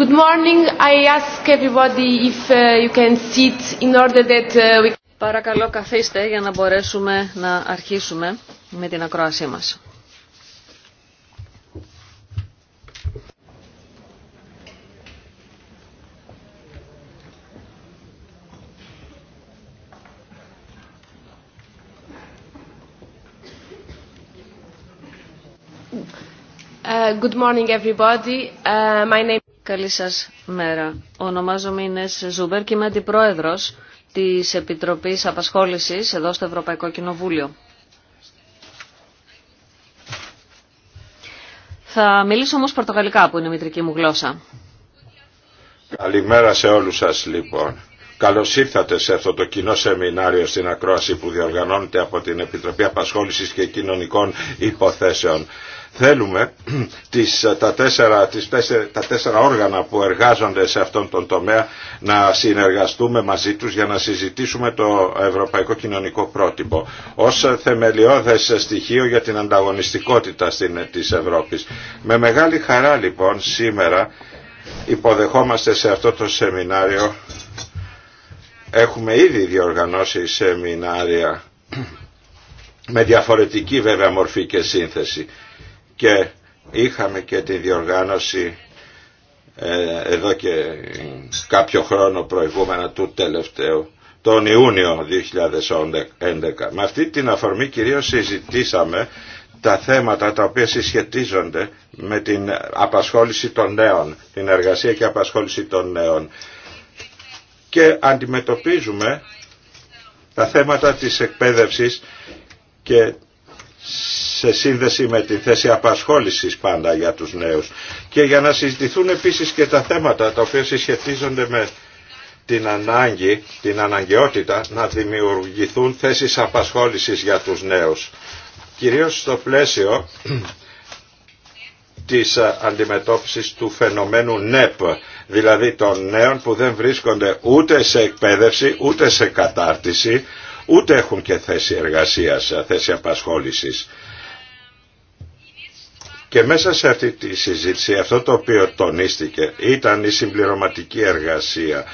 Good morning. I ask everybody if you can sit in order that we... Παρακαλώ καθίστε για να μπορέσουμε να αρχίσουμε με την ακρόασή μας. Good morning, everybody. My name. Καλή σας μέρα. Ονομάζομαι Ινές Ζούμπερ και είμαι αντιπρόεδρος της Επιτροπής Απασχόλησης εδώ στο Ευρωπαϊκό Κοινοβούλιο. Θα μιλήσω όμως πορτογαλικά που είναι η μητρική μου γλώσσα. Καλημέρα σε όλους σας λοιπόν. Καλώς ήρθατε σε αυτό το κοινό σεμινάριο στην Ακρόαση που διοργανώνεται από την Επιτροπή Απασχόλησης και Κοινωνικών Υποθέσεων. Θέλουμε τις, ε, τα, τέσσερα, τις τα τέσσερα όργανα που εργάζονται σε αυτόν τον τομέα να συνεργαστούμε μαζί τους για να συζητήσουμε το Ευρωπαϊκό Κοινωνικό Πρότυπο ως θεμελιώδες στοιχείο για την ανταγωνιστικότητα στην, της Ευρώπης. Με μεγάλη χαρά λοιπόν σήμερα υποδεχόμαστε σε αυτό το σεμινάριο έχουμε ήδη διοργανώσει σεμινάρια με διαφορετική βέβαια μορφή και σύνθεση και είχαμε και τη διοργάνωση ε, εδώ και κάποιο χρόνο προηγούμενα του τελευταίου τον Ιούνιο 2011. Με αυτή την αφορμή κυρίως συζητήσαμε τα θέματα τα οποία συσχετίζονται με την απασχόληση των νέων, την εργασία και απασχόληση των νέων. Και αντιμετωπίζουμε τα θέματα της εκπαίδευσης και σε σύνδεση με τη θέση απασχόλησης πάντα για τους νέους και για να συζητηθούν επίσης και τα θέματα τα οποία συσχετίζονται με την ανάγκη, την αναγκαιότητα να δημιουργηθούν θέσεις απασχόλησης για τους νέους. Κυρίως στο πλαίσιο της αντιμετώπισης του φαινομένου ΝΕΠ, δηλαδή των νέων που δεν βρίσκονται ούτε σε εκπαίδευση, ούτε σε κατάρτιση, ούτε έχουν και θέση εργασίας, θέση απασχόλησης. Και μέσα σε αυτή τη συζήτηση αυτό το οποίο τονίστηκε ήταν η συμπληρωματική εργασία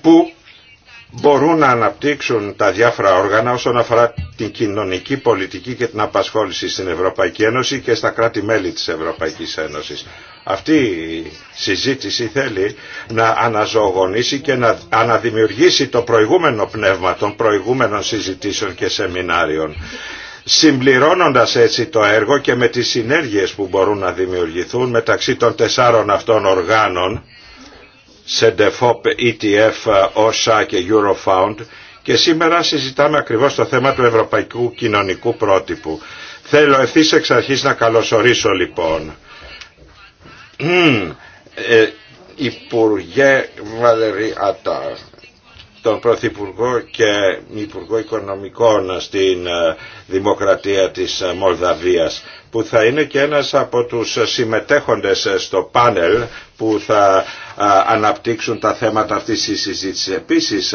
που μπορούν να αναπτύξουν τα διάφορα όργανα όσον αφορά την κοινωνική πολιτική και την απασχόληση στην Ευρωπαϊκή Ένωση και στα κράτη-μέλη της Ευρωπαϊκής Ένωσης. Αυτή η συζήτηση θέλει να αναζωογονήσει και να αναδημιουργήσει το προηγούμενο πνεύμα των προηγούμενων συζητήσεων και σεμινάριων συμπληρώνοντας έτσι το έργο και με τις συνέργειες που μπορούν να δημιουργηθούν μεταξύ των τεσσάρων αυτών οργάνων ΣΕΝΤΕΦΟΠ, ETF, OSA και Eurofound και σήμερα συζητάμε ακριβώς το θέμα του Ευρωπαϊκού Κοινωνικού Πρότυπου. Θέλω ευθύ εξ αρχής να καλωσορίσω λοιπόν ε, Υπουργέ Βαλερή Ατάρ τον Πρωθυπουργό και Υπουργό Οικονομικών στην ε, Δημοκρατία της ε, Μολδαβίας που θα είναι και ένας από τους συμμετέχοντες ε, στο πάνελ που θα αναπτύξουν τα θέματα αυτής της συζήτησης. Επίσης,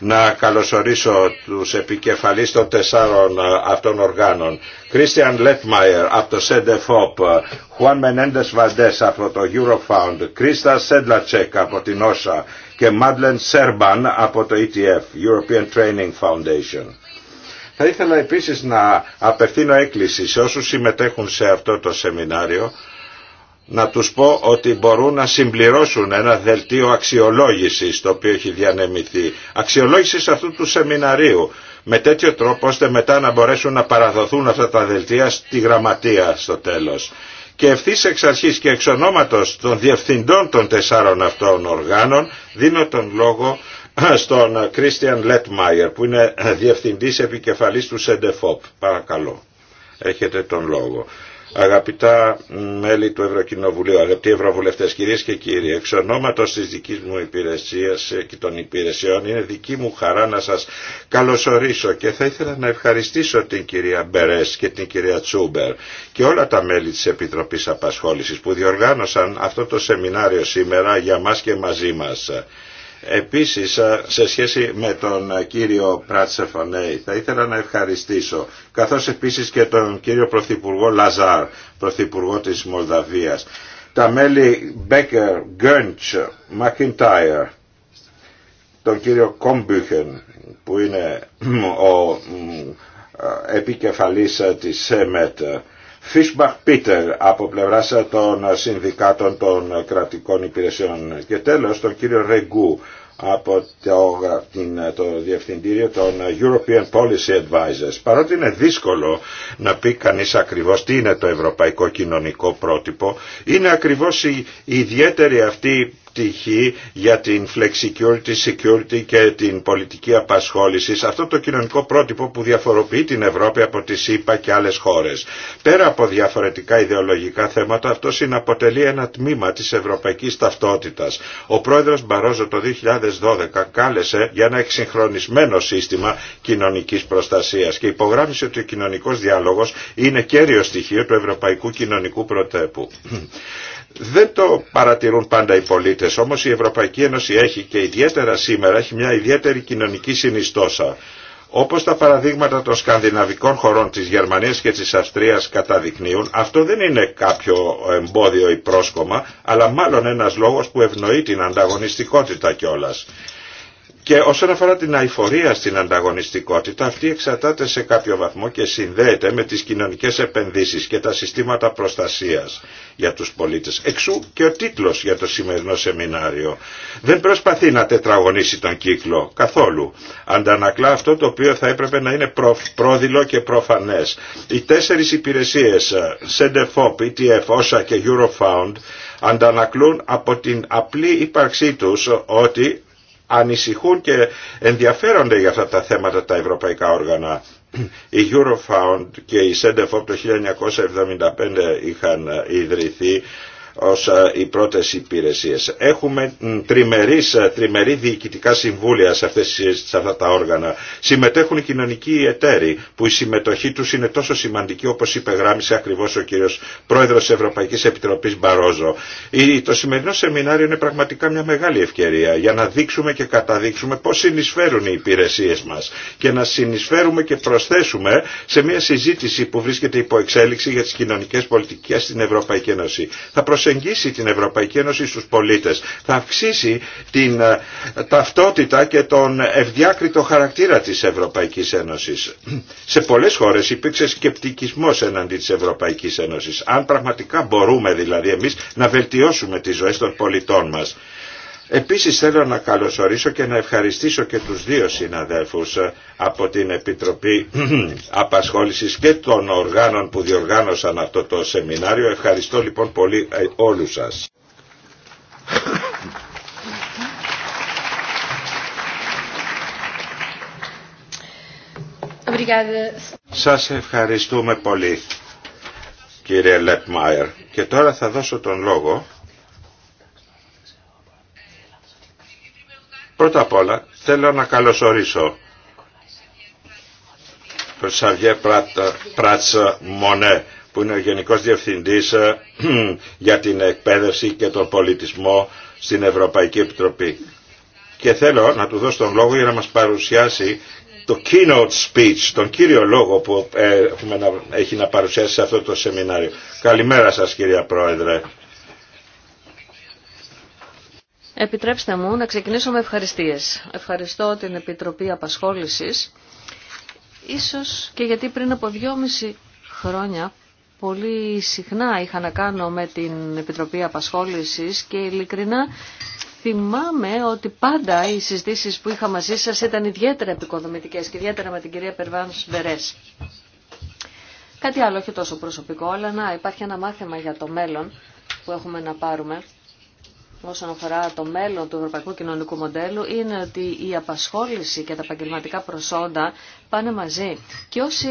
να καλωσορίσω τους επικεφαλείς των τεσσάρων αυτών οργάνων. Κρίστιαν Λέτμαϊερ από το ΣΕΝΤΕΦΟΠ, Χουάν Μενέντες Βαντές από το Eurofound, Κρίστα Σέντλατσεκ από την και Madlen Serban από το ETF, European Training Foundation. Θα ήθελα επίσης να απευθύνω έκκληση σε όσους συμμετέχουν σε αυτό το σεμινάριο να τους πω ότι μπορούν να συμπληρώσουν ένα δελτίο αξιολόγησης το οποίο έχει διανεμηθεί. Αξιολόγησης αυτού του σεμιναρίου με τέτοιο τρόπο ώστε μετά να μπορέσουν να παραδοθούν αυτά τα δελτία στη γραμματεία στο τέλος. Και ευθύ εξ αρχής και εξ ονόματος των διευθυντών των τεσσάρων αυτών οργάνων δίνω τον λόγο στον Κρίστιαν Λέτμαϊερ που είναι διευθυντής επικεφαλής του ΣΕΝΤΕΦΟΠ. Παρακαλώ. Έχετε τον λόγο. Αγαπητά μέλη του Ευρωκοινοβουλίου, αγαπητοί Ευρωβουλευτέ, κυρίε και κύριοι, εξ ονόματο τη δική μου υπηρεσία και των υπηρεσιών, είναι δική μου χαρά να σα καλωσορίσω και θα ήθελα να ευχαριστήσω την κυρία Μπερές και την κυρία Τσούμπερ και όλα τα μέλη τη Επιτροπή Απασχόληση που διοργάνωσαν αυτό το σεμινάριο σήμερα για μα και μαζί μα. Επίσης, σε σχέση με τον κύριο Πράτσεφανέη, θα ήθελα να ευχαριστήσω, καθώς επίσης και τον κύριο Πρωθυπουργό Λαζάρ, Πρωθυπουργό της Μολδαβίας, τα μέλη Μπέκερ, Γκέντς, Μακιντάιρ, τον κύριο Κόμπιχεν, που είναι ο επικεφαλής της ΣΕΜΕΤ, Φίσμπαχ Πίτερ από πλευράς των συνδικάτων των κρατικών υπηρεσιών και τέλος τον κύριο Ρεγκού από το, το Διευθυντήριο των European Policy Advisors. Παρότι είναι δύσκολο να πει κανείς ακριβώς τι είναι το ευρωπαϊκό κοινωνικό πρότυπο, είναι ακριβώς η ιδιαίτερη αυτή πτυχή για την flexicurity, security και την πολιτική απασχόληση. σε Αυτό το κοινωνικό πρότυπο που διαφοροποιεί την Ευρώπη από τη ΣΥΠΑ και άλλες χώρες. Πέρα από διαφορετικά ιδεολογικά θέματα, αυτό συναποτελεί ένα τμήμα της ευρωπαϊκής ταυτότητας. Ο πρόεδρος Μπαρόζο το 2012 κάλεσε για ένα εξυγχρονισμένο σύστημα κοινωνικής προστασίας και υπογράμμισε ότι ο κοινωνικός διάλογος είναι κέριο στοιχείο του ευρωπαϊκού κοινωνικού Πρωτέπου δεν το παρατηρούν πάντα οι πολίτες, όμως η Ευρωπαϊκή Ένωση έχει και ιδιαίτερα σήμερα έχει μια ιδιαίτερη κοινωνική συνιστόσα. Όπως τα παραδείγματα των σκανδιναβικών χωρών της Γερμανίας και της Αυστρίας καταδεικνύουν, αυτό δεν είναι κάποιο εμπόδιο ή πρόσκομα, αλλά μάλλον ένας λόγος που ευνοεί την ανταγωνιστικότητα κιόλας. Και όσον αφορά την αηφορία στην ανταγωνιστικότητα, αυτή εξαρτάται σε κάποιο βαθμό και συνδέεται με τις κοινωνικές επενδύσεις και τα συστήματα προστασίας για τους πολίτες. Εξού και ο τίτλος για το σημερινό σεμινάριο. Δεν προσπαθεί να τετραγωνίσει τον κύκλο καθόλου. Αντανακλά αυτό το οποίο θα έπρεπε να είναι πρόδειλο και προφανές. Οι τέσσερις υπηρεσίες, SEDEFOP, ε, ETF, OSA και Eurofound, αντανακλούν από την απλή ύπαρξή τους ότι ανησυχούν και ενδιαφέρονται για αυτά τα θέματα τα ευρωπαϊκά όργανα. Η Eurofound και η SEDEFOP το 1975 είχαν ιδρυθεί ως ε, οι πρώτες υπηρεσίες. Έχουμε τριμερείς, ε, τριμερή διοικητικά συμβούλια σε, αυτές, ε, σε αυτά τα όργανα. Συμμετέχουν οι κοινωνικοί εταίροι που η συμμετοχή τους είναι τόσο σημαντική όπως γράμισε ακριβώς ο κύριος Πρόεδρος της Ευρωπαϊκής Επιτροπής Μπαρόζο. Το σημερινό σεμινάριο είναι πραγματικά μια μεγάλη ευκαιρία για να δείξουμε και καταδείξουμε πώς συνεισφέρουν οι υπηρεσίες μας και να συνεισφέρουμε και προσθέσουμε σε μια συζήτηση που βρίσκεται υπό εξέλιξη για τις κοινωνικές πολιτικές στην Ευρωπαϊκή Ένωση. Θα προσεγγίσει την Ευρωπαϊκή Ένωση στους πολίτες. Θα αυξήσει την ε, ταυτότητα και τον ευδιάκριτο χαρακτήρα της Ευρωπαϊκής Ένωσης. Σε πολλές χώρες υπήρξε σκεπτικισμός εναντί της Ευρωπαϊκής Ένωσης. Αν πραγματικά μπορούμε δηλαδή εμείς να βελτιώσουμε τις ζωές των πολιτών μας Επίσης θέλω να καλωσορίσω και να ευχαριστήσω και τους δύο συναδέλφους ε, από την Επιτροπή Απασχόλησης και των οργάνων που διοργάνωσαν αυτό το σεμινάριο. Ευχαριστώ λοιπόν πολύ ε, όλους σας. Σας ευχαριστούμε πολύ κύριε Λεπμάιρ Και τώρα θα δώσω τον λόγο Πρώτα απ' όλα θέλω να καλωσορίσω τον Σαβιέ Πράτσα Μονέ που είναι ο Γενικός Διευθυντής ε, για την εκπαίδευση και τον πολιτισμό στην Ευρωπαϊκή Επιτροπή. Και θέλω να του δώσω τον λόγο για να μας παρουσιάσει το keynote speech, τον κύριο λόγο που ε, έχει να παρουσιάσει σε αυτό το σεμινάριο. Καλημέρα σας κυρία Πρόεδρε. Επιτρέψτε μου να ξεκινήσω με ευχαριστίες. Ευχαριστώ την Επιτροπή Απασχόλησης, ίσως και γιατί πριν από δυόμιση χρόνια πολύ συχνά είχα να κάνω με την Επιτροπή Απασχόλησης και ειλικρινά θυμάμαι ότι πάντα οι συζητήσεις που είχα μαζί σας ήταν ιδιαίτερα επικοδομητικές και ιδιαίτερα με την κυρία Μπερές. Κάτι άλλο, όχι τόσο προσωπικό, αλλά να υπάρχει ένα μάθημα για το μέλλον που έχουμε να πάρουμε όσον αφορά το μέλλον του ευρωπαϊκού κοινωνικού μοντέλου είναι ότι η απασχόληση και τα επαγγελματικά προσόντα πάνε μαζί. Και όσοι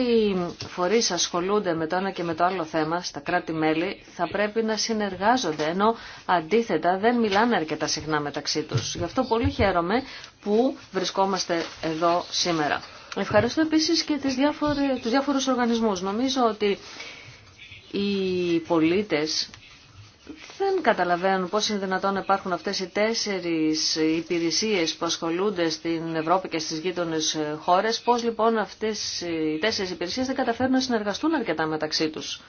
φορείς ασχολούνται με το ένα και με το άλλο θέμα στα κράτη-μέλη θα πρέπει να συνεργάζονται, ενώ αντίθετα δεν μιλάνε αρκετά συχνά μεταξύ τους. Γι' αυτό πολύ χαίρομαι που βρισκόμαστε εδώ σήμερα. Ευχαριστώ επίσης και τις διάφορες, τους διάφορους οργανισμούς. Νομίζω ότι οι πολίτες δεν καταλαβαίνουν πώς είναι δυνατόν να υπάρχουν αυτές οι τέσσερις υπηρεσίες που ασχολούνται στην Ευρώπη και στις γείτονες χώρες, πώς λοιπόν αυτές οι τέσσερις υπηρεσίες δεν καταφέρουν να συνεργαστούν αρκετά μεταξύ τους.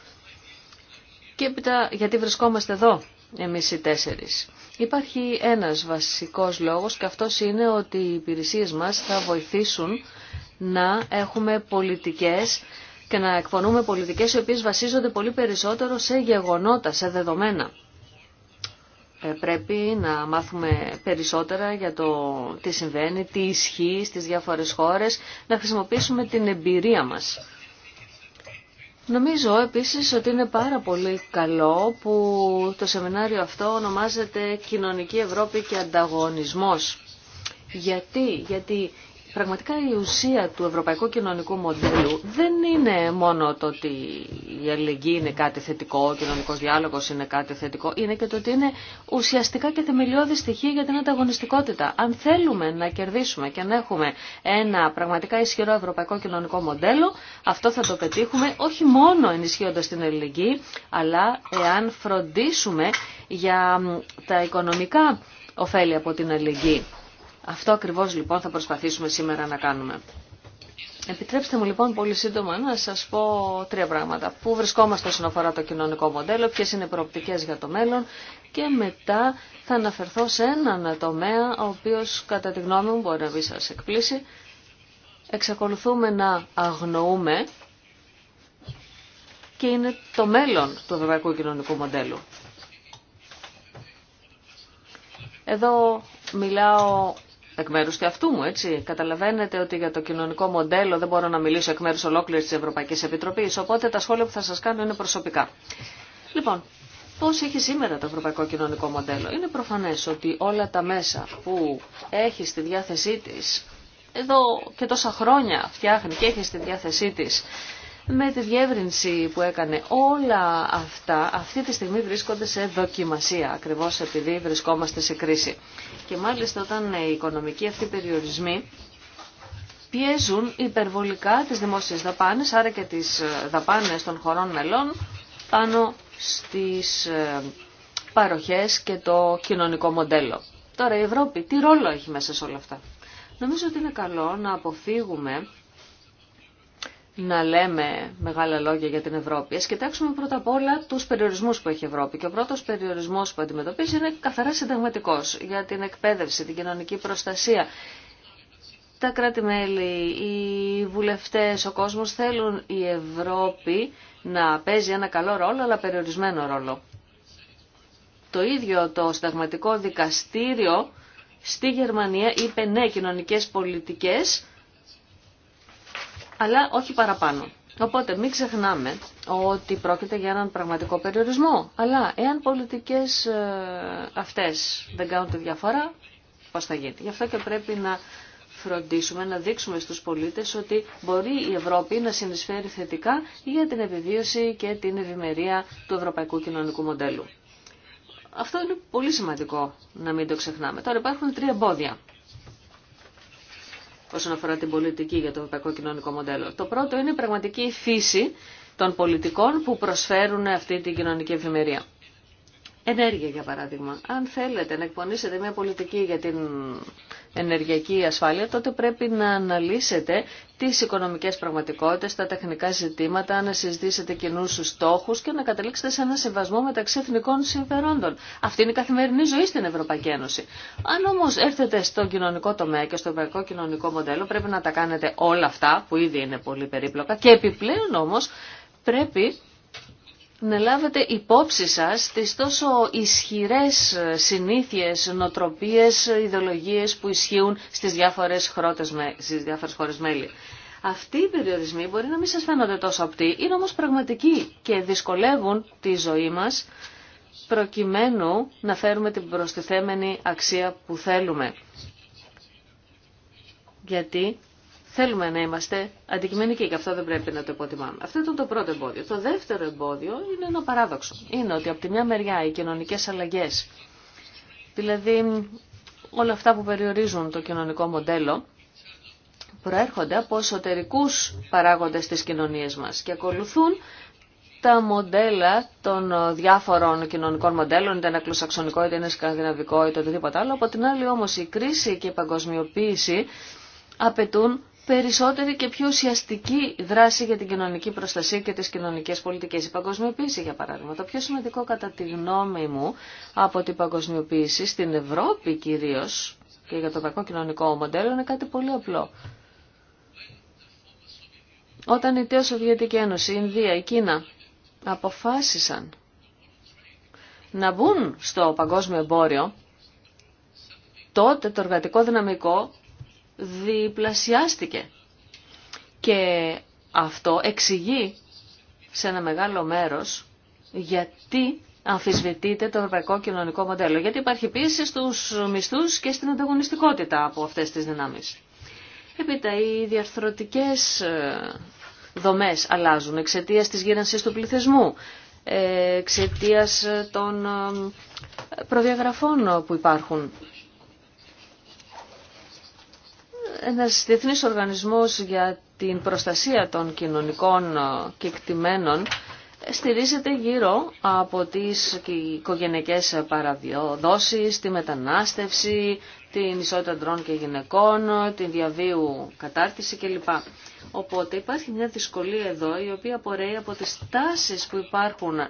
Και έπειτα γιατί βρισκόμαστε εδώ εμείς οι τέσσερις. Υπάρχει ένας βασικός λόγος και αυτός είναι ότι οι υπηρεσίες μας θα βοηθήσουν να έχουμε πολιτικές και να εκπονούμε πολιτικές οι οποίες βασίζονται πολύ περισσότερο σε γεγονότα, σε δεδομένα. Ε, πρέπει να μάθουμε περισσότερα για το τι συμβαίνει, τι ισχύει στις διάφορες χώρες, να χρησιμοποιήσουμε την εμπειρία μας. Νομίζω επίσης ότι είναι πάρα πολύ καλό που το σεμινάριο αυτό ονομάζεται Κοινωνική Ευρώπη και Ανταγωνισμός. Γιατί, γιατί Πραγματικά η ουσία του ευρωπαϊκού κοινωνικού μοντέλου δεν είναι μόνο το ότι η αλληλεγγύη είναι κάτι θετικό, ο κοινωνικός διάλογος είναι κάτι θετικό, είναι και το ότι είναι ουσιαστικά και θεμελιώδη στοιχεία για την ανταγωνιστικότητα. Αν θέλουμε να κερδίσουμε και να έχουμε ένα πραγματικά ισχυρό ευρωπαϊκό κοινωνικό μοντέλο, αυτό θα το πετύχουμε όχι μόνο ενισχύοντας την αλληλεγγύη, αλλά εάν φροντίσουμε για τα οικονομικά ωφέλη από την αλληλεγγύη. Αυτό ακριβώς λοιπόν θα προσπαθήσουμε σήμερα να κάνουμε. Επιτρέψτε μου λοιπόν πολύ σύντομα να σας πω τρία πράγματα. Πού βρισκόμαστε όσον αφορά το κοινωνικό μοντέλο, ποιες είναι οι προοπτικές για το μέλλον και μετά θα αναφερθώ σε έναν τομέα ο οποίος κατά τη γνώμη μου μπορεί να μην σας εκπλήσει. Εξακολουθούμε να αγνοούμε και είναι το μέλλον του ευρωπαϊκού κοινωνικού μοντέλου. Εδώ μιλάω εκ μέρου και αυτού μου, έτσι. Καταλαβαίνετε ότι για το κοινωνικό μοντέλο δεν μπορώ να μιλήσω εκ μέρου ολόκληρη τη Ευρωπαϊκή Επιτροπής, οπότε τα σχόλια που θα σας κάνω είναι προσωπικά. Λοιπόν, πώ έχει σήμερα το ευρωπαϊκό κοινωνικό μοντέλο. Είναι προφανές ότι όλα τα μέσα που έχει στη διάθεσή τη εδώ και τόσα χρόνια φτιάχνει και έχει στη διάθεσή της με τη διεύρυνση που έκανε. Όλα αυτά αυτή τη στιγμή βρίσκονται σε δοκιμασία, ακριβώς επειδή βρισκόμαστε σε κρίση. Και μάλιστα όταν οι οικονομικοί αυτοί περιορισμοί πιέζουν υπερβολικά τις δημόσιες δαπάνες, άρα και τις ε, δαπάνες των χωρών μελών, πάνω στις ε, παροχές και το κοινωνικό μοντέλο. Τώρα η Ευρώπη τι ρόλο έχει μέσα σε όλα αυτά. Νομίζω ότι είναι καλό να αποφύγουμε να λέμε μεγάλα λόγια για την Ευρώπη. Ας κοιτάξουμε πρώτα απ' όλα τους περιορισμούς που έχει η Ευρώπη. Και ο πρώτος περιορισμός που αντιμετωπίζει είναι καθαρά συνταγματικό για την εκπαίδευση, την κοινωνική προστασία. Τα κράτη-μέλη, οι βουλευτές, ο κόσμος θέλουν η Ευρώπη να παίζει ένα καλό ρόλο, αλλά περιορισμένο ρόλο. Το ίδιο το συνταγματικό δικαστήριο στη Γερμανία είπε ναι κοινωνικές πολιτικές, αλλά όχι παραπάνω. Οπότε μην ξεχνάμε ότι πρόκειται για έναν πραγματικό περιορισμό. Αλλά εάν πολιτικές ε, αυτές δεν κάνουν τη διαφορά, πώς θα γίνει. Γι' αυτό και πρέπει να φροντίσουμε να δείξουμε στους πολίτες ότι μπορεί η Ευρώπη να συνεισφέρει θετικά για την επιβίωση και την ευημερία του ευρωπαϊκού κοινωνικού μοντέλου. Αυτό είναι πολύ σημαντικό να μην το ξεχνάμε. Τώρα υπάρχουν τρία εμπόδια όσον αφορά την πολιτική για το ευρωπαϊκό κοινωνικό μοντέλο. Το πρώτο είναι η πραγματική φύση των πολιτικών που προσφέρουν αυτή την κοινωνική ευημερία ενέργεια για παράδειγμα. Αν θέλετε να εκπονήσετε μια πολιτική για την ενεργειακή ασφάλεια, τότε πρέπει να αναλύσετε τις οικονομικές πραγματικότητες, τα τεχνικά ζητήματα, να συζητήσετε κοινού στόχους και να καταλήξετε σε ένα σεβασμό μεταξύ εθνικών συμφερόντων. Αυτή είναι η καθημερινή ζωή στην Ευρωπαϊκή Ένωση. Αν όμως έρθετε στο κοινωνικό τομέα και στο ευρωπαϊκό κοινωνικό μοντέλο, πρέπει να τα κάνετε όλα αυτά που ήδη είναι πολύ περίπλοκα και επιπλέον όμως πρέπει να λάβετε υπόψη σας τις τόσο ισχυρές συνήθειες, νοτροπίες, ιδεολογίες που ισχύουν στις διάφορες, χρώτες, στις διάφορες χώρες μέλη. Αυτοί οι περιορισμοί μπορεί να μην σας φαίνονται τόσο απτοί, είναι όμως πραγματικοί και δυσκολεύουν τη ζωή μας προκειμένου να φέρουμε την προστιθέμενη αξία που θέλουμε. Γιατί Θέλουμε να είμαστε αντικειμενικοί και αυτό δεν πρέπει να το υποτιμάμε. Αυτό ήταν το πρώτο εμπόδιο. Το δεύτερο εμπόδιο είναι ένα παράδοξο. Είναι ότι από τη μια μεριά οι κοινωνικέ αλλαγέ, δηλαδή όλα αυτά που περιορίζουν το κοινωνικό μοντέλο, προέρχονται από εσωτερικού παράγοντες τη κοινωνία μα και ακολουθούν τα μοντέλα των διάφορων κοινωνικών μοντέλων, είτε είναι ακλοσαξονικό, είτε είναι σκανδιναβικό, είτε οτιδήποτε άλλο. Από την άλλη όμως η κρίση και η παγκοσμιοποίηση απαιτούν περισσότερη και πιο ουσιαστική δράση για την κοινωνική προστασία και τις κοινωνικές πολιτικές. Η παγκοσμιοποίηση, για παράδειγμα. Το πιο σημαντικό, κατά τη γνώμη μου, από την παγκοσμιοποίηση, στην Ευρώπη κυρίως, και για το κακό κοινωνικό μοντέλο, είναι κάτι πολύ απλό. Όταν η Τέο Σοβιετική Ένωση, η Ινδία, η Κίνα αποφάσισαν να μπουν στο παγκόσμιο εμπόριο, τότε το εργατικό δυναμικό διπλασιάστηκε. Και αυτό εξηγεί σε ένα μεγάλο μέρος γιατί αμφισβητείται το ευρωπαϊκό κοινωνικό μοντέλο. Γιατί υπάρχει πίεση στους μισθούς και στην ανταγωνιστικότητα από αυτές τις δυνάμεις. Έπειτα οι διαρθρωτικές ε, δομές αλλάζουν εξαιτίας της γύρανσης του πληθυσμού, ε, εξαιτίας ε, των προδιαγραφών που υπάρχουν ένας διεθνής οργανισμός για την προστασία των κοινωνικών ε, κεκτημένων ε, στηρίζεται γύρω από τις οικογενειακές παραδόσεις, τη μετανάστευση, την ισότητα αντρών και γυναικών, την διαβίου κατάρτιση κλπ. Οπότε υπάρχει μια δυσκολία εδώ η οποία απορρέει από τις τάσεις που υπάρχουν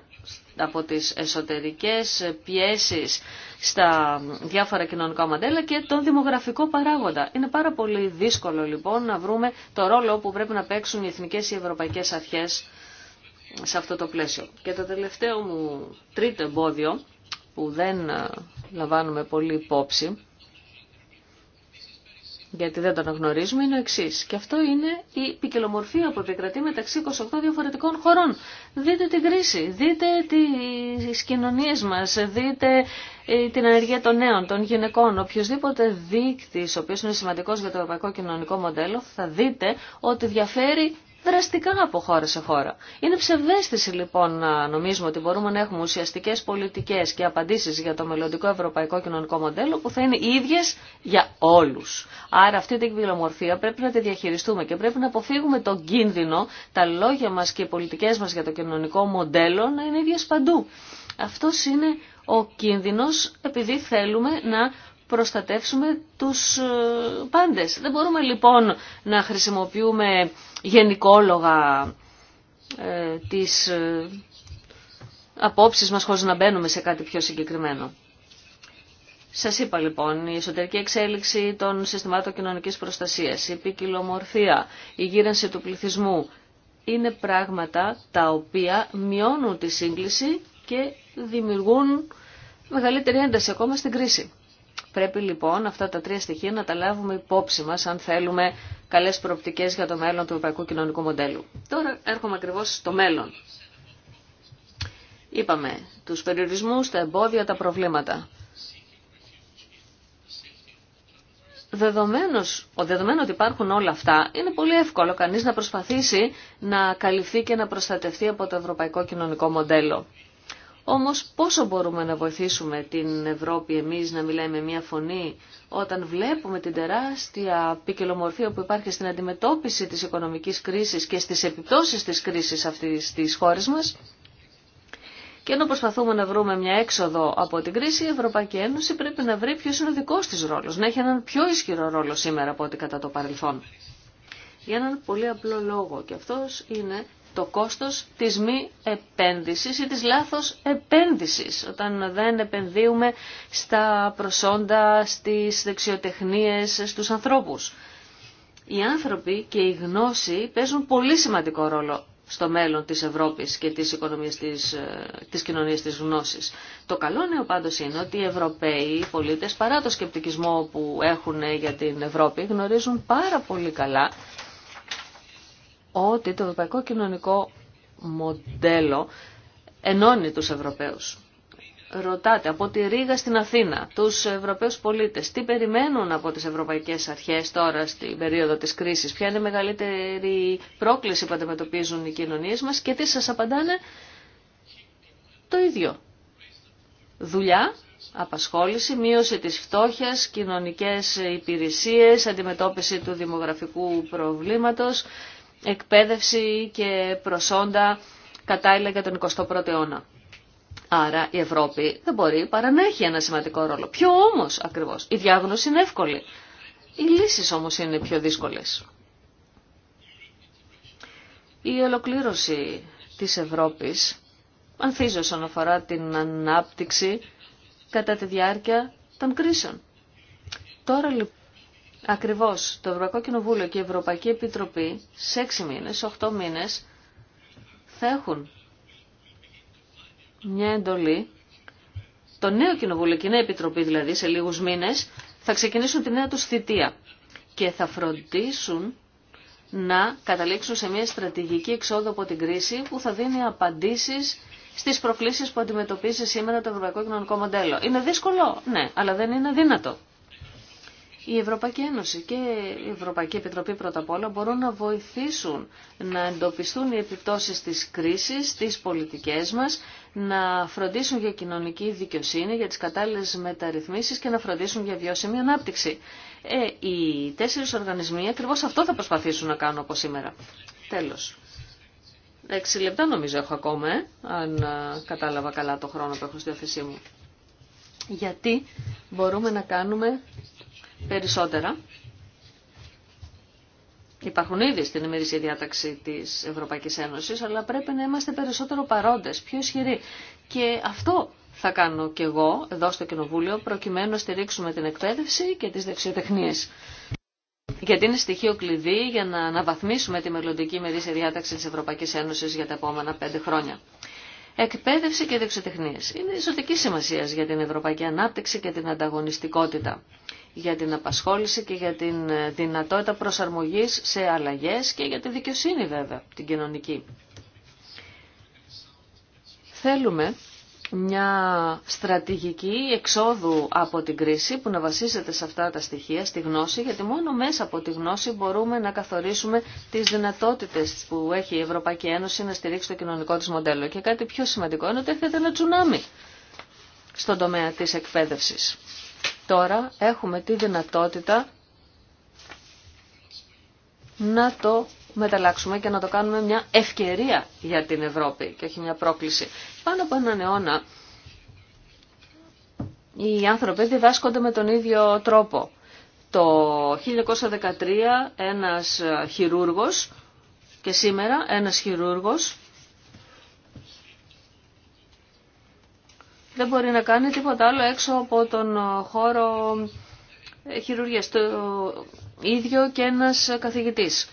από τις εσωτερικές πιέσεις στα διάφορα κοινωνικά μοντέλα και τον δημογραφικό παράγοντα. Είναι πάρα πολύ δύσκολο λοιπόν να βρούμε το ρόλο που πρέπει να παίξουν οι εθνικές ή οι ευρωπαϊκές αρχές σε αυτό το πλαίσιο. Και το τελευταίο μου τρίτο εμπόδιο που δεν ε, λαμβάνουμε πολύ υπόψη γιατί δεν τον γνωρίζουμε, είναι ο εξή. Και αυτό είναι η ποικιλομορφία που επικρατεί μεταξύ 28 διαφορετικών χωρών. Δείτε την κρίση, δείτε τι κοινωνίε μα, δείτε ε, την ανεργία των νέων, των γυναικών. Οποιοδήποτε δείκτη, ο οποίο είναι σημαντικό για το ευρωπαϊκό κοινωνικό μοντέλο, θα δείτε ότι διαφέρει δραστικά από χώρα σε χώρα. Είναι ψευδέστηση λοιπόν να νομίζουμε ότι μπορούμε να έχουμε ουσιαστικέ πολιτικέ και απαντήσει για το μελλοντικό ευρωπαϊκό κοινωνικό μοντέλο που θα είναι οι ίδιε για όλου. Άρα αυτή την κυκλομορφία πρέπει να τη διαχειριστούμε και πρέπει να αποφύγουμε τον κίνδυνο τα λόγια μα και οι πολιτικέ μα για το κοινωνικό μοντέλο να είναι ίδιε παντού. Αυτό είναι ο κίνδυνος επειδή θέλουμε να προστατεύσουμε τους ε, πάντες. Δεν μπορούμε λοιπόν να χρησιμοποιούμε γενικόλογα ε, τις ε, απόψεις μας χωρίς να μπαίνουμε σε κάτι πιο συγκεκριμένο. Σας είπα λοιπόν, η εσωτερική εξέλιξη των συστημάτων κοινωνικής προστασίας, η ποικιλομορφία, η γύρανση του πληθυσμού, είναι πράγματα τα οποία μειώνουν τη σύγκληση και δημιουργούν μεγαλύτερη ένταση ακόμα στην κρίση. Πρέπει λοιπόν αυτά τα τρία στοιχεία να τα λάβουμε υπόψη μας αν θέλουμε καλές προοπτικές για το μέλλον του ευρωπαϊκού κοινωνικού μοντέλου. Τώρα έρχομαι ακριβώς στο μέλλον. Είπαμε τους περιορισμούς, τα εμπόδια, τα προβλήματα. Δεδομένως, ο δεδομένο ότι υπάρχουν όλα αυτά, είναι πολύ εύκολο κανείς να προσπαθήσει να καλυφθεί και να προστατευτεί από το ευρωπαϊκό κοινωνικό μοντέλο. Όμως πόσο μπορούμε να βοηθήσουμε την Ευρώπη εμείς να μιλάει με μία φωνή όταν βλέπουμε την τεράστια ποικιλομορφία που υπάρχει στην αντιμετώπιση της οικονομικής κρίσης και στις επιπτώσεις της κρίσης αυτής της χώρας μας. Και ενώ προσπαθούμε να βρούμε μια έξοδο από την κρίση, η Ευρωπαϊκή Ένωση πρέπει να βρει ποιο είναι ο δικό τη ρόλο, να έχει έναν πιο ισχυρό ρόλο σήμερα από ό,τι κατά το παρελθόν. Για έναν πολύ απλό λόγο, και αυτό είναι το κόστος της μη επένδυσης ή της λάθος επένδυσης, όταν δεν επενδύουμε στα προσόντα, στις δεξιοτεχνίες, στους ανθρώπους. Οι άνθρωποι και η γνώση παίζουν πολύ σημαντικό ρόλο στο μέλλον της Ευρώπης και της οικονομίας της, ε, της κοινωνίας της γνώσης. Το καλό νέο πάντως είναι ότι οι Ευρωπαίοι πολίτες παρά το σκεπτικισμό που έχουν για την Ευρώπη γνωρίζουν πάρα πολύ καλά ότι το ευρωπαϊκό κοινωνικό μοντέλο ενώνει τους Ευρωπαίους. Ρωτάτε από τη Ρήγα στην Αθήνα, τους Ευρωπαίους πολίτες, τι περιμένουν από τις ευρωπαϊκές αρχές τώρα στην περίοδο της κρίσης, ποια είναι η μεγαλύτερη πρόκληση που αντιμετωπίζουν οι κοινωνίες μας και τι σας απαντάνε το ίδιο. Δουλειά, απασχόληση, μείωση της φτώχειας, κοινωνικές υπηρεσίες, αντιμετώπιση του δημογραφικού προβλήματος εκπαίδευση και προσόντα κατάλληλα για τον 21ο αιώνα. Άρα η Ευρώπη δεν μπορεί παρά να έχει ένα σημαντικό ρόλο. Ποιο όμως ακριβώς. Η διάγνωση είναι εύκολη. Οι λύσεις όμως είναι πιο δύσκολες. Η ολοκλήρωση της Ευρώπης ανθίζει όσον αφορά την ανάπτυξη κατά τη διάρκεια των κρίσεων. Τώρα λοιπόν Ακριβώς το Ευρωπαϊκό Κοινοβούλιο και η Ευρωπαϊκή Επιτροπή σε μήνε, μήνες, οχτώ μήνες θα έχουν μια εντολή. Το νέο Κοινοβούλιο και η νέα Επιτροπή δηλαδή σε λίγους μήνες θα ξεκινήσουν τη νέα τους θητεία και θα φροντίσουν να καταλήξουν σε μια στρατηγική εξόδο από την κρίση που θα δίνει απαντήσεις στις προκλήσεις που αντιμετωπίζει σήμερα το ευρωπαϊκό κοινωνικό μοντέλο. Είναι δύσκολο, ναι, αλλά δεν είναι αδύνατο. Η Ευρωπαϊκή Ένωση και η Ευρωπαϊκή Επιτροπή πρώτα απ' όλα μπορούν να βοηθήσουν να εντοπιστούν οι επιπτώσεις της κρίσης τις πολιτικές μας, να φροντίσουν για κοινωνική δικαιοσύνη, για τις κατάλληλες μεταρρυθμίσεις και να φροντίσουν για βιώσιμη ανάπτυξη. Ε, οι τέσσερις οργανισμοί ακριβώς αυτό θα προσπαθήσουν να κάνουν από σήμερα. Τέλος. Έξι λεπτά νομίζω έχω ακόμα, ε, αν ε, κατάλαβα καλά το χρόνο που έχω στη διάθεσή μου. Γιατί μπορούμε να κάνουμε περισσότερα υπάρχουν ήδη στην ημερήσια διάταξη της Ευρωπαϊκής Ένωσης, αλλά πρέπει να είμαστε περισσότερο παρόντες, πιο ισχυροί. Και αυτό θα κάνω και εγώ εδώ στο Κοινοβούλιο, προκειμένου να στηρίξουμε την εκπαίδευση και τις δεξιοτεχνίες. Γιατί είναι στοιχείο κλειδί για να αναβαθμίσουμε τη μελλοντική ημερήσια διάταξη της Ευρωπαϊκής Ένωσης για τα επόμενα πέντε χρόνια. Εκπαίδευση και δεξιοτεχνίες είναι ισοτική σημασία για την ευρωπαϊκή ανάπτυξη και την ανταγωνιστικότητα, για την απασχόληση και για την ε, δυνατότητα προσαρμογής σε αλλαγές και για τη δικαιοσύνη βέβαια, την κοινωνική. Θέλουμε μια στρατηγική εξόδου από την κρίση που να βασίζεται σε αυτά τα στοιχεία, στη γνώση, γιατί μόνο μέσα από τη γνώση μπορούμε να καθορίσουμε τις δυνατότητες που έχει η Ευρωπαϊκή Ένωση να στηρίξει το κοινωνικό της μοντέλο. Και κάτι πιο σημαντικό είναι ότι έρχεται ένα τσουνάμι στον τομέα της εκπαίδευσης. Τώρα έχουμε τη δυνατότητα να το μεταλλάξουμε και να το κάνουμε μια ευκαιρία για την Ευρώπη και όχι μια πρόκληση. Πάνω από έναν αιώνα οι άνθρωποι διδάσκονται με τον ίδιο τρόπο. Το 1913 ένας χειρούργος και σήμερα ένας χειρούργος δεν μπορεί να κάνει τίποτα άλλο έξω από τον χώρο χειρουργίας. Το ίδιο και ένας καθηγητής.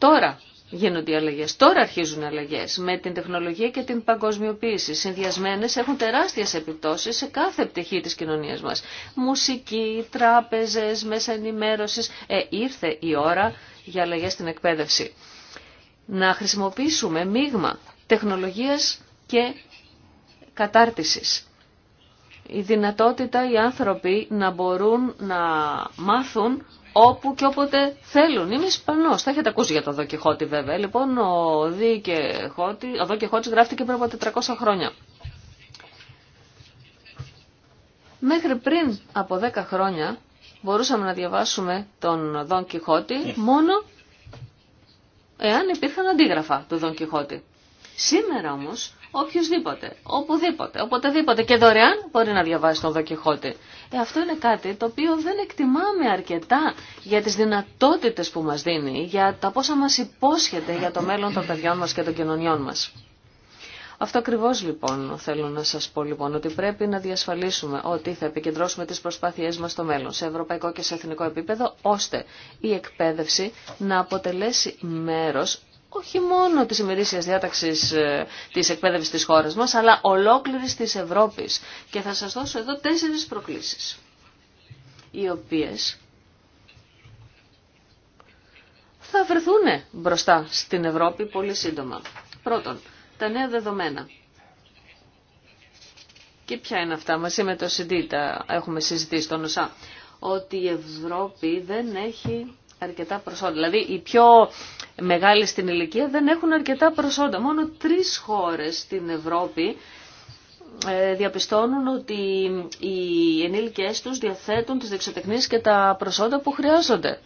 Τώρα γίνονται οι αλλαγές, τώρα αρχίζουν οι αλλαγές με την τεχνολογία και την παγκοσμιοποίηση. Συνδυασμένες έχουν τεράστιε επιπτώσει σε κάθε πτυχή της κοινωνίας μας. Μουσική, τράπεζες, μέσα ενημέρωση, Ε, ήρθε η ώρα για αλλαγές στην εκπαίδευση. Να χρησιμοποιήσουμε μείγμα τεχνολογίας και κατάρτισης. Η δυνατότητα οι άνθρωποι να μπορούν να μάθουν όπου και όποτε θέλουν. Είμαι Ισπανό. Θα έχετε ακούσει για τον Δοκιχώτη βέβαια. Λοιπόν, ο, Δοκιχώτη, ο γράφτηκε πριν από 400 χρόνια. Μέχρι πριν από 10 χρόνια μπορούσαμε να διαβάσουμε τον Δον Κιχώτη ναι. μόνο εάν υπήρχαν αντίγραφα του Δον Κιχώτη. Σήμερα όμως οποιουσδήποτε, οπουδήποτε, οποτεδήποτε και δωρεάν μπορεί να διαβάσει τον Δοκιχώτη. Ε, αυτό είναι κάτι το οποίο δεν εκτιμάμε αρκετά για τις δυνατότητες που μας δίνει, για τα πόσα μας υπόσχεται για το μέλλον των παιδιών μας και των κοινωνιών μας. Αυτό ακριβώ λοιπόν θέλω να σα πω λοιπόν, ότι πρέπει να διασφαλίσουμε ότι θα επικεντρώσουμε τι προσπάθειέ μα στο μέλλον, σε ευρωπαϊκό και σε εθνικό επίπεδο, ώστε η εκπαίδευση να αποτελέσει μέρο όχι μόνο της ημερήσιας διάταξης ε, της εκπαίδευσης της χώρας μας, αλλά ολόκληρης της Ευρώπης. Και θα σας δώσω εδώ τέσσερις προκλήσεις, οι οποίες θα βρεθούν μπροστά στην Ευρώπη πολύ σύντομα. Πρώτον, τα νέα δεδομένα. Και ποια είναι αυτά, μαζί με το CD έχουμε συζητήσει στον ΩΣΑ, ότι η Ευρώπη δεν έχει αρκετά προσόντα. Δηλαδή οι πιο μεγάλοι στην ηλικία δεν έχουν αρκετά προσόντα. Μόνο τρεις χώρες στην Ευρώπη ε, διαπιστώνουν ότι οι ενήλικες τους διαθέτουν τις δεξιοτεχνίες και τα προσόντα που χρειάζονται.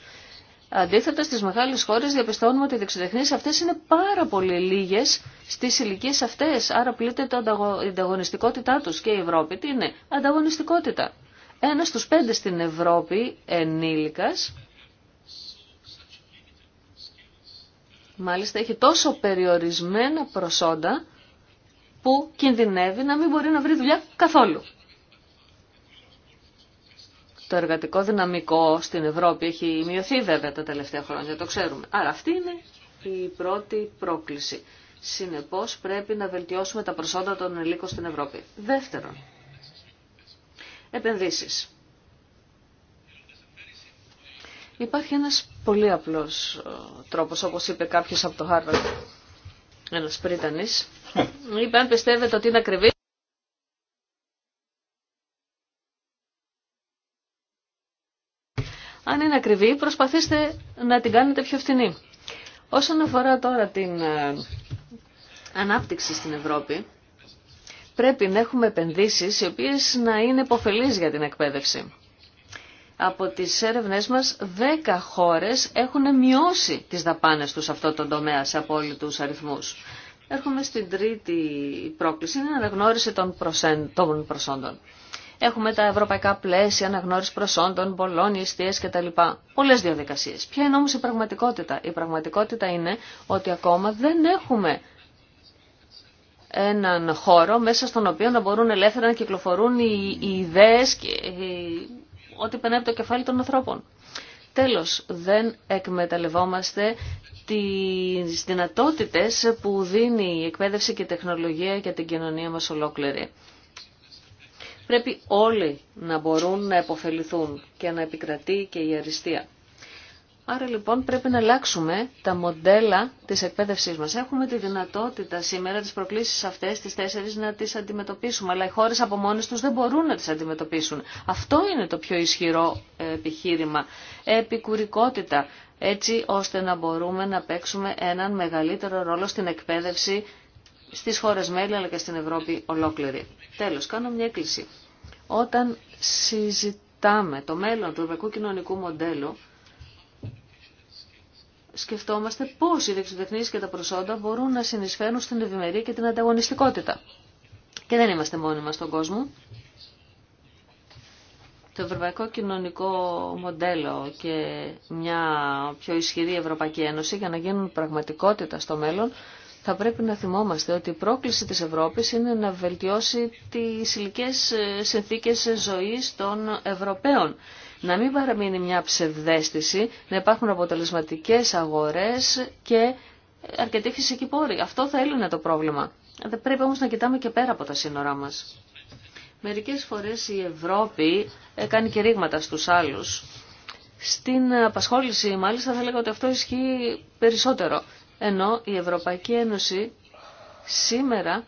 Αντίθετα στις μεγάλες χώρες διαπιστώνουμε ότι οι δεξιοτεχνίες αυτές είναι πάρα πολύ λίγες στις ηλικίε αυτές. Άρα πλήττεται η ανταγωνιστικότητά τους και η Ευρώπη. Τι είναι? Ανταγωνιστικότητα. Ένα στους πέντε στην Ευρώπη ενήλικας μάλιστα έχει τόσο περιορισμένα προσόντα που κινδυνεύει να μην μπορεί να βρει δουλειά καθόλου. Το εργατικό δυναμικό στην Ευρώπη έχει μειωθεί βέβαια τα τελευταία χρόνια, το ξέρουμε. Άρα αυτή είναι η πρώτη πρόκληση. Συνεπώς πρέπει να βελτιώσουμε τα προσόντα των ελίκων στην Ευρώπη. Δεύτερον, επενδύσεις. Υπάρχει ένας πολύ απλός ε, τρόπος, όπως είπε κάποιος από το Harvard, ένας πρίτανης. Hm. Είπε αν πιστεύετε ότι είναι ακριβή. Αν είναι ακριβή, προσπαθήστε να την κάνετε πιο φθηνή. Όσον αφορά τώρα την ε, ανάπτυξη στην Ευρώπη, πρέπει να έχουμε επενδύσεις οι οποίες να είναι υποφελείς για την εκπαίδευση από τις έρευνές μας 10 χώρες έχουν μειώσει τις δαπάνες τους σε αυτό το τομέα σε απόλυτους αριθμούς. Έρχομαι στην τρίτη πρόκληση, είναι αναγνώριση των, προσεν, των προσόντων. Έχουμε τα ευρωπαϊκά πλαίσια, αναγνώριση προσόντων, πολλών, ιστίες κτλ. Πολλέ διαδικασίε. Ποια είναι όμω η πραγματικότητα. Η πραγματικότητα είναι ότι ακόμα δεν έχουμε έναν χώρο μέσα στον οποίο να μπορούν ελεύθερα να κυκλοφορούν οι, οι ιδέες και οι ό,τι περνάει το κεφάλι των ανθρώπων. Τέλος, δεν εκμεταλλευόμαστε τις δυνατότητες που δίνει η εκπαίδευση και η τεχνολογία για την κοινωνία μας ολόκληρη. Πρέπει όλοι να μπορούν να επωφεληθούν και να επικρατεί και η αριστεία. Άρα λοιπόν πρέπει να αλλάξουμε τα μοντέλα της εκπαίδευσής μας. Έχουμε τη δυνατότητα σήμερα τις προκλήσεις αυτές, τις τέσσερις, να τις αντιμετωπίσουμε, αλλά οι χώρες από μόνες τους δεν μπορούν να τις αντιμετωπίσουν. Αυτό είναι το πιο ισχυρό επιχείρημα. Επικουρικότητα, έτσι ώστε να μπορούμε να παίξουμε έναν μεγαλύτερο ρόλο στην εκπαίδευση στις χώρες μέλη αλλά και στην Ευρώπη ολόκληρη. Τέλος, κάνω μια έκκληση. Όταν συζητάμε το μέλλον του ευρωπαϊκού κοινωνικού μοντέλου, σκεφτόμαστε πώς οι δεξιοτεχνίες και τα προσόντα μπορούν να συνεισφέρουν στην ευημερία και την ανταγωνιστικότητα. Και δεν είμαστε μόνοι μας στον κόσμο. Το ευρωπαϊκό κοινωνικό μοντέλο και μια πιο ισχυρή Ευρωπαϊκή Ένωση για να γίνουν πραγματικότητα στο μέλλον θα πρέπει να θυμόμαστε ότι η πρόκληση της Ευρώπης είναι να βελτιώσει τις ηλικές συνθήκες ζωής των Ευρωπαίων να μην παραμείνει μια ψευδέστηση, να υπάρχουν αποτελεσματικές αγορές και αρκετή φυσική πόρη. Αυτό θα έλυνε το πρόβλημα. Δεν πρέπει όμως να κοιτάμε και πέρα από τα σύνορά μας. Μερικές φορές η Ευρώπη κάνει κηρύγματα στους άλλους. Στην απασχόληση μάλιστα θα λέγαμε ότι αυτό ισχύει περισσότερο. Ενώ η Ευρωπαϊκή Ένωση σήμερα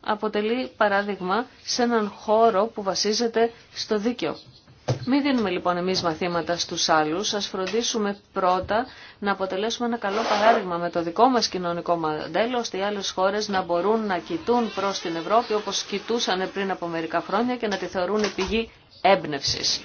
αποτελεί παράδειγμα σε έναν χώρο που βασίζεται στο δίκαιο. Μην δίνουμε λοιπόν εμείς μαθήματα στους άλλους, ας φροντίσουμε πρώτα να αποτελέσουμε ένα καλό παράδειγμα με το δικό μας κοινωνικό μοντέλο, ώστε οι άλλες χώρες να μπορούν να κοιτούν προς την Ευρώπη όπως κοιτούσαν πριν από μερικά χρόνια και να τη θεωρούν πηγή έμπνευσης.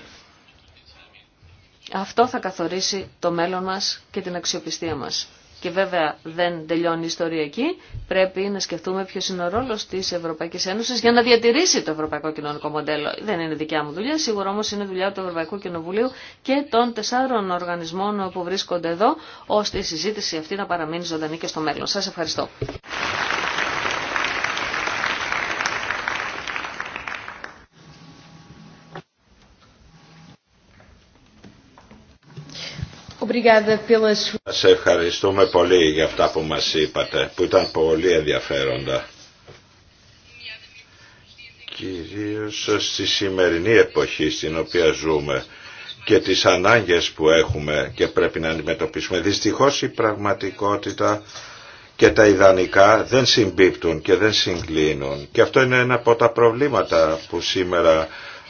Αυτό θα καθορίσει το μέλλον μας και την αξιοπιστία μας. Και βέβαια δεν τελειώνει η ιστορία εκεί. Πρέπει να σκεφτούμε ποιο είναι ο ρόλο τη Ευρωπαϊκή Ένωση για να διατηρήσει το ευρωπαϊκό κοινωνικό μοντέλο. Δεν είναι δικιά μου δουλειά, σίγουρα όμω είναι δουλειά του Ευρωπαϊκού Κοινοβουλίου και των τεσσάρων οργανισμών που βρίσκονται εδώ, ώστε η συζήτηση αυτή να παραμείνει ζωντανή και στο μέλλον. Σα ευχαριστώ. Σας ευχαριστούμε πολύ για αυτά που μας είπατε, που ήταν πολύ ενδιαφέροντα. Κυρίως στη σημερινή εποχή στην οποία ζούμε και τις ανάγκες που έχουμε και πρέπει να αντιμετωπίσουμε. Δυστυχώς η πραγματικότητα και τα ιδανικά δεν συμπίπτουν και δεν συγκλίνουν. Και αυτό είναι ένα από τα προβλήματα που σήμερα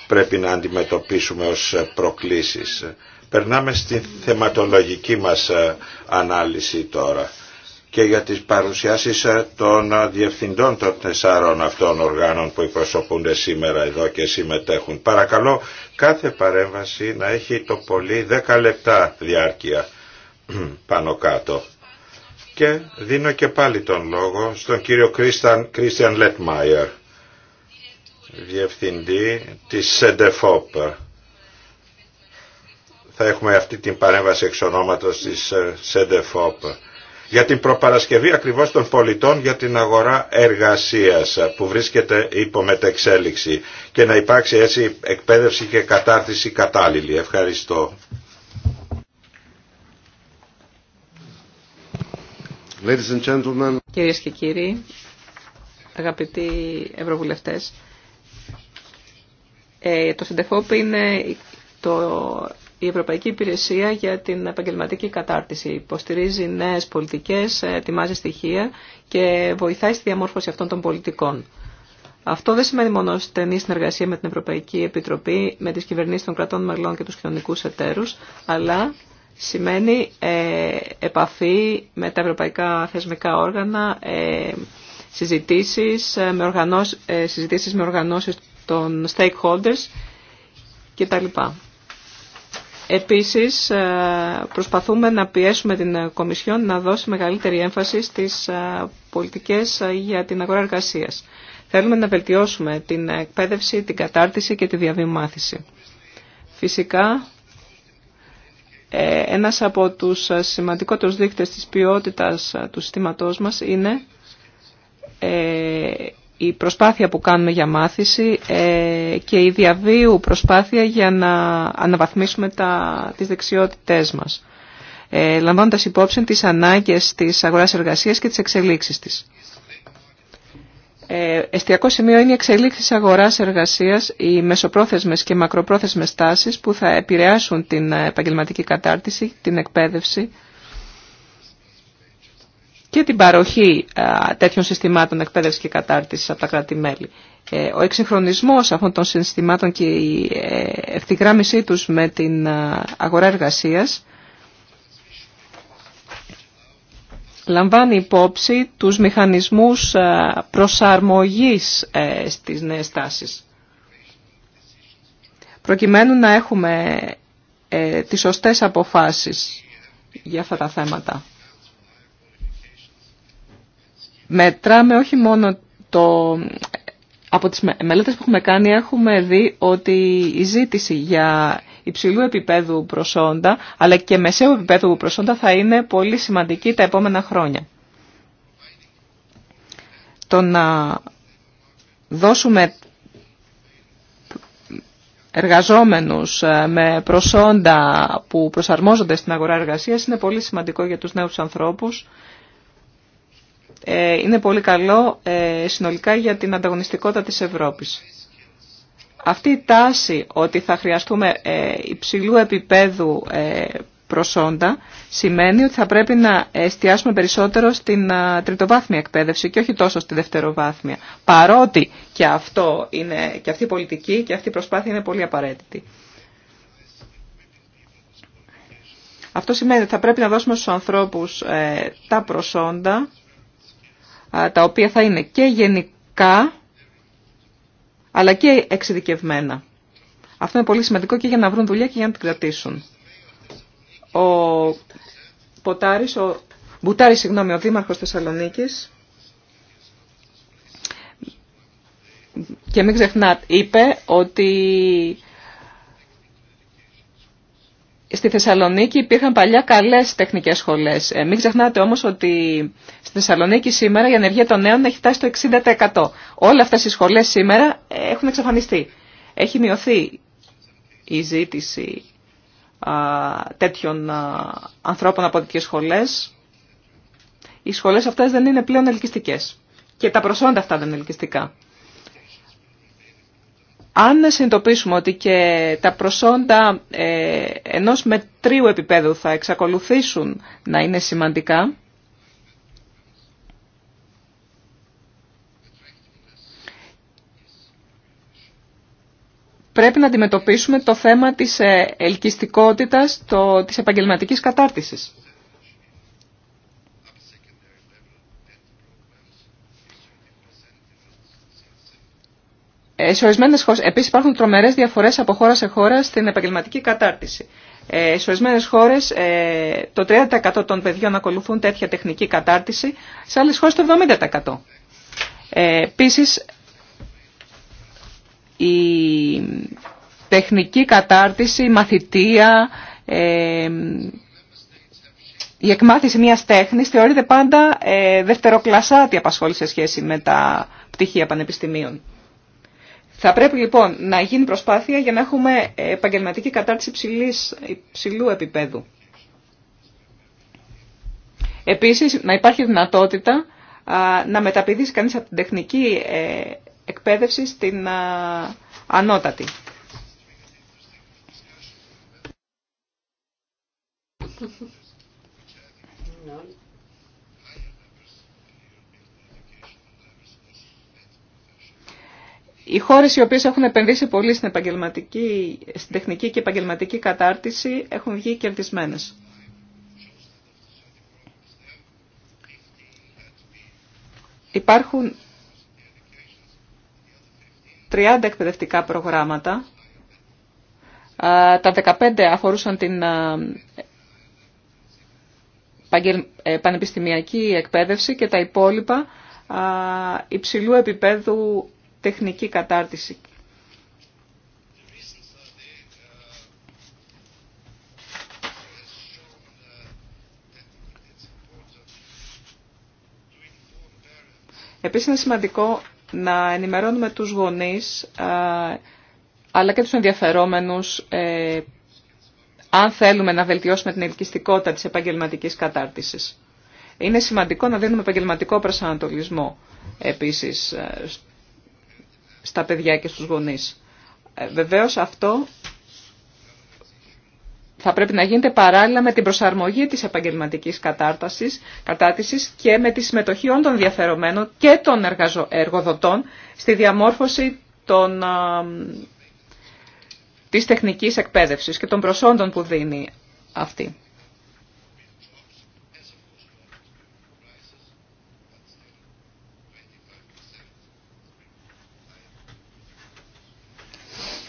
πρέπει να αντιμετωπίσουμε ως προκλήσεις. Περνάμε στη θεματολογική μας ε, ανάλυση τώρα και για τις παρουσιάσεις ε, των ε, διευθυντών των τεσσάρων αυτών οργάνων που υπροσωπούνται σήμερα εδώ και συμμετέχουν. Παρακαλώ κάθε παρέμβαση να έχει το πολύ 10 λεπτά διάρκεια πάνω κάτω. Και δίνω και πάλι τον λόγο στον κύριο Κρίστιαν, Κρίστιαν Λετμάιερ, διευθυντή της ΣΕΝΤΕΦΟΠ θα έχουμε αυτή την παρέμβαση εξ ονόματος της ε, ΣΕΝΤΕΦΟΠ για την προπαρασκευή ακριβώς των πολιτών για την αγορά εργασίας ε, που βρίσκεται υπό μετεξέλιξη και να υπάρξει έτσι εκπαίδευση και κατάρτιση κατάλληλη. Ευχαριστώ. Ladies and gentlemen. Κυρίες και κύριοι, αγαπητοί ευρωβουλευτές, ε, το ΣΕΝΤΕΦΟΠ είναι το η Ευρωπαϊκή Υπηρεσία για την Επαγγελματική Κατάρτιση υποστηρίζει νέε πολιτικέ, ετοιμάζει στοιχεία και βοηθάει στη διαμόρφωση αυτών των πολιτικών. Αυτό δεν σημαίνει μόνο στενή συνεργασία με την Ευρωπαϊκή Επιτροπή, με τι κυβερνήσει των κρατών μελών και του κοινωνικού εταίρου, αλλά σημαίνει ε, επαφή με τα ευρωπαϊκά θεσμικά όργανα, ε, συζητήσεις, ε, με οργανώσεις, ε, συζητήσεις με οργανώσεις των stakeholders κτλ. Επίσης, ε, προσπαθούμε να πιέσουμε την Κομισιόν να δώσει μεγαλύτερη έμφαση στις ε, πολιτικές για την αγορά εργασίας. Θέλουμε να βελτιώσουμε την εκπαίδευση, την κατάρτιση και τη διαβημάθηση. Φυσικά, ε, ένας από τους σημαντικότερους δείκτες της ποιότητας του συστήματός μας είναι η προσπάθεια που κάνουμε για μάθηση ε, και η διαβίου προσπάθεια για να αναβαθμίσουμε τα, τις δεξιότητές μας, ε, λαμβάνοντας υπόψη τις ανάγκες της αγοράς εργασίας και τις εξελίξεις της. Ε, εστιακό σημείο είναι οι εξελίξεις αγοράς εργασίας, οι μεσοπρόθεσμες και μακροπρόθεσμες τάσεις που θα επηρεάσουν την επαγγελματική κατάρτιση, την εκπαίδευση, και την παροχή τέτοιων συστημάτων εκπαίδευση και κατάρτιση από τα κράτη-μέλη. Ε, ο εξυγχρονισμό αυτών των συστημάτων και η ε, ευθυγράμμισή τους με την αγορά εργασίας λαμβάνει υπόψη τους μηχανισμούς προσαρμογής ε, στις νέες τάσεις. Προκειμένου να έχουμε τις σωστές αποφάσεις για αυτά τα θέματα. Μετράμε όχι μόνο το... Από τις μελέτες που έχουμε κάνει έχουμε δει ότι η ζήτηση για υψηλού επίπεδου προσόντα αλλά και μεσαίου επίπεδου προσόντα θα είναι πολύ σημαντική τα επόμενα χρόνια. Το να δώσουμε εργαζόμενους ε, με προσόντα που προσαρμόζονται στην αγορά εργασίας είναι πολύ σημαντικό για τους νέους ανθρώπους ε, είναι πολύ καλό ε, συνολικά για την ανταγωνιστικότητα της Ευρώπης. Αυτή η τάση ότι θα χρειαστούμε ε, υψηλού επίπεδου προσόντα σημαίνει ότι θα πρέπει να εστιάσουμε περισσότερο στην τριτοβάθμια εκπαίδευση και όχι τόσο στη δευτεροβάθμια. Παρότι και, αυτό είναι, και αυτή η πολιτική και αυτή η προσπάθεια είναι πολύ απαραίτητη. Αυτό σημαίνει ότι θα πρέπει να δώσουμε στους ανθρώπους τα προσόντα τα οποία θα είναι και γενικά αλλά και εξειδικευμένα. Αυτό είναι πολύ σημαντικό και για να βρουν δουλειά και για να την κρατήσουν. Ο Ποτάρης, ο Μπουτάρης, συγγνώμη, ο Δήμαρχος Θεσσαλονίκης, και μην ξεχνάτε, είπε ότι Στη Θεσσαλονίκη υπήρχαν παλιά καλές τεχνικές σχολές. Ε, μην ξεχνάτε όμως ότι στη Θεσσαλονίκη σήμερα η ανεργία των νέων έχει φτάσει στο 60%. Όλες αυτές οι σχολές σήμερα ε, έχουν εξαφανιστεί. Έχει μειωθεί η ζήτηση τέτοιων ανθρώπων από τέτοιες σχολές. Οι σχολές αυτές δεν είναι πλέον ελκυστικές. Και τα προσόντα αυτά δεν είναι ελκυστικά. Αν συνειδητοποιήσουμε ότι και τα προσόντα ε, ενός μετρίου επίπεδου θα εξακολουθήσουν να είναι σημαντικά, πρέπει να αντιμετωπίσουμε το θέμα της ε, ελκυστικότητας το, της επαγγελματικής κατάρτισης. Ε, σε ορισμένε χώρε, επίση υπάρχουν τρομερέ διαφορέ από χώρα σε χώρα στην επαγγελματική κατάρτιση. Ε, σε ορισμένε χώρε ε, το 30% των παιδιών ακολουθούν τέτοια τεχνική κατάρτιση, σε άλλε χώρε το 70%. Ε, επίση, η τεχνική κατάρτιση, η μαθητεία, ε, η εκμάθηση μιας τέχνης θεωρείται πάντα δευτεροκλασάτη απασχόληση σε σχέση με τα πτυχία πανεπιστημίων. Θα πρέπει λοιπόν να γίνει προσπάθεια για να έχουμε επαγγελματική κατάρτιση υψηλής, υψηλού επίπεδου. Επίσης, να υπάρχει δυνατότητα να μεταπηδήσει κανείς από την τεχνική ε, εκπαίδευση στην ανώτατη. Οι χώρες οι οποίες έχουν επενδύσει πολύ στην, επαγγελματική, στην τεχνική και επαγγελματική κατάρτιση έχουν βγει κερδισμένε. Υπάρχουν 30 εκπαιδευτικά προγράμματα. Τα 15 αφορούσαν την ε, πανεπιστημιακή εκπαίδευση και τα υπόλοιπα υψηλού επίπεδου τεχνική κατάρτιση. Επίσης είναι σημαντικό να ενημερώνουμε τους γονείς αλλά και τους ενδιαφερόμενους ε, αν θέλουμε να βελτιώσουμε την ελκυστικότητα της επαγγελματικής κατάρτισης. Είναι σημαντικό να δίνουμε επαγγελματικό προσανατολισμό επίσης ε, στα παιδιά και στους γονείς. Ε, βεβαίως αυτό θα πρέπει να γίνεται παράλληλα με την προσαρμογή της επαγγελματικής κατάρτασης, κατάτησης και με τη συμμετοχή όλων των διαφερομένων και των εργοδοτών στη διαμόρφωση των, α, της τεχνικής εκπαίδευσης και των προσόντων που δίνει αυτή.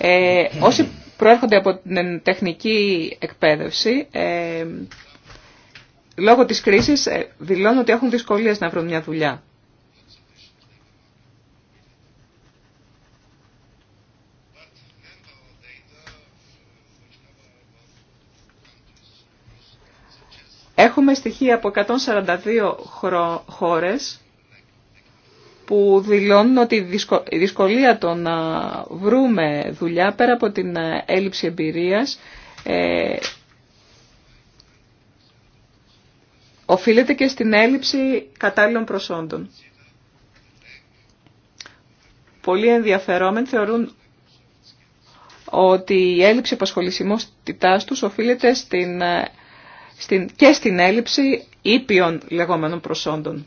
Ε, όσοι προέρχονται από την τεχνική εκπαίδευση, ε, λόγω της κρίσης ε, δηλώνουν ότι έχουν δυσκολίες να βρουν μια δουλειά. Έχουμε στοιχεία από 142 χώρες που δηλώνουν ότι η δυσκολία το να βρούμε δουλειά πέρα από την ε, έλλειψη εμπειρίας ε, οφείλεται και στην έλλειψη κατάλληλων προσόντων. Πολλοί ενδιαφερόμενοι θεωρούν ότι η έλλειψη απασχολησιμότητάς τους οφείλεται στην, ε, στην, και στην έλλειψη ήπιων λεγόμενων προσόντων.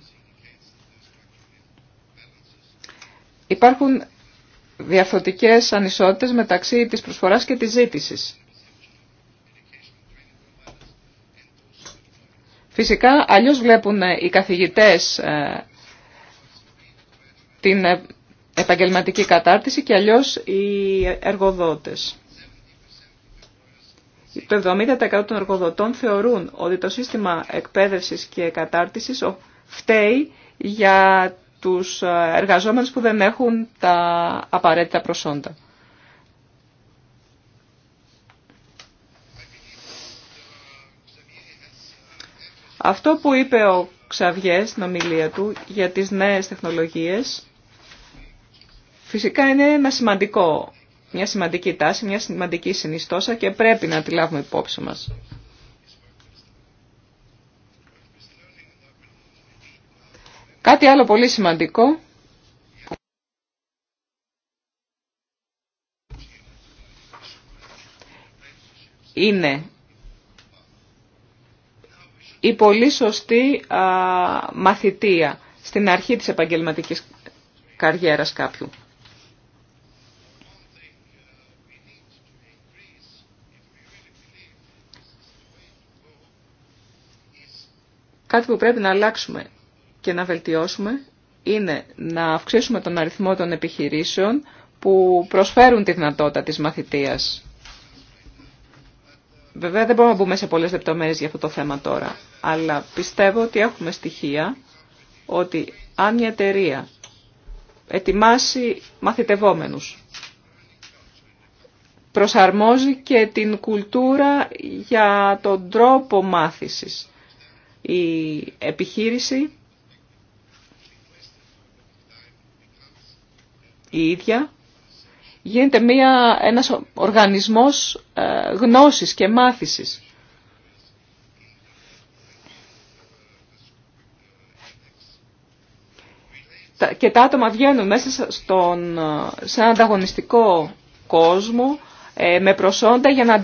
Υπάρχουν διαφορετικές ανισότητες μεταξύ της προσφοράς και της ζήτησης. Φυσικά, αλλιώς βλέπουν ε, οι καθηγητές ε, την ε, επαγγελματική κατάρτιση και αλλιώς οι εργοδότες. Το 70% των εργοδοτών θεωρούν ότι το σύστημα εκπαίδευσης και κατάρτισης φταίει για τους ε, εργαζόμενους που δεν έχουν τα απαραίτητα προσόντα. Αυτό που είπε ο Ξαβιέ στην ομιλία του για τις νέες τεχνολογίες φυσικά είναι ένα σημαντικό, μια σημαντική τάση, μια σημαντική συνιστόσα και πρέπει να τη λάβουμε υπόψη μας. Κάτι άλλο πολύ σημαντικό. Είναι η πολύ σωστή μαθητεία στην αρχή της επαγγελματικής καριέρας κάποιου. Κάτι που πρέπει να αλλάξουμε και να βελτιώσουμε είναι να αυξήσουμε τον αριθμό των επιχειρήσεων που προσφέρουν τη δυνατότητα της μαθητείας. Βέβαια δεν μπορούμε να μπούμε σε πολλές λεπτομέρειες για αυτό το θέμα τώρα, αλλά πιστεύω ότι έχουμε στοιχεία ότι αν μια εταιρεία ετοιμάσει μαθητευόμενους, προσαρμόζει και την κουλτούρα για τον τρόπο μάθησης. Η επιχείρηση η ίδια, γίνεται μια, ένας οργανισμός ε, γνώσης και μάθησης. Και τα άτομα βγαίνουν μέσα στον, ε, σε έναν ανταγωνιστικό κόσμο ε, με προσόντα για να,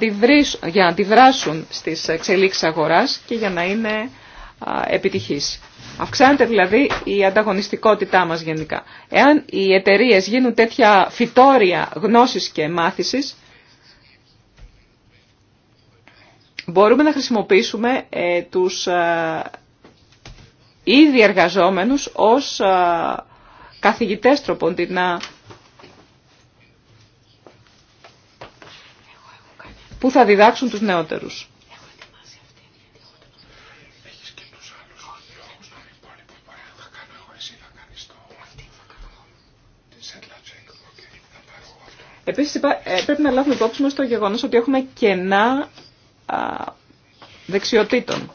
για αντιδράσουν στις εξελίξεις αγοράς και για να είναι επιτυχής. Αυξάνεται δηλαδή η ανταγωνιστικότητά μας γενικά. Εάν οι εταιρείε γίνουν τέτοια φυτόρια γνώσης και μάθησης, μπορούμε να χρησιμοποιήσουμε ε, τους ε, ήδη εργαζόμενους ως ε, καθηγητές τροποντινά ε, που θα διδάξουν τους νεότερους. Επίσης ε, πρέπει να λάβουμε υπόψη μας το γεγονός ότι έχουμε κενά δεξιοτήτων.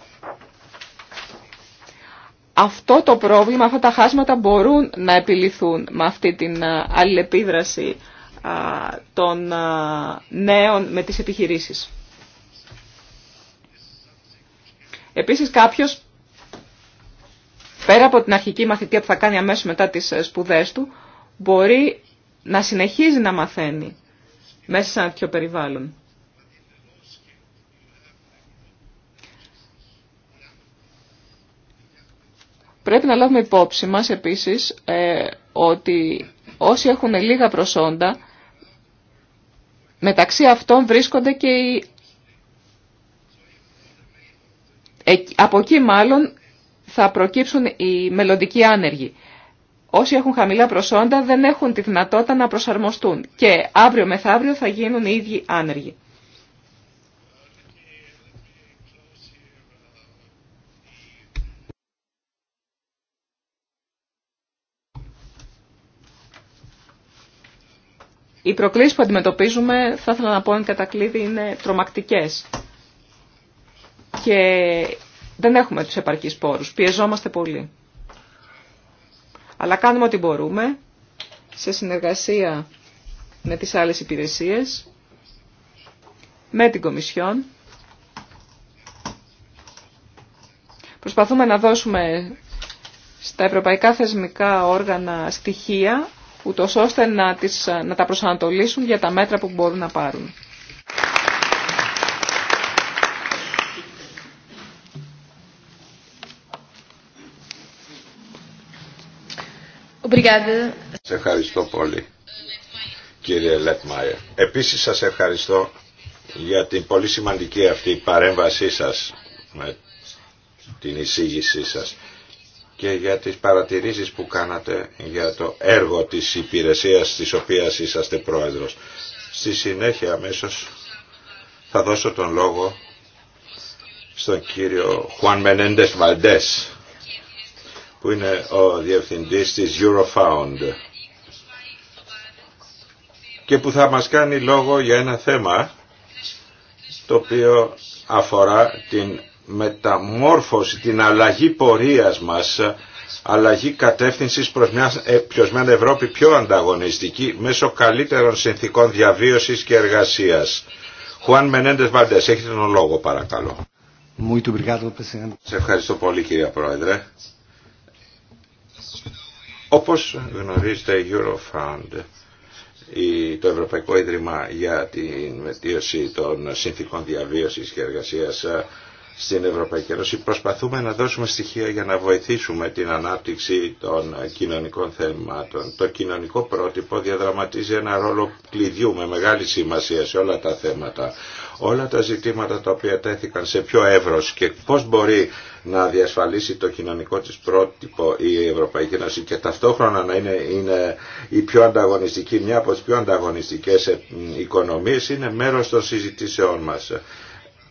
Αυτό το πρόβλημα, αυτά τα χάσματα μπορούν να επιληθούν με αυτή την αλληλεπίδραση των νέων με τις επιχειρήσεις. Επίσης κάποιος, πέρα από την αρχική μαθητεία που θα κάνει αμέσως μετά τις ε, σπουδές του, μπορεί να συνεχίζει να μαθαίνει μέσα σε ένα τέτοιο περιβάλλον. Πρέπει να λάβουμε υπόψη μας επίσης ε, ότι όσοι έχουν λίγα προσόντα, μεταξύ αυτών βρίσκονται και οι... Ε, από εκεί μάλλον θα προκύψουν οι μελλοντικοί άνεργοι. Όσοι έχουν χαμηλά προσόντα δεν έχουν τη δυνατότητα να προσαρμοστούν και αύριο μεθαύριο θα γίνουν οι ίδιοι άνεργοι. Οι προκλήσεις που αντιμετωπίζουμε, θα ήθελα να πω εν κατακλείδη, είναι τρομακτικές. Και δεν έχουμε τους επαρκείς πόρους. Πιεζόμαστε πολύ. Αλλά κάνουμε ό,τι μπορούμε σε συνεργασία με τις άλλες υπηρεσίες, με την Κομισιόν. Προσπαθούμε να δώσουμε στα ευρωπαϊκά θεσμικά όργανα στοιχεία, ούτως ώστε να, τις, να τα προσανατολίσουν για τα μέτρα που μπορούν να πάρουν. Σε ευχαριστώ πολύ κύριε Λετμάιε. Επίσης σας ευχαριστώ για την πολύ σημαντική αυτή παρέμβασή σας με την εισήγησή σας και για τις παρατηρήσεις που κάνατε για το έργο της υπηρεσίας της οποίας είσαστε πρόεδρος. Στη συνέχεια αμέσω θα δώσω τον λόγο στον κύριο Χουάν Μενέντες Βαλντές που είναι ο διευθυντής της Eurofound και που θα μας κάνει λόγο για ένα θέμα το οποίο αφορά την μεταμόρφωση, την αλλαγή πορείας μας, αλλαγή κατεύθυνσης προς μια ε, πιωσμένη Ευρώπη πιο ανταγωνιστική μέσω καλύτερων συνθήκων διαβίωσης και εργασίας. Χουάν Μενέντες Βαντές, έχετε τον λόγο παρακαλώ. Σε ευχαριστώ πολύ κύριε Πρόεδρε. Όπως γνωρίζετε, Eurofound το Ευρωπαϊκό Ίδρυμα για την μετίωση των συνθήκων διαβίωσης και εργασίας ε, στην Ευρωπαϊκή Ένωση. Προσπαθούμε να δώσουμε στοιχεία για να βοηθήσουμε την ανάπτυξη των κοινωνικών θεμάτων. Το κοινωνικό πρότυπο διαδραματίζει ένα ρόλο κλειδιού με μεγάλη σημασία σε όλα τα θέματα όλα τα ζητήματα τα οποία τέθηκαν σε πιο εύρος και πώς μπορεί να διασφαλίσει το κοινωνικό της πρότυπο η Ευρωπαϊκή Ένωση και ταυτόχρονα να είναι, είναι η πιο ανταγωνιστική, μια από τις πιο ανταγωνιστικές ε, οικονομίες είναι μέρος των συζητήσεών μας.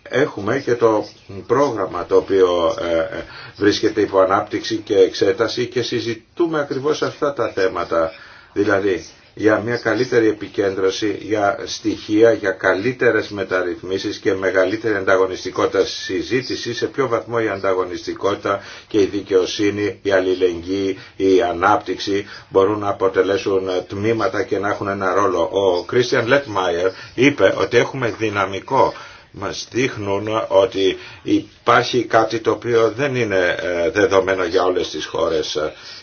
Έχουμε και το πρόγραμμα το οποίο ε, ε, βρίσκεται υπό ανάπτυξη και εξέταση και συζητούμε ακριβώς αυτά τα θέματα. Δηλαδή για μια καλύτερη επικέντρωση για στοιχεία, για καλύτερες μεταρρυθμίσεις και μεγαλύτερη ανταγωνιστικότητα συζήτηση, σε ποιο βαθμό η ανταγωνιστικότητα και η δικαιοσύνη, η αλληλεγγύη, η ανάπτυξη μπορούν να αποτελέσουν τμήματα και να έχουν ένα ρόλο. Ο Κρίστιαν Λετμάιερ είπε ότι έχουμε δυναμικό μας δείχνουν ότι υπάρχει κάτι το οποίο δεν είναι ε, δεδομένο για όλες τις χώρες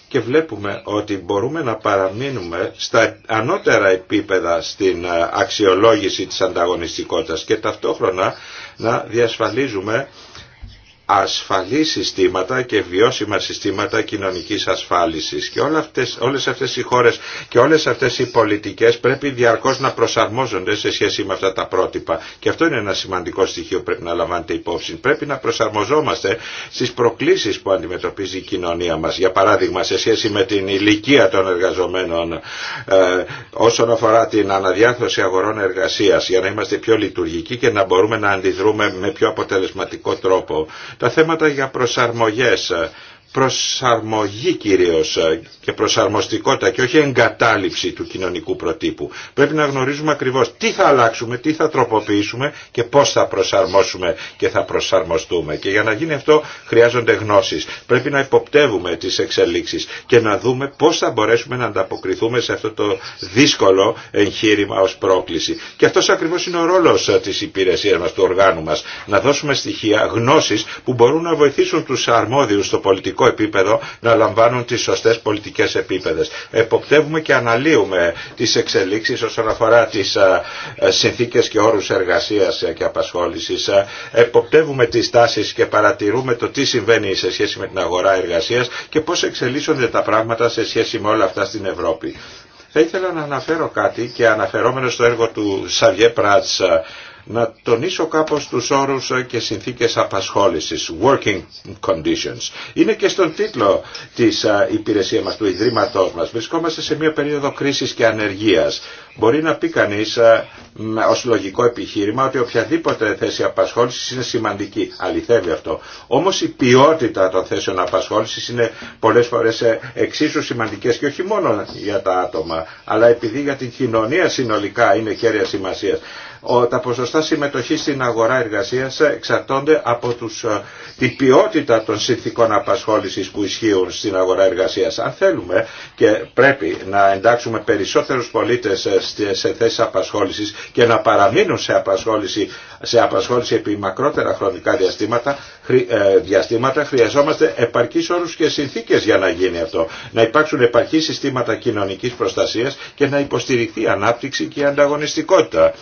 και βλέπουμε ότι μπορούμε να παραμείνουμε στα ανώτερα επίπεδα στην ε, αξιολόγηση της ανταγωνιστικότητας και ταυτόχρονα να διασφαλίζουμε ασφαλή συστήματα και βιώσιμα συστήματα κοινωνικής ασφάλισης. Και όλες αυτές, όλες αυτές οι χώρες και όλες αυτές οι πολιτικές πρέπει διαρκώς να προσαρμόζονται σε σχέση με αυτά τα πρότυπα. Και αυτό είναι ένα σημαντικό στοιχείο που πρέπει να λαμβάνετε υπόψη. Πρέπει να προσαρμοζόμαστε στις προκλήσεις που αντιμετωπίζει η κοινωνία μας. Για παράδειγμα, σε σχέση με την ηλικία των εργαζομένων ε, όσον αφορά την αναδιάρθρωση αγορών εργασίας για να είμαστε πιο λειτουργικοί και να μπορούμε να αντιδρούμε με πιο αποτελεσματικό τρόπο. Τα θέματα για προσαρμογές προσαρμογή κυρίως ε, και προσαρμοστικότητα και όχι εγκατάληψη του κοινωνικού προτύπου. Πρέπει να γνωρίζουμε ακριβώς τι θα αλλάξουμε, τι θα τροποποιήσουμε και πώς θα προσαρμόσουμε και θα προσαρμοστούμε. Και για να γίνει αυτό χρειάζονται γνώσεις. Πρέπει να υποπτεύουμε τις εξελίξεις και να δούμε πώς θα μπορέσουμε να ανταποκριθούμε σε αυτό το δύσκολο εγχείρημα ως πρόκληση. Και αυτός ακριβώς είναι ο ρόλος ε, της υπηρεσίας μας, του οργάνου μας. Να δώσουμε στοιχεία, γνώσεις που μπορούν να βοηθήσουν τους αρμόδιους στο πολιτικό επίπεδο να λαμβάνουν τις σωστές πολιτικές επίπεδες. Εποπτεύουμε και αναλύουμε τις εξελίξεις όσον αφορά τις συνθήκες και όρους εργασίας και απασχόλησης. Εποπτεύουμε τις τάσεις και παρατηρούμε το τι συμβαίνει σε σχέση με την αγορά εργασίας και πώς εξελίσσονται τα πράγματα σε σχέση με όλα αυτά στην Ευρώπη. Θα ήθελα να αναφέρω κάτι και αναφερόμενο στο έργο του Σαβιέ Πράτς να τονίσω κάπως τους όρους και συνθήκες απασχόλησης, working conditions. Είναι και στον τίτλο της υπηρεσίας μας, του Ιδρύματός μας. Βρισκόμαστε σε μια περίοδο κρίσης και ανεργίας. Μπορεί να πει κανείς ως λογικό επιχείρημα ότι οποιαδήποτε θέση απασχόλησης είναι σημαντική. Αληθεύει αυτό. Όμως η ποιότητα των θέσεων απασχόλησης είναι πολλές φορές ε, εξίσου σημαντικές και όχι μόνο για τα άτομα, αλλά επειδή για την κοινωνία συνολικά είναι κέρια σημασίας τα ποσοστά συμμετοχής στην αγορά εργασίας εξαρτώνται από τους, ε, την ποιότητα των συνθήκων απασχόλησης που ισχύουν στην αγορά εργασίας. Αν θέλουμε και πρέπει να εντάξουμε περισσότερους πολίτες ε, σε θέσεις απασχόλησης και να παραμείνουν σε απασχόληση, σε απασχόληση επί μακρότερα χρονικά διαστήματα, ε, διαστήματα χρειαζόμαστε επαρκείς όρους και συνθήκες για να γίνει αυτό. Να υπάρξουν επαρκή συστήματα κοινωνικής προστασίας και να υποστηριχθεί η ανάπτυξη και η ανταγωνιστικότητα.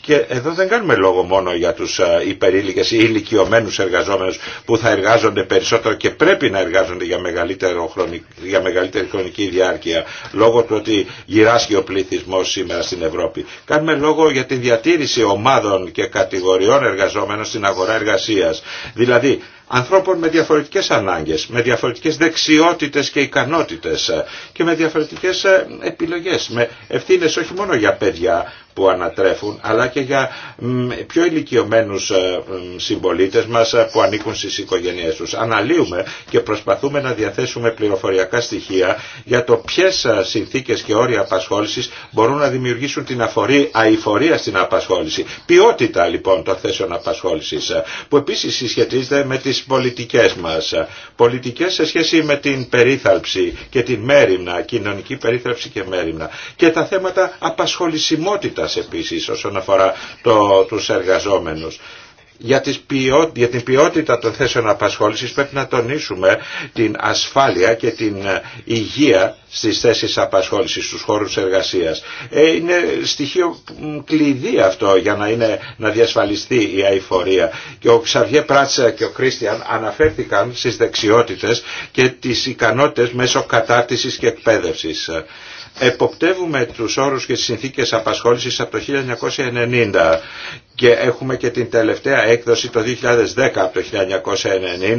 Και εδώ δεν κάνουμε λόγο μόνο για τους υπερήλικες ή ηλικιωμένους εργαζόμενους που θα εργάζονται περισσότερο και πρέπει να εργάζονται για, μεγαλύτερη χρονική διάρκεια λόγω του ότι γυράσκει ο πληθυσμός σήμερα στην Ευρώπη. Κάνουμε λόγο για τη διατήρηση ομάδων και κατηγοριών εργαζόμενων στην αγορά εργασίας. Δηλαδή ανθρώπων με διαφορετικές ανάγκες, με διαφορετικές δεξιότητες και ικανότητες ε, και με διαφορετικές ε, επιλογές, με ευθύνες όχι μόνο για παιδιά που ανατρέφουν, αλλά και για πιο ηλικιωμένους ε, συμπολίτες μας που ανήκουν στις οικογένειές τους. Αναλύουμε και προσπαθούμε να διαθέσουμε πληροφοριακά στοιχεία για το ποιες συνθήκες και όρια απασχόλησης μπορούν να δημιουργήσουν την αφορή, αηφορία στην απασχόληση. Ποιότητα λοιπόν των θέσεων απασχόλησης, που επίσης συσχετίζεται με τις πολιτικές μας. Πολιτικές σε σχέση με την περίθαλψη και την μέρημνα, κοινωνική περίθαλψη και μέρημνα. Και τα θέματα απασχολησιμότητας επίσης όσον αφορά το, τους εργαζόμενους για, την ποιότητα των θέσεων απασχόλησης πρέπει να τονίσουμε την ασφάλεια και την ε, υγεία στις θέσεις απασχόλησης στους χώρους εργασίας. Ε, είναι στοιχείο κλειδί αυτό για να, είναι, να διασφαλιστεί η αηφορία. Και ο Ξαβιέ Πράτσα και ο Κρίστιαν αναφέρθηκαν στις δεξιότητες και τις ικανότητες μέσω κατάρτισης και εκπαίδευσης. Εποπτεύουμε τους όρους και τις συνθήκες απασχόλησης από το 1990 και έχουμε και την τελευταία έκδοση το 2010 από το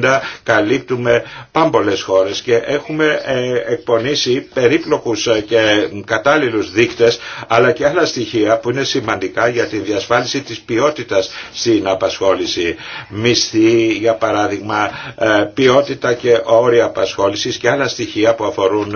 1990 καλύπτουμε πάμπολες χώρες και έχουμε ε, εκπονήσει περίπλοκους ε, και κατάλληλους δείκτες αλλά και άλλα στοιχεία που είναι σημαντικά για τη διασφάλιση της ποιότητας στην απασχόληση μισθή για παράδειγμα ε, ποιότητα και όρια απασχόλησης και άλλα στοιχεία που αφορούν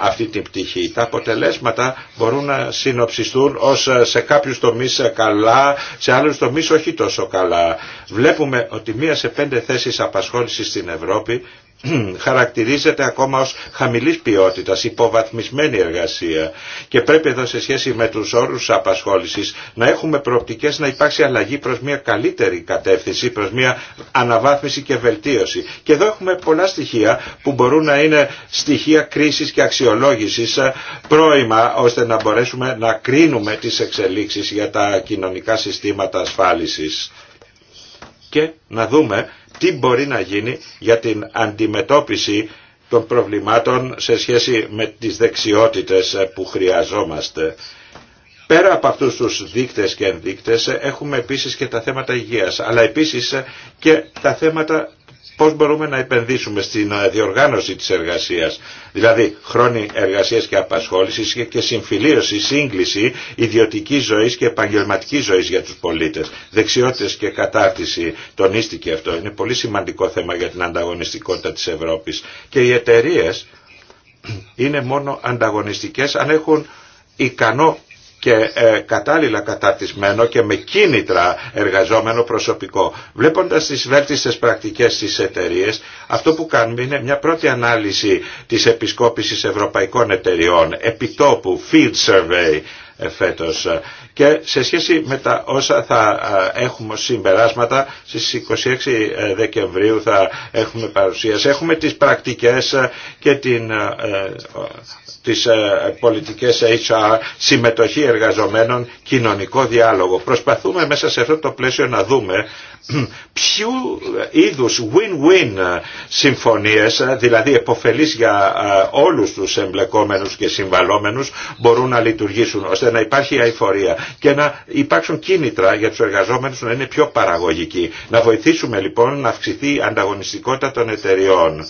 αυτή την πτυχή. Τα αποτελέσματα μπορούν να συνοψιστούν ως σε κάποιους τομείς καλά σε άλλους τομείς όχι τόσο καλά. Βλέπουμε ότι μία σε πέντε θέσεις απασχόλησης στην Ευρώπη χαρακτηρίζεται ακόμα ως χαμηλής ποιότητας, υποβαθμισμένη εργασία και πρέπει εδώ σε σχέση με τους όρους απασχόλησης να έχουμε προοπτικές να υπάρξει αλλαγή προς μια καλύτερη κατεύθυνση, προς μια αναβάθμιση και βελτίωση. Και εδώ έχουμε πολλά στοιχεία που μπορούν να είναι στοιχεία κρίσης και αξιολόγησης ε, πρώιμα ώστε να μπορέσουμε να κρίνουμε τις εξελίξεις για τα κοινωνικά συστήματα ασφάλισης και να δούμε τι μπορεί να γίνει για την αντιμετώπιση των προβλημάτων σε σχέση με τις δεξιότητες ε, που χρειαζόμαστε. Πέρα από αυτούς τους δείκτες και ενδείκτες ε, έχουμε επίσης και τα θέματα υγείας, αλλά επίσης ε, και τα θέματα πώς μπορούμε να επενδύσουμε στην ε, διοργάνωση της εργασίας, δηλαδή χρόνη εργασίας και απασχόλησης και συμφιλίωση, σύγκληση ιδιωτικής ζωής και επαγγελματικής ζωής για τους πολίτες, δεξιότητες και κατάρτιση, τονίστηκε αυτό, είναι πολύ σημαντικό θέμα για την ανταγωνιστικότητα της Ευρώπης και οι εταιρείε είναι μόνο ανταγωνιστικές αν έχουν ικανό και ε, κατάλληλα καταρτισμένο και με κίνητρα εργαζόμενο προσωπικό. Βλέποντας τις βέλτιστες πρακτικές στις εταιρείε, αυτό που κάνουμε είναι μια πρώτη ανάλυση της επισκόπησης ευρωπαϊκών εταιριών, επιτόπου, field survey, ε, φέτος. Και σε σχέση με τα όσα θα ε, έχουμε συμπεράσματα, στις 26 Δεκεμβρίου θα έχουμε παρουσίαση. Έχουμε τις πρακτικές και την τις ε, πολιτικές HR, συμμετοχή εργαζομένων, κοινωνικό διάλογο. Προσπαθούμε μέσα σε αυτό το πλαίσιο να δούμε ε, ποιου είδους win-win ε, συμφωνίες, δηλαδή εποφελείς για όλους τους εμπλεκόμενους και συμβαλόμενους μπορούν να λειτουργήσουν ώστε να υπάρχει αηφορία και να υπάρξουν κίνητρα για τους εργαζόμενους να είναι πιο παραγωγικοί. Να βοηθήσουμε λοιπόν να αυξηθεί η ανταγωνιστικότητα των εταιριών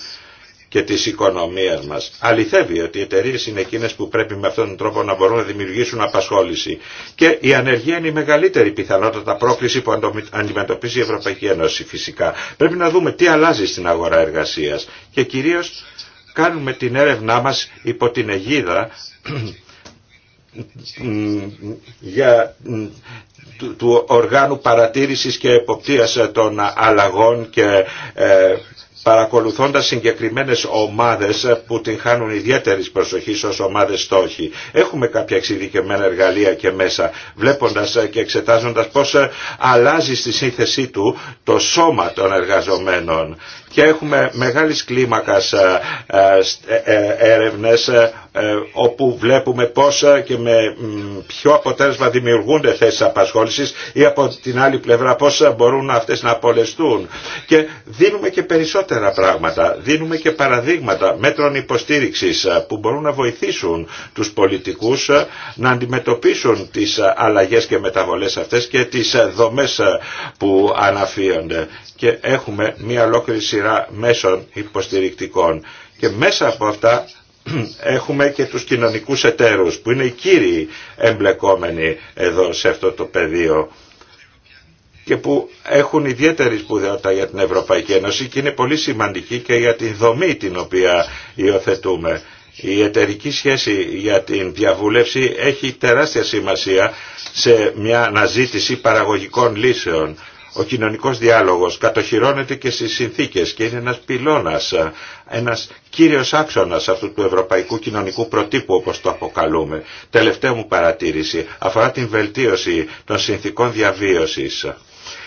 και της οικονομίας μας. Αληθεύει ότι οι εταιρείε είναι εκείνες που πρέπει με αυτόν τον τρόπο να μπορούν να δημιουργήσουν απασχόληση. Και η ανεργία είναι η μεγαλύτερη πιθανότητα πρόκληση που αντιμετωπίζει η Ευρωπαϊκή Ένωση φυσικά. Πρέπει να δούμε τι αλλάζει στην αγορά εργασίας. Και κυρίως κάνουμε την έρευνά μας υπό την αιγίδα του οργάνου παρατήρησης και εποπτείας των αλλαγών και ε, παρακολουθώντας συγκεκριμένες ομάδες που την χάνουν ιδιαίτερης προσοχής ως ομάδες στόχοι. Έχουμε κάποια εξειδικευμένα εργαλεία και μέσα, βλέποντας και εξετάζοντας πώς αλλάζει στη σύνθεσή του το σώμα των εργαζομένων και έχουμε μεγάλης κλίμακας ε, ε, ε, έρευνες όπου βλέπουμε πόσα και με ποιο αποτέλεσμα δημιουργούνται θέσεις απασχόλησης ή από την άλλη πλευρά πόσα μπορούν αυτές να απολεστούν. Και δίνουμε και περισσότερα πράγματα, δίνουμε και παραδείγματα μέτρων υποστήριξης που μπορούν να βοηθήσουν τους πολιτικούς να αντιμετωπίσουν τις αλλαγές και μεταβολές αυτές και τις δομές που αναφύονται. Και έχουμε μια ολόκληρη σειρά μέσων υποστηρικτικών και μέσα από αυτά έχουμε και τους κοινωνικούς εταίρους που είναι οι κύριοι εμπλεκόμενοι εδώ σε αυτό το πεδίο και που έχουν ιδιαίτερη σπουδαιότητα για την Ευρωπαϊκή Ένωση και είναι πολύ σημαντική και για την δομή την οποία υιοθετούμε. Η εταιρική σχέση για την διαβούλευση έχει τεράστια σημασία σε μια αναζήτηση παραγωγικών λύσεων ο κοινωνικός διάλογος κατοχυρώνεται και στις συνθήκες και είναι ένας πυλώνας, ένας κύριος άξονας αυτού του ευρωπαϊκού κοινωνικού προτύπου όπως το αποκαλούμε. Τελευταία μου παρατήρηση αφορά την βελτίωση των συνθήκων διαβίωσης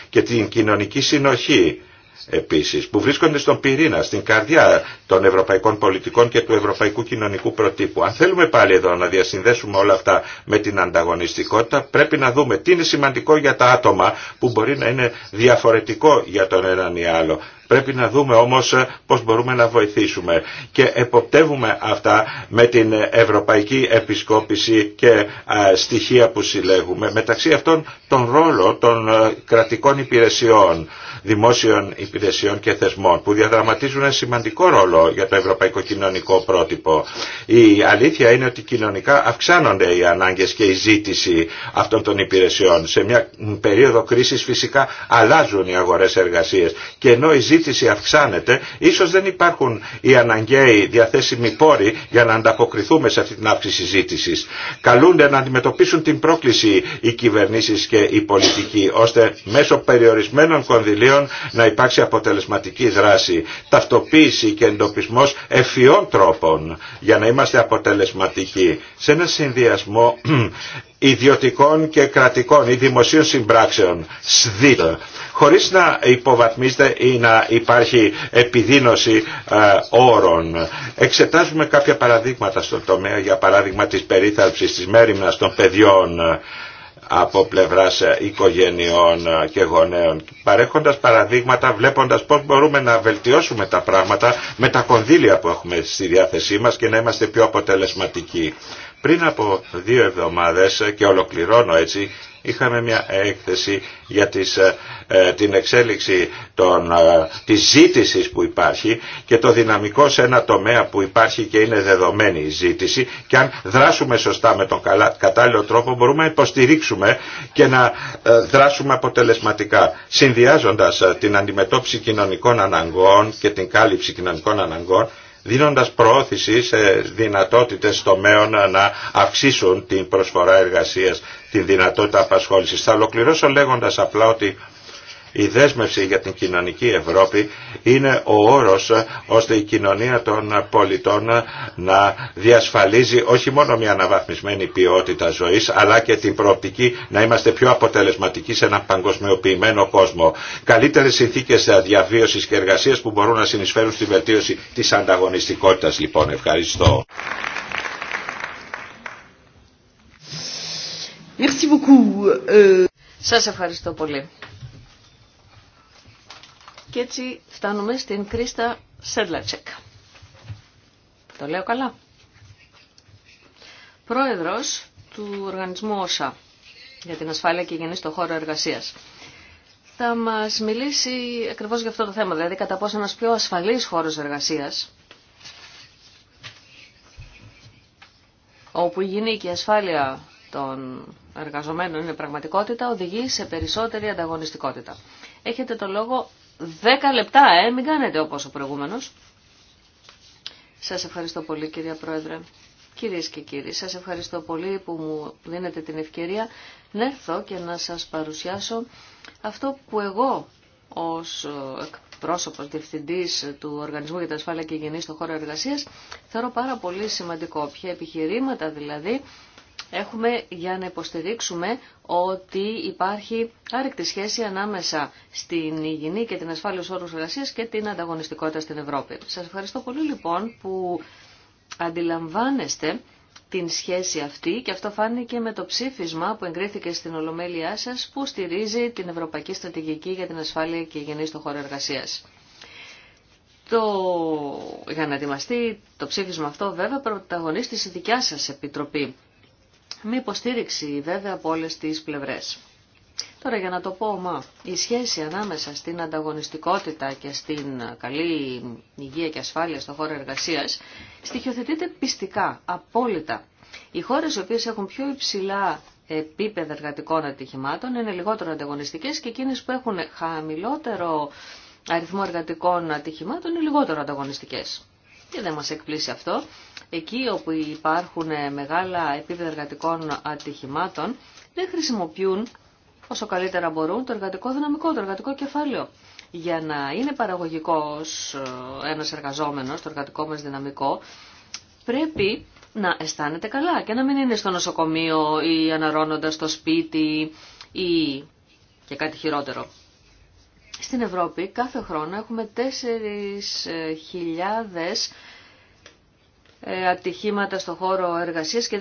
και την κοινωνική συνοχή επίσης που βρίσκονται στον πυρήνα, στην καρδιά των ευρωπαϊκών πολιτικών και του ευρωπαϊκού κοινωνικού προτύπου. Αν θέλουμε πάλι εδώ να διασυνδέσουμε όλα αυτά με την ανταγωνιστικότητα πρέπει να δούμε τι είναι σημαντικό για τα άτομα που μπορεί να είναι διαφορετικό για τον έναν ή άλλο. Πρέπει να δούμε όμως ε, πώς μπορούμε να βοηθήσουμε και εποπτεύουμε αυτά με την Ευρωπαϊκή Επισκόπηση και στοιχεία που συλλέγουμε μεταξύ αυτών τον ρόλο των ε, κρατικών υπηρεσιών δημόσιων υπηρεσιών και θεσμών που διαδραματίζουν ένα σημαντικό ρόλο για το ευρωπαϊκό κοινωνικό πρότυπο. Η αλήθεια είναι ότι κοινωνικά αυξάνονται οι ανάγκες και η ζήτηση αυτών των υπηρεσιών. Σε μια περίοδο κρίσης φυσικά αλλάζουν οι αγορές εργασίες και ενώ η ζήτηση αυξάνεται ίσως δεν υπάρχουν οι αναγκαίοι διαθέσιμοι πόροι για να ανταποκριθούμε σε αυτή την αύξηση ζήτησης. Καλούνται να αντιμετωπίσουν την πρόκληση οι κυβερνήσεις και οι πολιτικοί ώστε μέσω περιορισμένων κονδυλίων να υπάρξει αποτελεσματική δράση, ταυτοποίηση και εντοπισμό ευφυών τρόπων για να είμαστε αποτελεσματικοί. Σε ένα συνδυασμό ιδιωτικών και κρατικών ή δημοσίων συμπράξεων, ΣΔΙΤ, χωρίς να υποβαθμίζεται ή να υπάρχει επιδίνωση ε, όρων. Εξετάζουμε κάποια παραδείγματα στον τομέα, για παράδειγμα της περίθαλψης της μέρημνας των παιδιών από πλευράς ε, οικογενειών ε, και γονέων παρέχοντας παραδείγματα βλέποντας πώς μπορούμε να βελτιώσουμε τα πράγματα με τα κονδύλια που έχουμε στη διάθεσή μας και να είμαστε πιο αποτελεσματικοί. Πριν από δύο εβδομάδες ε, και ολοκληρώνω έτσι είχαμε μια έκθεση για ε, ε, την εξέλιξη των, ε, της ζήτησης που υπάρχει και το δυναμικό σε ένα τομέα που υπάρχει και είναι δεδομένη η ζήτηση και αν δράσουμε σωστά με τον κατάλληλο τρόπο μπορούμε να υποστηρίξουμε και να δράσουμε αποτελεσματικά συνδυάζοντας την αντιμετώπιση κοινωνικών αναγκών και την κάλυψη κοινωνικών αναγκών δίνοντας προώθηση σε δυνατότητες τομέων να αυξήσουν την προσφορά εργασίας την δυνατότητα απασχόλησης. Θα ολοκληρώσω λέγοντας απλά ότι η δέσμευση για την κοινωνική Ευρώπη είναι ο όρος ε, ώστε η κοινωνία των πολιτών ε, να διασφαλίζει όχι μόνο μια αναβαθμισμένη ποιότητα ζωής αλλά και την προοπτική να είμαστε πιο αποτελεσματικοί σε ένα παγκοσμιοποιημένο κόσμο. Καλύτερες συνθήκες διαβίωσης και εργασίας που μπορούν να συνεισφέρουν στη βελτίωση της ανταγωνιστικότητας λοιπόν. Ευχαριστώ. Merci beaucoup. Euh, Σας ευχαριστώ πολύ. Και έτσι φτάνουμε στην Κρίστα Σέντλατσεκ. Το λέω καλά. Πρόεδρος του οργανισμού ΩΣΑ για την ασφάλεια και υγιεινή στον χώρο εργασίας. Θα μας μιλήσει ακριβώς για αυτό το θέμα, δηλαδή κατά πόσο ένας πιο ασφαλής χώρος εργασίας, όπου η ασφάλεια των εργαζομένων είναι πραγματικότητα, οδηγεί σε περισσότερη ανταγωνιστικότητα. Έχετε το λόγο 10 λεπτά, ε, μην κάνετε όπως ο προηγούμενος. Σας ευχαριστώ πολύ κυρία Πρόεδρε. Κυρίες και κύριοι, σας ευχαριστώ πολύ που μου δίνετε την ευκαιρία να έρθω και να σας παρουσιάσω αυτό που εγώ ως ε, πρόσωπος διευθυντής του Οργανισμού για τα Ασφάλεια και Υγιεινή στον χώρο εργασίας θεωρώ πάρα πολύ σημαντικό. Ποια επιχειρήματα δηλαδή έχουμε για να υποστηρίξουμε ότι υπάρχει άρρηκτη σχέση ανάμεσα στην υγιεινή και την ασφάλεια όρους εργασίας και την ανταγωνιστικότητα στην Ευρώπη. Σας ευχαριστώ πολύ λοιπόν που αντιλαμβάνεστε την σχέση αυτή και αυτό φάνηκε με το ψήφισμα που εγκρίθηκε στην Ολομέλειά σας που στηρίζει την Ευρωπαϊκή Στρατηγική για την Ασφάλεια και Υγιεινή στον χώρο εργασίας. Το... Για να ετοιμαστεί το ψήφισμα αυτό βέβαια πρωταγωνίστησε η δικιά σας επιτροπή με υποστήριξη βέβαια από όλες τις πλευρές. Τώρα για να το πω, μα, η σχέση ανάμεσα στην ανταγωνιστικότητα και στην καλή υγεία και ασφάλεια στον χώρο εργασίας στοιχειοθετείται πιστικά, απόλυτα. Οι χώρες οι οποίες έχουν πιο υψηλά επίπεδα εργατικών ατυχημάτων είναι λιγότερο ανταγωνιστικές και εκείνες που έχουν χαμηλότερο αριθμό εργατικών ατυχημάτων είναι λιγότερο ανταγωνιστικές. Και δεν μας εκπλήσει αυτό. Εκεί όπου υπάρχουν μεγάλα επίπεδα εργατικών ατυχημάτων, δεν χρησιμοποιούν όσο καλύτερα μπορούν το εργατικό δυναμικό, το εργατικό κεφάλαιο. Για να είναι παραγωγικός ε, ένας εργαζόμενος, το εργατικό μας δυναμικό, πρέπει να αισθάνεται καλά και να μην είναι στο νοσοκομείο ή αναρώνοντας το σπίτι ή και κάτι χειρότερο. Στην Ευρώπη κάθε χρόνο έχουμε 4.000 ε, ατυχήματα στο χώρο εργασίας και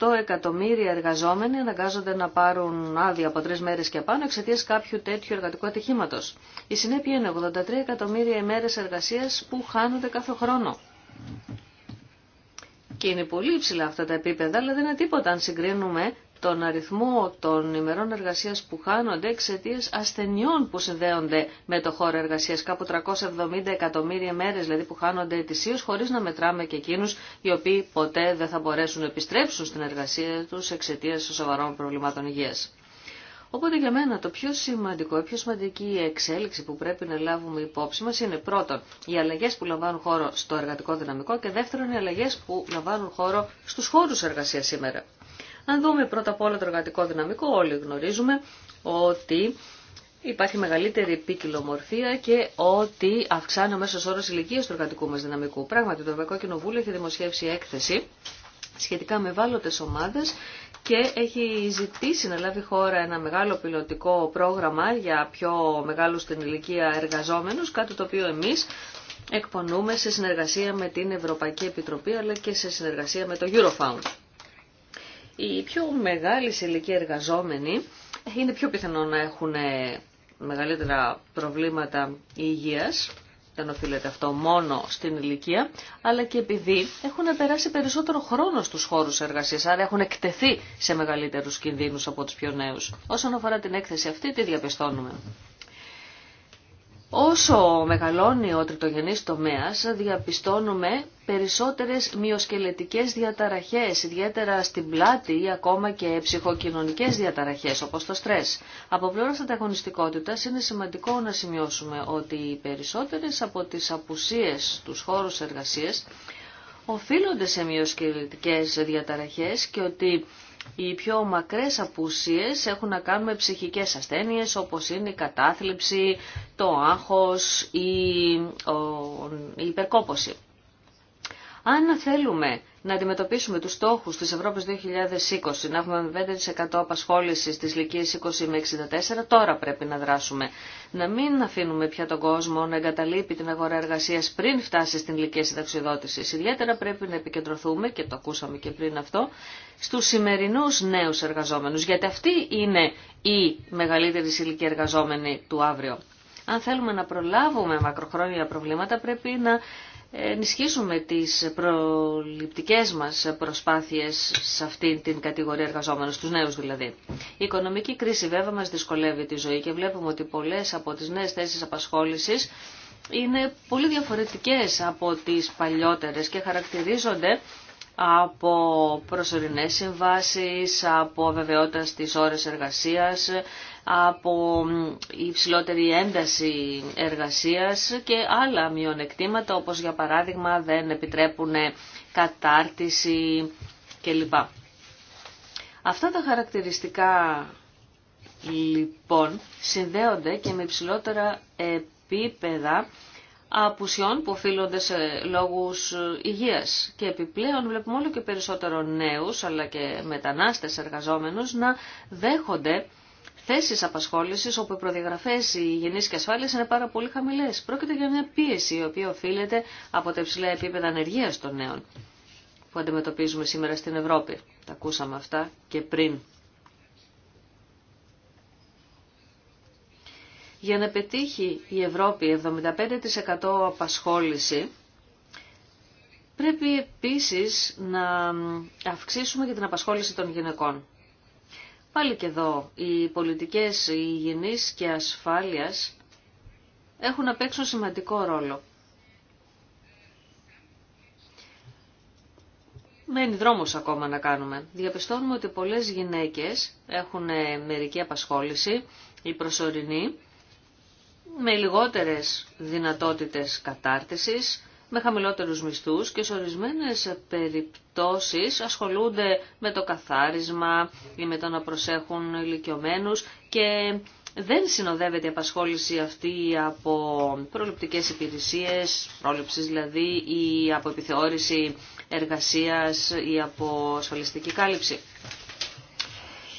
2,8 εκατομμύρια εργαζόμενοι αναγκάζονται να πάρουν άδεια από τρεις μέρες και πάνω εξαιτίας κάποιου τέτοιου εργατικού ατυχήματος. Η συνέπεια είναι 83 εκατομμύρια ημέρες εργασίας που χάνονται κάθε χρόνο. Και είναι πολύ υψηλά αυτά τα επίπεδα, αλλά δεν είναι τίποτα αν συγκρίνουμε τον αριθμό των ημερών εργασίας που χάνονται εξαιτία ασθενειών που συνδέονται με το χώρο εργασίας. Κάπου 370 εκατομμύρια μέρες δηλαδή που χάνονται ετησίως χωρίς να μετράμε και εκείνους οι οποίοι ποτέ δεν θα μπορέσουν να επιστρέψουν στην εργασία τους εξαιτία των σοβαρών προβλημάτων υγείας. Οπότε για μένα το πιο σημαντικό, η πιο σημαντική εξέλιξη που πρέπει να λάβουμε υπόψη μας είναι πρώτον οι αλλαγές που λαμβάνουν χώρο στο εργατικό δυναμικό και δεύτερον οι αλλαγές που λαμβάνουν χώρο στους χώρους εργασίας σήμερα. Αν δούμε πρώτα απ' όλα το εργατικό δυναμικό, όλοι γνωρίζουμε ότι υπάρχει μεγαλύτερη ποικιλομορφία και ότι αυξάνει ο μέσος όρος ηλικίας του εργατικού μας δυναμικού. Πράγματι, το Ευρωπαϊκό Κοινοβούλιο έχει δημοσιεύσει έκθεση σχετικά με βάλωτες ομάδες και έχει ζητήσει να λάβει χώρα ένα μεγάλο πιλωτικό πρόγραμμα για πιο μεγάλους στην ηλικία εργαζόμενους, κάτι το οποίο εμείς εκπονούμε σε συνεργασία με την Ευρωπαϊκή Επιτροπή αλλά και σε συνεργασία με το Eurofound. Οι πιο σε ηλικία εργαζόμενοι είναι πιο πιθανό να έχουν ε, μεγαλύτερα προβλήματα υγείας, δεν οφείλεται αυτό μόνο στην ηλικία, αλλά και επειδή έχουν περάσει περισσότερο χρόνο στους χώρους εργασίας, άρα έχουν εκτεθεί σε μεγαλύτερους κινδύνους από τους πιο νέους. Όσον αφορά την έκθεση αυτή, τι διαπιστώνουμε. Όσο μεγαλώνει ο τριτογενής τομέας, διαπιστώνουμε περισσότερες μειοσκελετικές διαταραχές, ιδιαίτερα στην πλάτη ή ακόμα και ψυχοκοινωνικές διαταραχές, όπως το στρες. Από πλευράς ανταγωνιστικότητας είναι σημαντικό να σημειώσουμε ότι οι περισσότερες από τις απουσίες τους χώρους εργασίας οφείλονται σε μειοσκελετικές διαταραχές και ότι οι πιο μακρές απουσίες έχουν να κάνουν με ψυχικές ασθένειες όπως είναι η κατάθλιψη, το άγχος ή η υπερκόπωση. Αν θέλουμε να αντιμετωπίσουμε τους στόχους της Ευρώπης 2020, να έχουμε 5% απασχόληση στις ηλικίες 20 με 64, τώρα πρέπει να δράσουμε. Να μην αφήνουμε πια τον κόσμο να εγκαταλείπει την αγορά εργασίας πριν φτάσει στην ηλικία συνταξιδότησης. Ιδιαίτερα πρέπει να επικεντρωθούμε, και το ακούσαμε και πριν αυτό, στους σημερινούς νέους εργαζόμενους, γιατί αυτοί είναι οι μεγαλύτερη ηλικία εργαζόμενοι του αύριο. Αν θέλουμε να προλάβουμε μακροχρόνια προβλήματα πρέπει να ενισχύσουμε τις προληπτικές μας προσπάθειες σε αυτήν την κατηγορία εργαζόμενων, στους νέους δηλαδή. Η οικονομική κρίση βέβαια μας δυσκολεύει τη ζωή και βλέπουμε ότι πολλές από τις νέες θέσεις απασχόλησης είναι πολύ διαφορετικές από τις παλιότερες και χαρακτηρίζονται από προσωρινές συμβάσεις, από βεβαιότητα στις ώρες εργασίας, από υψηλότερη ένταση εργασίας και άλλα μειονεκτήματα όπως για παράδειγμα δεν επιτρέπουν κατάρτιση κλπ. Αυτά τα χαρακτηριστικά λοιπόν συνδέονται και με υψηλότερα επίπεδα απουσιών που οφείλονται σε λόγους υγείας. Και επιπλέον βλέπουμε όλο και περισσότερο νέους αλλά και μετανάστες εργαζόμενους να δέχονται θέσεις απασχόλησης όπου οι προδιαγραφές υγιεινής και ασφάλειας είναι πάρα πολύ χαμηλές. Πρόκειται για μια πίεση η οποία οφείλεται από τα υψηλά επίπεδα ανεργίας των νέων που αντιμετωπίζουμε σήμερα στην Ευρώπη. Τα ακούσαμε αυτά και πριν. Για να πετύχει η Ευρώπη 75% απασχόληση, πρέπει επίσης να αυξήσουμε και την απασχόληση των γυναικών. Πάλι και εδώ, οι πολιτικές υγιεινής και ασφάλειας έχουν να παίξουν σημαντικό ρόλο. Μένει δρόμος ακόμα να κάνουμε. Διαπιστώνουμε ότι πολλές γυναίκες έχουν μερική απασχόληση ή προσωρινή με λιγότερες δυνατότητες κατάρτισης, με χαμηλότερους μισθούς και σε ορισμένες περιπτώσεις ασχολούνται με το καθάρισμα ή με το να προσέχουν ηλικιωμένους και δεν συνοδεύεται η απασχόληση αυτή από προληπτικές υπηρεσίες, πρόληψης δηλαδή, ή από επιθεώρηση εργασίας ή από ασφαλιστική κάλυψη.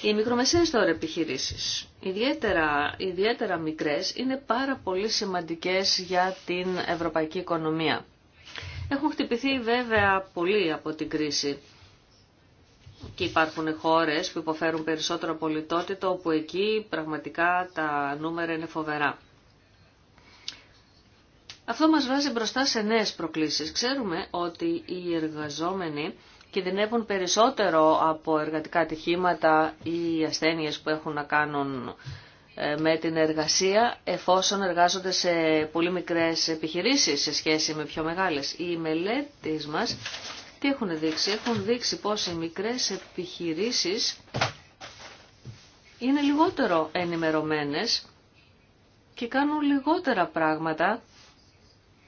Οι μικρομεσαίες τώρα επιχειρήσεις, ιδιαίτερα, ιδιαίτερα μικρές, είναι πάρα πολύ σημαντικές για την ευρωπαϊκή οικονομία. Έχουν χτυπηθεί βέβαια πολύ από την κρίση και υπάρχουν χώρες που υποφέρουν περισσότερο πολιτότητα, όπου εκεί πραγματικά τα νούμερα είναι φοβερά. Αυτό μας βάζει μπροστά σε νέες προκλήσεις. Ξέρουμε ότι οι εργαζόμενοι κινδυνεύουν περισσότερο από εργατικά ατυχήματα ή ασθένειες που έχουν να κάνουν ε, με την εργασία εφόσον εργάζονται σε πολύ μικρές επιχειρήσεις σε σχέση με πιο μεγάλες. Οι μελέτες μας τι έχουν δείξει. Έχουν δείξει πως οι μικρές επιχειρήσεις είναι λιγότερο ενημερωμένες και κάνουν λιγότερα πράγματα,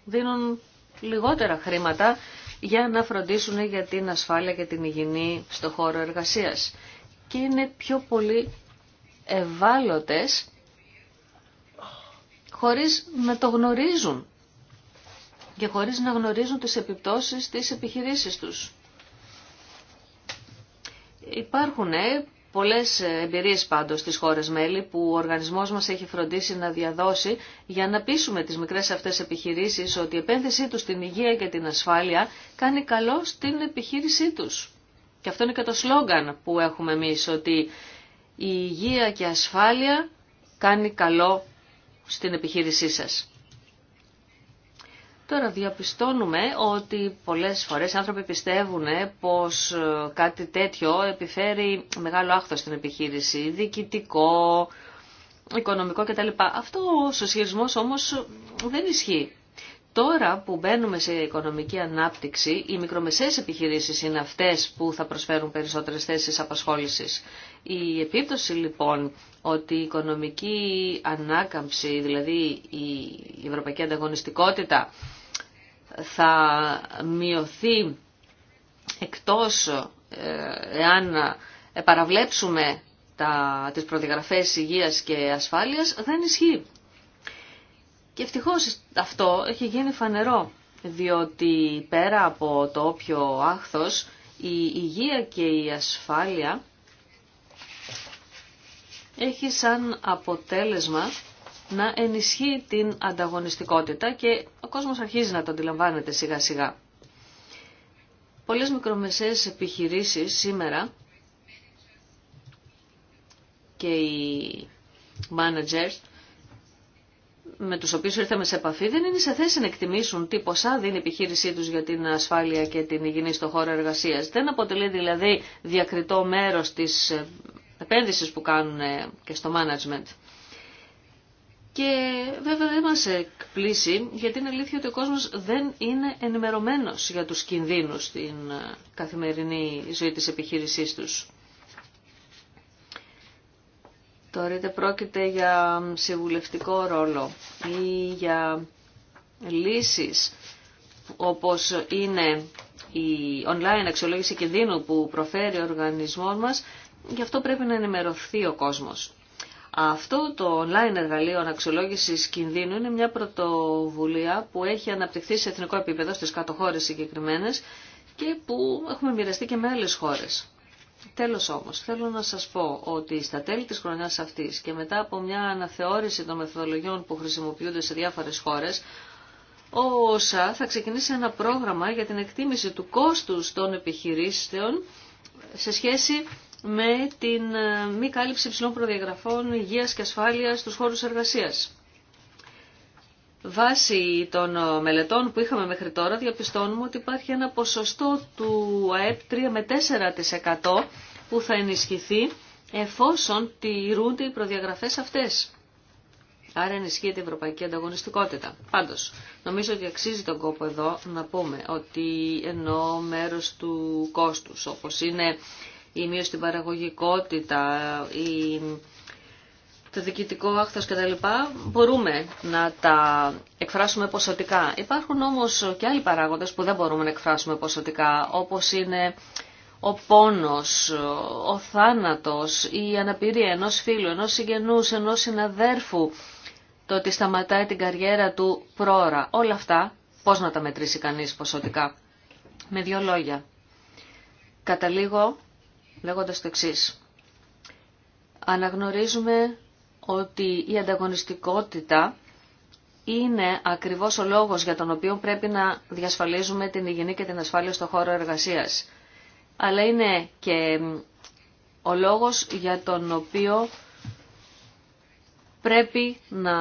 δίνουν λιγότερα χρήματα για να φροντίσουν για την ασφάλεια και την υγιεινή στο χώρο εργασίας. Και είναι πιο πολύ ευάλωτες χωρίς να το γνωρίζουν και χωρίς να γνωρίζουν τις επιπτώσεις της επιχειρήσεις τους. Υπάρχουν ε, πολλές εμπειρίες πάντως στις χώρες μέλη που ο οργανισμός μας έχει φροντίσει να διαδώσει για να πείσουμε τις μικρές αυτές επιχειρήσεις ότι η επένδυσή τους στην υγεία και την ασφάλεια κάνει καλό στην επιχείρησή τους. Και αυτό είναι και το σλόγγαν που έχουμε εμείς, ότι η υγεία και ασφάλεια κάνει καλό στην επιχείρησή σας. Τώρα διαπιστώνουμε ότι πολλές φορές άνθρωποι πιστεύουν ε, πως ε, κάτι τέτοιο επιφέρει μεγάλο άχθος στην επιχείρηση, διοικητικό, οικονομικό κτλ. Αυτό ο σοσιαλισμός όμως δεν ισχύει. Τώρα που μπαίνουμε σε οικονομική ανάπτυξη, οι μικρομεσαίες επιχειρήσεις είναι αυτές που θα προσφέρουν περισσότερες θέσεις απασχόλησης. Η επίπτωση λοιπόν ότι η οικονομική ανάκαμψη, δηλαδή η ευρωπαϊκή ανταγωνιστικότητα, θα μειωθεί εκτός ε, εάν παραβλέψουμε τα, τις προδιαγραφές υγείας και ασφάλειας, δεν ισχύει. Και ευτυχώ αυτό έχει γίνει φανερό, διότι πέρα από το όποιο άχθος, η υγεία και η ασφάλεια έχει σαν αποτέλεσμα να ενισχύει την ανταγωνιστικότητα και ο κόσμος αρχίζει να το αντιλαμβάνεται σιγά σιγά. Πολλές μικρομεσαίες επιχειρήσεις σήμερα και οι managers με τους οποίους ήρθαμε σε επαφή δεν είναι σε θέση να εκτιμήσουν τι ποσά δίνει η επιχείρησή τους για την ασφάλεια και την υγιεινή στο χώρο εργασίας. Δεν αποτελεί δηλαδή διακριτό μέρος της επένδυσης που κάνουν ε, και στο management. Και βέβαια δεν μας εκπλήσει γιατί είναι αλήθεια ότι ο κόσμος δεν είναι ενημερωμένος για τους κινδύνους στην ε, καθημερινή ζωή της επιχείρησής τους. Τώρα είτε πρόκειται για συμβουλευτικό ρόλο ή για λύσεις όπως είναι η online αξιολόγηση κινδύνου που προφέρει ο οργανισμός μας, γι' αυτό πρέπει να ενημερωθεί ο κόσμος. Αυτό το online εργαλείο αξιολόγηση κινδύνου είναι μια πρωτοβουλία που έχει αναπτυχθεί σε εθνικό επίπεδο στις κάτω χώρες συγκεκριμένες και που έχουμε μοιραστεί και με άλλες χώρες. Τέλος όμως, θέλω να σας πω ότι στα τέλη της χρονιάς αυτής και μετά από μια αναθεώρηση των μεθοδολογιών που χρησιμοποιούνται σε διάφορες χώρες, ο ΩΣΑ θα ξεκινήσει ένα πρόγραμμα για την εκτίμηση του κόστους των επιχειρήσεων σε σχέση με την ε, μη κάλυψη ψηλών προδιαγραφών υγείας και ασφάλειας στους χώρους εργασίας. Βάσει των ε, μελετών που είχαμε μέχρι τώρα διαπιστώνουμε ότι υπάρχει ένα ποσοστό του ΑΕΠ 3 με 4% που θα ενισχυθεί εφόσον τηρούνται οι προδιαγραφές αυτές. Άρα ενισχύεται η ευρωπαϊκή ανταγωνιστικότητα. Πάντως, νομίζω ότι αξίζει τον κόπο εδώ να πούμε ότι ενώ μέρο του κόστους, όπως είναι η μείωση στην παραγωγικότητα, η... το διοικητικό άκθος κτλ. μπορούμε να τα εκφράσουμε ποσοτικά. Υπάρχουν όμως και άλλοι παράγοντες που δεν μπορούμε να εκφράσουμε ποσοτικά, όπως είναι ο πόνος, ο θάνατος, η αναπηρία ενός φίλου, ενός συγγενούς, ενός συναδέρφου, το ότι σταματάει την καριέρα του πρόωρα, όλα αυτά πώς να τα μετρήσει κανείς ποσοτικά. Με δύο λόγια. Καταλήγω λέγοντας το εξή. Αναγνωρίζουμε ότι η ανταγωνιστικότητα είναι ακριβώς ο λόγος για τον οποίο πρέπει να διασφαλίζουμε την υγιεινή και την ασφάλεια στον χώρο εργασίας αλλά είναι και ο λόγος για τον οποίο πρέπει να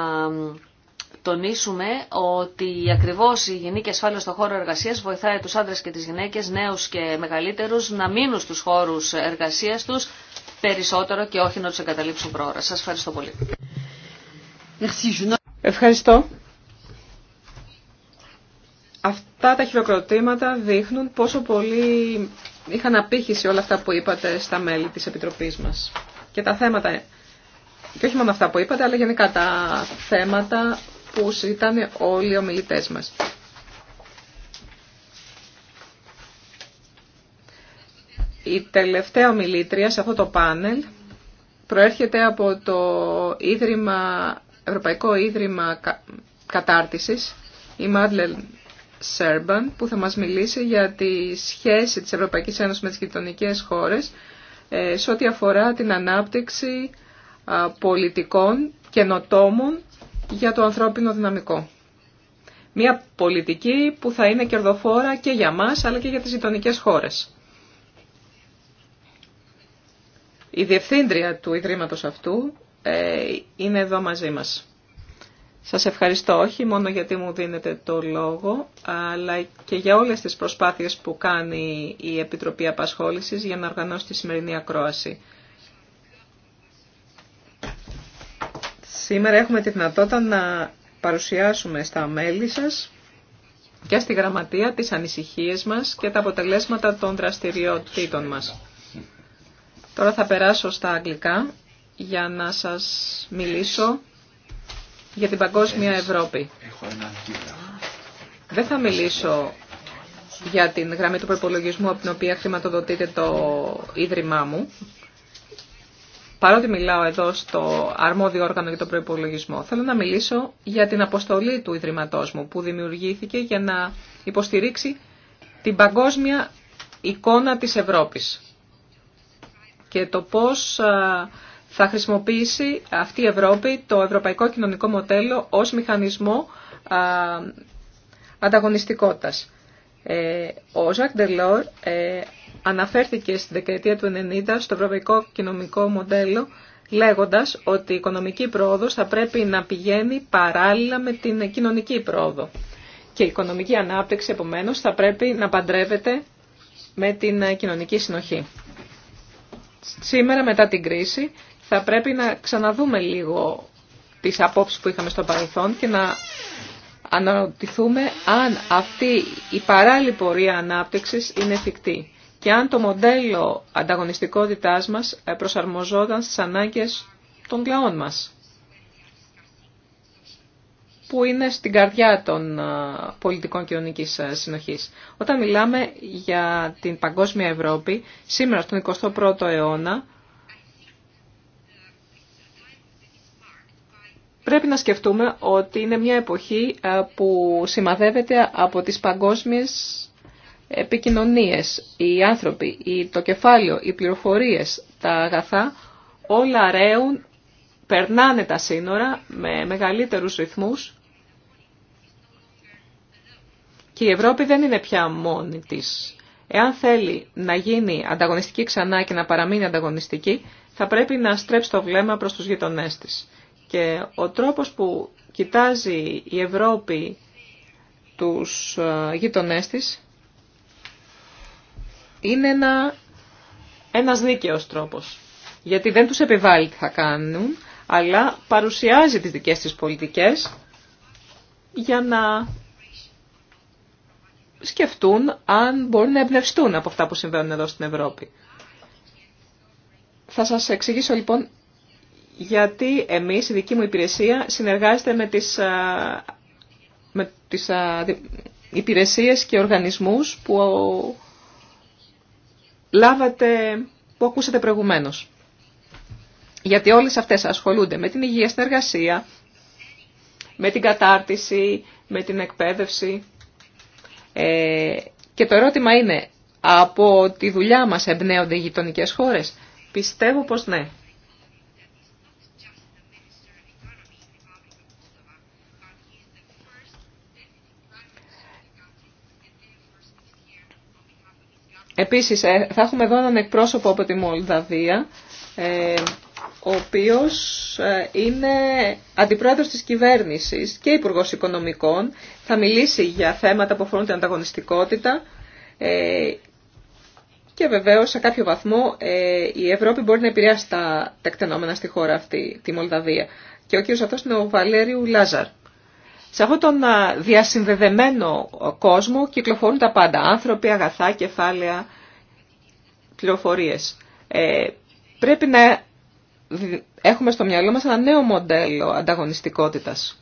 τονίσουμε ότι ακριβώς η γενική ασφάλεια στον χώρο εργασίας βοηθάει τους άντρες και τις γυναίκες, νέους και μεγαλύτερους, να μείνουν στους χώρους εργασίας τους περισσότερο και όχι να τους εγκαταλείψουν πρόωρα. Σας ευχαριστώ πολύ. Ευχαριστώ. Αυτά τα χειροκροτήματα δείχνουν πόσο πολύ είχαν απήχηση όλα αυτά που είπατε στα μέλη της Επιτροπής μας. Και τα θέματα, και όχι μόνο αυτά που είπατε, αλλά γενικά τα θέματα που συζητάνε όλοι οι ομιλητές μας. Η τελευταία ομιλήτρια σε αυτό το πάνελ προέρχεται από το Ίδρυμα, Ευρωπαϊκό Ίδρυμα Κατάρτισης, η Μάρλεν Σέρμπαν που θα μας μιλήσει για τη σχέση της Ευρωπαϊκής Ένωσης με τις γειτονικέ χώρες ε, σε ό,τι αφορά την ανάπτυξη πολιτικών καινοτόμων για το ανθρώπινο δυναμικό. Μια πολιτική που θα είναι κερδοφόρα και για μας αλλά και για τις γειτονικέ χώρες. Η διευθύντρια του Ιδρύματος αυτού ε, είναι εδώ μαζί μας. Σας ευχαριστώ όχι μόνο γιατί μου δίνετε το λόγο, αλλά και για όλες τις προσπάθειες που κάνει η Επιτροπή Απασχόλησης για να οργανώσει τη σημερινή ακρόαση. Σήμερα έχουμε τη δυνατότητα να παρουσιάσουμε στα μέλη σας και στη γραμματεία τις ανησυχίες μας και τα αποτελέσματα των δραστηριοτήτων μας. Τώρα θα περάσω στα αγγλικά για να σας μιλήσω για την παγκόσμια Ευρώπη. Δεν θα μιλήσω για την γραμμή του προπολογισμού από την οποία χρηματοδοτείται το Ίδρυμά μου, παρότι μιλάω εδώ στο αρμόδιο όργανο για τον προπολογισμό, θέλω να μιλήσω για την αποστολή του Ιδρυματός μου που δημιουργήθηκε για να υποστηρίξει την παγκόσμια εικόνα της Ευρώπης και το πώς θα χρησιμοποιήσει αυτή η Ευρώπη το ευρωπαϊκό κοινωνικό μοντέλο ως μηχανισμό ανταγωνιστικότητας. Ε, ο Ζακ Ντελόρ αναφέρθηκε στη δεκαετία του 90 στο ευρωπαϊκό κοινωνικό μοντέλο λέγοντας ότι η οικονομική πρόοδος θα πρέπει να πηγαίνει παράλληλα με την κοινωνική πρόοδο. Και η οικονομική ανάπτυξη, επομένω θα πρέπει να παντρεύεται με την κοινωνική συνοχή. Σήμερα, μετά την κρίση, θα πρέπει να ξαναδούμε λίγο τις απόψεις που είχαμε στο παρελθόν και να αναρωτηθούμε αν αυτή η παράλληλη πορεία ανάπτυξης είναι εφικτή και αν το μοντέλο ανταγωνιστικότητάς μας ε, προσαρμοζόταν στις ανάγκες των λαών μας που είναι στην καρδιά των ε, πολιτικών κοινωνικής ε, συνοχής. Όταν μιλάμε για την παγκόσμια Ευρώπη, σήμερα στον 21ο αιώνα, πρέπει να σκεφτούμε ότι είναι μια εποχή ε, που σημαδεύεται από τις παγκόσμιες επικοινωνίες. Οι άνθρωποι, το κεφάλαιο, οι πληροφορίες, τα αγαθά, όλα ρέουν, περνάνε τα σύνορα με μεγαλύτερους ρυθμούς και η Ευρώπη δεν είναι πια μόνη της. Εάν θέλει να γίνει ανταγωνιστική ξανά και να παραμείνει ανταγωνιστική, θα πρέπει να στρέψει το βλέμμα προς τους γειτονές της. Και ο τρόπος που κοιτάζει η Ευρώπη τους ε, γείτονές της είναι ένα, ένας δίκαιος τρόπος. Γιατί δεν τους επιβάλλει τι θα κάνουν, αλλά παρουσιάζει τις δικές της πολιτικές για να σκεφτούν αν μπορούν να εμπνευστούν από αυτά που συμβαίνουν εδώ στην Ευρώπη. Θα σας εξηγήσω λοιπόν γιατί εμείς, η δική μου υπηρεσία, συνεργάζεται με τις, με υπηρεσίες και οργανισμούς που λάβατε, που ακούσατε προηγουμένως. Γιατί όλες αυτές ασχολούνται με την υγεία στην εργασία, με την κατάρτιση, με την εκπαίδευση. Ε, και το ερώτημα είναι, από τη δουλειά μας εμπνέονται οι γειτονικέ χώρες. Πιστεύω πως ναι. Επίσης ε, θα έχουμε εδώ έναν εκπρόσωπο από τη Μολδαβία, ε, ο οποίος ε, είναι αντιπρόεδρος της κυβέρνησης και υπουργό Οικονομικών. Θα μιλήσει για θέματα που αφορούν την ανταγωνιστικότητα και βεβαίως σε κάποιο βαθμό η Ευρώπη μπορεί να επηρεάσει τα τεκτενόμενα στη χώρα αυτή, τη Μολδαβία. Και ο κύριος αυτός είναι ο Βαλέριου Λάζαρ. Σε αυτόν τον διασυνδεδεμένο κόσμο κυκλοφορούν τα πάντα. Άνθρωποι, αγαθά, κεφάλαια, πληροφορίες. Ε, πρέπει να έχουμε στο μυαλό μας ένα νέο μοντέλο ανταγωνιστικότητας.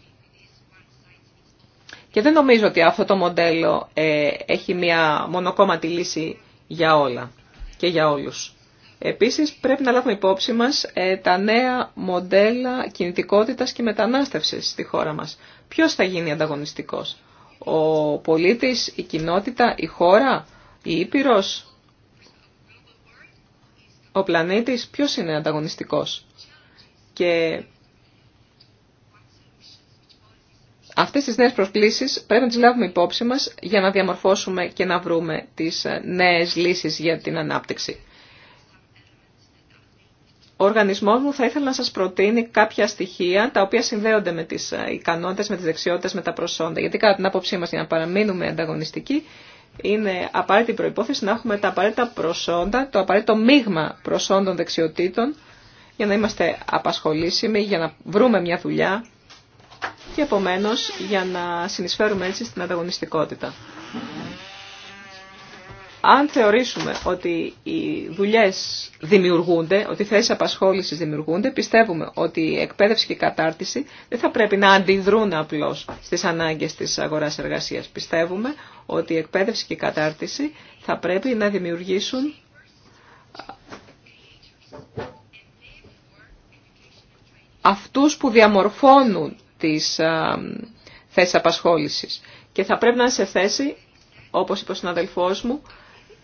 Και δεν νομίζω ότι αυτό το μοντέλο ε, έχει μια μονοκόμματη λύση για όλα και για όλους. Επίσης πρέπει να λάβουμε υπόψη μας ε, τα νέα μοντέλα κινητικότητας και μετανάστευσης στη χώρα μας ποιος θα γίνει ανταγωνιστικός. Ο πολίτης, η κοινότητα, η χώρα, η Ήπειρος, ο πλανήτης, ποιος είναι ανταγωνιστικός. Και αυτές τις νέες προσκλήσεις πρέπει να τις λάβουμε υπόψη μας για να διαμορφώσουμε και να βρούμε τις ε, νέες λύσεις για την ανάπτυξη ο οργανισμός μου θα ήθελα να σας προτείνει κάποια στοιχεία τα οποία συνδέονται με τις ε, ικανότητες, με τις δεξιότητες, με τα προσόντα. Γιατί κατά την άποψή μας για να παραμείνουμε ανταγωνιστικοί είναι απαραίτητη προϋπόθεση να έχουμε τα απαραίτητα προσόντα, το απαραίτητο μείγμα προσόντων δεξιοτήτων για να είμαστε απασχολήσιμοι, για να βρούμε μια δουλειά και επομένως για να συνεισφέρουμε έτσι στην ανταγωνιστικότητα. Αν θεωρήσουμε ότι οι δουλειές δημιουργούνται, ότι οι θέσεις απασχόλησης δημιουργούνται, πιστεύουμε ότι η εκπαίδευση και η κατάρτιση δεν θα πρέπει να αντιδρούν απλώς στις ανάγκες της αγοράς εργασίας. Πιστεύουμε ότι η εκπαίδευση και η κατάρτιση θα πρέπει να δημιουργήσουν αυτούς που διαμορφώνουν τις α, θέσεις απασχόλησης. Και θα πρέπει να είναι σε θέση, όπως είπε ο συναδελφός μου,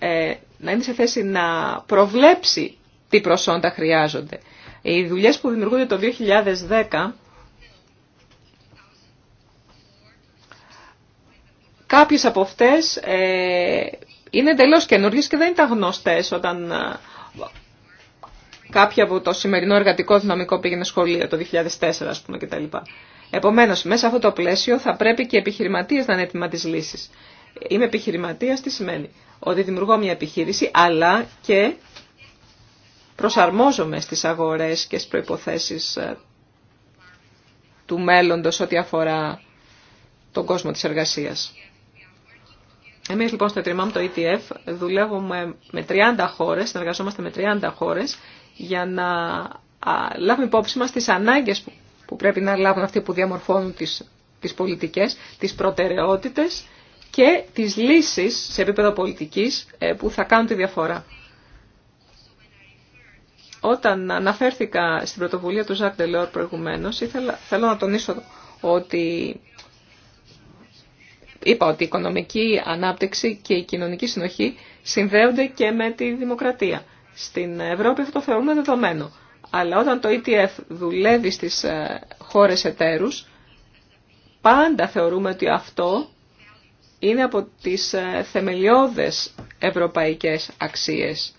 ε, να είναι σε θέση να προβλέψει τι προσόντα χρειάζονται. Οι δουλειές που δημιουργούνται το 2010 Κάποιες από αυτές ε, είναι εντελώ καινούργιες και δεν ήταν γνωστές όταν ε, κάποια από το σημερινό εργατικό δυναμικό πήγαινε σχολείο το 2004 ας πούμε κτλ. Επομένως, μέσα σε αυτό το πλαίσιο θα πρέπει και οι επιχειρηματίες να είναι έτοιμα τις λύσεις είμαι επιχειρηματίας, τι σημαίνει. Ότι δημιουργώ μια επιχείρηση, αλλά και προσαρμόζομαι στις αγορές και στις προϋποθέσεις ε, του μέλλοντος ό,τι αφορά τον κόσμο της εργασίας. Εμείς λοιπόν στο εταιρειμά μου το ETF δουλεύουμε με 30 χώρες, συνεργαζόμαστε με 30 χώρες για να λάβουμε υπόψη μας τις ανάγκες που πρέπει να λάβουν αυτοί που διαμορφώνουν τις, τις πολιτικές, τις προτεραιότητες και τις λύσεις σε επίπεδο πολιτικής ε, που θα κάνουν τη διαφορά. Όταν αναφέρθηκα στην πρωτοβουλία του Ζακ Ντελόρ προηγουμένως, ήθελα, θέλω να τονίσω ότι είπα ότι η οικονομική ανάπτυξη και η κοινωνική συνοχή συνδέονται και με τη δημοκρατία. Στην Ευρώπη αυτό το θεωρούμε δεδομένο. Αλλά όταν το ETF δουλεύει στις ε, χώρες εταίρους, πάντα θεωρούμε ότι αυτό είναι από τις ε, θεμελιώδες ευρωπαϊκές αξίες.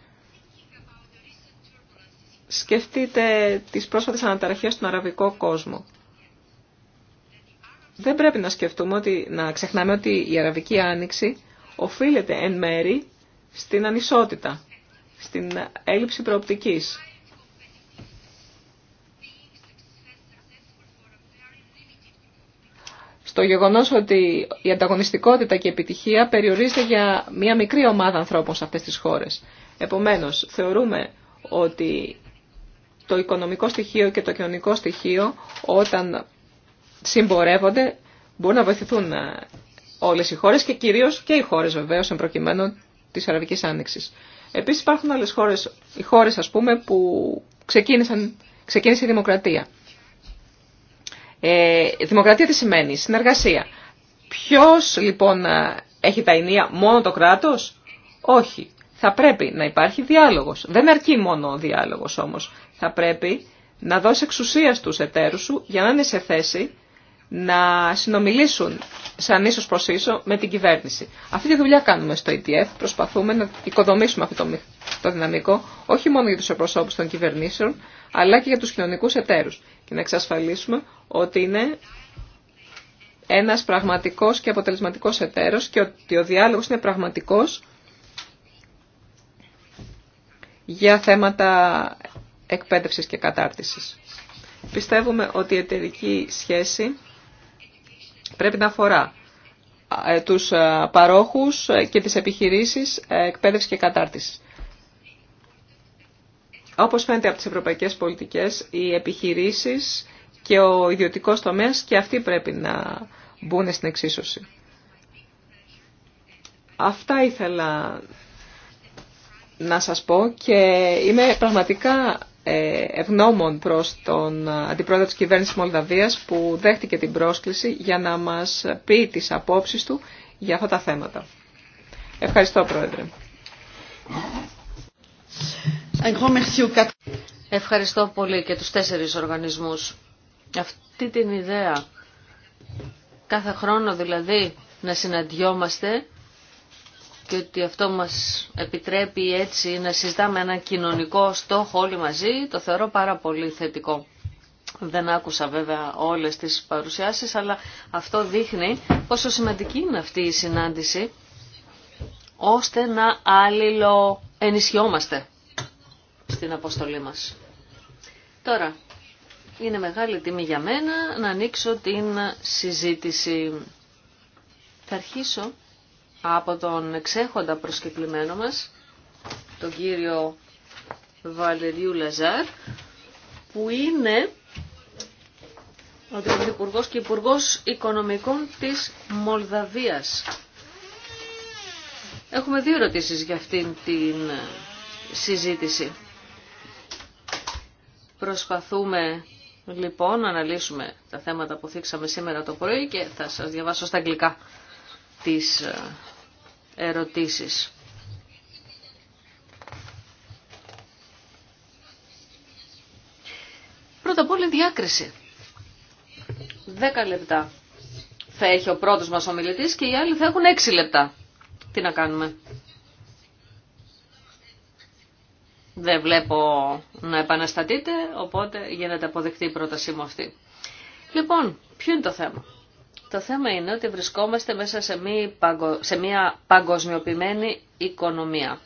Σκεφτείτε τις πρόσφατες αναταραχές στον αραβικό κόσμο. Δεν πρέπει να σκεφτούμε ότι, να ξεχνάμε ότι η αραβική άνοιξη οφείλεται εν μέρη στην ανισότητα, στην έλλειψη προοπτικής στο γεγονός ότι η ανταγωνιστικότητα και η επιτυχία περιορίζεται για μια μικρή ομάδα ανθρώπων σε αυτές τις χώρες. Επομένως, θεωρούμε ότι το οικονομικό στοιχείο και το κοινωνικό στοιχείο όταν συμπορεύονται μπορούν να βοηθηθούν ε, όλες οι χώρες και κυρίως και οι χώρες βεβαίως εν προκειμένου της Αραβικής Άνοιξης. Επίσης υπάρχουν άλλες χώρες, οι χώρες ας πούμε που ξεκίνησαν, ξεκίνησε η δημοκρατία. Ε, δημοκρατία τι σημαίνει, συνεργασία. Ποιο λοιπόν ε, έχει τα ενία, μόνο το κράτο, Όχι. Θα πρέπει να υπάρχει διάλογος. Δεν αρκεί μόνο ο διάλογος όμως. Θα πρέπει να δώσει εξουσία στου εταίρου σου για να είναι σε θέση να συνομιλήσουν σαν ίσως προς ίσο με την κυβέρνηση. Αυτή τη δουλειά κάνουμε στο ETF. Προσπαθούμε να οικοδομήσουμε αυτό το, δυναμικό όχι μόνο για τους προσώπους των κυβερνήσεων αλλά και για τους κοινωνικούς εταίρους και να εξασφαλίσουμε ότι είναι ένας πραγματικός και αποτελεσματικός εταίρος και ότι ο διάλογος είναι πραγματικός για θέματα εκπαίδευσης και κατάρτισης. Πιστεύουμε ότι η εταιρική σχέση πρέπει να αφορά ε, τους ε, παρόχους ε, και τις επιχειρήσεις εκπαίδευσης και κατάρτισης. Όπως φαίνεται από τις ευρωπαϊκές πολιτικές, οι επιχειρήσεις και ο ιδιωτικός τομέας και αυτοί πρέπει να μπουν στην εξίσωση. Αυτά ήθελα να σας πω και είμαι πραγματικά ε, ευγνώμων προς τον αντιπρόεδρο της κυβέρνησης Μολδαβίας που δέχτηκε την πρόσκληση για να μας πει τις απόψεις του για αυτά τα θέματα. Ευχαριστώ Πρόεδρε. Ευχαριστώ πολύ και τους τέσσερις οργανισμούς. Αυτή την ιδέα, κάθε χρόνο δηλαδή να συναντιόμαστε και ότι αυτό μας επιτρέπει έτσι να συζητάμε ένα κοινωνικό στόχο όλοι μαζί, το θεωρώ πάρα πολύ θετικό. Δεν άκουσα βέβαια όλες τις παρουσιάσεις, αλλά αυτό δείχνει πόσο σημαντική είναι αυτή η συνάντηση, ώστε να ενισχυόμαστε στην αποστολή μας. Τώρα, είναι μεγάλη τιμή για μένα να ανοίξω την συζήτηση. Θα αρχίσω από τον εξέχοντα προσκεκλημένο μας, τον κύριο Βαλεριού Λαζάρ, που είναι ο υπουργό και Υπουργό Οικονομικών της Μολδαβίας. Έχουμε δύο ερωτήσει για αυτήν την συζήτηση. Προσπαθούμε λοιπόν να αναλύσουμε τα θέματα που θίξαμε σήμερα το πρωί και θα σας διαβάσω στα αγγλικά τις ε, ερωτήσεις. Πρώτα απ' όλα διάκριση. Δέκα λεπτά θα έχει ο πρώτος μας ομιλητής και οι άλλοι θα έχουν έξι λεπτά. Τι να κάνουμε δεν βλέπω να επαναστατείτε, οπότε γίνεται αποδεκτή η πρότασή μου αυτή. Λοιπόν, ποιο είναι το θέμα. Το θέμα είναι ότι βρισκόμαστε μέσα σε μια παγκοσμιοποιημένη οικονομία.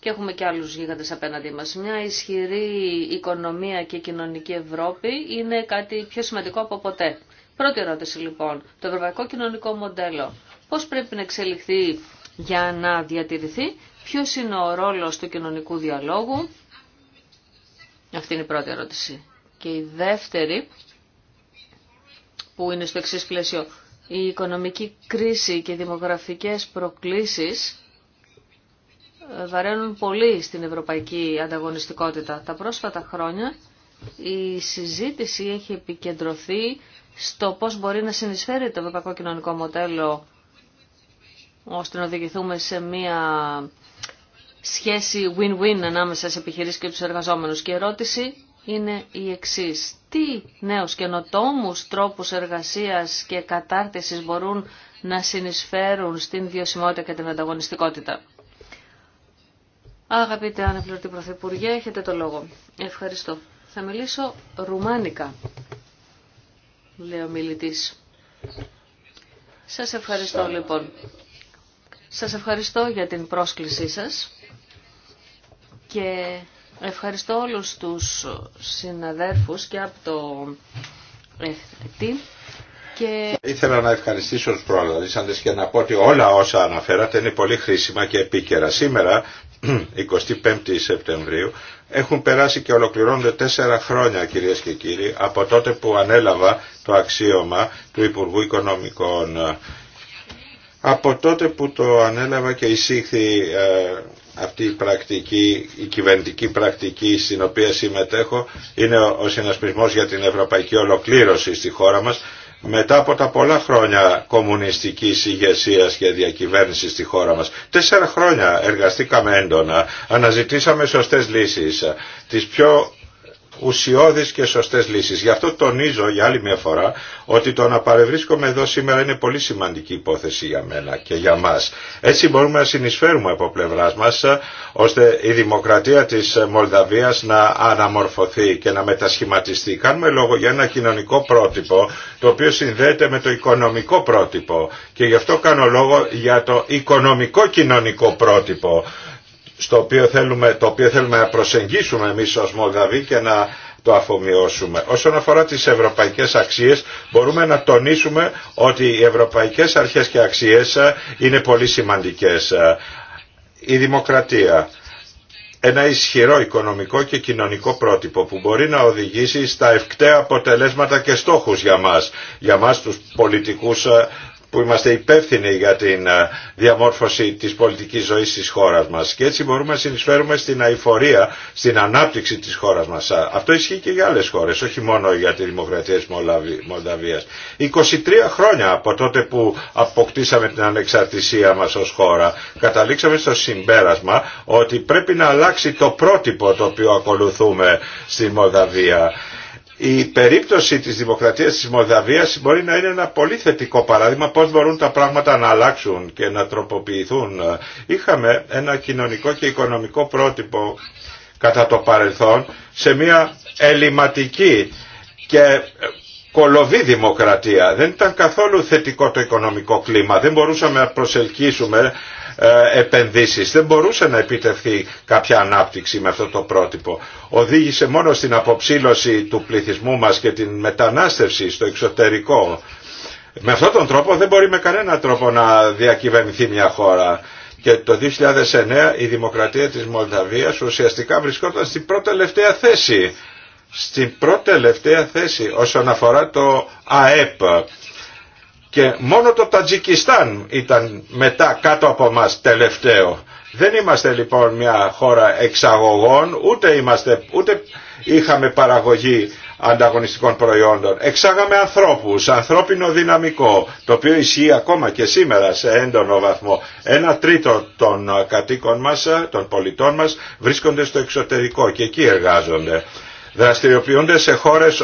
Και έχουμε και άλλους γίγαντες απέναντί μας. Μια ισχυρή οικονομία και κοινωνική Ευρώπη είναι κάτι πιο σημαντικό από ποτέ. Πρώτη ερώτηση λοιπόν, το ευρωπαϊκό κοινωνικό μοντέλο. Πώς πρέπει να εξελιχθεί για να διατηρηθεί Ποιος είναι ο ρόλος του κοινωνικού διαλόγου. Αυτή είναι η πρώτη ερώτηση. Και η δεύτερη, που είναι στο εξή πλαίσιο, η οικονομική κρίση και οι δημογραφικές προκλήσεις ε, βαραίνουν πολύ στην ευρωπαϊκή ανταγωνιστικότητα. Τα πρόσφατα χρόνια η συζήτηση έχει επικεντρωθεί στο πώς μπορεί να συνεισφέρει το ευρωπαϊκό κοινωνικό μοντέλο ώστε να οδηγηθούμε σε μια σχέση win-win ανάμεσα σε επιχειρήσεις και τους εργαζόμενους. Και η ερώτηση είναι η εξής. Τι νέους καινοτόμους τρόπους εργασίας και κατάρτισης μπορούν να συνεισφέρουν στην βιωσιμότητα και την ανταγωνιστικότητα. Αγαπητέ Ανεπληρωτή Πρωθυπουργέ, έχετε το λόγο. Ευχαριστώ. Θα μιλήσω ρουμάνικα, λέει ο μιλητής. Σας ευχαριστώ λοιπόν. Σας ευχαριστώ για την πρόσκλησή σας και ευχαριστώ όλους τους συναδέρφους και από το εθνικό και... Ήθελα να ευχαριστήσω τους προλαλήσαντες και να πω ότι όλα όσα αναφέρατε είναι πολύ χρήσιμα και επίκαιρα. Σήμερα, 25 Σεπτεμβρίου, έχουν περάσει και ολοκληρώνονται τέσσερα χρόνια κυρίες και κύριοι από τότε που ανέλαβα το αξίωμα του Υπουργού Οικονομικών. Από τότε που το ανέλαβα και εισήχθη ε, αυτή η πρακτική, η κυβερνητική πρακτική στην οποία συμμετέχω είναι ο συνασπισμός για την ευρωπαϊκή ολοκλήρωση στη χώρα μας μετά από τα πολλά χρόνια κομμουνιστικής ηγεσία και διακυβέρνηση στη χώρα μας. Τέσσερα χρόνια εργαστήκαμε έντονα, αναζητήσαμε σωστές λύσεις, τις πιο ουσιώδεις και σωστές λύσεις. Γι' αυτό τονίζω για άλλη μια φορά ότι το να παρευρίσκομαι εδώ σήμερα είναι πολύ σημαντική υπόθεση για μένα και για μας. Έτσι μπορούμε να συνεισφέρουμε από πλευράς μας ε, ώστε η δημοκρατία της Μολδαβίας να αναμορφωθεί και να μετασχηματιστεί. Κάνουμε λόγο για ένα κοινωνικό πρότυπο το οποίο συνδέεται με το οικονομικό πρότυπο και γι' αυτό κάνω λόγο για το οικονομικό κοινωνικό πρότυπο στο οποίο θέλουμε, το οποίο θέλουμε να προσεγγίσουμε εμείς ως Μολδαβοί και να το αφομοιώσουμε. Όσον αφορά τις ευρωπαϊκές αξίες μπορούμε να τονίσουμε ότι οι ευρωπαϊκές αρχές και αξίες ε, είναι πολύ σημαντικές. Ε, η δημοκρατία, ένα ισχυρό οικονομικό και κοινωνικό πρότυπο που μπορεί να οδηγήσει στα ευκταία αποτελέσματα και στόχους για μας, για μας τους πολιτικούς ε, που είμαστε υπεύθυνοι για την διαμόρφωση της πολιτικής ζωής της χώρας μας και έτσι μπορούμε να συνεισφέρουμε στην αηφορία, στην ανάπτυξη της χώρας μας. Αυτό ισχύει και για άλλες χώρες, όχι μόνο για τη δημοκρατία της Μολδαβίας. 23 χρόνια από τότε που αποκτήσαμε την ανεξαρτησία μας ως χώρα, καταλήξαμε στο συμπέρασμα ότι πρέπει να αλλάξει το πρότυπο το οποίο ακολουθούμε στη Μολδαβία η περίπτωση της δημοκρατίας της Μολδαβίας μπορεί να είναι ένα πολύ θετικό παράδειγμα πώς μπορούν τα πράγματα να αλλάξουν και να τροποποιηθούν. Είχαμε ένα κοινωνικό και οικονομικό πρότυπο κατά το παρελθόν σε μια ελληματική και κολοβή δημοκρατία. Δεν ήταν καθόλου θετικό το οικονομικό κλίμα. Δεν μπορούσαμε να προσελκύσουμε ε, επενδύσεις. Δεν μπορούσε να επιτευχθεί κάποια ανάπτυξη με αυτό το πρότυπο. Οδήγησε μόνο στην αποψήλωση του πληθυσμού μας και την μετανάστευση στο εξωτερικό. Με αυτόν τον τρόπο δεν μπορεί με κανένα τρόπο να διακυβερνηθεί μια χώρα. Και το 2009 η δημοκρατία της Μολδαβίας ουσιαστικά βρισκόταν στην πρώτη θέση. Στην πρώτη θέση όσον αφορά το ΑΕΠ και μόνο το Τατζικιστάν ήταν μετά κάτω από μας τελευταίο. Δεν είμαστε λοιπόν μια χώρα εξαγωγών, ούτε, είμαστε, ούτε είχαμε παραγωγή ανταγωνιστικών προϊόντων. Εξάγαμε ανθρώπους, ανθρώπινο δυναμικό, το οποίο ισχύει ακόμα και σήμερα σε έντονο βαθμό. Ένα τρίτο των κατοίκων μας, των πολιτών μας, βρίσκονται στο εξωτερικό και εκεί εργάζονται δραστηριοποιούνται σε χώρες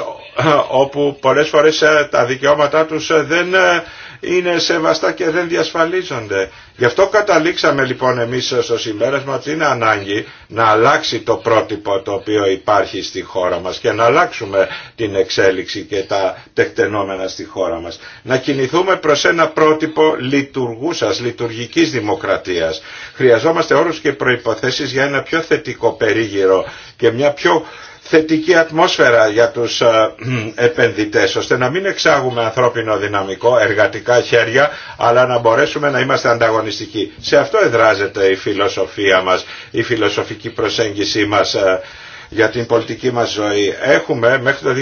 όπου πολλές φορές ε, τα δικαιώματά τους ε, δεν ε, είναι σεβαστά και δεν διασφαλίζονται. Γι' αυτό καταλήξαμε λοιπόν εμείς στο συμπέρασμα ότι είναι ανάγκη να αλλάξει το πρότυπο το οποίο υπάρχει στη χώρα μας και να αλλάξουμε την εξέλιξη και τα τεκτενόμενα στη χώρα μας. Να κινηθούμε προς ένα πρότυπο λειτουργούσας, λειτουργικής δημοκρατίας. Χρειαζόμαστε όρους και προϋποθέσεις για ένα πιο θετικό περίγυρο και μια πιο θετική ατμόσφαιρα για τους ε, επενδυτές ώστε να μην εξάγουμε ανθρώπινο δυναμικό, εργατικά χέρια αλλά να μπορέσουμε να είμαστε ανταγωνιστικοί. Σε αυτό εδράζεται η φιλοσοφία μας, η φιλοσοφική προσέγγιση μας ε, για την πολιτική μας ζωή. Έχουμε μέχρι το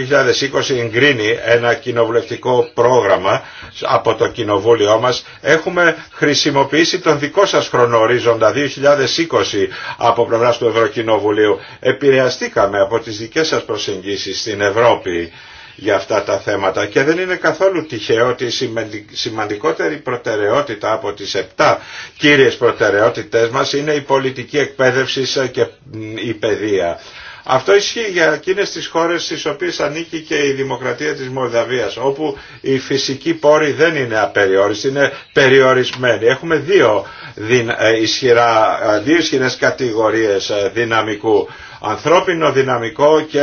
2020 εγκρίνει ένα κοινοβουλευτικό πρόγραμμα από το κοινοβούλιο μας. Έχουμε χρησιμοποιήσει τον δικό σας χρονορίζοντα 2020 από πλευρά του Ευρωκοινοβουλίου. Επηρεαστήκαμε από τις δικές σας προσεγγίσεις στην Ευρώπη για αυτά τα θέματα και δεν είναι καθόλου τυχαίο ότι η σημαντικότερη προτεραιότητα από τις 7 κύριες προτεραιότητες μας είναι η πολιτική εκπαίδευση και η παιδεία. Αυτό ισχύει για εκείνε τι χώρες στι οποίες ανήκει και η δημοκρατία της Μολδαβία, όπου οι φυσικοί πόροι δεν είναι απεριόριστοι, είναι περιορισμένοι. Έχουμε δύο, ε, ισχυρά, ε, δύο ισχυρές κατηγορίες ε, δυναμικού ανθρώπινο δυναμικό και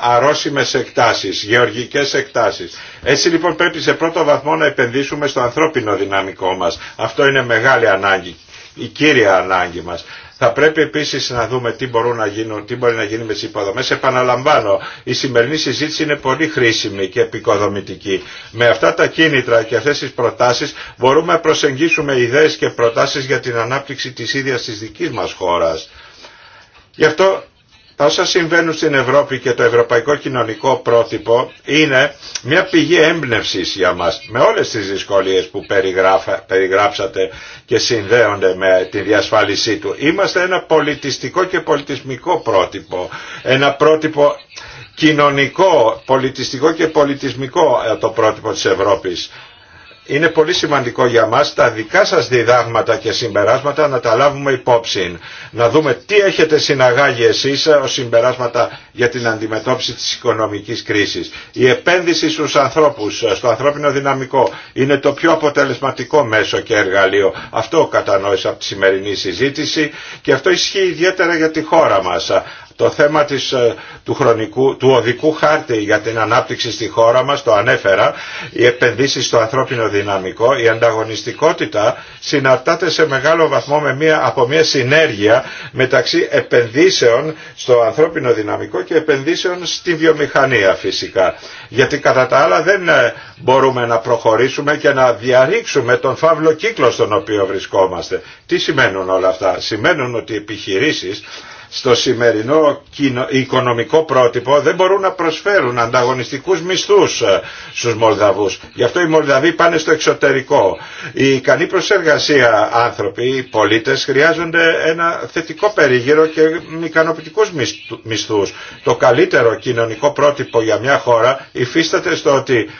αρρώσιμες εκτάσεις, γεωργικές εκτάσεις. Έτσι λοιπόν πρέπει σε πρώτο βαθμό να επενδύσουμε στο ανθρώπινο δυναμικό μας. Αυτό είναι μεγάλη ανάγκη, η κύρια ανάγκη μας. Θα πρέπει επίσης να δούμε τι, μπορούν να γίνουν, τι μπορεί να γίνει με τις υποδομές. Επαναλαμβάνω, η σημερινή συζήτηση είναι πολύ χρήσιμη και επικοδομητική. Με αυτά τα κίνητρα και αυτές τις προτάσεις μπορούμε να προσεγγίσουμε ιδέες και προτάσεις για την ανάπτυξη της ίδιας της δικής μας χώρας. Γι' αυτό τα όσα συμβαίνουν στην Ευρώπη και το ευρωπαϊκό κοινωνικό πρότυπο είναι μια πηγή έμπνευση για μας με όλες τις δυσκολίες που περιγράψατε και συνδέονται με τη διασφάλισή του. Είμαστε ένα πολιτιστικό και πολιτισμικό πρότυπο, ένα πρότυπο κοινωνικό, πολιτιστικό και πολιτισμικό ε, το πρότυπο της Ευρώπης είναι πολύ σημαντικό για μας τα δικά σας διδάγματα και συμπεράσματα να τα λάβουμε υπόψη. Να δούμε τι έχετε συναγάγει εσείς ως συμπεράσματα για την αντιμετώπιση της οικονομικής κρίσης. Η επένδυση στους ανθρώπους, στο ανθρώπινο δυναμικό είναι το πιο αποτελεσματικό μέσο και εργαλείο. Αυτό κατανόησα από τη σημερινή συζήτηση και αυτό ισχύει ιδιαίτερα για τη χώρα μας. Το θέμα της, ε, του, χρονικού, του οδικού χάρτη για την ανάπτυξη στη χώρα μας, το ανέφερα, οι επενδύσεις στο ανθρώπινο δυναμικό, η ανταγωνιστικότητα συναρτάται σε μεγάλο βαθμό με μια, από μια συνέργεια μεταξύ επενδύσεων στο ανθρώπινο δυναμικό και επενδύσεων στη βιομηχανία φυσικά. Γιατί κατά τα άλλα δεν ε, μπορούμε να προχωρήσουμε και να διαρρήξουμε τον φαύλο κύκλο στον οποίο βρισκόμαστε. Τι σημαίνουν όλα αυτά. Σημαίνουν ότι οι επιχειρήσεις στο σημερινό οικονομικό πρότυπο δεν μπορούν να προσφέρουν ανταγωνιστικούς μισθούς ε, στους Μολδαβούς. Γι' αυτό οι Μολδαβοί πάνε στο εξωτερικό. Οι ικανοί προσεργασία άνθρωποι, οι πολίτες χρειάζονται ένα θετικό περίγυρο και ικανοποιητικούς μισθούς. Το καλύτερο κοινωνικό πρότυπο για μια χώρα υφίσταται στο ότι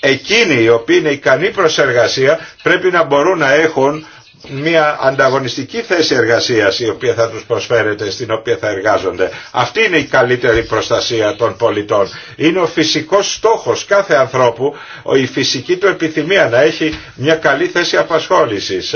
εκείνοι οι οποίοι είναι ικανοί προσεργασία πρέπει να μπορούν να έχουν μια ανταγωνιστική θέση εργασίας η οποία θα τους προσφέρεται, στην οποία θα εργάζονται. Αυτή είναι η καλύτερη προστασία των πολιτών. Είναι ο φυσικός στόχος κάθε ανθρώπου, η φυσική του επιθυμία να έχει μια καλή θέση απασχόλησης.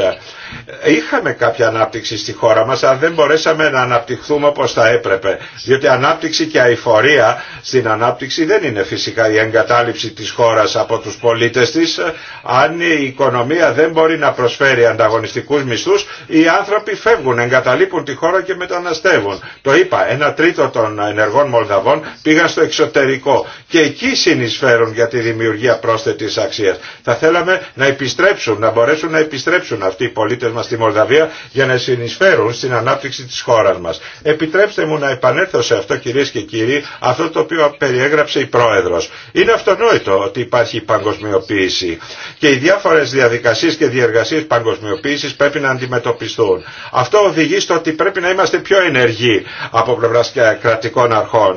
Είχαμε κάποια ανάπτυξη στη χώρα μας, αλλά δεν μπορέσαμε να αναπτυχθούμε όπως θα έπρεπε. Διότι ανάπτυξη και αηφορία στην ανάπτυξη δεν είναι φυσικά η εγκατάλειψη της χώρας από τους πολίτες της. Αν η οικονομία δεν μπορεί να προσφέρει ανταγωνιστικούς μισθούς, οι άνθρωποι φεύγουν, εγκαταλείπουν τη χώρα και μεταναστεύουν. Το είπα, ένα τρίτο των ενεργών Μολδαβών πήγαν στο εξωτερικό και εκεί συνεισφέρουν για τη δημιουργία πρόσθετης αξίας. Θα θέλαμε να επιστρέψουν, να μπορέσουν να επιστρέψουν αυτοί οι πολίτες πολίτες μας στη Μολδαβία για να συνεισφέρουν στην ανάπτυξη της χώρας μας. Επιτρέψτε μου να επανέλθω σε αυτό κυρίε και κύριοι, αυτό το οποίο περιέγραψε η Πρόεδρος. Είναι αυτονόητο ότι υπάρχει παγκοσμιοποίηση και οι διάφορες διαδικασίες και διεργασίες παγκοσμιοποίηση πρέπει να αντιμετωπιστούν. Αυτό οδηγεί στο ότι πρέπει να είμαστε πιο ενεργοί από πλευρά κρατικών αρχών.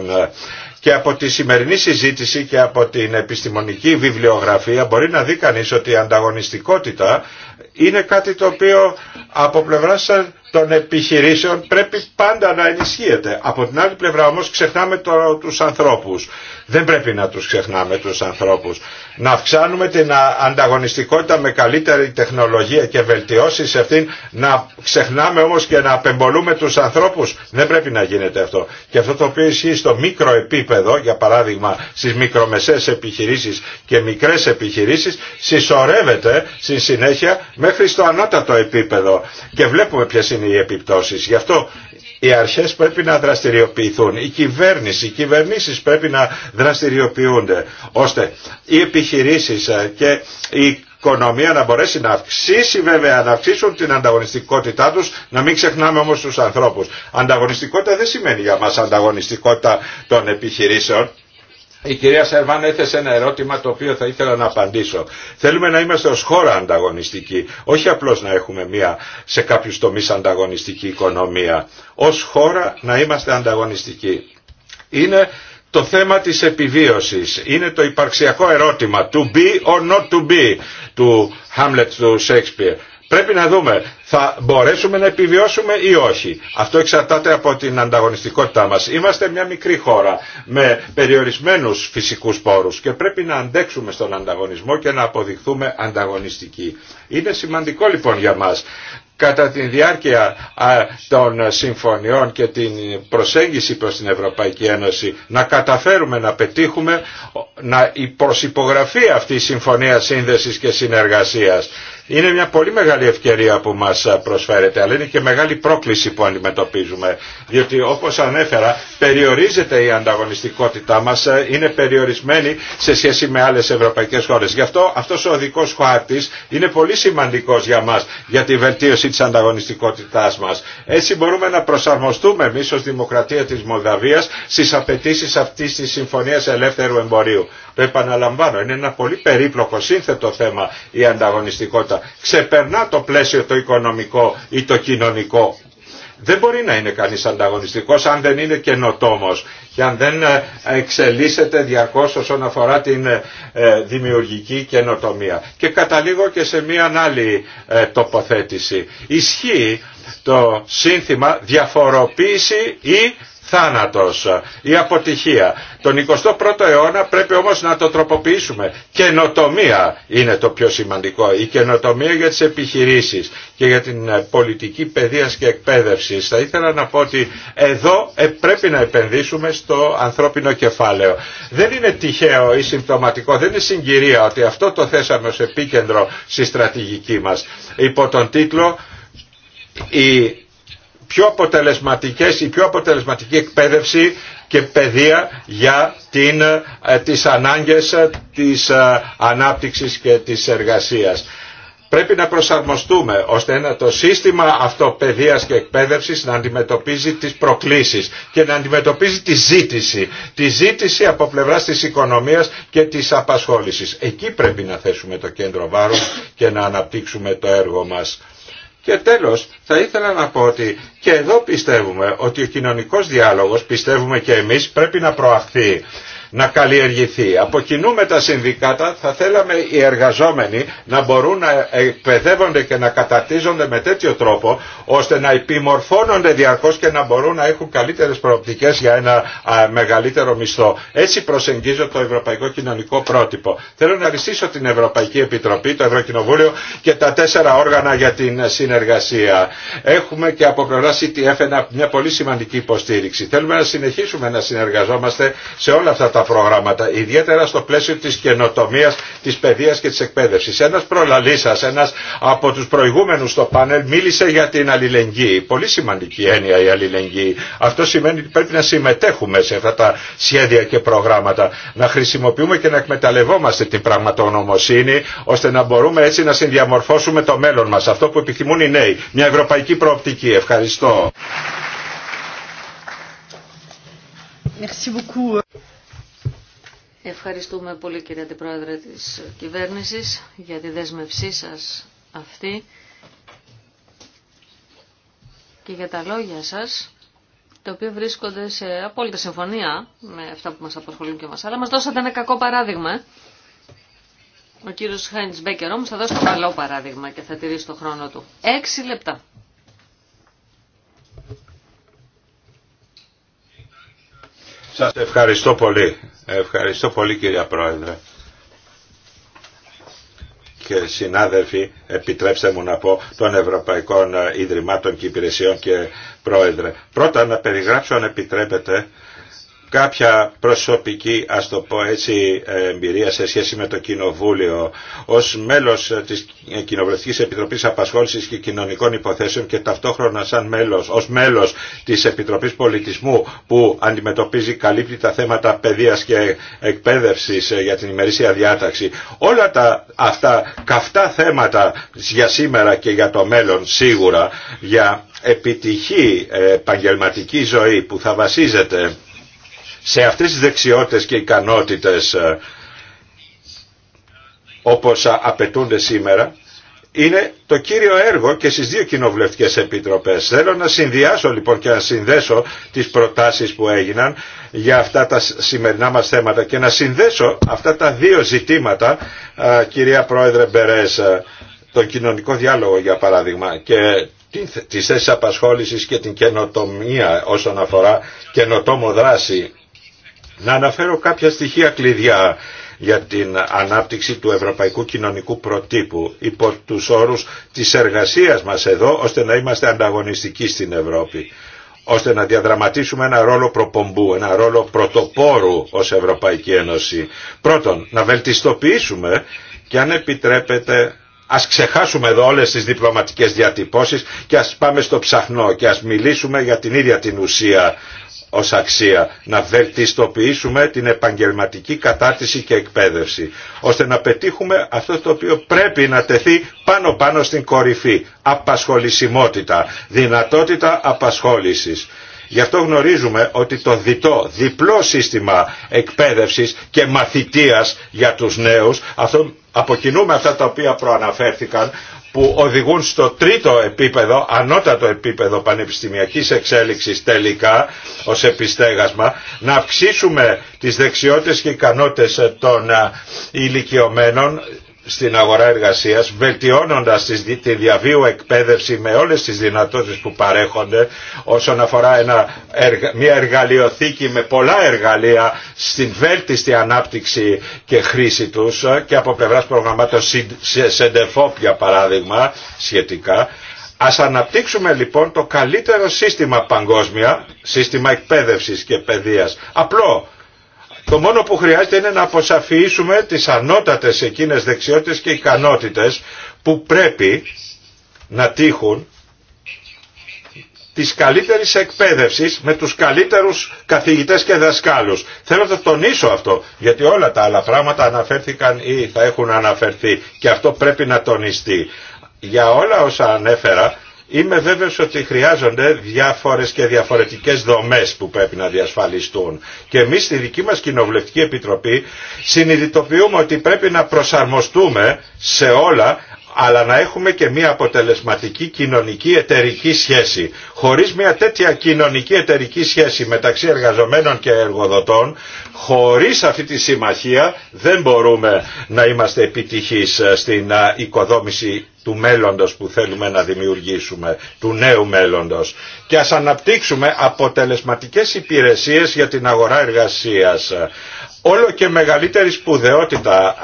Και από τη σημερινή συζήτηση και από την επιστημονική βιβλιογραφία μπορεί να δει κανείς ότι η ανταγωνιστικότητα είναι κάτι το οποίο από πλευρά των επιχειρήσεων πρέπει πάντα να ενισχύεται. Από την άλλη πλευρά όμως ξεχνάμε το, τους ανθρώπους. Δεν πρέπει να τους ξεχνάμε τους ανθρώπους. Να αυξάνουμε την ανταγωνιστικότητα με καλύτερη τεχνολογία και βελτιώσει σε αυτήν. Να ξεχνάμε όμως και να απεμπολούμε τους ανθρώπους. Δεν πρέπει να γίνεται αυτό. Και αυτό το οποίο ισχύει στο μικρό επίπεδο, για παράδειγμα στις μικρομεσαίες επιχειρήσεις και μικρές επιχειρήσεις, συσσωρεύεται στη συνέχεια μέχρι στο ανώτατο επίπεδο και βλέπουμε ποιες είναι οι επιπτώσεις. Γι' αυτό οι αρχές πρέπει να δραστηριοποιηθούν, η κυβέρνηση, οι κυβερνήσεις πρέπει να δραστηριοποιούνται, ώστε οι επιχειρήσεις ε, και η οικονομία να μπορέσει να αυξήσει βέβαια, να αυξήσουν την ανταγωνιστικότητά τους, να μην ξεχνάμε όμως τους ανθρώπους. Ανταγωνιστικότητα δεν σημαίνει για μας ανταγωνιστικότητα των επιχειρήσεων, η κυρία Σερβάν έθεσε ένα ερώτημα το οποίο θα ήθελα να απαντήσω. Θέλουμε να είμαστε ως χώρα ανταγωνιστικοί, όχι απλώς να έχουμε μία σε κάποιους τομείς ανταγωνιστική οικονομία. Ως χώρα να είμαστε ανταγωνιστικοί. Είναι το θέμα της επιβίωσης είναι το υπαρξιακό ερώτημα to be or not to be του Hamlet του Shakespeare. Πρέπει να δούμε, θα μπορέσουμε να επιβιώσουμε ή όχι. Αυτό εξαρτάται από την ανταγωνιστικότητά μας. Είμαστε μια μικρή χώρα με περιορισμένους φυσικούς πόρους και πρέπει να αντέξουμε στον ανταγωνισμό και να αποδειχθούμε ανταγωνιστικοί. Είναι σημαντικό λοιπόν για μας κατά τη διάρκεια των συμφωνιών και την προσέγγιση προς την Ευρωπαϊκή Ένωση να καταφέρουμε να πετύχουμε να προσυπογραφεί αυτή η Συμφωνία Σύνδεσης και Συνεργασίας είναι μια πολύ μεγάλη ευκαιρία που μας προσφέρεται, αλλά είναι και μεγάλη πρόκληση που αντιμετωπίζουμε. Διότι όπως ανέφερα, περιορίζεται η ανταγωνιστικότητά μας, είναι περιορισμένη σε σχέση με άλλες ευρωπαϊκές χώρες. Γι' αυτό αυτός ο οδικός χάρτης είναι πολύ σημαντικός για μας, για τη βελτίωση της ανταγωνιστικότητάς μας. Έτσι μπορούμε να προσαρμοστούμε εμείς ως Δημοκρατία της Μολδαβία στις απαιτήσει αυτής της Συμφωνίας Ελεύθερου Εμπορίου. Το επαναλαμβάνω, είναι ένα πολύ περίπλοκο σύνθετο θέμα η ανταγωνιστικότητα. Ξεπερνά το πλαίσιο το οικονομικό ή το κοινωνικό. Δεν μπορεί να είναι κανείς ανταγωνιστικός αν δεν είναι καινοτόμος και αν δεν ε, εξελίσσεται διαρκώς όσον αφορά την ε, ε, δημιουργική καινοτομία. Και καταλήγω και σε μία άλλη τοποθέτηση. Ισχύει το σύνθημα διαφοροποίηση ή θάνατος ή ε, αποτυχία. Τον 21ο αιώνα πρέπει όμως να το τροποποιήσουμε. Καινοτομία είναι το πιο σημαντικό. Η καινοτομία για τις επιχειρήσεις και για την ε, πολιτική παιδείας και εκπαίδευσης. Θα ήθελα να πω ότι εδώ ε, πρέπει να επενδύσουμε στο ανθρώπινο κεφάλαιο. Δεν είναι τυχαίο ή συμπτωματικό, δεν είναι συγκυρία ότι αυτό το θέσαμε ως επίκεντρο στη στρατηγική μας. Υπό τον τίτλο η συμπτωματικο δεν ειναι συγκυρια οτι αυτο το θεσαμε ως επικεντρο στη στρατηγικη μας υπο τον τιτλο πιο αποτελεσματικές, η πιο αποτελεσματική εκπαίδευση και παιδεία για την, ε, τις ανάγκες ε, της ε, ανάπτυξης και της εργασίας. Πρέπει να προσαρμοστούμε ώστε το σύστημα αυτό και εκπαίδευσης να αντιμετωπίζει τις προκλήσεις και να αντιμετωπίζει τη ζήτηση. Τη ζήτηση από πλευράς της οικονομίας και της απασχόλησης. Εκεί πρέπει να θέσουμε το κέντρο βάρους και να αναπτύξουμε το έργο μας. Και τέλος θα ήθελα να πω ότι και εδώ πιστεύουμε ότι ο κοινωνικός διάλογος, πιστεύουμε και εμείς, πρέπει να προαχθεί να καλλιεργηθεί. Από κοινού με τα συνδικάτα θα θέλαμε οι εργαζόμενοι να μπορούν να εκπαιδεύονται και να καταρτίζονται με τέτοιο τρόπο ώστε να επιμορφώνονται διαρκώς και να μπορούν να έχουν καλύτερες προοπτικές για ένα μεγαλύτερο μισθό. Έτσι προσεγγίζω το Ευρωπαϊκό Κοινωνικό Πρότυπο. Θέλω να ριστήσω την Ευρωπαϊκή Επιτροπή, το Ευρωκοινοβούλιο και τα τέσσερα όργανα για την συνεργασία. Έχουμε και από πλευρά CTF μια πολύ σημαντική υποστήριξη. Θέλουμε να συνεχίσουμε να συνεργαζόμαστε σε όλα αυτά τα τα προγράμματα, ιδιαίτερα στο πλαίσιο της καινοτομίας, της παιδείας και της εκπαίδευσης. Ένας προλαλής σας, ένας από τους προηγούμενους στο πάνελ μίλησε για την αλληλεγγύη. Πολύ σημαντική έννοια η αλληλεγγύη. Αυτό σημαίνει ότι πρέπει να συμμετέχουμε σε αυτά τα σχέδια και προγράμματα, να χρησιμοποιούμε και να εκμεταλλευόμαστε την πραγματογνωμοσύνη, ώστε να μπορούμε έτσι να συνδιαμορφώσουμε το μέλλον μας, αυτό που επιθυμούν οι νέοι. Μια ευρωπαϊκή προοπτική. Ευχαριστώ. Merci beaucoup. Ευχαριστούμε πολύ κύριε Αντιπρόεδρε της Κυβέρνησης για τη δέσμευσή σας αυτή και για τα λόγια σας, τα οποία βρίσκονται σε απόλυτη συμφωνία με αυτά που μας απασχολούν και μας. Αλλά μας δώσατε ένα κακό παράδειγμα. Ο κύριος Χάιντς Μπέκερ όμως θα δώσει το καλό παράδειγμα και θα τηρήσει το χρόνο του. Έξι λεπτά. Σας ευχαριστώ πολύ. Ευχαριστώ πολύ κυρία Πρόεδρε. Και συνάδελφοι, επιτρέψτε μου να πω, των Ευρωπαϊκών Ιδρυμάτων και Υπηρεσιών και Πρόεδρε. Πρώτα να περιγράψω αν επιτρέπετε κάποια προσωπική, ας το πω έτσι, εμπειρία σε σχέση με το Κοινοβούλιο. Ως μέλος της Κοινοβουλευτικής Επιτροπής Απασχόλησης και Κοινωνικών Υποθέσεων και ταυτόχρονα σαν μέλος, ως μέλος της Επιτροπής Πολιτισμού που αντιμετωπίζει καλύπτει τα θέματα παιδείας και εκπαίδευσης για την ημερήσια διάταξη. Όλα τα, αυτά καυτά θέματα για σήμερα και για το μέλλον σίγουρα για επιτυχή ε, επαγγελματική ζωή που θα βασίζεται σε αυτές τις δεξιότητες και ικανότητες ε, όπως απαιτούνται σήμερα είναι το κύριο έργο και στις δύο κοινοβουλευτικές επιτροπές. Θέλω να συνδυάσω λοιπόν και να συνδέσω τις προτάσεις που έγιναν για αυτά τα σημερινά μας θέματα και να συνδέσω αυτά τα δύο ζητήματα, ε, κυρία Πρόεδρε Μπερές, ε, τον κοινωνικό διάλογο για παράδειγμα και τις θέσεις απασχόλησης και την καινοτομία όσον αφορά καινοτόμο δράση να αναφέρω κάποια στοιχεία κλειδιά για την ανάπτυξη του ευρωπαϊκού κοινωνικού προτύπου υπό τους όρους της εργασίας μας εδώ ώστε να είμαστε ανταγωνιστικοί στην Ευρώπη ώστε να διαδραματίσουμε ένα ρόλο προπομπού, ένα ρόλο πρωτοπόρου ως Ευρωπαϊκή Ένωση. Πρώτον, να βελτιστοποιήσουμε και αν επιτρέπετε ας ξεχάσουμε εδώ όλες τις διπλωματικές διατυπώσεις και ας πάμε στο ψαχνό και ας μιλήσουμε για την ίδια την ουσία ως αξία, να βελτιστοποιήσουμε την επαγγελματική κατάρτιση και εκπαίδευση, ώστε να πετύχουμε αυτό το οποίο πρέπει να τεθεί πάνω-πάνω στην κορυφή, απασχολησιμότητα, δυνατότητα απασχόλησης. Γι' αυτό γνωρίζουμε ότι το διτό, διπλό σύστημα εκπαίδευσης και μαθητείας για τους νέους, αυτό αποκινούμε αυτά τα οποία προαναφέρθηκαν, που οδηγούν στο τρίτο επίπεδο, ανώτατο επίπεδο πανεπιστημιακής εξέλιξης τελικά ως επιστέγασμα, να αυξήσουμε τις δεξιότητες και ικανότητες των ε, ηλικιωμένων στην αγορά εργασίας, βελτιώνοντας τη διαβίου εκπαίδευση με όλες τις δυνατότητες που παρέχονται όσον αφορά ένα, μια εργαλειοθήκη με πολλά εργαλεία στην βέλτιστη ανάπτυξη και χρήση τους και από πλευράς προγραμμάτων ΣΕΝΤΕΦΟΠ για παράδειγμα σχετικά. Ας αναπτύξουμε λοιπόν το καλύτερο σύστημα παγκόσμια, σύστημα εκπαίδευσης και παιδείας. Απλό, το μόνο που χρειάζεται είναι να αποσαφίσουμε τις ανώτατες εκείνες δεξιότητες και ικανότητες που πρέπει να τύχουν της καλύτερης εκπαίδευσης με τους καλύτερους καθηγητές και δασκάλους. Θέλω να τονίσω αυτό, γιατί όλα τα άλλα πράγματα αναφέρθηκαν ή θα έχουν αναφερθεί και αυτό πρέπει να τονιστεί. Για όλα όσα ανέφερα Είμαι βέβαιος ότι χρειάζονται διάφορες και διαφορετικές δομές που πρέπει να διασφαλιστούν. Και εμείς στη δική μας Κοινοβουλευτική Επιτροπή συνειδητοποιούμε ότι πρέπει να προσαρμοστούμε σε όλα αλλά να έχουμε και μια αποτελεσματική κοινωνική εταιρική σχέση. Χωρίς μια τέτοια κοινωνική εταιρική σχέση μεταξύ εργαζομένων και εργοδοτών, χωρίς αυτή τη συμμαχία δεν μπορούμε να είμαστε επιτυχείς στην ε, οικοδόμηση του μέλλοντος που θέλουμε να δημιουργήσουμε, του νέου μέλλοντος. Και ας αναπτύξουμε αποτελεσματικές υπηρεσίες για την αγορά εργασίας. Όλο και μεγαλύτερη σπουδαιότητα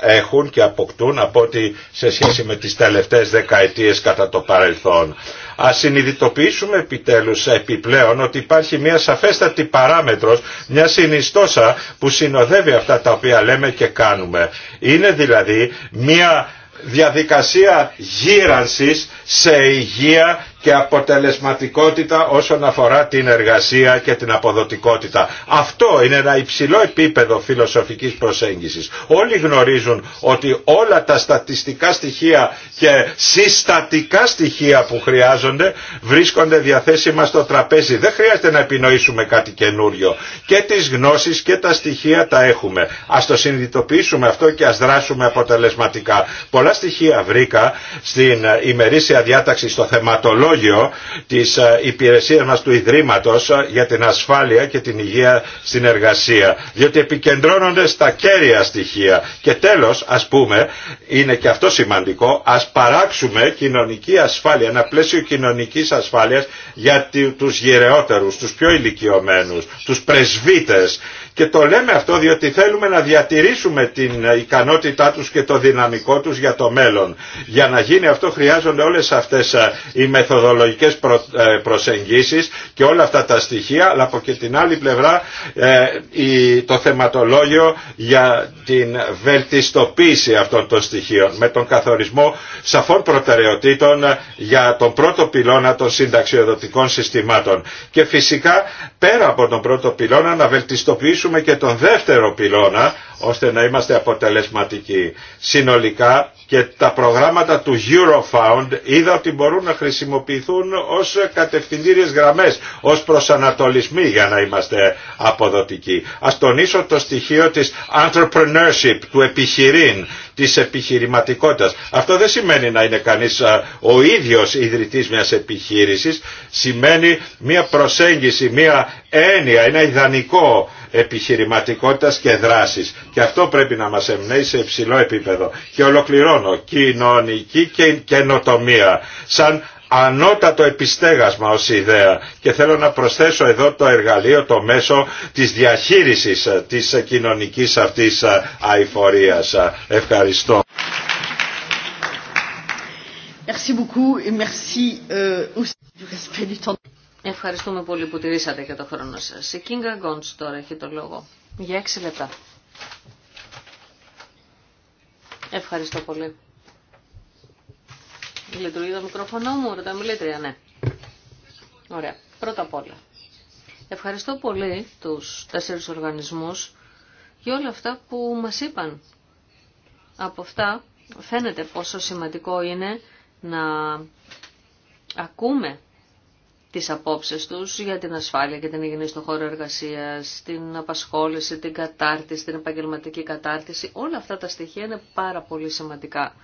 έχουν και αποκτούν από ότι σε σχέση με τις τελευταίες δεκαετίες κατά το παρελθόν. Ας συνειδητοποιήσουμε επιτέλους επιπλέον ότι υπάρχει μια σαφέστατη παράμετρος, μια συνιστόσα που συνοδεύει αυτά τα οποία λέμε και κάνουμε. Είναι δηλαδή μια διαδικασία γύρανσης σε υγεία και αποτελεσματικότητα όσον αφορά την εργασία και την αποδοτικότητα. Αυτό είναι ένα υψηλό επίπεδο φιλοσοφικής προσέγγισης. Όλοι γνωρίζουν ότι όλα τα στατιστικά στοιχεία και συστατικά στοιχεία που χρειάζονται βρίσκονται διαθέσιμα στο τραπέζι. Δεν χρειάζεται να επινοήσουμε κάτι καινούριο. Και τις γνώσεις και τα στοιχεία τα έχουμε. Ας το συνειδητοποιήσουμε αυτό και ας δράσουμε αποτελεσματικά. Πολλά στοιχεία βρήκα στην ημερήσια διάταξη στο θεματολόγιο ημερολόγιο της ε, υπηρεσίας μας του Ιδρύματος ε, για την ασφάλεια και την υγεία στην εργασία. Διότι επικεντρώνονται στα κέρια στοιχεία. Και τέλος, ας πούμε, είναι και αυτό σημαντικό, ας παράξουμε κοινωνική ασφάλεια, ένα πλαίσιο κοινωνικής ασφάλειας για τους γυρεότερους, τους πιο ηλικιωμένους, τους πρεσβύτες και το λέμε αυτό διότι θέλουμε να διατηρήσουμε την ε, ικανότητά τους και το δυναμικό τους για το μέλλον. Για να γίνει αυτό χρειάζονται όλες αυτές οι μεθοδοί μεθοδολογικές ε, προσεγγίσεις και όλα αυτά τα στοιχεία αλλά από και την άλλη πλευρά ε, το θεματολόγιο για την βελτιστοποίηση αυτών των στοιχείων με τον καθορισμό σαφών προτεραιοτήτων για τον πρώτο πυλώνα των συνταξιοδοτικών συστημάτων και φυσικά πέρα από τον πρώτο πυλώνα να βελτιστοποιήσουμε και τον δεύτερο πυλώνα ώστε να είμαστε αποτελεσματικοί. Συνολικά και τα προγράμματα του Eurofound είδα ότι μπορούν να χρησιμοποιηθούν ως κατευθυντήριες γραμμές, ως προσανατολισμοί για να είμαστε αποδοτικοί. Ας τονίσω το στοιχείο της entrepreneurship, του επιχειρήν, της επιχειρηματικότητας. Αυτό δεν σημαίνει να είναι κανείς ο ίδιος ιδρυτής μιας επιχείρησης, σημαίνει μια προσέγγιση, μια έννοια, ένα ιδανικό επιχειρηματικότητας και δράσης. Και αυτό πρέπει να μας εμπνέει σε υψηλό επίπεδο. Και ολοκληρώνω κοινωνική και καινοτομία σαν ανώτατο επιστέγασμα ως ιδέα και θέλω να προσθέσω εδώ το εργαλείο, το μέσο της διαχείρισης ε, της κοινωνικής αυτής αηφορίας. Ευχαριστώ. Ευχαριστούμε πολύ που τηρήσατε και το χρόνο σας. Η Κίνγκα Γκόντς τώρα έχει το λόγο. Για έξι λεπτά. Ευχαριστώ πολύ. Λειτουργεί το μικρόφωνο μου, ρωτά μιλήτρια, ναι. Ωραία. Πρώτα απ' όλα. Ευχαριστώ πολύ τους τέσσερις οργανισμούς για όλα αυτά που μας είπαν. Από αυτά φαίνεται πόσο σημαντικό είναι να ακούμε τις απόψεις τους για την ασφάλεια και την υγιεινή στον χώρο εργασίας, την απασχόληση, την κατάρτιση, την επαγγελματική κατάρτιση. Όλα αυτά τα στοιχεία είναι πάρα πολύ σημαντικά.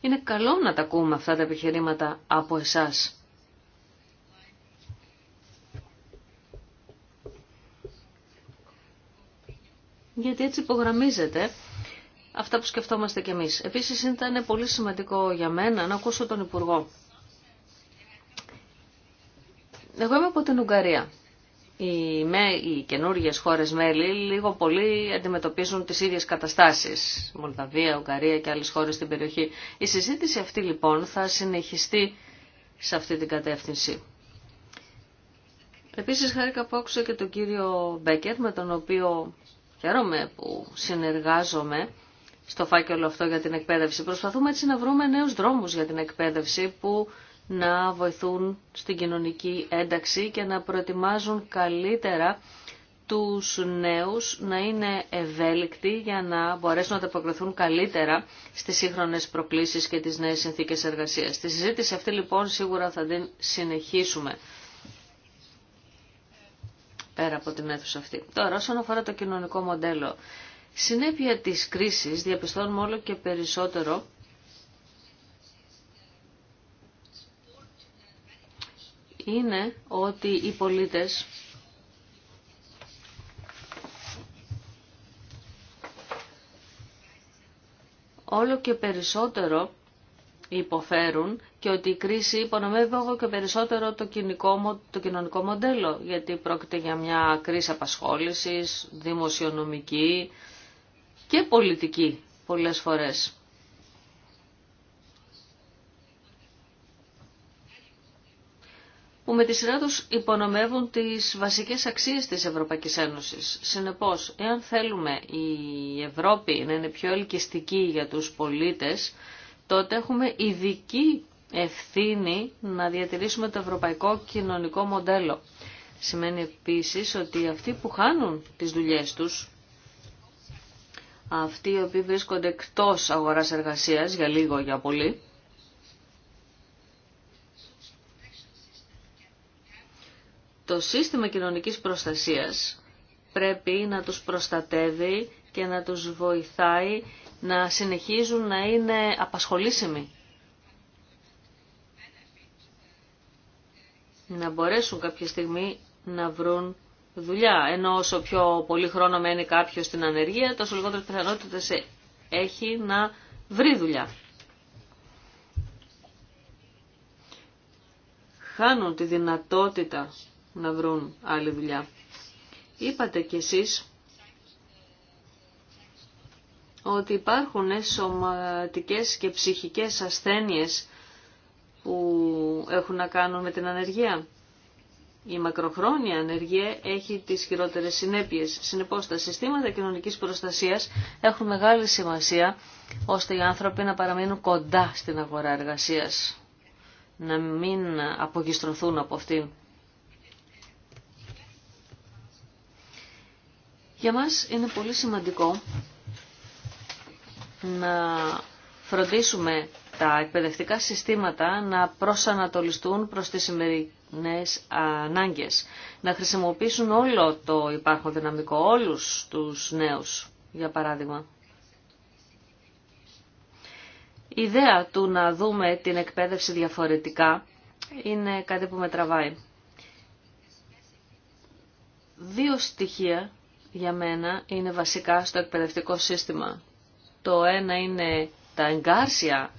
Είναι καλό να τα ακούμε αυτά τα επιχειρήματα από εσάς. Γιατί έτσι υπογραμμίζεται αυτά που σκεφτόμαστε κι εμείς. Επίσης ήταν πολύ σημαντικό για μένα να ακούσω τον Υπουργό εγώ είμαι από την Ουγγαρία. Οι, με, οι καινούργιες χώρες μέλη λίγο πολύ αντιμετωπίζουν τις ίδιες καταστάσεις. Μολδαβία, Ουγγαρία και άλλες χώρες στην περιοχή. Η συζήτηση αυτή λοιπόν θα συνεχιστεί σε αυτή την κατεύθυνση. Επίσης χάρηκα που άκουσα και τον κύριο Μπέκερ με τον οποίο χαίρομαι που συνεργάζομαι στο φάκελο αυτό για την εκπαίδευση. Προσπαθούμε έτσι να βρούμε νέους δρόμους για την εκπαίδευση που να βοηθούν στην κοινωνική ένταξη και να προετοιμάζουν καλύτερα τους νέους να είναι ευέλικτοι για να μπορέσουν να ανταποκριθούν καλύτερα στις σύγχρονες προκλήσεις και τις νέες συνθήκες εργασίας. Τη συζήτηση αυτή λοιπόν σίγουρα θα την συνεχίσουμε πέρα από την αίθουσα αυτή. Τώρα όσον αφορά το κοινωνικό μοντέλο, συνέπεια της κρίσης διαπιστώνουμε όλο και περισσότερο είναι ότι οι πολίτες όλο και περισσότερο υποφέρουν και ότι η κρίση υπονομεύει όλο και περισσότερο το, το κοινωνικό μοντέλο, γιατί πρόκειται για μια κρίση απασχόλησης, δημοσιονομική και πολιτική πολλές φορές. που με τη σειρά τους υπονομεύουν τις βασικές αξίες της Ευρωπαϊκής Ένωσης. Συνεπώς, εάν θέλουμε η Ευρώπη να είναι πιο ελκυστική για τους πολίτες, τότε έχουμε ειδική ευθύνη να διατηρήσουμε το ευρωπαϊκό κοινωνικό μοντέλο. Σημαίνει επίσης ότι αυτοί που χάνουν τις δουλειές τους, αυτοί οι οποίοι βρίσκονται εκτός αγοράς εργασίας για λίγο για πολύ, Το σύστημα κοινωνικής προστασίας πρέπει να τους προστατεύει και να τους βοηθάει να συνεχίζουν να είναι απασχολήσιμοι. Να μπορέσουν κάποια στιγμή να βρουν δουλειά. Ενώ όσο πιο πολύ χρόνο μένει κάποιος στην ανεργία, τόσο λιγότερο πιθανότητα έχει να βρει δουλειά. Χάνουν τη δυνατότητα να βρουν άλλη δουλειά. Είπατε κι εσείς ότι υπάρχουν σωματικές και ψυχικές ασθένειες που έχουν να κάνουν με την ανεργία. Η μακροχρόνια ανεργία έχει τις χειρότερες συνέπειες. Συνεπώς τα συστήματα κοινωνικής προστασίας έχουν μεγάλη σημασία ώστε οι άνθρωποι να παραμείνουν κοντά στην αγορά εργασίας, να μην απογιστρωθούν από αυτήν. Για μας είναι πολύ σημαντικό να φροντίσουμε τα εκπαιδευτικά συστήματα να προσανατολιστούν προς τις σημερινές ανάγκες, να χρησιμοποιήσουν όλο το υπάρχον δυναμικό, όλους τους νέους, για παράδειγμα. Η ιδέα του να δούμε την εκπαίδευση διαφορετικά είναι κάτι που με τραβάει. Δύο στοιχεία για μένα είναι βασικά στο εκπαιδευτικό σύστημα. Το ένα είναι τα εγκάρσια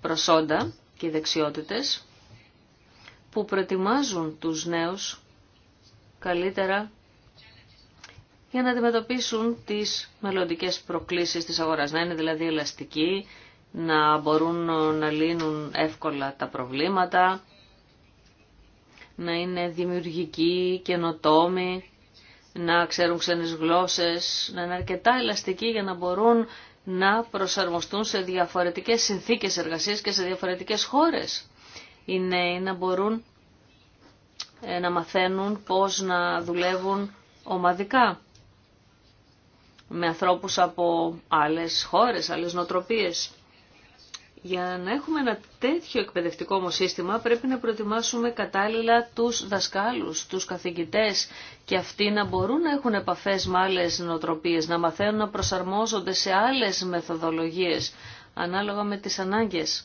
προσόντα και δεξιότητες που προετοιμάζουν τους νέους καλύτερα για να αντιμετωπίσουν τις μελλοντικές προκλήσεις της αγοράς. Να είναι δηλαδή ελαστικοί, να μπορούν να λύνουν εύκολα τα προβλήματα, να είναι δημιουργικοί, καινοτόμοι, να ξέρουν ξένες γλώσσες, να είναι αρκετά ελαστικοί για να μπορούν να προσαρμοστούν σε διαφορετικές συνθήκες εργασίας και σε διαφορετικές χώρες. Οι νέοι να μπορούν ε, να μαθαίνουν πώς να δουλεύουν ομαδικά με ανθρώπους από άλλες χώρες, άλλες νοτροπίες. Για να έχουμε ένα τέτοιο εκπαιδευτικό όμως σύστημα πρέπει να προετοιμάσουμε κατάλληλα τους δασκάλους, τους καθηγητές και αυτοί να μπορούν να έχουν επαφές με άλλες νοοτροπίες, να μαθαίνουν να προσαρμόζονται σε άλλες μεθοδολογίες ανάλογα με τις ανάγκες.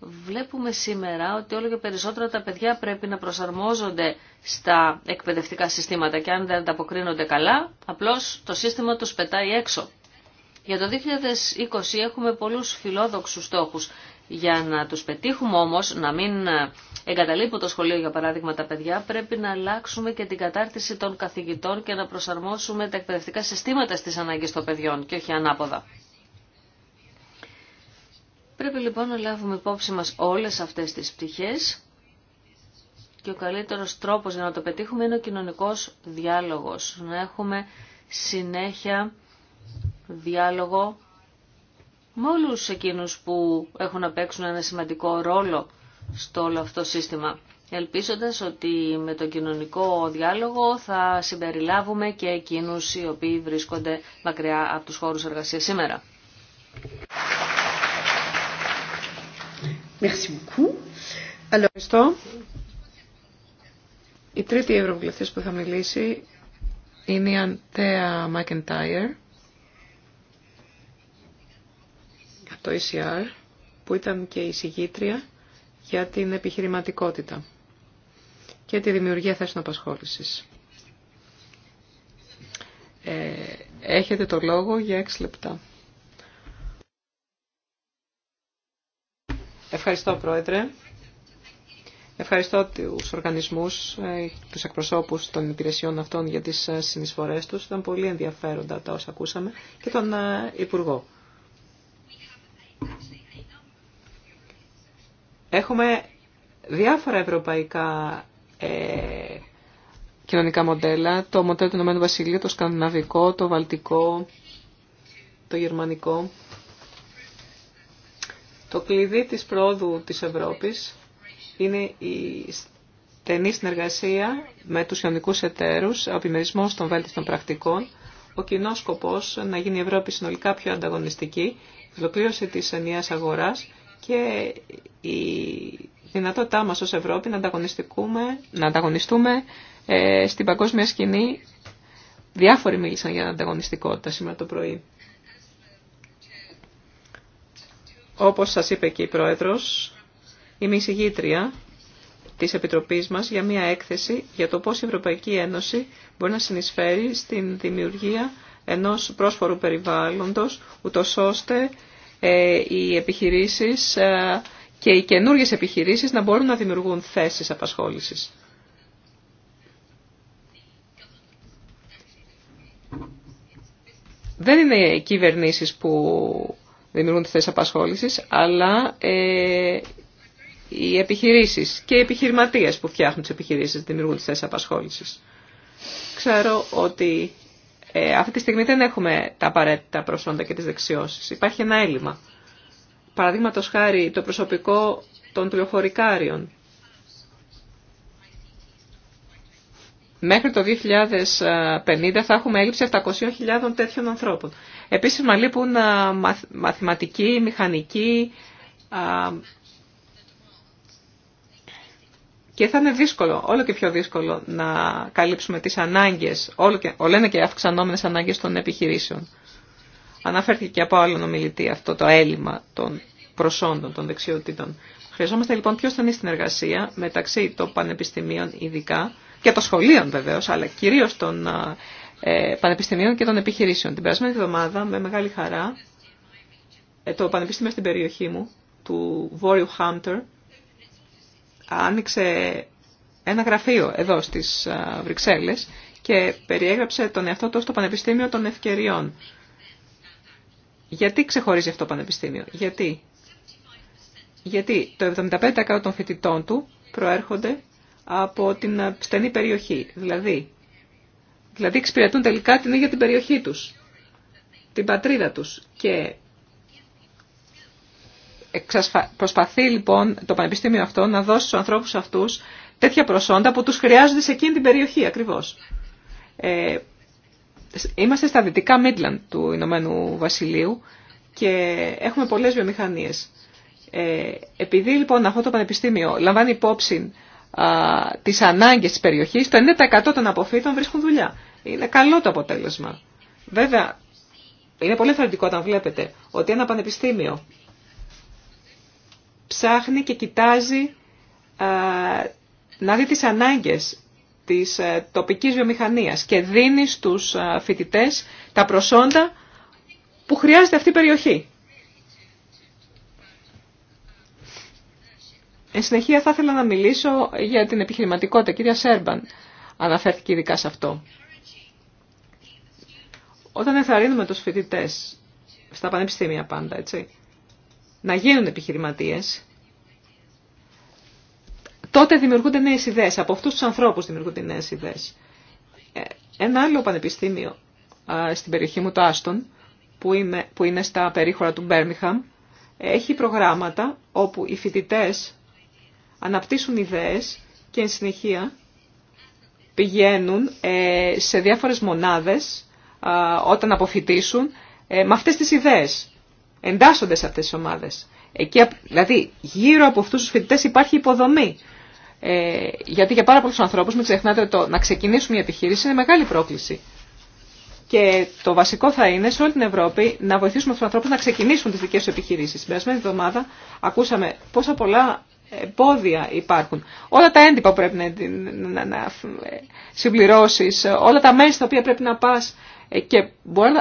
Βλέπουμε σήμερα ότι όλο και περισσότερο τα παιδιά πρέπει να προσαρμόζονται στα εκπαιδευτικά συστήματα και αν δεν ανταποκρίνονται καλά, απλώς το σύστημα τους πετάει έξω. Για το 2020 έχουμε πολλούς φιλόδοξους στόχους. Για να τους πετύχουμε όμως, να μην εγκαταλείπουν το σχολείο για παράδειγμα τα παιδιά, πρέπει να αλλάξουμε και την κατάρτιση των καθηγητών και να προσαρμόσουμε τα εκπαιδευτικά συστήματα στις ανάγκες των παιδιών και όχι ανάποδα. Πρέπει λοιπόν να λάβουμε υπόψη μας όλες αυτές τις πτυχές και ο καλύτερος τρόπος για να το πετύχουμε είναι ο κοινωνικός διάλογος. Να έχουμε συνέχεια διάλογο με όλους εκείνους που έχουν να παίξουν ένα σημαντικό ρόλο στο όλο αυτό σύστημα. Ελπίζοντας ότι με τον κοινωνικό διάλογο θα συμπεριλάβουμε και εκείνους οι οποίοι βρίσκονται μακριά από τους χώρους εργασίας σήμερα. Alors, Η τρίτη ευρωβουλευτής που θα μιλήσει είναι η Αντέα Μακεντάιερ. το ECR, που ήταν και η συγγήτρια για την επιχειρηματικότητα και τη δημιουργία θέσεων απασχόλησης. Ε, έχετε το λόγο για 6 λεπτά. Ευχαριστώ, Πρόεδρε. Ευχαριστώ τους οργανισμούς, ε, τους εκπροσώπους των υπηρεσιών αυτών για τις ε, συνεισφορές τους. Ήταν πολύ ενδιαφέροντα τα όσα ακούσαμε και τον Υπουργό. Έχουμε διάφορα ευρωπαϊκά ε, κοινωνικά μοντέλα, το μοντέλο του Ηνωμένου Βασιλείου, το σκανδιναβικό, το βαλτικό, το γερμανικό. Το κλειδί της πρόοδου της Ευρώπης είναι η στενή συνεργασία με τους κοινωνικούς εταίρους, ο επιμερισμός των βέλτιστων πρακτικών, ο κοινό σκοπός να γίνει η Ευρώπη συνολικά πιο ανταγωνιστική ολοκλήρωση της ενιαίας αγοράς και η δυνατότητά μας ως Ευρώπη να, να ανταγωνιστούμε ε, στην παγκόσμια σκηνή. Διάφοροι μίλησαν για ανταγωνιστικότητα σήμερα το πρωί. Όπως σας είπε και η Πρόεδρος, είμαι εισηγήτρια της Επιτροπής μας για μια έκθεση για το πώς η Ευρωπαϊκή Ένωση μπορεί να συνεισφέρει στην δημιουργία ενός πρόσφορου περιβάλλοντος, ούτως ώστε ε, οι επιχειρήσεις ε, και οι καινούργιες επιχειρήσεις να μπορούν να δημιουργούν θέσεις απασχόλησης. Δεν είναι οι κυβερνήσεις που δημιουργούν τις θέσεις απασχόλησης, αλλά ε, οι επιχειρήσεις και οι επιχειρηματίες που φτιάχνουν τις επιχειρήσεις δημιουργούν τις θέσεις απασχόλησης. Ξέρω ότι ε, αυτή τη στιγμή δεν έχουμε τα απαραίτητα προσόντα και τις δεξιώσεις. Υπάρχει ένα έλλειμμα. Παραδείγματο χάρη το προσωπικό των πληροφορικάριων. Μέχρι το 2050 θα έχουμε έλλειψη 700.000 τέτοιων ανθρώπων. Επίσης, μα λείπουν μαθηματικοί, μηχανικοί, και θα είναι δύσκολο, όλο και πιο δύσκολο να καλύψουμε τις ανάγκες, όλο και, όλο και αυξανόμενες ανάγκες των επιχειρήσεων. Αναφέρθηκε και από άλλον ομιλητή αυτό το έλλειμμα των προσόντων, των δεξιοτήτων. Χρειαζόμαστε λοιπόν πιο στενή συνεργασία μεταξύ των πανεπιστημίων ειδικά και των σχολείων βεβαίω, αλλά κυρίω των ε, πανεπιστημίων και των επιχειρήσεων. Την περασμένη εβδομάδα με μεγάλη χαρά ε, το Πανεπιστήμιο στην περιοχή μου, του Βόρειου Χάμπτερ, άνοιξε ένα γραφείο εδώ στις Βρυξέλλες και περιέγραψε τον εαυτό του στο Πανεπιστήμιο των Ευκαιριών. Γιατί ξεχωρίζει αυτό το πανεπιστήμιο, γιατί. Γιατί το 75% των φοιτητών του προέρχονται από την στενή περιοχή, δηλαδή, δηλαδή εξυπηρετούν τελικά την ίδια την περιοχή τους, την πατρίδα τους και Προσπαθεί λοιπόν το Πανεπιστήμιο αυτό να δώσει στους ανθρώπους αυτούς τέτοια προσόντα που τους χρειάζονται σε εκείνη την περιοχή ακριβώς. Ε, είμαστε στα δυτικά Μίτλαντ του Ηνωμένου Βασιλείου και έχουμε πολλές βιομηχανίες. Ε, επειδή λοιπόν αυτό το Πανεπιστήμιο λαμβάνει υπόψη α, τις ανάγκες της περιοχής, το 90% των αποφύτων βρίσκουν δουλειά. Είναι καλό το αποτέλεσμα. Βέβαια, είναι πολύ θεραπευτικό όταν βλέπετε ότι ένα πανεπιστήμιο ψάχνει και κοιτάζει να δει τις ανάγκες της ε, τοπικής βιομηχανίας και δίνει στους φοιτητές τα προσόντα που χρειάζεται αυτή η περιοχή. Εν συνεχεία θα ήθελα να μιλήσω για την επιχειρηματικότητα. Κυρία Σέρμπαν αναφέρθηκε ειδικά σε αυτό. Όταν εθαρρύνουμε τους φοιτητές, στα πανεπιστήμια πάντα, έτσι, να γίνουν επιχειρηματίες, τότε δημιουργούνται νέες ιδέες. Από αυτούς τους ανθρώπους δημιουργούνται νέες ιδέες. Ε, ένα άλλο πανεπιστήμιο στην περιοχή μου, το Άστον, που, που είναι στα περίχωρα του Μπέρμιχαμ, έχει προγράμματα όπου οι φοιτητές αναπτύσσουν ιδέες και εν συνεχεία πηγαίνουν ε, σε διάφορες μονάδες όταν αποφοιτήσουν ε, με αυτές τις ιδέες εντάσσονται σε αυτές τις ομάδες. δηλαδή γύρω από αυτούς τους φοιτητές υπάρχει υποδομή. Ε, γιατί για πάρα πολλούς ανθρώπους, μην ξεχνάτε το να ξεκινήσουν μια επιχείρηση είναι μεγάλη πρόκληση. Και το βασικό θα είναι σε όλη την Ευρώπη να βοηθήσουμε αυτού του ανθρώπου να ξεκινήσουν τις δικές τους επιχειρήσεις. Στην περασμένη εβδομάδα ακούσαμε πόσα πολλά εμπόδια υπάρχουν. Όλα τα έντυπα που πρέπει να, να, να ε, συμπληρώσει, όλα τα μέσα στα οποία πρέπει να πα ε, και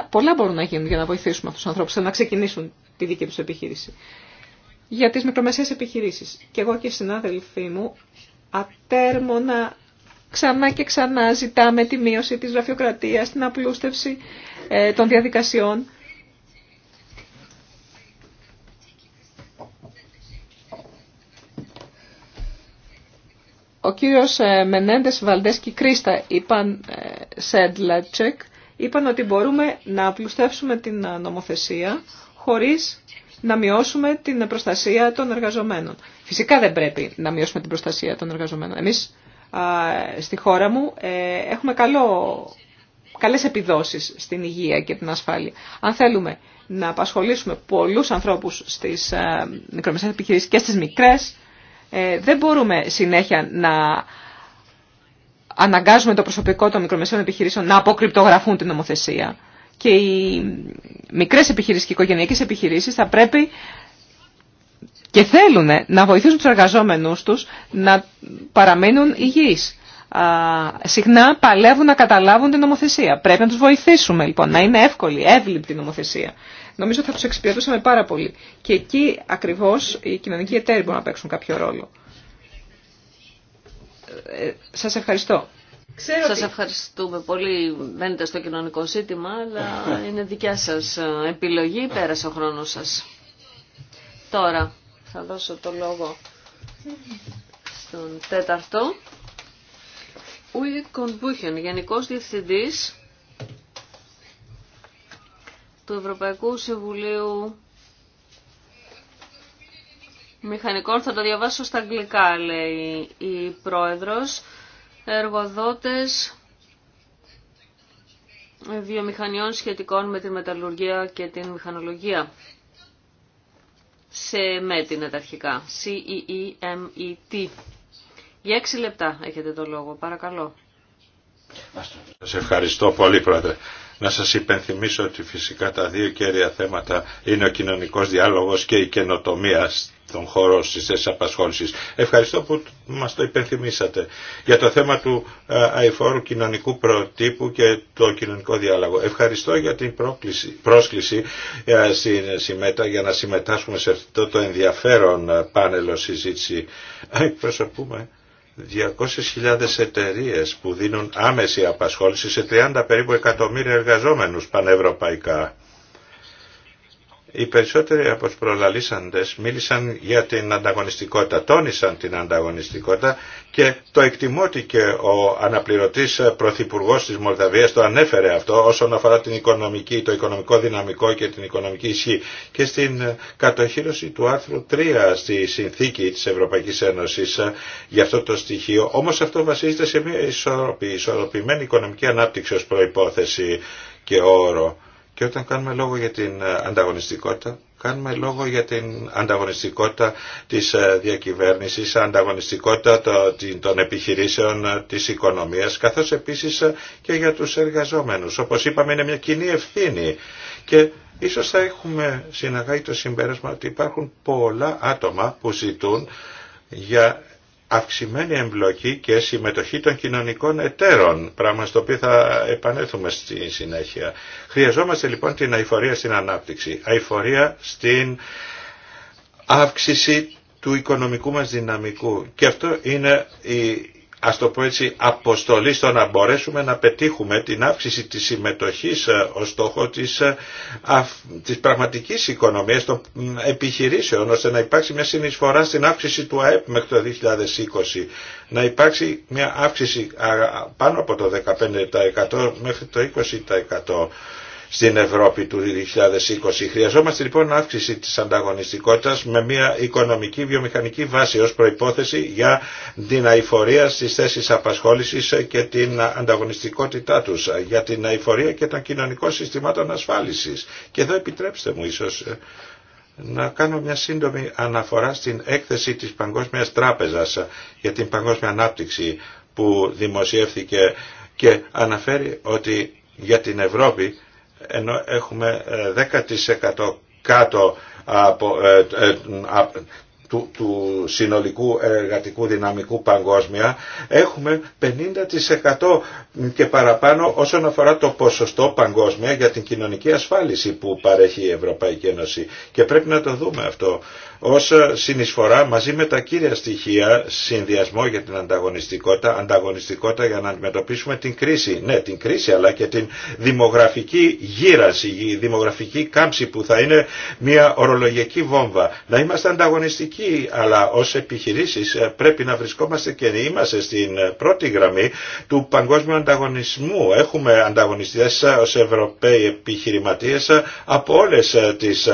πολλά μπορούν να γίνουν για να βοηθήσουμε αυτού του ανθρώπου, να ξεκινήσουν τη δική του επιχείρηση. Για τι μικρομεσαίες επιχειρήσει. Και εγώ και οι συνάδελφοί μου ατέρμονα ξανά και ξανά ζητάμε τη μείωση της γραφειοκρατίας, την απλούστευση ε, των διαδικασιών. Ο κύριος ε, Μενέντες Βαλδέσκι Κρίστα, είπαν Σέντλατσεκ, είπαν ότι μπορούμε να απλουστεύσουμε την νομοθεσία χωρίς να μειώσουμε την προστασία των εργαζομένων. Φυσικά δεν πρέπει να μειώσουμε την προστασία των εργαζομένων. Εμείς στη χώρα μου ε, έχουμε καλό, καλές επιδόσεις στην υγεία και την ασφάλεια. Αν θέλουμε να απασχολήσουμε πολλούς ανθρώπους στις ε, μικρομεσαίες επιχειρήσεις και στις μικρές, ε, δεν μπορούμε συνέχεια να αναγκάζουμε το προσωπικό των μικρομεσαίων επιχειρήσεων να αποκρυπτογραφούν την νομοθεσία. Και οι μικρέ επιχειρήσει και οι οικογενειακέ επιχειρήσεις θα πρέπει και θέλουν να βοηθήσουν του εργαζόμενου του να παραμείνουν υγιείς. συχνά παλεύουν να καταλάβουν την νομοθεσία. Πρέπει να του βοηθήσουμε λοιπόν, να είναι εύκολη, εύληπτη η νομοθεσία. Νομίζω θα του εξυπηρετούσαμε πάρα πολύ. Και εκεί ακριβώ οι κοινωνικοί εταίροι μπορούν να παίξουν κάποιο ρόλο. Ε, σας ευχαριστώ. σας ευχαριστούμε πολύ. Μένετε στο κοινωνικό ζήτημα, αλλά είναι δικιά σας ε, επιλογή. Πέρασε ο χρόνος σας. Τώρα θα δώσω το λόγο στον τέταρτο. Ουι Κοντμπούχεν, Γενικός Διευθυντής του Ευρωπαϊκού Συμβουλίου μηχανικών, θα το διαβάσω στα αγγλικά, λέει η πρόεδρος, εργοδότες βιομηχανιών σχετικών με τη μεταλλουργία και την μηχανολογία. Σε ΜΕΤ είναι τα αρχικα c e C-E-E-M-E-T. Για έξι λεπτά έχετε το λόγο. Παρακαλώ. Σα ευχαριστώ πολύ πρόεδρε. Να σας υπενθυμίσω ότι φυσικά τα δύο κέρια θέματα είναι ο κοινωνικός διάλογος και η καινοτομία τον χώρο στις Ευχαριστώ που μας το υπενθυμίσατε για το θέμα του ε, αηφόρου κοινωνικού προτύπου και το κοινωνικό διάλογο. Ευχαριστώ για την πρόκληση, πρόσκληση ε, για να συμμετάσχουμε σε αυτό το ενδιαφέρον ε, πάνελο συζήτηση. Εκπροσωπούμε 200.000 εταιρείε που δίνουν άμεση απασχόληση σε 30 περίπου εκατομμύρια εργαζόμενου πανευρωπαϊκά. Οι περισσότεροι από τους προλαλήσαντες μίλησαν για την ανταγωνιστικότητα, τόνισαν την ανταγωνιστικότητα και το εκτιμώ ο αναπληρωτής πρωθυπουργός της Μολδαβίας το ανέφερε αυτό όσον αφορά την οικονομική, το οικονομικό δυναμικό και την οικονομική ισχύ και στην κατοχήρωση του άρθρου 3 στη συνθήκη της Ευρωπαϊκής Ένωσης για αυτό το στοιχείο. Όμως αυτό βασίζεται σε μια ισορροπημένη οικονομική ανάπτυξη ως προϋπόθεση και όρο. Και όταν κάνουμε λόγο για την ε, ανταγωνιστικότητα, κάνουμε λόγο για την ανταγωνιστικότητα της ε, διακυβέρνησης, ανταγωνιστικότητα των επιχειρήσεων ε, της οικονομίας, καθώς επίσης και για τους εργαζόμενους. Όπως είπαμε είναι μια κοινή ευθύνη και ίσως θα έχουμε συναγάγει το συμπέρασμα ότι υπάρχουν πολλά άτομα που ζητούν για αυξημένη εμπλοκή και συμμετοχή των κοινωνικών εταίρων, πράγμα στο οποίο θα επανέλθουμε στη συνέχεια. Χρειαζόμαστε λοιπόν την αηφορία στην ανάπτυξη, αηφορία στην αύξηση του οικονομικού μας δυναμικού και αυτό είναι η ας το πω έτσι, αποστολή στο να μπορέσουμε να πετύχουμε την αύξηση της συμμετοχής ε, ως στόχο της, ε, της πραγματικής οικονομίας των επιχειρήσεων, ώστε να υπάρξει μια συνεισφορά στην αύξηση του ΑΕΠ μέχρι το 2020, να υπάρξει μια αύξηση πάνω από το 15% μέχρι το 20% στην Ευρώπη του 2020. Χρειαζόμαστε λοιπόν αύξηση της ανταγωνιστικότητας με μια οικονομική βιομηχανική βάση ως προϋπόθεση για την αηφορία στις θέσεις απασχόλησης και την ανταγωνιστικότητά τους, για την αηφορία και των κοινωνικών συστημάτων ασφάλισης. Και εδώ επιτρέψτε μου ίσως ε, να κάνω μια σύντομη αναφορά στην έκθεση της Παγκόσμιας Τράπεζας για την Παγκόσμια Ανάπτυξη που δημοσιεύθηκε και αναφέρει ότι για την Ευρώπη ενώ έχουμε 10% ε, κάτω από, ε, ε, του, του, συνολικού εργατικού δυναμικού παγκόσμια έχουμε 50% και παραπάνω όσον αφορά το ποσοστό παγκόσμια για την κοινωνική ασφάλιση που παρέχει η Ευρωπαϊκή Ένωση και πρέπει να το δούμε αυτό ως συνεισφορά μαζί με τα κύρια στοιχεία συνδυασμό για την ανταγωνιστικότητα, ανταγωνιστικότητα για να αντιμετωπίσουμε την κρίση. Ναι, την κρίση αλλά και την δημογραφική γύραση, η δημογραφική κάμψη που θα είναι μια ορολογική βόμβα. Να είμαστε ανταγωνιστικοί αλλά ως επιχειρήσεις ε, πρέπει να βρισκόμαστε και είμαστε στην πρώτη γραμμή του παγκόσμιου ανταγωνισμού. Έχουμε ανταγωνιστές ε, ως Ευρωπαίοι επιχειρηματίες ε, από, όλες τις,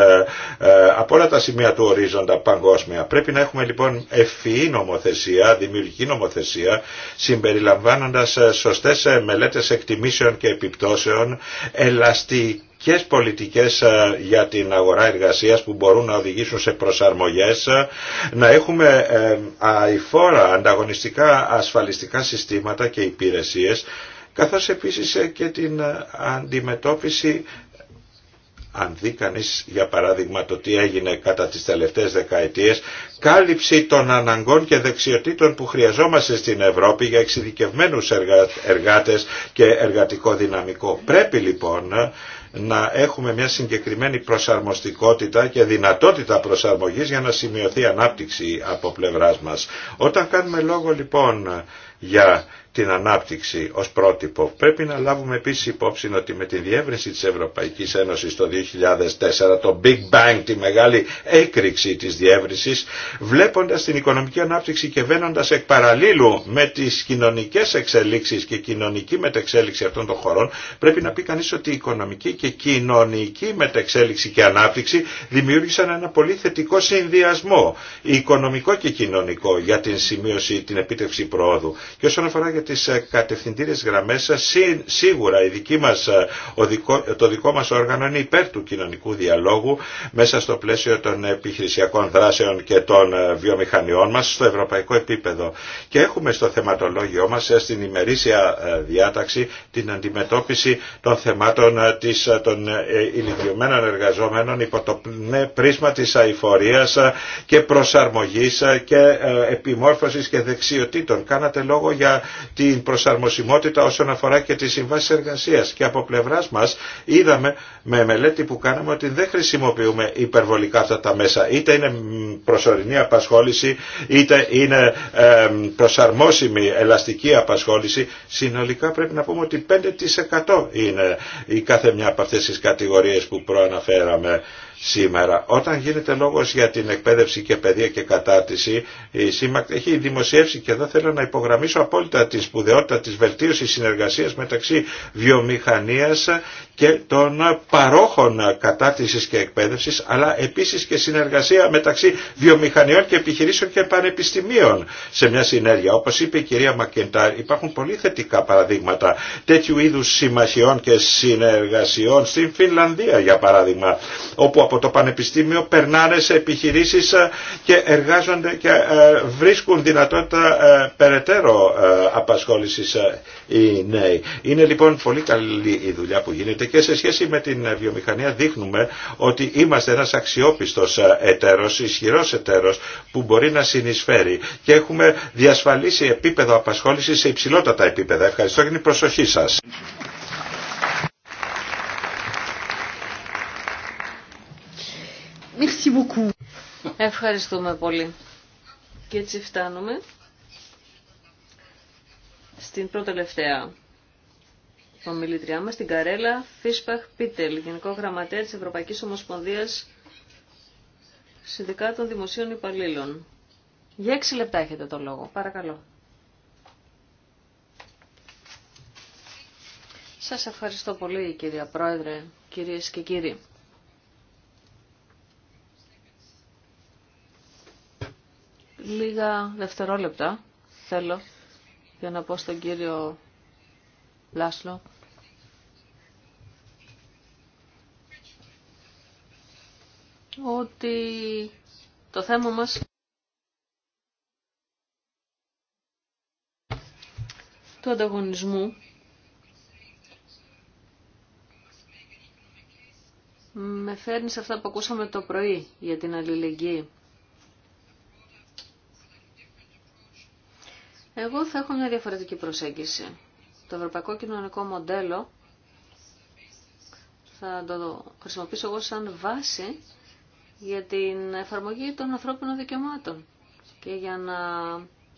από όλα τα σημεία του ορίζοντα ορίζοντα Πρέπει να έχουμε λοιπόν ευφυή νομοθεσία, δημιουργική νομοθεσία, συμπεριλαμβάνοντας ε, σωστές ε, μελέτες εκτιμήσεων και επιπτώσεων, ελαστικές πολιτικές ε, για την αγορά εργασίας που μπορούν να οδηγήσουν σε προσαρμογές, να έχουμε αηφόρα ανταγωνιστικά ασφαλιστικά συστήματα και υπηρεσίες, καθώς επίσης και την αντιμετώπιση αν δει κανεί για παράδειγμα το τι έγινε κατά τις τελευταίες δεκαετίες, κάλυψη των αναγκών και δεξιοτήτων που χρειαζόμαστε στην Ευρώπη για εξειδικευμένους εργάτες και εργατικό δυναμικό. Πρέπει λοιπόν να έχουμε μια συγκεκριμένη προσαρμοστικότητα και δυνατότητα προσαρμογής για να σημειωθεί ανάπτυξη από πλευράς μας. Όταν κάνουμε λόγο λοιπόν για την ανάπτυξη ως πρότυπο. Πρέπει να λάβουμε επίσης υπόψη ότι με τη διεύρυνση της Ευρωπαϊκής Ένωσης το 2004, το Big Bang, τη μεγάλη έκρηξη της διεύρυνσης, βλέποντας την οικονομική ανάπτυξη και βαίνοντας εκ παραλίλου με τις κοινωνικές εξελίξεις και κοινωνική μετεξέλιξη αυτών των χωρών, πρέπει να πει κανείς ότι η οικονομική και κοινωνική μετεξέλιξη και ανάπτυξη δημιούργησαν ένα πολύ θετικό συνδυασμό, οικονομικό και κοινωνικό, για την σημείωση, την επίτευξη προόδου. Και όσον αφορά για τις ε, κατευθυντήριες γραμμές, ε, σίγουρα η δική μας, ε, το δικό μας όργανο είναι υπέρ του κοινωνικού διαλόγου μέσα στο πλαίσιο των επιχειρησιακών δράσεων και των βιομηχανιών μας στο ευρωπαϊκό επίπεδο. Και έχουμε στο θεματολόγιο μας, στην ημερήσια διάταξη, την αντιμετώπιση των θεμάτων της, των ηλικιωμένων εργαζόμενων υπό το ναι, πρίσμα της αηφορίας και προσαρμογής και επιμόρφωσης και δεξιοτήτων λόγο για την προσαρμοσιμότητα όσον αφορά και τις συμβάσεις εργασίας. Και από πλευράς μας είδαμε με μελέτη που κάναμε ότι δεν χρησιμοποιούμε υπερβολικά αυτά τα μέσα. Είτε είναι προσωρινή απασχόληση, είτε είναι προσαρμόσιμη ελαστική απασχόληση. Συνολικά πρέπει να πούμε ότι 5% είναι η κάθε μια από αυτές τις κατηγορίες που προαναφέραμε σήμερα. Όταν γίνεται λόγος για την εκπαίδευση και παιδεία και κατάρτιση, η ΣΥΜΑΚΤ έχει δημοσιεύσει και εδώ θέλω να υπογραμμίσω απόλυτα τη σπουδαιότητα της βελτίωσης συνεργασίας μεταξύ βιομηχανίας και των παρόχων κατάρτισης και εκπαίδευσης, αλλά επίσης και συνεργασία μεταξύ βιομηχανιών και επιχειρήσεων και πανεπιστημίων σε μια συνέργεια. Όπως είπε η κυρία Μακεντάρ, υπάρχουν πολύ θετικά παραδείγματα τέτοιου είδους συμμαχιών και συνεργασιών στην Φινλανδία, για παράδειγμα, όπου από το Πανεπιστήμιο περνάνε σε επιχειρήσεις ε, και εργάζονται και ε, βρίσκουν δυνατότητα ε, περαιτέρω απασχόλησης οι νέοι. Είναι λοιπόν πολύ καλή η δουλειά που γίνεται και σε σχέση με την βιομηχανία δείχνουμε ότι είμαστε ένας αξιόπιστος εταίρος, ισχυρός εταίρος που μπορεί να συνεισφέρει και έχουμε διασφαλίσει επίπεδο απασχόλησης σε υψηλότατα επίπεδα. Ευχαριστώ για την προσοχή σας. Merci beaucoup. Ευχαριστούμε πολύ. Και έτσι φτάνουμε στην πρώτη τελευταία ομιλητριά μας, την Καρέλα Φίσπαχ Πίτελ, Γενικό Γραμματέα της Ευρωπαϊκής Ομοσπονδίας των Δημοσίων Υπαλλήλων. Για έξι λεπτά έχετε το λόγο. Παρακαλώ. Σας ευχαριστώ πολύ κυρία Πρόεδρε, κυρίες και κύριοι. Λίγα δευτερόλεπτα θέλω για να πω στον κύριο Λάσλο. ότι το θέμα μας του ανταγωνισμού με φέρνει σε αυτά που ακούσαμε το πρωί για την αλληλεγγύη. Εγώ θα έχω μια διαφορετική προσέγγιση. Το ευρωπαϊκό κοινωνικό μοντέλο θα το χρησιμοποιήσω εγώ σαν βάση για την εφαρμογή των ανθρώπινων δικαιωμάτων και για να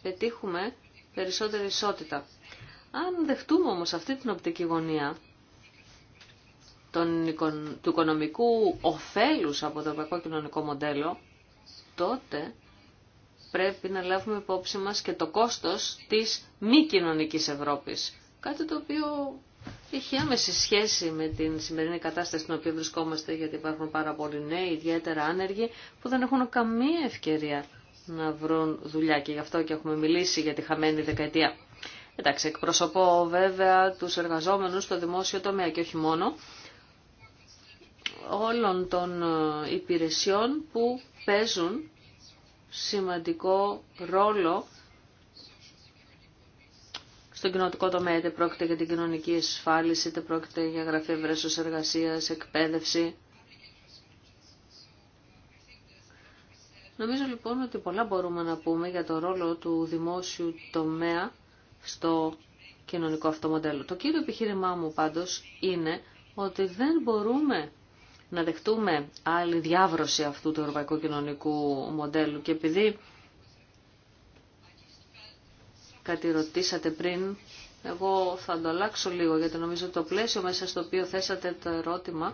πετύχουμε περισσότερη ισότητα. Αν δεχτούμε όμως αυτή την οπτική γωνία του οικονομικού ωφέλους από το ευρωπαϊκό κοινωνικό μοντέλο, τότε πρέπει να λάβουμε υπόψη μας και το κόστος της μη κοινωνικής Ευρώπης. Κάτι το οποίο έχει άμεση σχέση με την σημερινή κατάσταση στην οποία βρισκόμαστε, γιατί υπάρχουν πάρα πολλοί νέοι, ιδιαίτερα άνεργοι, που δεν έχουν καμία ευκαιρία να βρουν δουλειά και γι' αυτό και έχουμε μιλήσει για τη χαμένη δεκαετία. Εντάξει, εκπροσωπώ βέβαια τους εργαζόμενους στο δημόσιο τομέα και όχι μόνο, όλων των υπηρεσιών που παίζουν σημαντικό ρόλο στον κοινωτικό τομέα, είτε πρόκειται για την κοινωνική ασφάλιση, είτε πρόκειται για γραφεία βρέσεως εργασίας, εκπαίδευση. Νομίζω λοιπόν ότι πολλά μπορούμε να πούμε για το ρόλο του δημόσιου τομέα στο κοινωνικό αυτό μοντέλο. Το κύριο επιχείρημά μου πάντως είναι ότι δεν μπορούμε να δεχτούμε άλλη διάβρωση αυτού του ευρωπαϊκού κοινωνικού μοντέλου. Και επειδή κάτι ρωτήσατε πριν, εγώ θα το αλλάξω λίγο, γιατί νομίζω το πλαίσιο μέσα στο οποίο θέσατε το ερώτημα,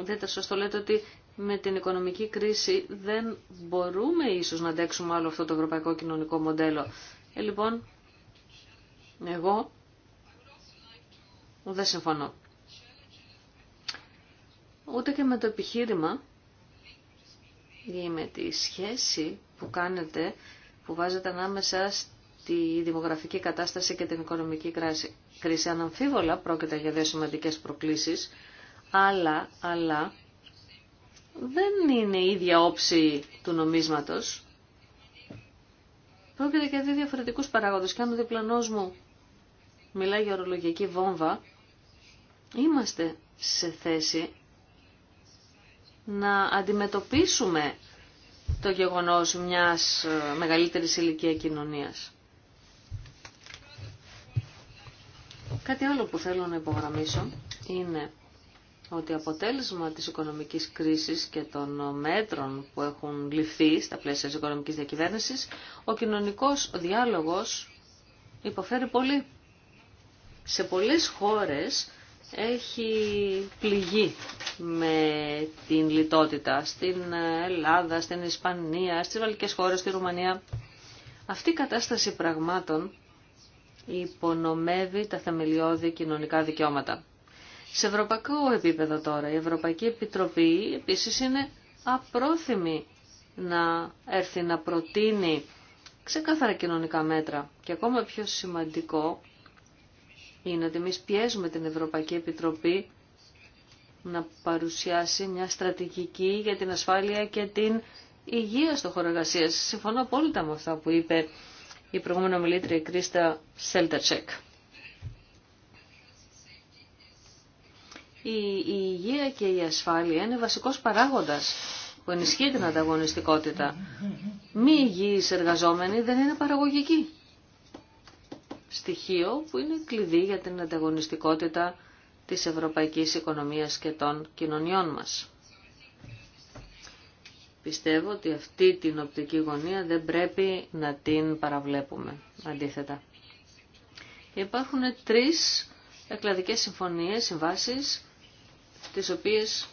δείτε σας το λέτε ότι με την οικονομική κρίση δεν μπορούμε ίσως να αντέξουμε άλλο αυτό το ευρωπαϊκό κοινωνικό μοντέλο. Ε, λοιπόν, εγώ δεν συμφωνώ ούτε και με το επιχείρημα ή με τη σχέση που κάνετε, που βάζετε ανάμεσα στη δημογραφική κατάσταση και την οικονομική κρίση. Αναμφίβολα πρόκειται για δύο σημαντικέ προκλήσεις, αλλά, αλλά δεν είναι η ίδια όψη του νομίσματος. Πρόκειται για δύο διαφορετικούς παράγοντες. Και αν ο διπλανός μου μιλάει για ορολογική βόμβα, είμαστε σε θέση να αντιμετωπίσουμε το γεγονός μιας ε, μεγαλύτερης ηλικία κοινωνίας. Κάτι άλλο που θέλω να υπογραμμίσω είναι ότι αποτέλεσμα της οικονομικής κρίσης και των μέτρων που έχουν ληφθεί στα πλαίσια της οικονομικής διακυβέρνησης, ο κοινωνικός διάλογος υποφέρει πολύ. Σε πολλές χώρες έχει πληγή με την λιτότητα στην Ελλάδα, στην Ισπανία, στις βαλικές χώρες, στη Ρουμανία. Αυτή η κατάσταση πραγμάτων υπονομεύει τα θεμελιώδη κοινωνικά δικαιώματα. Σε ευρωπαϊκό επίπεδο τώρα η Ευρωπαϊκή Επιτροπή επίσης είναι απρόθυμη να έρθει να προτείνει ξεκάθαρα κοινωνικά μέτρα. Και ακόμα πιο σημαντικό είναι ότι εμεί πιέζουμε την Ευρωπαϊκή Επιτροπή να παρουσιάσει μια στρατηγική για την ασφάλεια και την υγεία στο χώρο εργασία. Συμφωνώ απόλυτα με αυτά που είπε η προηγούμενη ομιλήτρια Κρίστα Σέλτερτσεκ. Η, υγεία και η ασφάλεια είναι βασικός παράγοντας που ενισχύει την ανταγωνιστικότητα. Μη υγιείς εργαζόμενοι δεν είναι παραγωγικοί στοιχείο που είναι κλειδί για την ανταγωνιστικότητα της ευρωπαϊκής οικονομίας και των κοινωνιών μας. Πιστεύω ότι αυτή την οπτική γωνία δεν πρέπει να την παραβλέπουμε, αντίθετα. Υπάρχουν τρεις εκλαδικές συμφωνίες, συμβάσεις, τις οποίες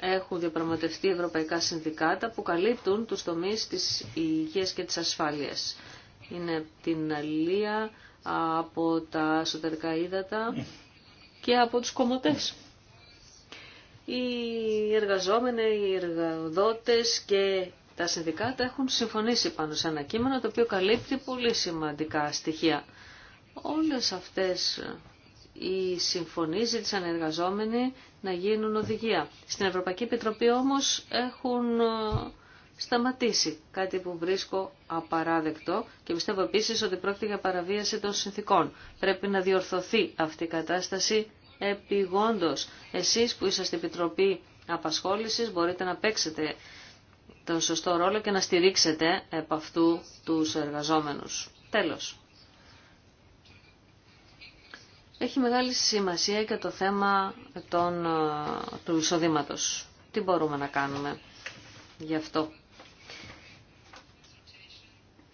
έχουν διαπραγματευτεί ευρωπαϊκά συνδικάτα που καλύπτουν τους τομείς της υγείας και της ασφάλειας είναι την αλληλεία από τα εσωτερικά ύδατα και από τους κομμωτές. Οι εργαζόμενοι, οι εργαδότες και τα συνδικάτα έχουν συμφωνήσει πάνω σε ένα κείμενο το οποίο καλύπτει πολύ σημαντικά στοιχεία. Όλες αυτές οι συμφωνίες ζήτησαν ανεργαζόμενοι να γίνουν οδηγία. Στην Ευρωπαϊκή Επιτροπή όμως έχουν σταματήσει. Κάτι που βρίσκω απαράδεκτο και πιστεύω επίση ότι πρόκειται για παραβίαση των συνθήκων. Πρέπει να διορθωθεί αυτή η κατάσταση επιγόντω. Εσείς που είσαστε Επιτροπή Απασχόλησης μπορείτε να παίξετε τον σωστό ρόλο και να στηρίξετε επ' αυτού τους εργαζόμενους. Τέλος. Έχει μεγάλη σημασία και το θέμα των, ε, του εισοδήματος. Τι μπορούμε να κάνουμε γι' αυτό.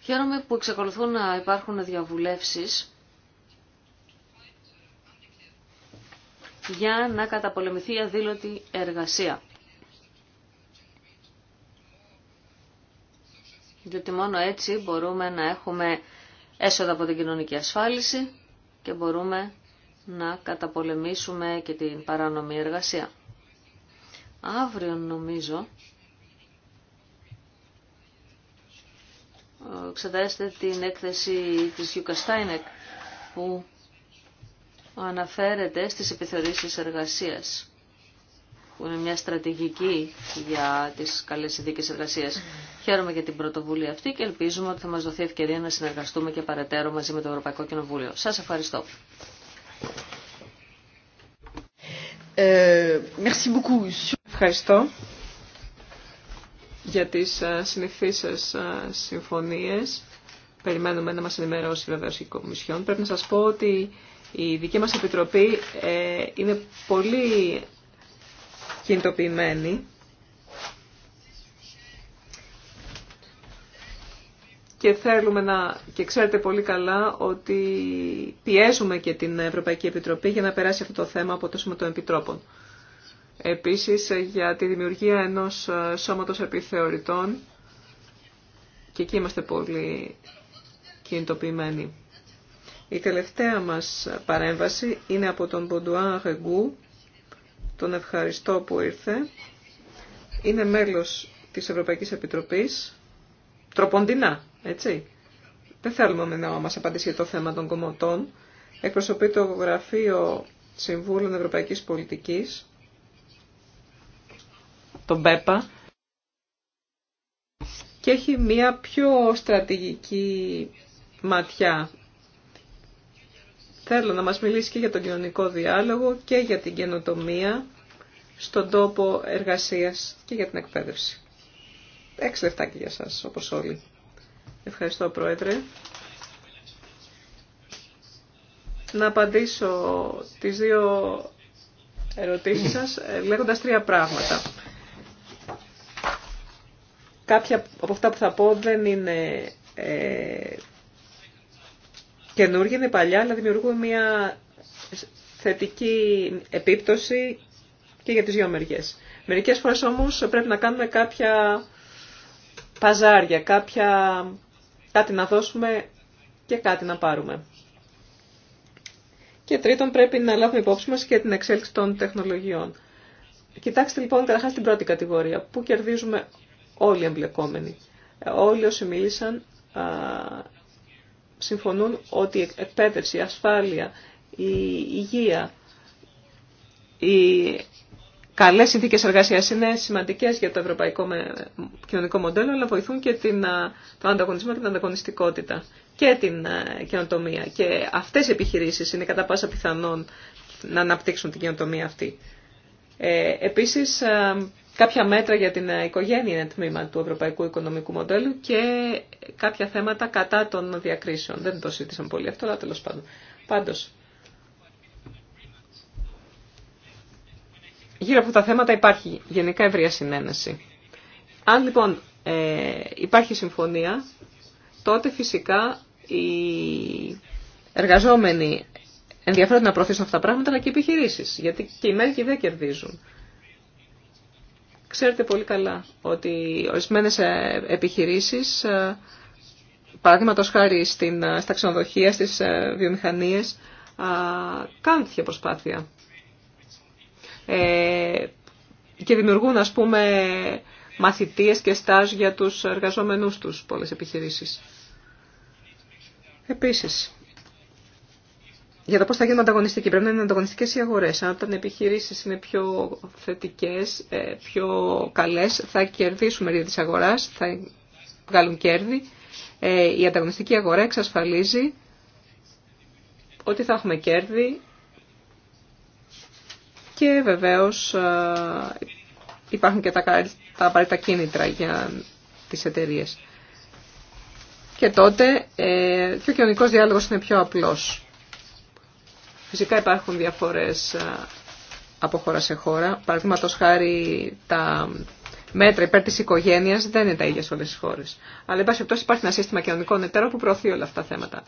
Χαίρομαι που εξακολουθούν να υπάρχουν διαβουλεύσεις για να καταπολεμηθεί η αδήλωτη εργασία. Διότι μόνο έτσι μπορούμε να έχουμε έσοδα από την κοινωνική ασφάλιση και μπορούμε να καταπολεμήσουμε και την παράνομη εργασία. Αύριο νομίζω εξετάσετε την έκθεση της Γιούκα Στάινεκ που αναφέρεται στις επιθεωρήσεις εργασίας που είναι μια στρατηγική για τις καλές συνθήκε εργασίας. Χαίρομαι για την πρωτοβουλία αυτή και ελπίζουμε ότι θα μας δοθεί ευκαιρία να συνεργαστούμε και παρατέρω μαζί με το Ευρωπαϊκό Κοινοβούλιο. Σας ευχαριστώ. Ε, ευχαριστώ για τις ε, συνηθίσεις ε, ε, συμφωνίες. Περιμένουμε να μας ενημερώσει βεβαίως η Κομισιόν. Πρέπει να σας πω ότι η δική μας Επιτροπή είναι πολύ κινητοποιημένη και θέλουμε να, και ξέρετε πολύ καλά ότι πιέζουμε και την Ευρωπαϊκή Επιτροπή για να περάσει αυτό το θέμα από το Σώμα Επιτρόπων. Επίσης για τη δημιουργία ενός ε, σώματος επιθεωρητών και εκεί είμαστε πολύ κινητοποιημένοι. Η τελευταία μας παρέμβαση είναι από τον Μποντουάν Ρεγκού, τον ευχαριστώ που ήρθε. Είναι μέλος της Ευρωπαϊκής Επιτροπής, τροποντινά, έτσι. Δεν θέλουμε να μας απαντήσει το θέμα των κομμωτών. Εκπροσωπεί το Γραφείο Συμβούλων Ευρωπαϊκής Πολιτικής τον ΠΕΠΑ και έχει μία πιο στρατηγική ματιά. Θέλω να μας μιλήσει και για τον κοινωνικό διάλογο και για την καινοτομία στον τόπο εργασίας και για την εκπαίδευση. Έξι λεφτάκι για σας, όπως όλοι. Ευχαριστώ, Πρόεδρε. Να απαντήσω τις δύο ερωτήσεις σας ε, λέγοντας τρία πράγματα. Κάποια από αυτά που θα πω δεν είναι ε, καινούργια, είναι παλιά, αλλά δημιουργούν μια θετική επίπτωση και για τις δύο μεριές. Μερικές φορές όμως πρέπει να κάνουμε κάποια παζάρια, κάποια, κάτι να δώσουμε και κάτι να πάρουμε. Και τρίτον πρέπει να λάβουμε υπόψη μας και την εξέλιξη των τεχνολογιών. Κοιτάξτε λοιπόν καταρχάς την πρώτη κατηγορία. Πού κερδίζουμε όλοι οι εμπλεκόμενοι. Ε, όλοι όσοι μίλησαν α, συμφωνούν ότι η εκπαίδευση, η ασφάλεια, η υγεία, οι καλές συνθήκες εργασίας είναι σημαντικές για το ευρωπαϊκό κοινωνικό μοντέλο, αλλά βοηθούν και την, το ανταγωνισμό και την ανταγωνιστικότητα και την καινοτομία. Και αυτές οι επιχειρήσεις είναι κατά πάσα πιθανόν να αναπτύξουν την καινοτομία αυτή. Ε, επίσης, κάποια μέτρα για την ε, οικογένεια είναι τμήμα του ευρωπαϊκού οικονομικού μοντέλου και κάποια θέματα κατά των διακρίσεων. Δεν το συζήτησαμε πολύ αυτό, αλλά τέλος πάντων. Πάντως, γύρω από τα θέματα υπάρχει γενικά ευρεία συνένεση. Αν λοιπόν ε, υπάρχει συμφωνία, τότε φυσικά οι εργαζόμενοι ενδιαφέρονται να προωθήσουν αυτά τα πράγματα, αλλά και οι επιχειρήσεις, γιατί και οι μέρη και κερδίζουν. Ξέρετε πολύ καλά ότι ορισμένε ε, επιχειρήσεις, ε, παραδείγματο χάρη στην, ε, στα ξενοδοχεία, στι βιομηχανίε, κάνουν τέτοια προσπάθεια. και δημιουργούν, ας πούμε, μαθητείες και στάζ για τους εργαζόμενούς τους πολλές επιχειρήσεις. Επίσης, για το πώ θα γίνουμε ανταγωνιστικοί. Πρέπει να είναι ανταγωνιστικέ οι αγορέ. Αν τα επιχείρησει είναι πιο θετικέ, ε, πιο καλές, θα κερδίσουμε μερίδα της αγοράς, θα βγάλουν κέρδη. Ε, η ανταγωνιστική αγορά εξασφαλίζει ότι θα έχουμε κέρδη και βεβαίως ε, υπάρχουν και τα, απαραίτητα κίνητρα για τις εταιρείε. Και τότε και ο κοινωνικός διάλογος είναι πιο απλός. Φυσικά υπάρχουν διαφορές ε, από χώρα σε χώρα. Παραδείγματος χάρη τα μέτρα υπέρ της οικογένειας δεν είναι τα ίδια σε όλες τις χώρες. Αλλά εν πάση υπάρχει ένα σύστημα κοινωνικών εταίρων που προωθεί όλα αυτά τα θέματα.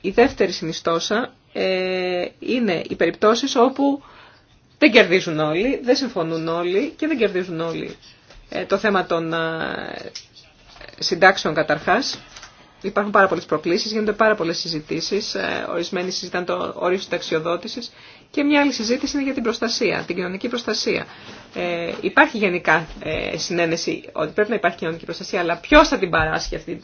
Η, δεύτερη συνιστόσα ε, είναι οι περιπτώσεις όπου δεν κερδίζουν όλοι, δεν συμφωνούν όλοι και δεν κερδίζουν όλοι. Ε, το θέμα των ε, συντάξεων καταρχάς Υπάρχουν πάρα πολλέ προκλήσει, γίνονται πάρα πολλέ συζητήσει. Ε, ορισμένοι συζητάνε το όριο ταξιοδότηση. και μια άλλη συζήτηση είναι για την προστασία, την κοινωνική προστασία. Ε, υπάρχει γενικά ε, συνένεση ότι πρέπει να υπάρχει κοινωνική προστασία, αλλά ποιο θα την παράσχει αυτή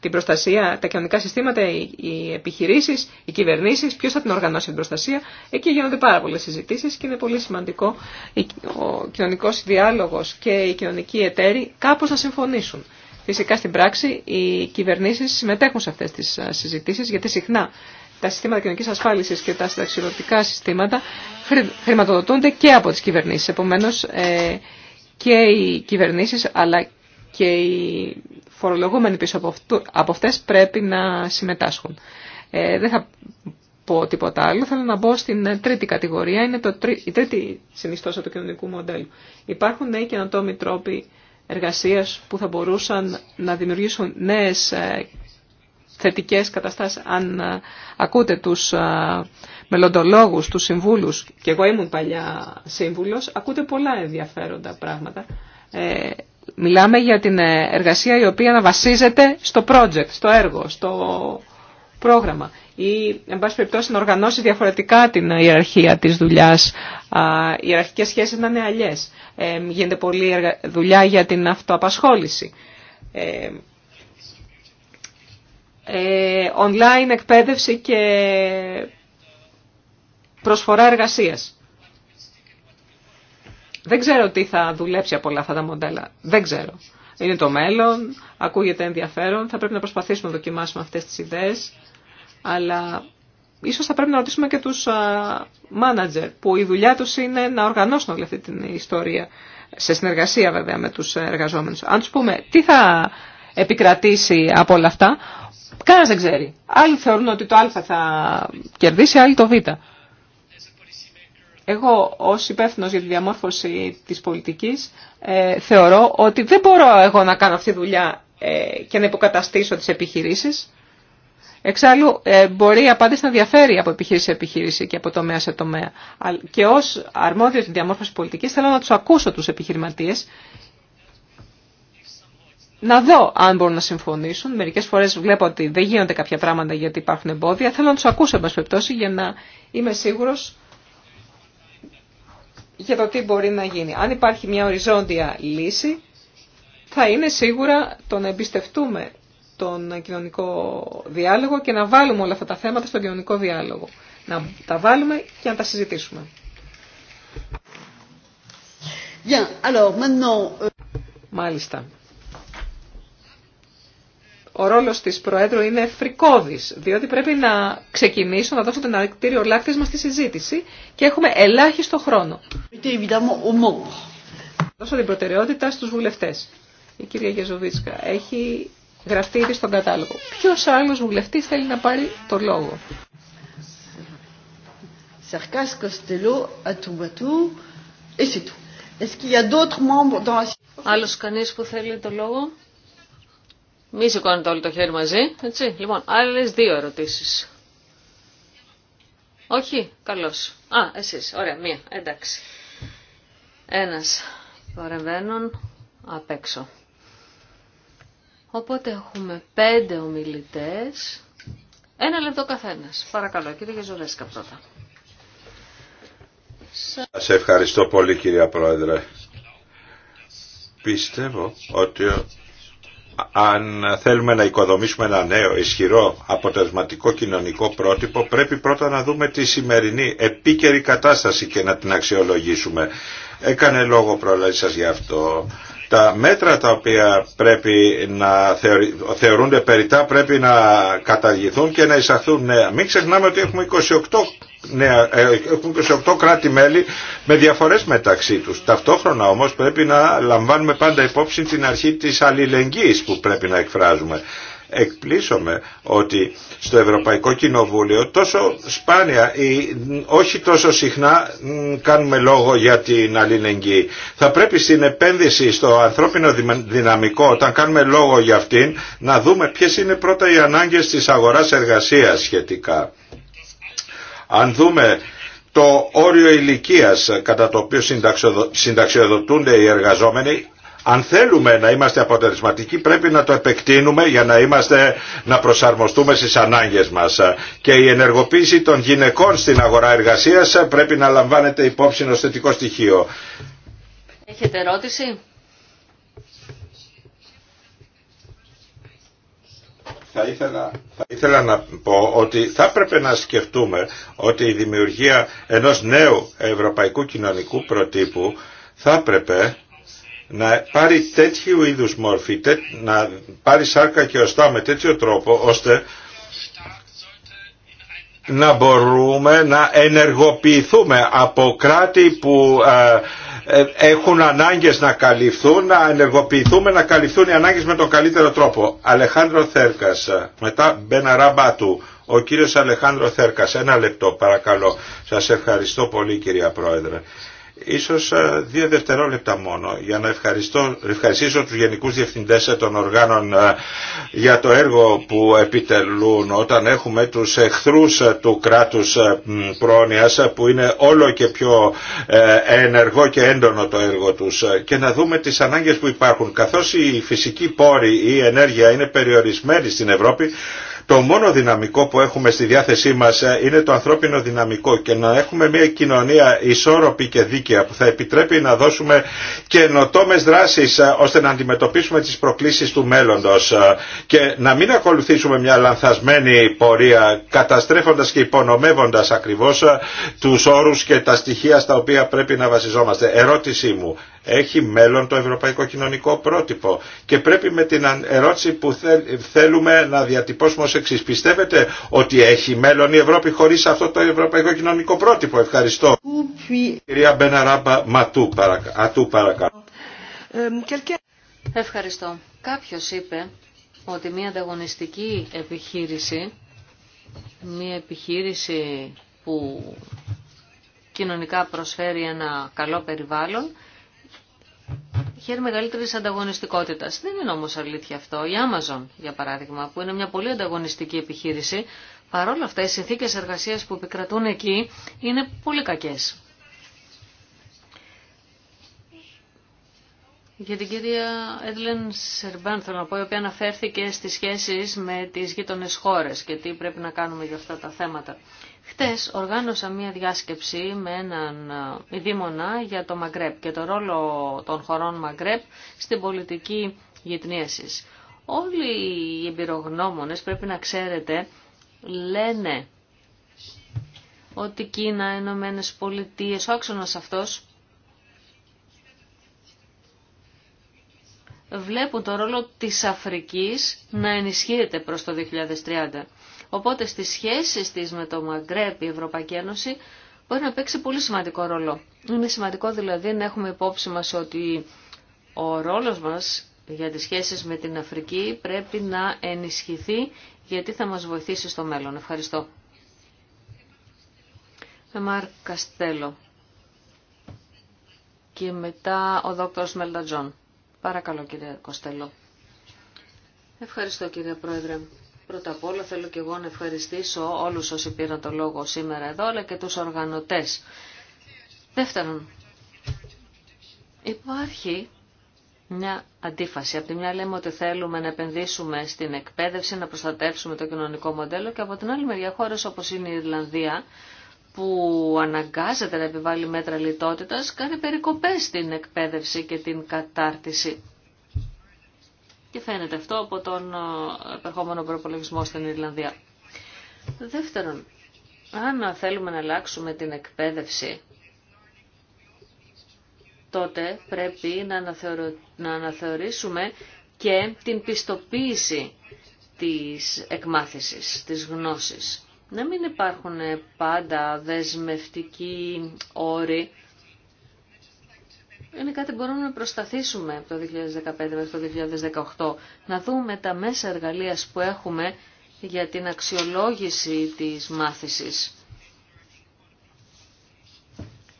την προστασία, τα κοινωνικά συστήματα, οι, οι επιχειρήσει, οι κυβερνήσει, ποιο θα την οργανώσει την προστασία. Εκεί γίνονται πάρα πολλέ συζητήσει και είναι πολύ σημαντικό ο κοινωνικό διάλογο και οι κοινωνικοί εταίροι κάπω να συμφωνήσουν. Φυσικά στην πράξη οι κυβερνήσεις συμμετέχουν σε αυτές τις ε, συζητήσεις γιατί συχνά τα συστήματα κοινωνική ασφάλιση και τα συνταξιδοτικά συστήματα χρηματοδοτούνται και από τι κυβερνήσει. Επομένω, ε, και οι κυβερνήσει αλλά και οι φορολογούμενοι πίσω από αυτέ πρέπει να συμμετάσχουν. Ε, δεν θα πω τίποτα άλλο. Θέλω να μπω στην τρίτη κατηγορία. Είναι το, η τρίτη συνιστόσα του κοινωνικού μοντέλου. Υπάρχουν νέοι καινοτόμοι τρόποι εργασίας που θα μπορούσαν να δημιουργήσουν νέες ε, θετικές καταστάσεις. Αν ε, ακούτε τους ε, μελλοντολόγους, τους συμβούλους, και εγώ ήμουν παλιά σύμβουλος, ακούτε πολλά ενδιαφέροντα πράγματα. Ε, μιλάμε για την εργασία η οποία να βασίζεται στο project, στο έργο, στο πρόγραμμα ή, εν πάση περιπτώσει, να οργανώσει διαφορετικά την ιεραρχία της δουλειάς. Οι ιεραρχικές σχέσεις να είναι αλλιές. Ε, γίνεται πολλή δουλειά για την αυτοαπασχόληση. Ε, ε, online εκπαίδευση και προσφορά εργασίας. Δεν ξέρω τι θα δουλέψει από όλα αυτά τα μοντέλα. Δεν ξέρω. Είναι το μέλλον, ακούγεται ενδιαφέρον, θα πρέπει να προσπαθήσουμε να δοκιμάσουμε αυτές τις ιδέες αλλά ίσως θα πρέπει να ρωτήσουμε και τους μάνατζερ που η δουλειά τους είναι να οργανώσουν όλη αυτή την ιστορία. Σε συνεργασία βέβαια με τους εργαζόμενους. Αν τους πούμε τι θα επικρατήσει από όλα αυτά, κανένα δεν ξέρει. Άλλοι θεωρούν ότι το α θα κερδίσει, άλλοι το β. Εγώ ως υπεύθυνο για τη διαμόρφωση της πολιτικής ε, θεωρώ ότι δεν μπορώ εγώ να κάνω αυτή τη δουλειά ε, και να υποκαταστήσω τις επιχειρήσεις. Εξάλλου, ε, μπορεί η απάντηση να διαφέρει από επιχείρηση σε επιχείρηση και από τομέα σε τομέα. Και ω αρμόδιο τη διαμόρφωση πολιτική, θέλω να του ακούσω του επιχειρηματίε, να δω αν μπορούν να συμφωνήσουν. Μερικέ φορέ βλέπω ότι δεν γίνονται κάποια πράγματα γιατί υπάρχουν εμπόδια. Θέλω να του ακούσω, εν για να είμαι σίγουρο για το τι μπορεί να γίνει. Αν υπάρχει μια οριζόντια λύση, θα είναι σίγουρα το να εμπιστευτούμε τον κοινωνικό διάλογο και να βάλουμε όλα αυτά τα θέματα στον κοινωνικό διάλογο. Να τα βάλουμε και να τα συζητήσουμε. Bien, alors, maintenant... Euh, Μάλιστα. Ο ρόλος της Προέδρου είναι φρικόδη, διότι πρέπει να ξεκινήσω, να δώσω την αρκτήριο λάκτισμα στη συζήτηση και έχουμε ελάχιστο χρόνο. Δώσω την προτεραιότητα στους βουλευτέ. Η κυρία Γεζοβίτσκα έχει γραφτεί στον κατάλογο. Ποιο άλλο βουλευτή θέλει να πάρει το λόγο. Σαρκάς Κοστελό, Ατουμπατού, εσύ Άλλος κανείς που θέλει το λόγο. Μη σηκώνετε όλοι το χέρι μαζί, έτσι. Λοιπόν, άλλε δύο ερωτήσει. Όχι, καλώ. Α, εσεί, ωραία, μία, εντάξει. Ένα. παρεμβαίνων απ' έξω. Οπότε έχουμε πέντε ομιλητές. Ένα λεπτό καθένας. Παρακαλώ, κύριε Γεζορέσκα πρώτα. Σας ευχαριστώ πολύ κυρία Πρόεδρε. Πιστεύω ότι αν θέλουμε να οικοδομήσουμε ένα νέο, ισχυρό, αποτελεσματικό κοινωνικό πρότυπο, πρέπει πρώτα να δούμε τη σημερινή επίκαιρη κατάσταση και να την αξιολογήσουμε. Έκανε λόγο προλόγη σας γι' αυτό τα μέτρα τα οποία πρέπει να θεωρούνται περιτά πρέπει να καταργηθούν και να εισαχθούν νέα. Μην ξεχνάμε ότι έχουμε 28 νέα, 28 ε, κράτη-μέλη με διαφορές μεταξύ τους. Ταυτόχρονα όμως πρέπει να λαμβάνουμε πάντα υπόψη την αρχή της αλληλεγγύης που πρέπει να εκφράζουμε εκπλήσωμαι ότι στο Ευρωπαϊκό Κοινοβούλιο τόσο σπάνια ή όχι τόσο συχνά κάνουμε λόγο για την αλληλεγγύη. Θα πρέπει στην επένδυση στο ανθρώπινο δυναμικό όταν κάνουμε λόγο για αυτήν να δούμε ποιες είναι πρώτα οι ανάγκες της αγοράς εργασίας σχετικά. Αν δούμε το όριο ηλικίας κατά το οποίο συνταξιοδοτούνται οι εργαζόμενοι αν θέλουμε να είμαστε αποτελεσματικοί πρέπει να το επεκτείνουμε για να, είμαστε, να προσαρμοστούμε στις ανάγκες μας. Και η ενεργοποίηση των γυναικών στην αγορά εργασίας πρέπει να λαμβάνεται υπόψη ως θετικό στοιχείο. Έχετε ερώτηση? Θα ήθελα, θα ήθελα να πω ότι θα έπρεπε να σκεφτούμε ότι η δημιουργία ενός νέου ευρωπαϊκού κοινωνικού προτύπου θα έπρεπε να πάρει τέτοιου είδους μόρφη, να πάρει σάρκα και οστά με τέτοιο τρόπο, ώστε να μπορούμε να ενεργοποιηθούμε από κράτη που ε, ε, έχουν ανάγκες να καλυφθούν, να ενεργοποιηθούμε, να καλυφθούν οι ανάγκες με τον καλύτερο τρόπο. Αλεχάνδρο Θέρκας, μετά Μπέναραμπα του, ο κύριος Αλεχάνδρο Θέρκας, ένα λεπτό παρακαλώ. Σας ευχαριστώ πολύ κυρία Πρόεδρε. Ίσως ε, δύο δευτερόλεπτα μόνο για να ευχαριστήσω τους Γενικούς Διευθυντές των Οργάνων ε, για το έργο που επιτελούν όταν έχουμε τους εχθρούς ε, του κράτους πρόνοιας που είναι όλο και πιο ενεργό και έντονο το έργο τους και να δούμε τις ανάγκες που υπάρχουν. Καθώς η φυσική πόρη η ενεργεια είναι περιορισμένη στην Ευρώπη το μόνο δυναμικό που έχουμε στη διάθεσή μας ε, είναι το ανθρώπινο δυναμικό και να έχουμε μια κοινωνία ισόρροπη και δίκαια που θα επιτρέπει να δώσουμε καινοτόμε δράσεις ε, ώστε να αντιμετωπίσουμε τις προκλήσεις του μέλλοντος ε, και να μην ακολουθήσουμε μια λανθασμένη πορεία καταστρέφοντας και υπονομεύοντας ακριβώς τους όρους και τα στοιχεία στα οποία πρέπει να βασιζόμαστε. Ερώτησή μου, έχει μέλλον το ευρωπαϊκό κοινωνικό πρότυπο. Και πρέπει με την ερώτηση που θέλουμε να διατυπώσουμε ως εξής. Πιστεύετε ότι έχει μέλλον η Ευρώπη χωρίς αυτό το ευρωπαϊκό κοινωνικό πρότυπο. Ευχαριστώ. Κυρία Μπέναράμπα Ματού, παρακαλώ. Ευχαριστώ. Κάποιος είπε ότι μια ανταγωνιστική επιχείρηση, μια επιχείρηση που κοινωνικά προσφέρει ένα καλό περιβάλλον, χέρι μεγαλύτερη ανταγωνιστικότητα. Δεν είναι όμω αλήθεια αυτό. Η Amazon, για παράδειγμα, που είναι μια πολύ ανταγωνιστική επιχείρηση, παρόλα αυτά οι συνθήκε εργασία που επικρατούν εκεί είναι πολύ κακέ. Για την κυρία Έντλεν Σερμπάν θέλω να πω, η οποία αναφέρθηκε στις σχέσεις με τις γείτονε χώρε και τι πρέπει να κάνουμε για αυτά τα θέματα. Χτες οργάνωσα μία διάσκεψη με έναν ε, ειδήμονα για το Μαγκρέπ και το ρόλο των χωρών Μαγκρέπ στην πολιτική γυτνίασης. Όλοι οι εμπειρογνώμονες πρέπει να ξέρετε λένε ότι Κίνα, Ηνωμένε Πολιτείε, ο άξονα αυτός βλέπουν το ρόλο της Αφρικής να ενισχύεται προς το 2030. Οπότε στις σχέσεις της με το Μαγκρέπ η Ευρωπαϊκή Ένωση μπορεί να παίξει πολύ σημαντικό ρόλο. Είναι σημαντικό δηλαδή να έχουμε υπόψη μας ότι ο ρόλος μας για τις σχέσεις με την Αφρική πρέπει να ενισχυθεί γιατί θα μας βοηθήσει στο μέλλον. Ευχαριστώ. Μαρ Καστέλο και μετά ο δόκτωρος Μελτατζόν. Παρακαλώ κύριε Κοστέλο. Ευχαριστώ κύριε Πρόεδρε. Πρώτα απ' όλα θέλω και εγώ να ευχαριστήσω όλους όσοι πήραν το λόγο σήμερα εδώ, αλλά και τους οργανωτές. Δεύτερον, υπάρχει μια αντίφαση. Από τη μια λέμε ότι θέλουμε να επενδύσουμε στην εκπαίδευση, να προστατεύσουμε το κοινωνικό μοντέλο και από την άλλη μεριά χώρες όπως είναι η Ιρλανδία που αναγκάζεται να επιβάλλει μέτρα λιτότητας κάνει περικοπές στην εκπαίδευση και την κατάρτιση. Και φαίνεται αυτό από τον ε, επερχόμενο προπολογισμό στην Ιρλανδία. Δεύτερον, αν θέλουμε να αλλάξουμε την εκπαίδευση, τότε πρέπει να, να αναθεωρήσουμε και την πιστοποίηση της εκμάθησης, της γνώσης. Να μην υπάρχουν πάντα δεσμευτικοί όροι είναι κάτι που μπορούμε να προσταθήσουμε από το 2015 μέχρι το 2018. Να δούμε τα μέσα εργαλείας που έχουμε για την αξιολόγηση της μάθησης.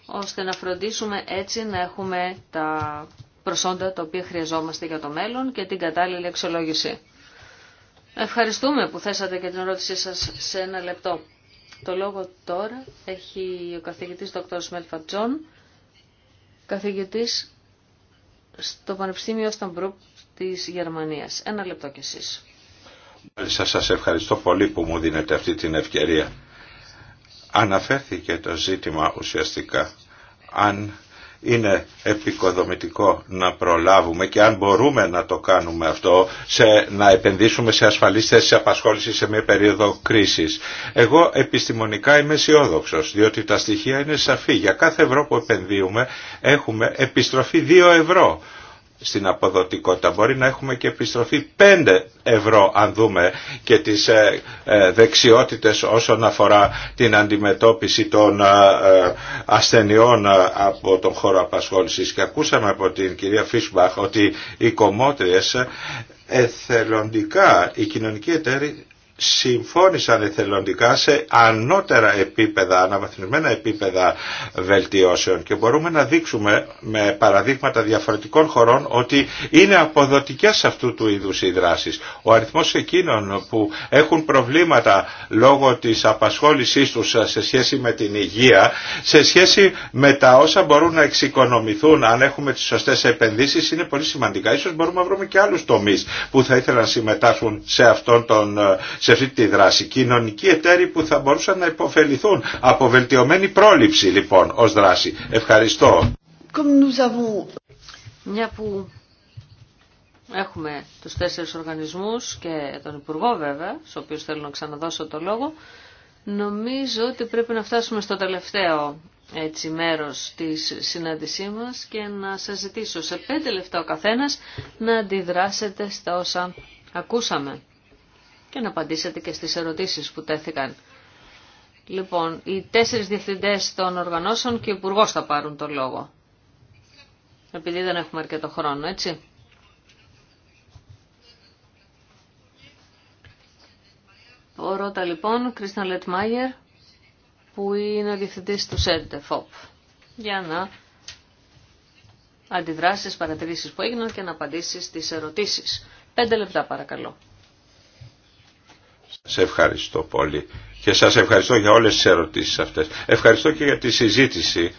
Ώστε να φροντίσουμε έτσι να έχουμε τα προσόντα τα οποία χρειαζόμαστε για το μέλλον και την κατάλληλη αξιολόγηση. Ευχαριστούμε που θέσατε και την ερώτησή σας σε ένα λεπτό. Το λόγο τώρα έχει ο καθηγητής Dr. Σμέλφα Τζον καθηγητής στο Πανεπιστήμιο Σταμπρούκ της Γερμανίας. Ένα λεπτό κι εσείς. σας ευχαριστώ πολύ που μου δίνετε αυτή την ευκαιρία. Αναφέρθηκε το ζήτημα ουσιαστικά αν είναι επικοδομητικό να προλάβουμε και αν μπορούμε να το κάνουμε αυτό, σε, να επενδύσουμε σε ασφαλείς θέσεις απασχόλησης σε μια περίοδο κρίσης. Εγώ επιστημονικά είμαι αισιόδοξο, διότι τα στοιχεία είναι σαφή. Για κάθε ευρώ που επενδύουμε έχουμε επιστροφή 2 ευρώ στην αποδοτικότητα. Μπορεί να έχουμε και επιστροφή 5 ευρώ αν δούμε και τις ε, ε, δεξιότητες όσον αφορά την αντιμετώπιση των ε, ασθενειών από τον χώρο απασχόλησης. Και ακούσαμε από την κυρία Φίσμπαχ ότι οι κομμότριες εθελοντικά οι κοινωνικοί εταίροι συμφώνησαν εθελοντικά σε ανώτερα επίπεδα, αναβαθμισμένα επίπεδα βελτιώσεων και μπορούμε να δείξουμε με παραδείγματα διαφορετικών χωρών ότι είναι αποδοτικές αυτού του είδους οι δράσεις. Ο αριθμός εκείνων που έχουν προβλήματα λόγω της απασχόλησής τους σε σχέση με την υγεία, σε σχέση με τα όσα μπορούν να εξοικονομηθούν αν έχουμε τις σωστές επενδύσεις είναι πολύ σημαντικά. Ίσως μπορούμε να βρούμε και άλλους τομείς που θα ήθελαν να συμμετάσχουν σε αυτόν τον σε αυτή τη δράση. Κοινωνικοί εταίροι που θα μπορούσαν να υποφεληθούν από βελτιωμένη πρόληψη λοιπόν ως δράση. Ευχαριστώ. Μια που έχουμε τους τέσσερις οργανισμούς και τον Υπουργό βέβαια, στους οποίους θέλω να ξαναδώσω το λόγο, νομίζω ότι πρέπει να φτάσουμε στο τελευταίο έτσι μέρος της συνάντησή μας και να σας ζητήσω σε πέντε λεπτά ο καθένας να αντιδράσετε στα όσα ακούσαμε και να απαντήσετε και στις ερωτήσεις που τέθηκαν. Λοιπόν, οι τέσσερις διευθυντές των οργανώσεων και ο υπουργό θα πάρουν το λόγο. Επειδή δεν έχουμε αρκετό χρόνο, έτσι. Ρώτα λοιπόν, Κρίστα Λετμάγερ, που είναι ο διευθυντής του ΣΕΝΤΕΦΟΠ, για να αντιδράσει στις παρατηρήσεις που έγιναν και να απαντήσει στις ερωτήσεις. Πέντε λεπτά παρακαλώ. Σε ευχαριστώ πολύ και σας ευχαριστώ για όλες τις ερωτήσεις αυτές. Ευχαριστώ και για τη συζήτηση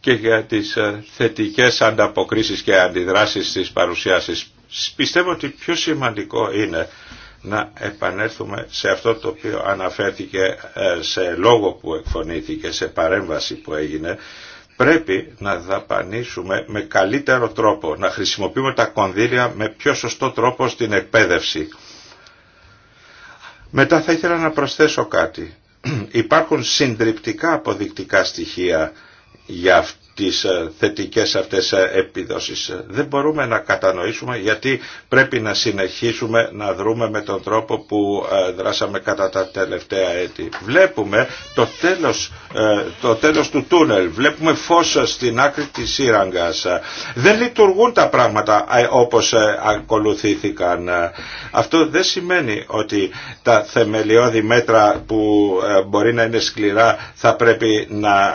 και για τις ε, θετικές ανταποκρίσεις και αντιδράσεις της παρουσιάσεις. Πιστεύω ότι πιο σημαντικό είναι να επανέλθουμε σε αυτό το οποίο αναφέρθηκε ε, σε λόγο που εκφωνήθηκε, σε παρέμβαση που έγινε, πρέπει να δαπανίσουμε με καλύτερο τρόπο, να χρησιμοποιούμε τα κονδύλια με πιο σωστό τρόπο στην εκπαίδευση. Μετά θα ήθελα να προσθέσω κάτι. Υπάρχουν συντριπτικά αποδεικτικά στοιχεία για αυτό τις ε, θετικές αυτές ε, επιδόσεις. Δεν μπορούμε να κατανοήσουμε γιατί πρέπει να συνεχίσουμε να δρούμε με τον τρόπο που ε, δράσαμε κατά τα τελευταία έτη. Βλέπουμε το τέλος, το τέλος του τούνελ, βλέπουμε φως στην άκρη της σύραγγας. Δεν λειτουργούν τα πράγματα όπως ακολουθήθηκαν. Αυτό δεν σημαίνει ότι τα θεμελιώδη μέτρα που μπορεί να είναι σκληρά θα πρέπει να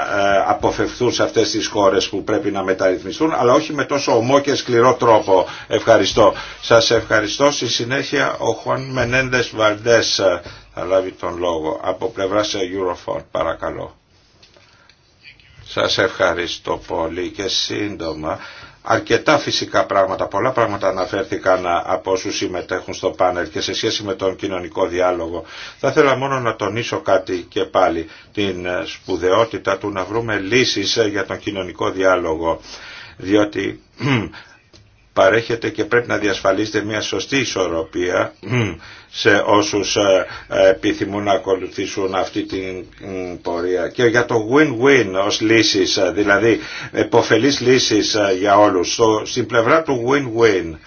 αποφευθούν σε αυτές τις τις χώρες που πρέπει να μεταρρυθμιστούν, αλλά όχι με τόσο ομό και σκληρό τρόπο. Ευχαριστώ. Σας ευχαριστώ. Στη συνέχεια ο Χουάν Μενέντες Βαλντές ε, θα λάβει τον λόγο από πλευρά σε Eurofort. Παρακαλώ. Σας ευχαριστώ πολύ και σύντομα Αρκετά φυσικά πράγματα, πολλά πράγματα αναφέρθηκαν από όσου συμμετέχουν στο πάνελ και σε σχέση με τον κοινωνικό διάλογο. Θα ήθελα μόνο να τονίσω κάτι και πάλι, την σπουδαιότητα του να βρούμε λύσεις για τον κοινωνικό διάλογο. Διότι παρέχεται και πρέπει να διασφαλίσετε μια σωστή ισορροπία σε όσους ε, ε, επιθυμούν να ακολουθήσουν αυτή την πορεία. Και για το win-win ως ε, δηλαδή λύσεις, δηλαδή εποφελείς λύσεις για όλους, στην πλευρά του win-win.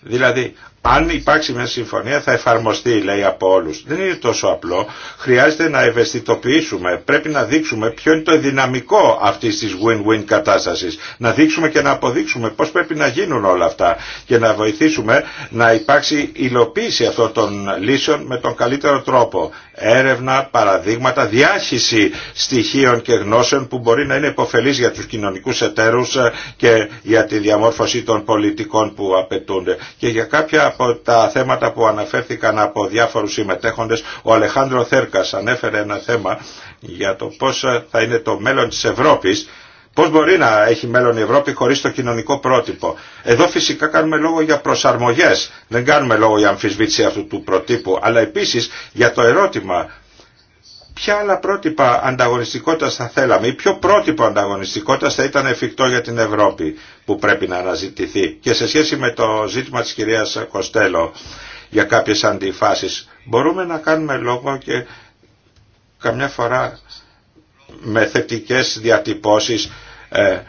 Δηλαδή αν υπάρξει μια συμφωνία θα εφαρμοστεί λέει από όλους. Δεν είναι τόσο απλό. Χρειάζεται να ευαισθητοποιήσουμε. Πρέπει να δείξουμε ποιο είναι το δυναμικό αυτής της win-win κατάστασης. Να δείξουμε και να αποδείξουμε πώς πρέπει να γίνουν όλα αυτά. Και να βοηθήσουμε να υπάρξει υλοποίηση αυτών των λύσεων με τον καλύτερο τρόπο έρευνα, παραδείγματα, διάχυση στοιχείων και γνώσεων που μπορεί να είναι υποφελής για τους κοινωνικούς εταίρους ε, και για τη διαμόρφωση των πολιτικών που απαιτούνται. Και για κάποια από τα θέματα που αναφέρθηκαν από διάφορους συμμετέχοντες, ο Αλεχάνδρο Θέρκας ανέφερε ένα θέμα για το πώς ε, θα είναι το μέλλον της Ευρώπης Πώς μπορεί να έχει μέλλον η Ευρώπη χωρίς το κοινωνικό πρότυπο. Εδώ φυσικά κάνουμε λόγο για προσαρμογές, δεν κάνουμε λόγο για αμφισβήτηση αυτού του προτύπου, αλλά επίσης για το ερώτημα ποια άλλα πρότυπα ανταγωνιστικότητας θα θέλαμε ή ποιο πρότυπο ανταγωνιστικότητας θα ήταν εφικτό για την Ευρώπη που πρέπει να αναζητηθεί. Και σε σχέση με το ζήτημα της κυρίας Κοστέλο για κάποιες αντιφάσεις μπορούμε να κάνουμε λόγο και καμιά φορά με θετικές διατυπώσεις ε,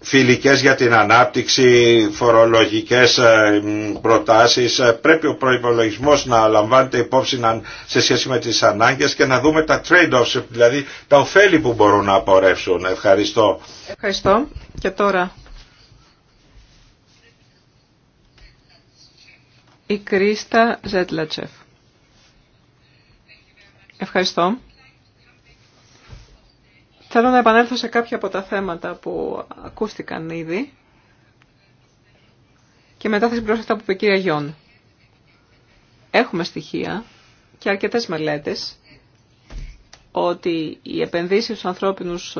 φιλικές για την ανάπτυξη, φορολογικές ε, προτάσεις. Ε, πρέπει ο προϋπολογισμός να λαμβάνεται υπόψη σε σχέση με τις ανάγκες και να δούμε τα trade-offs, δηλαδή τα ωφέλη που μπορούν να απορρεύσουν. Ευχαριστώ. Ευχαριστώ. Και τώρα η Κρίστα Ζέτλατσεφ. Ευχαριστώ. Θέλω να επανέλθω σε κάποια από τα θέματα που ακούστηκαν ήδη και μετά θα συμπληρώσω αυτά που είπε η Γιόν. Έχουμε στοιχεία και αρκετές μελέτες ότι οι επενδύσεις στους ανθρώπινους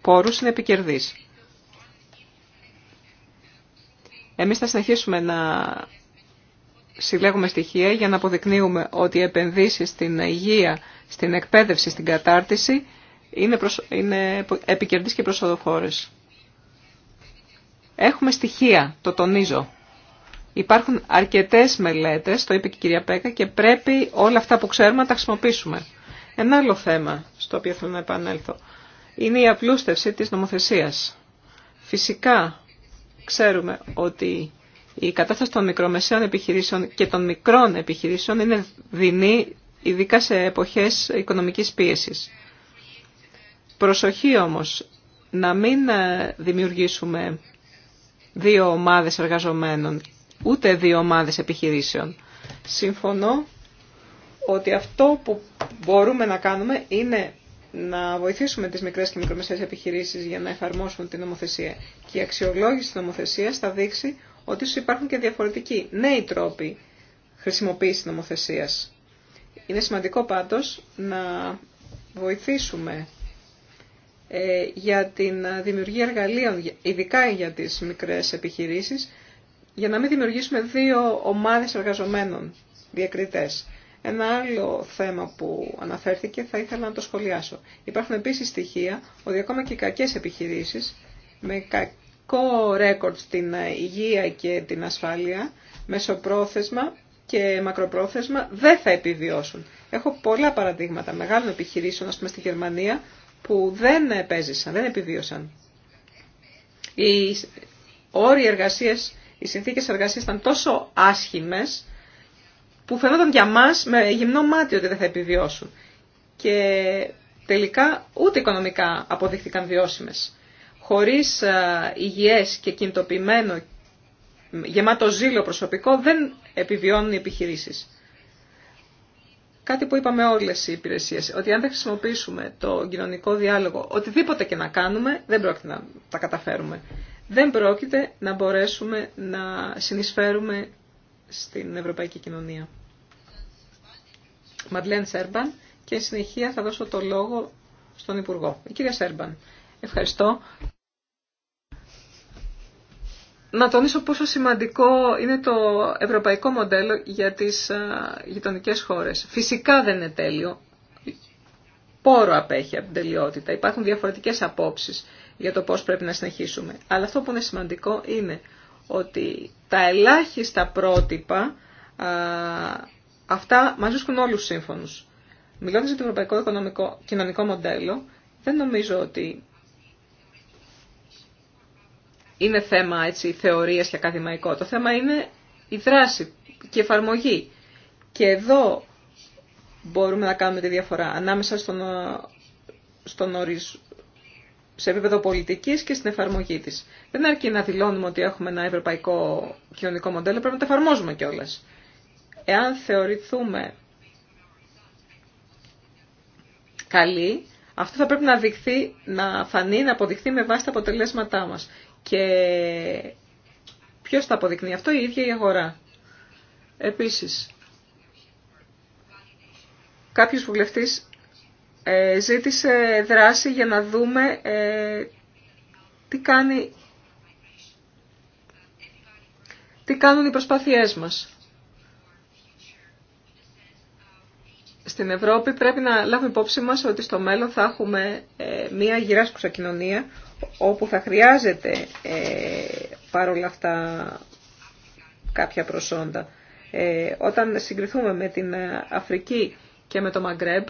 πόρους είναι επικερδής. Εμείς θα συνεχίσουμε να συλλέγουμε στοιχεία για να αποδεικνύουμε ότι οι επενδύσεις στην υγεία, στην εκπαίδευση, στην κατάρτιση είναι, προσ... είναι επικερδείς και προσοδοχώρες. Έχουμε στοιχεία, το τονίζω. Υπάρχουν αρκετές μελέτες, το είπε και η κυρία Πέκα, και πρέπει όλα αυτά που ξέρουμε να τα χρησιμοποιήσουμε. Ένα άλλο θέμα στο οποίο θέλω να επανέλθω είναι η απλούστευση της νομοθεσίας. Φυσικά ξέρουμε ότι η κατάσταση των μικρομεσαίων επιχειρήσεων και των μικρών επιχειρήσεων είναι δεινή, ειδικά σε εποχές οικονομικής πίεσης. Προσοχή όμως να μην ε, δημιουργήσουμε δύο ομάδες εργαζομένων, ούτε δύο ομάδες επιχειρήσεων. Συμφωνώ ότι αυτό που μπορούμε να κάνουμε είναι να βοηθήσουμε τις μικρές και μικρομεσαίες επιχειρήσεις για να εφαρμόσουν την νομοθεσία. Και η αξιολόγηση της νομοθεσίας θα δείξει ότι ίσως υπάρχουν και διαφορετικοί νέοι τρόποι χρησιμοποίησης νομοθεσίας. Είναι σημαντικό πάντως να βοηθήσουμε ε, για την δημιουργία εργαλείων, ειδικά για τις μικρές επιχειρήσεις, για να μην δημιουργήσουμε δύο ομάδες εργαζομένων διακριτές. Ένα άλλο θέμα που αναφέρθηκε θα ήθελα να το σχολιάσω. Υπάρχουν επίσης στοιχεία ότι ακόμα και οι κακές επιχειρήσεις με κακό ρέκορτ στην υγεία και την ασφάλεια, μεσοπρόθεσμα και μακροπρόθεσμα δεν θα επιβιώσουν. Έχω πολλά παραδείγματα μεγάλων επιχειρήσεων, α πούμε στη Γερμανία, που δεν επέζησαν, δεν επιβίωσαν. Οι όροι εργασίες, οι συνθήκες εργασίας ήταν τόσο άσχημες που φαινόταν για μας με γυμνό μάτι ότι δεν θα επιβιώσουν. Και τελικά ούτε οικονομικά αποδείχθηκαν βιώσιμες. Χωρίς ε, υγιές και κινητοποιημένο γεμάτο ζήλο προσωπικό δεν επιβιώνουν οι επιχειρήσεις κάτι που είπαμε όλες οι υπηρεσίες, ότι αν δεν χρησιμοποιήσουμε το κοινωνικό διάλογο, οτιδήποτε και να κάνουμε, δεν πρόκειται να τα καταφέρουμε. Δεν πρόκειται να μπορέσουμε να συνεισφέρουμε στην ευρωπαϊκή κοινωνία. Μαντλέν Σέρμπαν και συνεχεία θα δώσω το λόγο στον Υπουργό. Η Σέρμπαν. Ευχαριστώ να τονίσω πόσο σημαντικό είναι το ευρωπαϊκό μοντέλο για τις ε, γειτονικέ χώρες. Φυσικά δεν είναι τέλειο. Πόρο απέχει από την τελειότητα. Υπάρχουν διαφορετικές απόψεις για το πώς πρέπει να συνεχίσουμε. Αλλά αυτό που είναι σημαντικό είναι ότι τα ελάχιστα πρότυπα ε, αυτά μας βρίσκουν όλους σύμφωνους. Μιλώντας για το ευρωπαϊκό οικονομικό, κοινωνικό μοντέλο, δεν νομίζω ότι είναι θέμα έτσι, θεωρίας και ακαδημαϊκό. Το θέμα είναι η δράση και η εφαρμογή. Και εδώ μπορούμε να κάνουμε τη διαφορά ανάμεσα στον, στον ορισ... σε επίπεδο πολιτικής και στην εφαρμογή της. Δεν αρκεί να δηλώνουμε ότι έχουμε ένα ευρωπαϊκό κοινωνικό μοντέλο, πρέπει να το εφαρμόζουμε κιόλα. Εάν θεωρηθούμε καλή, αυτό θα πρέπει να, να φανεί, να αποδειχθεί με βάση τα αποτελέσματά μας. Και ποιος θα αποδεικνύει αυτό, η ίδια η αγορά. Επίσης, κάποιος βουλευτής ε, ζήτησε δράση για να δούμε ε, τι, κάνει, τι κάνουν οι προσπάθειές μας. Στην Ευρώπη πρέπει να λάβουμε υπόψη μας ότι στο μέλλον θα έχουμε ε, μία γυράσκουσα κοινωνία όπου θα χρειάζεται ε, παρόλα αυτά κάποια προσόντα. Ε, όταν συγκριθούμε με την ε, Αφρική και με το Μαγκρέμπ,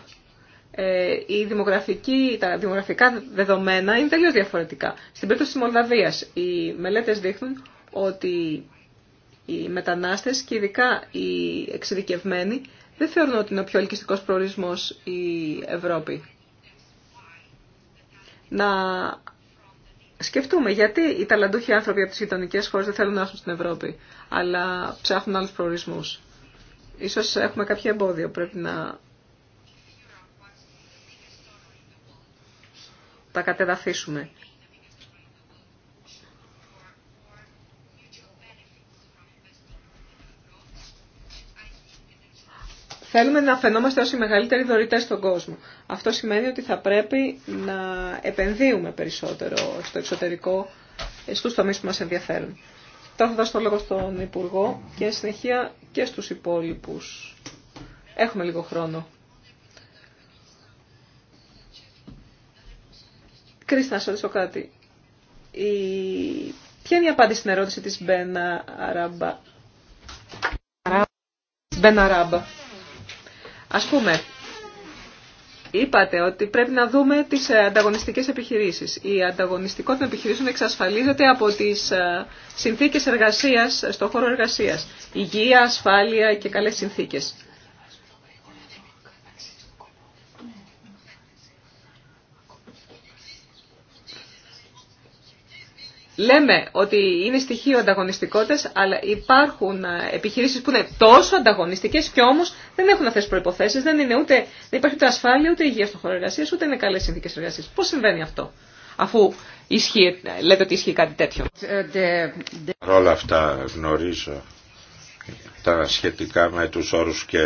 η τα δημογραφικά δεδομένα είναι τελείως διαφορετικά. Στην περίπτωση της Μολδαβίας, οι μελέτες δείχνουν ότι οι μετανάστες και ειδικά οι εξειδικευμένοι δεν θεωρούν ότι είναι ο πιο ελκυστικός προορισμός η Ευρώπη. Να σκεφτούμε γιατί οι ταλαντούχοι άνθρωποι από τι γειτονικέ χώρε δεν θέλουν να έρθουν στην Ευρώπη, αλλά ψάχνουν άλλους προορισμούς. Ίσως έχουμε κάποιο εμπόδιο, πρέπει να τα κατεδαφίσουμε. Θέλουμε να φαινόμαστε ως οι μεγαλύτεροι δωρητές στον κόσμο. Αυτό σημαίνει ότι θα πρέπει να επενδύουμε περισσότερο στο εξωτερικό, στους τομείς που μας ενδιαφέρουν. Τώρα θα δώσω το λόγο στον Υπουργό και συνεχεία και στους υπόλοιπους. Έχουμε λίγο χρόνο. Κρίστα, να σα ρωτήσω κάτι. Η... Ποια είναι η απάντηση στην ερώτηση της Μπένα Αράμπα. Μπένα Αράμπα. Ας πούμε, είπατε ότι πρέπει να δούμε τις ε, ανταγωνιστικές επιχειρήσεις. Η ανταγωνιστικότητα των επιχειρήσεων εξασφαλίζεται από τις ε, συνθήκες εργασίας, ε, στον χώρο εργασίας. Υγεία, ασφάλεια και καλές συνθήκες. λέμε ότι είναι στοιχείο ανταγωνιστικότητα, αλλά υπάρχουν ε, επιχειρήσεις που είναι τόσο ανταγωνιστικές και όμως δεν έχουν αυτές τις προϋποθέσεις, δεν, είναι ούτε, δεν υπάρχει ούτε ασφάλεια, ούτε υγεία στον χώρο εργασία, ούτε είναι καλέ συνθήκες εργασίας. Πώς συμβαίνει αυτό, αφού ισχύει, λέτε ότι ισχύει κάτι τέτοιο. Ε, Παρ' όλα αυτά γνωρίζω τα σχετικά με τους όρους και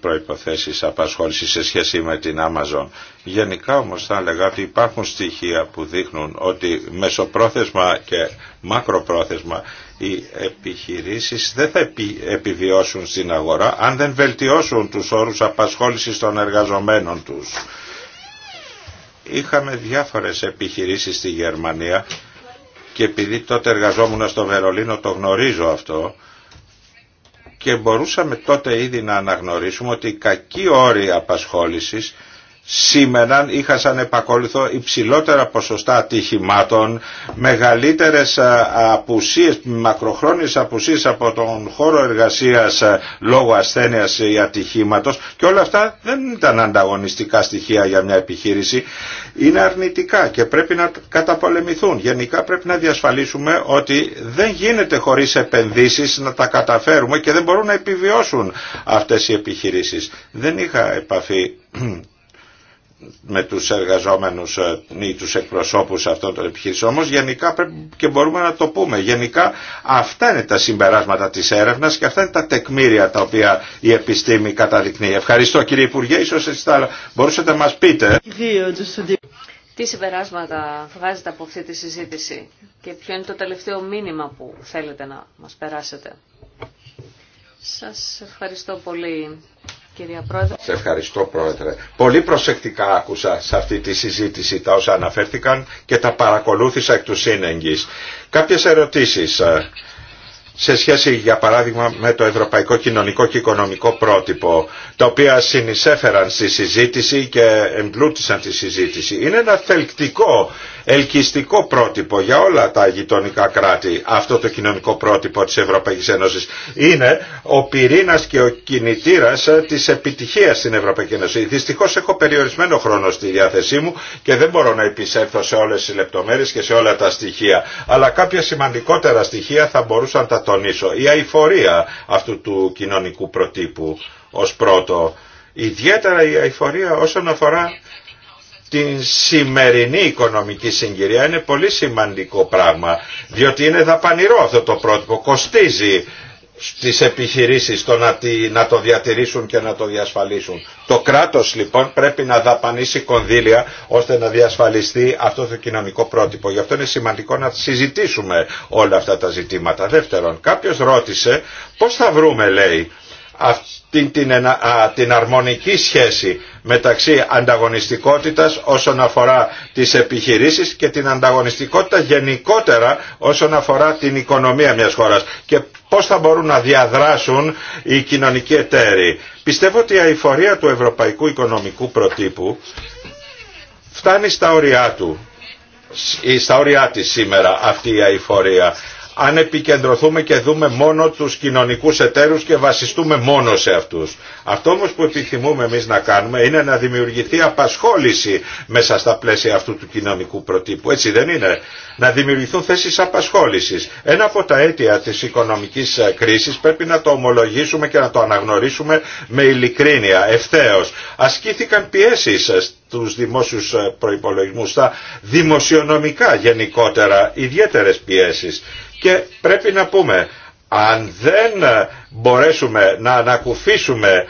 προϋποθέσεις απασχόλησης σε σχέση με την Amazon. Γενικά όμως θα έλεγα ότι υπάρχουν στοιχεία που δείχνουν ότι μεσοπρόθεσμα και μακροπρόθεσμα οι επιχειρήσεις δεν θα επιβιώσουν στην αγορά αν δεν βελτιώσουν τους όρους απασχόλησης των εργαζομένων τους. Είχαμε διάφορες επιχειρήσεις στη Γερμανία και επειδή τότε εργαζόμουν στο Βερολίνο το γνωρίζω αυτό και μπορούσαμε τότε ήδη να αναγνωρίσουμε ότι οι κακοί όροι απασχόλησης σήμερα είχα σαν επακόλουθο υψηλότερα ποσοστά ατυχημάτων, μεγαλύτερες απουσίες, μακροχρόνιες απουσίες από τον χώρο εργασίας λόγω ασθένειας ή ατυχήματος και όλα αυτά δεν ήταν ανταγωνιστικά στοιχεία για μια επιχείρηση. Είναι αρνητικά και πρέπει να καταπολεμηθούν. Γενικά πρέπει να διασφαλίσουμε ότι δεν γίνεται χωρίς επενδύσεις να τα καταφέρουμε και δεν μπορούν να επιβιώσουν αυτές οι επιχειρήσεις. Δεν είχα επαφή με τους εργαζόμενους ε, ή τους εκπροσώπους αυτών των επιχειρήσεων. Όμως γενικά πρέπει και μπορούμε να το πούμε. Γενικά αυτά είναι τα συμπεράσματα της έρευνας και αυτά είναι τα τεκμήρια τα οποία η επιστήμη καταδεικνύει. Ευχαριστώ κύριε Υπουργέ, ίσως εσείς θα μπορούσατε να μας πείτε. Τι συμπεράσματα βγάζετε από αυτή τη συζήτηση και ποιο είναι το τελευταίο μήνυμα που θέλετε να μας περάσετε. Σας ευχαριστώ πολύ Πρόεδρε. Σε ευχαριστώ Πρόεδρε. Πολύ προσεκτικά άκουσα σε αυτή τη συζήτηση τα όσα αναφέρθηκαν και τα παρακολούθησα εκ του σύνεγγυς. Κάποιες ερωτήσεις ε, σε σχέση για παράδειγμα με το Ευρωπαϊκό Κοινωνικό και Οικονομικό Πρότυπο τα οποία συνεισέφεραν στη συζήτηση και εμπλούτησαν τη συζήτηση. Είναι ένα θελκτικό ελκυστικό πρότυπο για όλα τα γειτονικά κράτη αυτό το κοινωνικό πρότυπο της Ευρωπαϊκής Ένωσης. Είναι ο πυρήνας και ο κινητήρας ε, της επιτυχίας στην Ευρωπαϊκή Ένωση. Δυστυχώς έχω περιορισμένο χρόνο στη διάθεσή μου και δεν μπορώ να επισέλθω σε όλες τις λεπτομέρειες και σε όλα τα στοιχεία. Αλλά κάποια σημαντικότερα στοιχεία θα μπορούσα να τα τονίσω. Η αηφορία αυτού του κοινωνικού προτύπου ως πρώτο. Ιδιαίτερα η αηφορία όσον αφορά την σημερινή οικονομική συγκυρία είναι πολύ σημαντικό πράγμα διότι είναι δαπανηρό αυτό το πρότυπο, κοστίζει στις επιχειρήσεις το να, να το διατηρήσουν και να το διασφαλίσουν. Το κράτος λοιπόν πρέπει να δαπανίσει κονδύλια ώστε να διασφαλιστεί αυτό το κοινωνικό πρότυπο. Γι' αυτό είναι σημαντικό να συζητήσουμε όλα αυτά τα ζητήματα. Δεύτερον, κάποιος ρώτησε πώς θα βρούμε λέει αυτή την, αρμονική σχέση μεταξύ ανταγωνιστικότητας όσον αφορά τις επιχειρήσεις και την ανταγωνιστικότητα γενικότερα όσον αφορά την οικονομία μιας χώρας και πώς θα μπορούν να διαδράσουν οι κοινωνικοί εταίροι. Πιστεύω ότι η αηφορία του ευρωπαϊκού οικονομικού προτύπου φτάνει στα όρια του, στα όρια της σήμερα αυτή η αηφορία αν επικεντρωθούμε και δούμε μόνο τους κοινωνικούς εταίρους και βασιστούμε μόνο σε αυτούς. Αυτό όμως που επιθυμούμε εμείς να κάνουμε είναι να δημιουργηθεί απασχόληση μέσα στα πλαίσια αυτού του κοινωνικού προτύπου. Έτσι δεν είναι. Να δημιουργηθούν θέσεις απασχόλησης. Ένα από τα αίτια της οικονομικής ε, κρίσης πρέπει να το ομολογήσουμε και να το αναγνωρίσουμε με ειλικρίνεια, ευθέως. Ασκήθηκαν πιέσεις ε, τους δημόσιους ε, προϋπολογισμούς, στα δημοσιονομικά γενικότερα, ιδιαίτερες πιέσεις. Και πρέπει να πούμε, αν δεν ε, μπορέσουμε να ανακουφίσουμε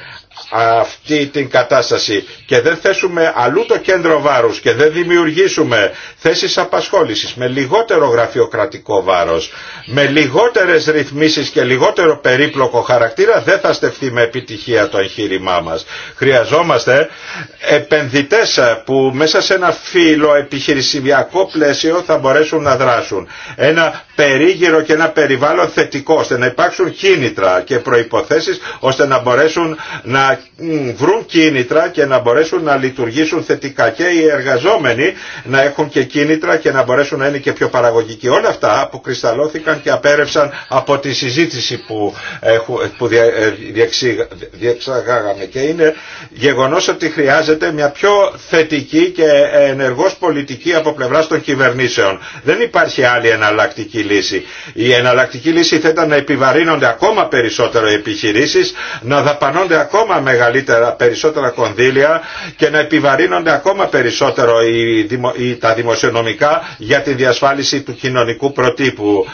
αυτή την κατάσταση και δεν θέσουμε αλλού το κέντρο βάρους και δεν δημιουργήσουμε θέσεις απασχόλησης με λιγότερο γραφειοκρατικό βάρος, με λιγότερες ρυθμίσεις και λιγότερο περίπλοκο χαρακτήρα δεν θα στεφθεί με επιτυχία το εγχείρημά μας. Χρειαζόμαστε επενδυτές που μέσα σε ένα φύλλο επιχειρησιακό πλαίσιο θα μπορέσουν να δράσουν. Ένα περίγυρο και ένα περιβάλλον θετικό ώστε να υπάρξουν κίνητρα και προϋποθέσεις ώστε να μπορέσουν να βρουν κίνητρα και να μπορέσουν να λειτουργήσουν θετικά και οι εργαζόμενοι να έχουν και κίνητρα και να μπορέσουν να είναι και πιο παραγωγικοί. Όλα αυτά που κρυσταλώθηκαν και απέρευσαν από τη συζήτηση που, που ε, διεξαγάγαμε και είναι γεγονός ότι χρειάζεται μια πιο θετική και ενεργός πολιτική από πλευρά των κυβερνήσεων. Δεν υπάρχει άλλη εναλλακτική λύση. Η εναλλακτική λύση θα ήταν να επιβαρύνονται ακόμα περισσότερο οι επιχειρήσεις, να δαπανώνται ακόμα ακόμα μεγαλύτερα, περισσότερα κονδύλια και να επιβαρύνονται ακόμα περισσότερο οι, τα δημοσιονομικά για τη διασφάλιση του κοινωνικού προτύπου.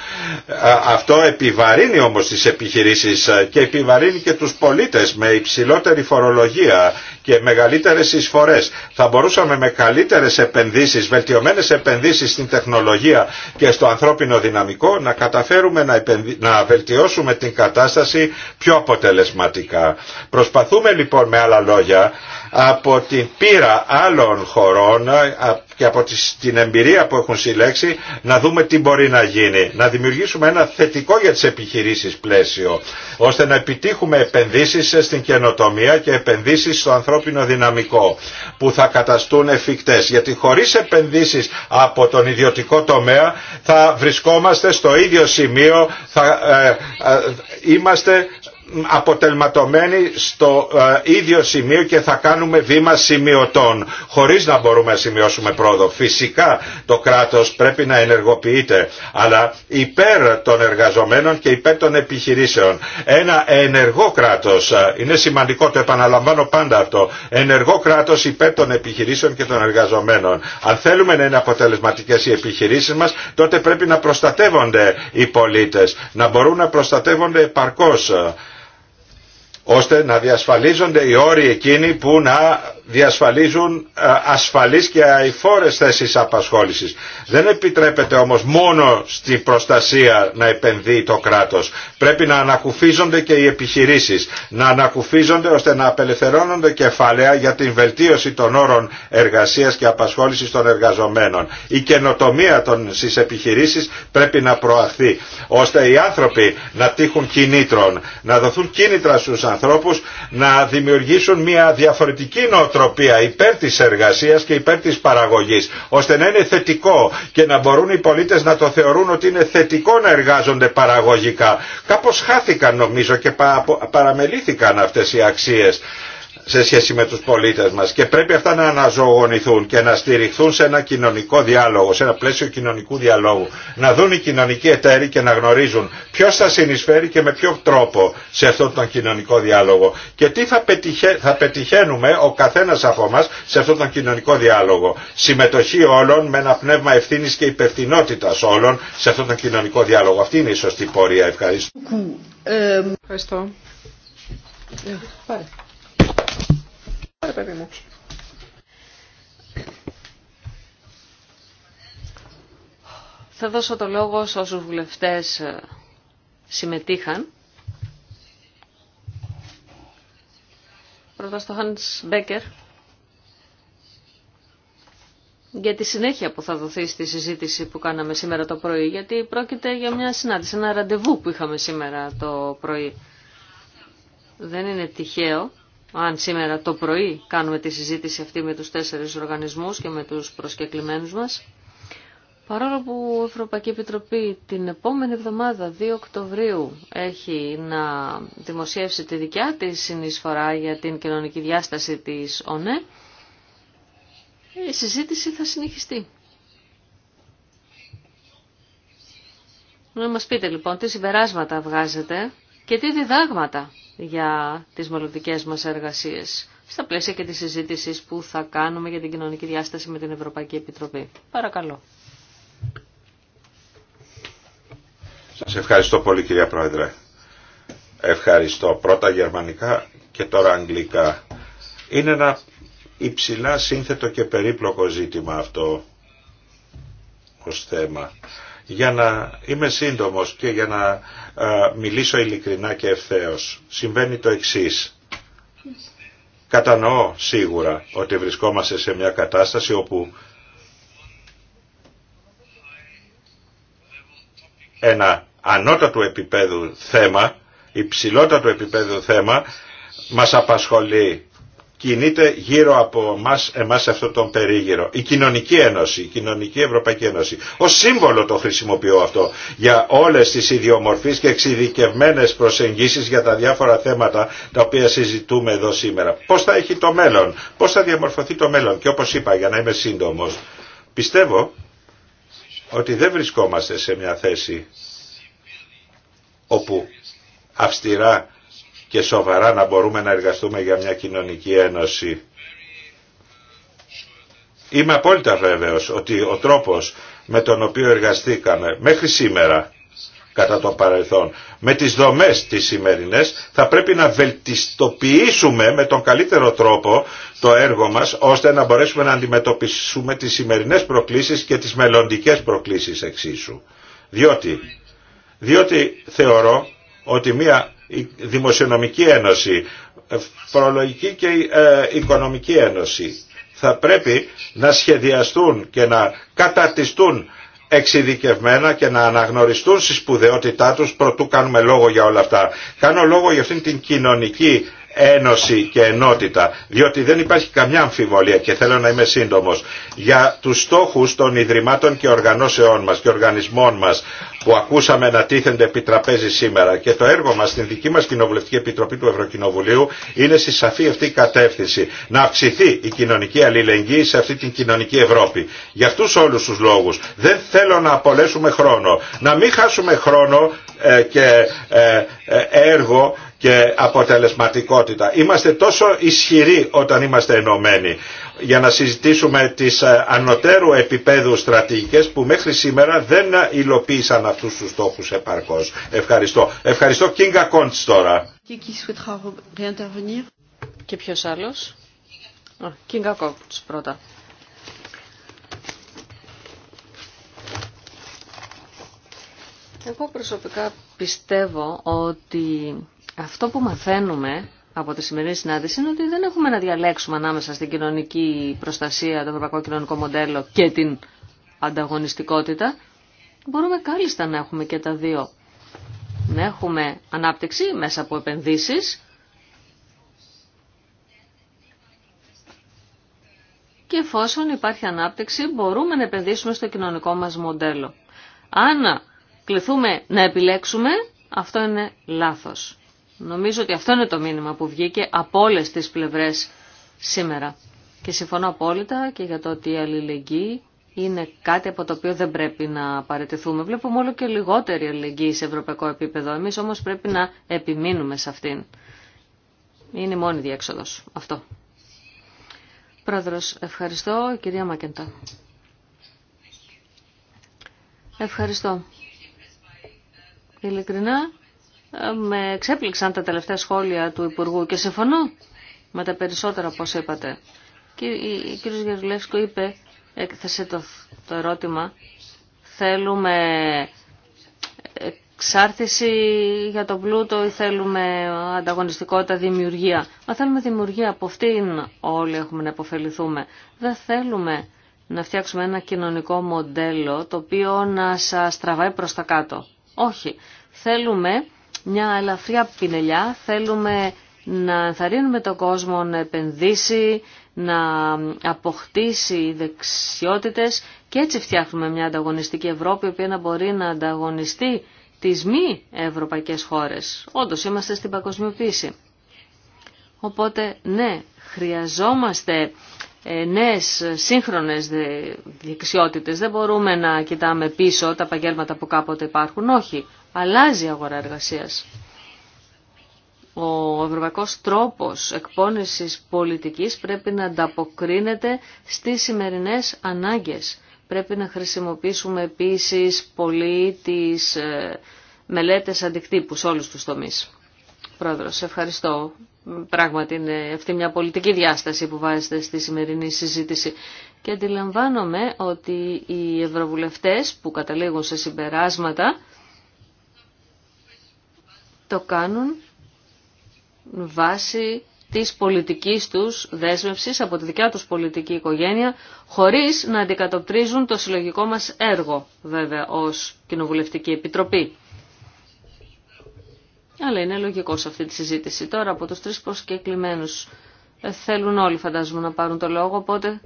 Αυτό επιβαρύνει όμως τις επιχειρήσεις και επιβαρύνει και τους πολίτες με υψηλότερη φορολογία και μεγαλύτερες εισφορές. Θα μπορούσαμε με καλύτερες επενδύσεις, βελτιωμένες επενδύσεις στην τεχνολογία και στο ανθρώπινο δυναμικό να καταφέρουμε να, να βελτιώσουμε την κατάσταση πιο αποτελεσματικά. Προσπαθούμε λοιπόν με άλλα λόγια από την πείρα άλλων χωρών και από την εμπειρία που έχουν συλλέξει να δούμε τι μπορεί να γίνει. Να δημιουργήσουμε ένα θετικό για τις επιχειρήσεις πλαίσιο ώστε να επιτύχουμε επενδύσεις στην καινοτομία και επενδύσεις στο ανθρώπινο δυναμικό που θα καταστούν εφικτές. Γιατί χωρίς επενδύσεις από τον ιδιωτικό τομέα θα βρισκόμαστε στο ίδιο σημείο, θα ε, ε, είμαστε αποτελματωμένοι στο ε, ίδιο σημείο και θα κάνουμε βήμα σημειωτών χωρίς να μπορούμε να σημειώσουμε πρόοδο. Φυσικά το κράτος πρέπει να ενεργοποιείται αλλά υπέρ των εργαζομένων και υπέρ των επιχειρήσεων. Ένα ενεργό κράτος, ε, είναι σημαντικό το επαναλαμβάνω πάντα αυτό, ενεργό κράτος υπέρ των επιχειρήσεων και των εργαζομένων. Αν θέλουμε να είναι αποτελεσματικές οι επιχειρήσεις μας τότε πρέπει να προστατεύονται οι πολίτες, να μπορούν να προστατεύονται επαρκώς ώστε να διασφαλίζονται οι όροι εκείνοι που να διασφαλίζουν ε, ασφαλείς και αηφόρες θέσεις απασχόλησης. Δεν επιτρέπεται όμως μόνο στην προστασία να επενδύει το κράτος. Πρέπει να ανακουφίζονται και οι επιχειρήσεις, να ανακουφίζονται ώστε να απελευθερώνονται κεφάλαια για την βελτίωση των όρων εργασίας και απασχόλησης των εργαζομένων. Η καινοτομία των στις επιχειρήσεις πρέπει να προαχθεί, ώστε οι άνθρωποι να τύχουν κινήτρων, να δοθούν κίνητρα στους ανθρώπους, να δημιουργήσουν μια διαφορετική νοοτροπία νοοτροπία υπέρ της εργασίας και υπέρ της παραγωγής ώστε να είναι θετικό και να μπορούν οι πολίτες να το θεωρούν ότι είναι θετικό να εργάζονται παραγωγικά. Κάπως χάθηκαν νομίζω και παραμελήθηκαν αυτές οι αξίες σε σχέση με τους πολίτες μας και πρέπει αυτά να αναζωογονηθούν και να στηριχθούν σε ένα κοινωνικό διάλογο, σε ένα πλαίσιο κοινωνικού διαλόγου. Να δουν οι κοινωνικοί εταίροι και να γνωρίζουν ποιος θα συνεισφέρει και με ποιο τρόπο σε αυτόν τον κοινωνικό διάλογο και τι θα, πετυχε... θα πετυχαίνουμε ο καθένας από εμά σε αυτόν τον κοινωνικό διάλογο. Συμμετοχή όλων με ένα πνεύμα ευθύνη και υπευθυνότητα όλων σε αυτόν τον κοινωνικό διάλογο. Αυτή είναι η σωστή πορεία. Ευχαριστώ. Ευχαριστώ. Ε, παιδί μου. Θα δώσω το λόγο σε όσους βουλευτές ε, συμμετείχαν. Πρώτα στο Hans Becker για τη συνέχεια που θα δοθεί στη συζήτηση που κάναμε σήμερα το πρωί, γιατί πρόκειται για μια συνάντηση, ένα ραντεβού που είχαμε σήμερα το πρωί. Δεν είναι τυχαίο αν σήμερα το πρωί κάνουμε τη συζήτηση αυτή με τους τέσσερις οργανισμούς και με τους προσκεκλημένους μας. Παρόλο που η Ευρωπαϊκή Επιτροπή την επόμενη εβδομάδα, 2 Οκτωβρίου, έχει να δημοσιεύσει τη δικιά της συνεισφορά για την κοινωνική διάσταση της ΟΝΕ, η συζήτηση θα συνεχιστεί. Να μας πείτε λοιπόν τι συμπεράσματα βγάζετε και τι διδάγματα για τις μελλοντικέ μας εργασίες στα πλαίσια και τη συζήτηση που θα κάνουμε για την κοινωνική διάσταση με την Ευρωπαϊκή Επιτροπή. Παρακαλώ. Σας ευχαριστώ πολύ κυρία Πρόεδρε. Ευχαριστώ πρώτα γερμανικά και τώρα αγγλικά. Είναι ένα υψηλά σύνθετο και περίπλοκο ζήτημα αυτό ως θέμα για να είμαι σύντομος και για να ε, μιλήσω ειλικρινά και ευθέως. Συμβαίνει το εξής. Κατανοώ σίγουρα ότι βρισκόμαστε σε μια κατάσταση όπου ένα ανώτατο επίπεδο θέμα, υψηλότατο επίπεδο θέμα μας απασχολεί κινείται γύρω από μας, εμάς αυτό τον περίγυρο. Η Κοινωνική Ένωση, η Κοινωνική Ευρωπαϊκή Ένωση. Ω σύμβολο το χρησιμοποιώ αυτό για όλες τις ιδιομορφείς και εξειδικευμένες προσεγγίσεις για τα διάφορα θέματα τα οποία συζητούμε εδώ σήμερα. Πώς θα έχει το μέλλον, πώς θα διαμορφωθεί το μέλλον και όπως είπα για να είμαι σύντομος, πιστεύω ότι δεν βρισκόμαστε σε μια θέση όπου αυστηρά και σοβαρά να μπορούμε να εργαστούμε για μια κοινωνική ένωση. Είμαι απόλυτα βέβαιος ότι ο τρόπος με τον οποίο εργαστήκαμε μέχρι σήμερα κατά το παρελθόν με τις δομές τις σημερινές θα πρέπει να βελτιστοποιήσουμε με τον καλύτερο τρόπο το έργο μας ώστε να μπορέσουμε να αντιμετωπίσουμε τις σημερινές προκλήσεις και τις μελλοντικές προκλήσεις εξίσου. Διότι, διότι θεωρώ ότι μια η Δημοσιονομική Ένωση, ε, Φορολογική και ε, Οικονομική Ένωση. Θα πρέπει να σχεδιαστούν και να κατατιστούν εξειδικευμένα και να αναγνωριστούν στη σπουδαιότητά τους προτού κάνουμε λόγο για όλα αυτά. Κάνω λόγο για αυτήν την κοινωνική ένωση και ενότητα, διότι δεν υπάρχει καμιά αμφιβολία και θέλω να είμαι σύντομος για τους στόχους των ιδρυμάτων και οργανώσεών μας και οργανισμών μας που ακούσαμε να τίθενται επί τραπέζι σήμερα και το έργο μας στην δική μας Κοινοβουλευτική Επιτροπή του Ευρωκοινοβουλίου είναι στη σαφή αυτή κατεύθυνση να αυξηθεί η κοινωνική αλληλεγγύη σε αυτή την κοινωνική Ευρώπη. Για αυτούς όλους τους λόγους δεν θέλω να απολέσουμε χρόνο, να μην χάσουμε χρόνο ε, και ε, ε, έργο και αποτελεσματικότητα. Είμαστε τόσο ισχυροί όταν είμαστε ενωμένοι για να συζητήσουμε τις ε, ανωτέρου επίπεδου στρατηγικές που μέχρι σήμερα δεν ε, υλοποίησαν αυτούς τους στόχους επαρκώς. Ευχαριστώ. Ευχαριστώ Κίνγκα Κόντς τώρα. Και ποιος άλλος. Κίνγκα Κόντς πρώτα. Εγώ προσωπικά πιστεύω ότι αυτό που μαθαίνουμε από τη σημερινή συνάντηση είναι ότι δεν έχουμε να διαλέξουμε ανάμεσα στην κοινωνική προστασία, το ευρωπαϊκό κοινωνικό μοντέλο και την ανταγωνιστικότητα. Μπορούμε κάλλιστα να έχουμε και τα δύο. Να έχουμε ανάπτυξη μέσα από επενδύσεις και εφόσον υπάρχει ανάπτυξη μπορούμε να επενδύσουμε στο κοινωνικό μας μοντέλο. Αν κληθούμε να επιλέξουμε, αυτό είναι λάθος. Νομίζω ότι αυτό είναι το μήνυμα που βγήκε από όλες τις πλευρές σήμερα. Και συμφωνώ απόλυτα και για το ότι η αλληλεγγύη είναι κάτι από το οποίο δεν πρέπει να παραιτηθούμε. Βλέπουμε όλο και λιγότερη αλληλεγγύη σε ευρωπαϊκό επίπεδο. Εμείς όμως πρέπει να επιμείνουμε σε αυτήν. Είναι η μόνη διέξοδος. Αυτό. Πρόεδρος, ευχαριστώ. Κυρία Μακεντά. Ευχαριστώ. Ειλικρινά με εξέπληξαν τα τελευταία σχόλια του Υπουργού και συμφωνώ με τα περισσότερα όπω είπατε. ο κ. Γερουλεύσκο είπε, έκθεσε το, το ερώτημα, θέλουμε εξάρτηση για τον πλούτο ή θέλουμε ανταγωνιστικότητα, δημιουργία. Μα θέλουμε δημιουργία, από αυτήν όλοι έχουμε να αποφεληθούμε. Δεν θέλουμε να φτιάξουμε ένα κοινωνικό μοντέλο το οποίο να σας τραβάει προς τα κάτω. Όχι. Θέλουμε μια ελαφριά πινελιά. Θέλουμε να ενθαρρύνουμε τον κόσμο να επενδύσει, να αποκτήσει δεξιότητες και έτσι φτιάχνουμε μια ανταγωνιστική Ευρώπη, η οποία να μπορεί να ανταγωνιστεί τις μη ευρωπαϊκές χώρες. Όντως είμαστε στην παγκοσμιοποίηση. Οπότε ναι, χρειαζόμαστε ε, νέες σύγχρονες δεξιότητες. Δεν μπορούμε να κοιτάμε πίσω τα επαγγέλματα που κάποτε υπάρχουν. Όχι, αλλάζει η αγορά εργασίας. Ο ευρωπαϊκός τρόπος εκπόνησης πολιτικής πρέπει να ανταποκρίνεται στις σημερινές ανάγκες. Πρέπει να χρησιμοποιήσουμε επίσης πολύ τις ε, μελέτες αντικτύπου σε όλους τους τομείς. Πρόεδρος, ευχαριστώ. Πράγματι είναι αυτή μια πολιτική διάσταση που βάζετε στη σημερινή συζήτηση. Και αντιλαμβάνομαι ότι οι ευρωβουλευτές που καταλήγουν σε συμπεράσματα το κάνουν βάσει της πολιτικής τους δέσμευσης από τη δικιά τους πολιτική οικογένεια, χωρίς να αντικατοπτρίζουν το συλλογικό μας έργο, βέβαια, ως Κοινοβουλευτική Επιτροπή. Αλλά είναι λογικό σε αυτή τη συζήτηση. Τώρα από τους τρεις προσκεκλημένους ε, θέλουν όλοι φαντάζομαι να πάρουν το λόγο, οπότε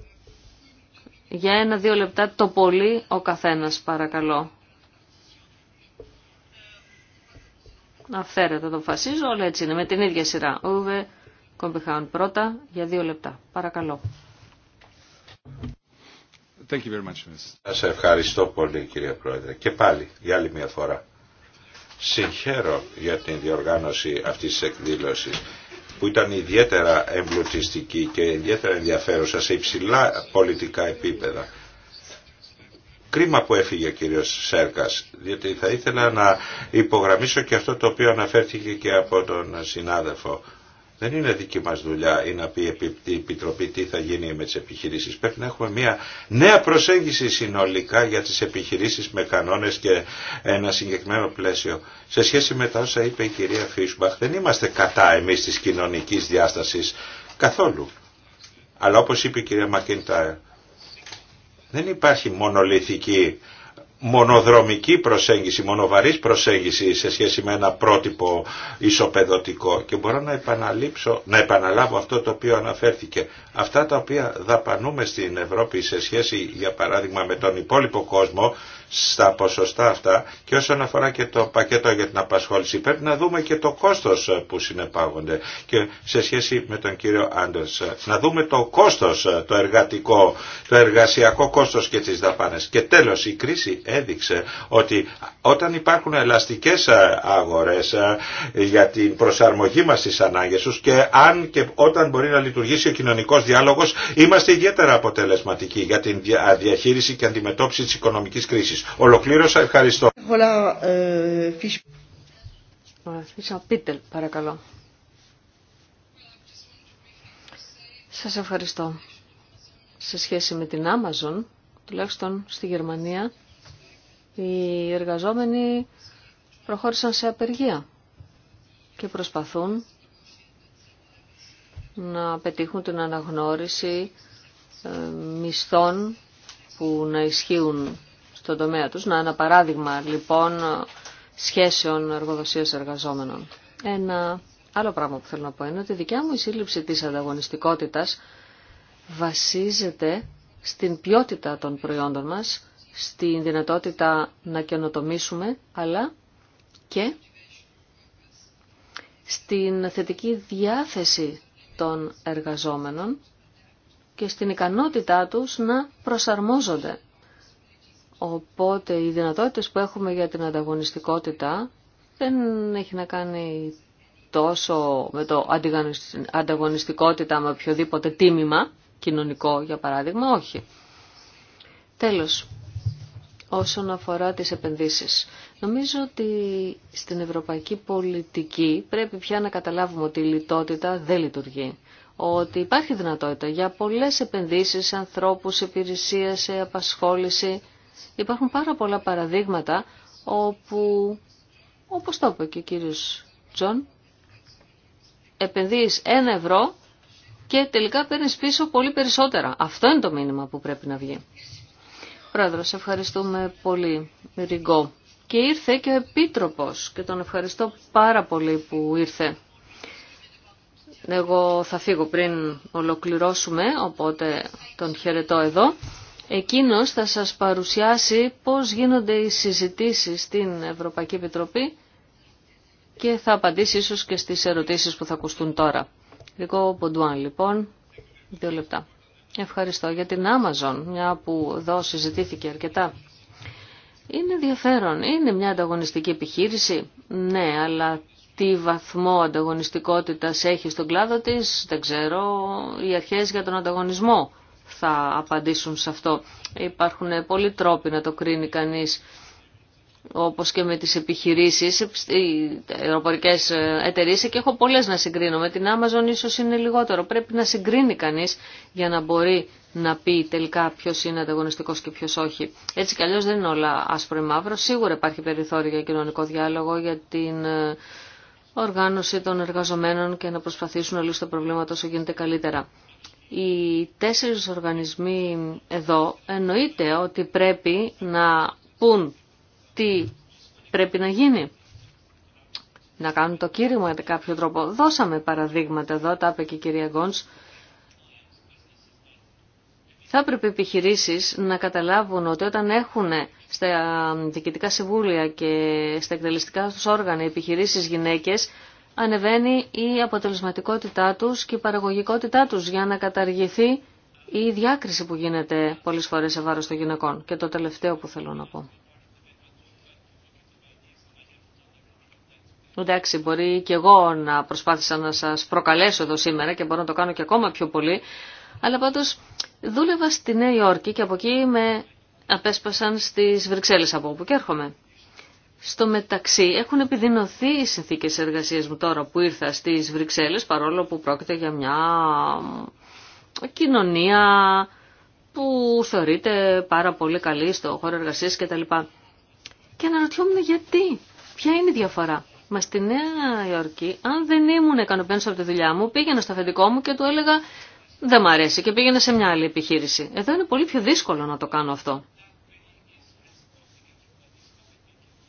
για ένα-δύο λεπτά το πολύ ο καθένας παρακαλώ. φέρετε το φασίζω όλα έτσι είναι, με την ίδια σειρά. Ούβε Κόμπιχαουν, πρώτα για δύο λεπτά. Παρακαλώ. Thank Σας ευχαριστώ πολύ κύριε Πρόεδρε. Και πάλι για άλλη μια φορά. Συγχαίρω για την διοργάνωση αυτής της εκδήλωσης που ήταν ιδιαίτερα εμπλουτιστική και ιδιαίτερα ενδιαφέρουσα σε υψηλά πολιτικά επίπεδα. Κρίμα που έφυγε ο κύριος Σέρκας, διότι θα ήθελα να υπογραμμίσω και αυτό το οποίο αναφέρθηκε και από τον συνάδελφο. Δεν είναι δική μας δουλειά ή να πει η Επιτροπή τι θα γίνει με τις επιχειρήσεις. Πρέπει να έχουμε μια νέα προσέγγιση συνολικά για τις επιχειρήσεις με κανόνες και ένα συγκεκριμένο πλαίσιο. Σε σχέση με τα όσα είπε η κυρία Φίσμπαχ, δεν είμαστε κατά εμείς της κοινωνικής διάστασης καθόλου. Αλλά όπως είπε η κυρία Μακίνταερ, δεν υπάρχει μονολυθική μονοδρομική προσέγγιση, μονοβαρής προσέγγιση σε σχέση με ένα πρότυπο ισοπεδωτικό και μπορώ να, να επαναλάβω αυτό το οποίο αναφέρθηκε. Αυτά τα οποία δαπανούμε στην Ευρώπη σε σχέση για παράδειγμα με τον υπόλοιπο κόσμο στα ποσοστά αυτά και όσον αφορά και το πακέτο για την απασχόληση πρέπει να δούμε και το κόστος ε, που συνεπάγονται και σε σχέση με τον κύριο Άντερς ε, να δούμε το κόστος, ε, το εργατικό, το εργασιακό κόστος και τις δαπάνες και τέλος η κρίση έδειξε ότι όταν υπάρχουν ελαστικές αγορές για την προσαρμογή μας στις ανάγκες τους και αν και όταν μπορεί να λειτουργήσει ο κοινωνικός διάλογος είμαστε ιδιαίτερα αποτελεσματικοί για την διαχείριση και αντιμετώπιση της οικονομικής κρίσης ερωτήσεις. Ολοκλήρωσα. Ευχαριστώ. Ε, παρακαλώ. Σας ευχαριστώ. Σε σχέση με την Amazon, τουλάχιστον στη Γερμανία, οι εργαζόμενοι προχώρησαν σε απεργία και προσπαθούν να πετύχουν την αναγνώριση ε, μισθών που να ισχύουν στον τομέα Να ένα παράδειγμα λοιπόν σχέσεων εργοδοσίας εργαζόμενων. Ένα άλλο πράγμα που θέλω να πω είναι ότι η δικιά μου η σύλληψη της ανταγωνιστικότητας βασίζεται στην ποιότητα των προϊόντων μας, στην δυνατότητα να καινοτομήσουμε, αλλά και στην θετική διάθεση των εργαζόμενων και στην ικανότητά τους να προσαρμόζονται. Οπότε οι δυνατότητες που έχουμε για την ανταγωνιστικότητα δεν έχει να κάνει τόσο με το ανταγωνιστικότητα με οποιοδήποτε τίμημα, κοινωνικό για παράδειγμα, όχι. Τέλος, όσον αφορά τις επενδύσεις. Νομίζω ότι στην ευρωπαϊκή πολιτική πρέπει πια να καταλάβουμε ότι η λιτότητα δεν λειτουργεί. Ότι υπάρχει δυνατότητα για πολλές επενδύσεις, ανθρώπους, υπηρεσία, σε απασχόληση Υπάρχουν πάρα πολλά παραδείγματα όπου, όπως το είπε και ο κύριος Τζον, επενδύεις ένα ευρώ και τελικά παίρνεις πίσω πολύ περισσότερα. Αυτό είναι το μήνυμα που πρέπει να βγει. Πρόεδρο, σε ευχαριστούμε πολύ, Ριγκό. Και ήρθε και ο Επίτροπος και τον ευχαριστώ πάρα πολύ που ήρθε. Εγώ θα φύγω πριν ολοκληρώσουμε, οπότε τον χαιρετώ εδώ. Εκείνος θα σας παρουσιάσει πώς γίνονται οι συζητήσεις στην Ευρωπαϊκή Επιτροπή και θα απαντήσει ίσως και στις ερωτήσεις που θα ακουστούν τώρα. Δικό Ποντουάν λοιπόν, δύο λεπτά. Ευχαριστώ για την Amazon, μια που εδώ συζητήθηκε αρκετά. Είναι ενδιαφέρον, είναι μια ανταγωνιστική επιχείρηση, ναι, αλλά τι βαθμό ανταγωνιστικότητας έχει στον κλάδο της, δεν ξέρω, οι αρχές για τον ανταγωνισμό θα απαντήσουν σε αυτό. Υπάρχουν πολλοί τρόποι να το κρίνει κανείς όπως και με τις επιχειρήσεις, οι αεροπορικές εταιρείες και έχω πολλές να συγκρίνω. Με την Amazon ίσως είναι λιγότερο. Πρέπει να συγκρίνει κανείς για να μπορεί να πει τελικά ποιο είναι ανταγωνιστικό και ποιο όχι. Έτσι κι αλλιώς δεν είναι όλα άσπρο ή μαύρο. Σίγουρα υπάρχει περιθώριο για κοινωνικό διάλογο, για την ε, οργάνωση των εργαζομένων και να προσπαθήσουν να λύσουν το προβλήματα όσο γίνεται καλύτερα οι τέσσερις οργανισμοί εδώ εννοείται ότι πρέπει να πούν τι πρέπει να γίνει. Να κάνουν το κήρυγμα για κάποιο τρόπο. Δώσαμε παραδείγματα εδώ, τα είπε και η κυρία Γκόντς. Θα έπρεπε επιχειρήσει να καταλάβουν ότι όταν έχουν στα διοικητικά συμβούλια και στα εκτελεστικά τους όργανα επιχειρήσεις γυναίκες, ανεβαίνει η αποτελεσματικότητά τους και η παραγωγικότητά τους για να καταργηθεί η διάκριση που γίνεται πολλές φορές σε βάρος των γυναικών. Και το τελευταίο που θέλω να πω. Εντάξει, μπορεί και εγώ να προσπάθησα να σας προκαλέσω εδώ σήμερα και μπορώ να το κάνω και ακόμα πιο πολύ, αλλά πάντως δούλευα στη Νέα Υόρκη και από εκεί με απέσπασαν στις Βρυξέλλες από όπου και έρχομαι. Στο μεταξύ έχουν επιδεινωθεί οι συνθήκες εργασίας μου τώρα που ήρθα στις Βρυξέλλες παρόλο που πρόκειται για μια κοινωνία που θεωρείται πάρα πολύ καλή στο χώρο εργασίας κτλ. Και αναρωτιόμουν γιατί, ποια είναι η διαφορά. Μα στη Νέα Υόρκη, αν δεν ήμουν ικανοποιημένο από τη δουλειά μου, πήγαινα στο αφεντικό μου και του έλεγα δεν μ' αρέσει και πήγαινα σε μια άλλη επιχείρηση. Εδώ είναι πολύ πιο δύσκολο να το κάνω αυτό.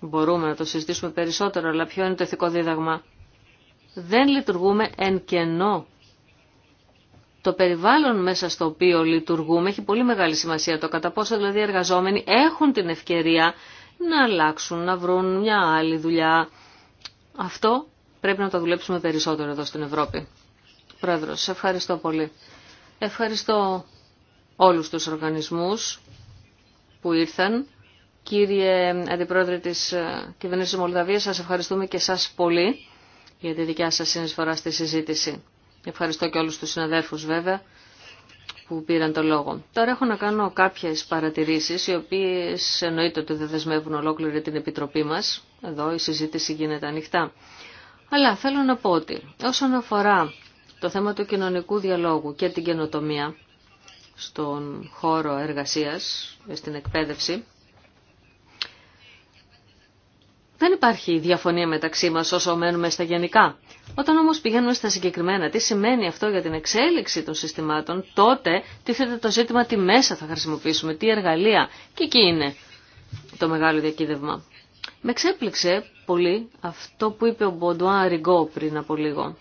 Μπορούμε να το συζητήσουμε περισσότερο, αλλά ποιο είναι το ηθικό δίδαγμα. Δεν λειτουργούμε εν κενό. Το περιβάλλον μέσα στο οποίο λειτουργούμε έχει πολύ μεγάλη σημασία. Το κατά πόσο δηλαδή οι εργαζόμενοι έχουν την ευκαιρία να αλλάξουν, να βρουν μια άλλη δουλειά. Αυτό πρέπει να το δουλέψουμε περισσότερο εδώ στην Ευρώπη. σε ευχαριστώ πολύ. Ευχαριστώ όλους τους οργανισμούς που ήρθαν Κύριε Αντιπρόεδρε της ε, Κυβέρνησης της Μολδαβίας, σας ευχαριστούμε και σας πολύ για τη δικιά σας συνεισφορά στη συζήτηση. Ευχαριστώ και όλους τους συναδέλφους βέβαια που πήραν το λόγο. Τώρα έχω να κάνω κάποιες παρατηρήσεις, οι οποίες εννοείται ότι δεν δεσμεύουν ολόκληρη την Επιτροπή μας. Εδώ η συζήτηση γίνεται ανοιχτά. Αλλά θέλω να πω ότι όσον αφορά το θέμα του κοινωνικού διαλόγου και την καινοτομία στον χώρο εργασίας, στην εκπαίδευση, δεν υπάρχει διαφωνία μεταξύ μας όσο μένουμε στα γενικά. Όταν όμως πηγαίνουμε στα συγκεκριμένα, τι σημαίνει αυτό για την εξέλιξη των συστημάτων, τότε τίθεται το ζήτημα τι μέσα θα χρησιμοποιήσουμε, τι εργαλεία. Και εκεί είναι το μεγάλο διακύδευμα. Με ξέπληξε πολύ αυτό που είπε ο Μποντουά Ριγκό πριν από λίγο.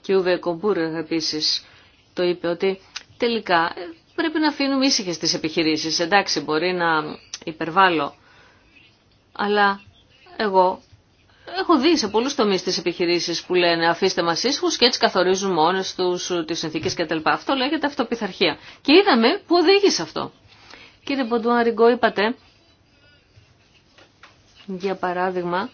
Και ο Βεκομπούρ επίσης το είπε ότι τελικά πρέπει να αφήνουμε ήσυχε τις επιχειρήσεις. Εντάξει, μπορεί να υπερβάλλω, αλλά εγώ έχω δει σε πολλούς τομείς τις επιχειρήσεις που λένε αφήστε μας ήσυχους και έτσι καθορίζουν μόνες τους τις συνθήκες κτλ. Αυτό λέγεται αυτοπιθαρχία. Και είδαμε που οδήγησε αυτό. Κύριε Ποντουάν Ριγκό, είπατε, για παράδειγμα,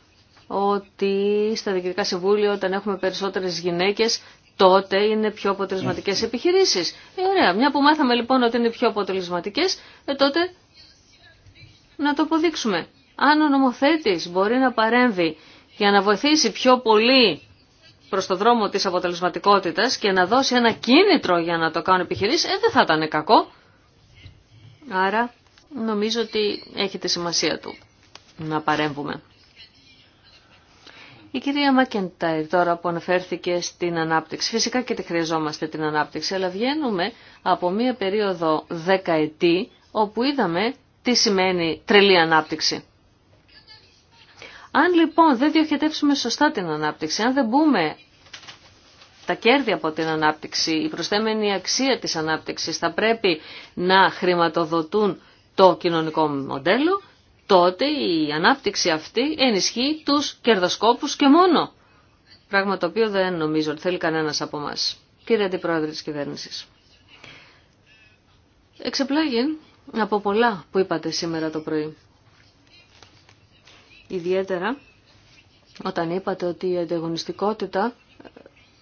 ότι στα διοικητικά συμβούλια όταν έχουμε περισσότερες γυναίκες τότε είναι πιο αποτελεσματικές ναι. επιχειρήσεις. Ε, ωραία, μια που μάθαμε λοιπόν ότι είναι πιο αποτελεσματικές, ε, τότε να το αποδείξουμε. Αν ο νομοθέτης μπορεί να παρέμβει για να βοηθήσει πιο πολύ προς το δρόμο της αποτελεσματικότητας και να δώσει ένα κίνητρο για να το κάνουν επιχειρήσεις, ε, δεν θα ήταν κακό. Άρα νομίζω ότι έχει τη σημασία του να παρέμβουμε. Η κυρία Μακεντάιρ τώρα που αναφέρθηκε στην ανάπτυξη, φυσικά και τη χρειαζόμαστε την ανάπτυξη, αλλά βγαίνουμε από μία περίοδο δεκαετή όπου είδαμε τι σημαίνει τρελή ανάπτυξη. Αν λοιπόν δεν διοχετεύσουμε σωστά την ανάπτυξη, αν δεν μπούμε τα κέρδη από την ανάπτυξη, η προσθέμενη αξία της ανάπτυξης θα πρέπει να χρηματοδοτούν το κοινωνικό μοντέλο, τότε η ανάπτυξη αυτή ενισχύει τους κερδοσκόπους και μόνο. Πράγμα το οποίο δεν νομίζω ότι θέλει κανένας από εμά. Κύριε Αντιπρόεδρε της Κυβέρνησης. Εξεπλάγει από πολλά που είπατε σήμερα το πρωί. Ιδιαίτερα όταν είπατε ότι η ανταγωνιστικότητα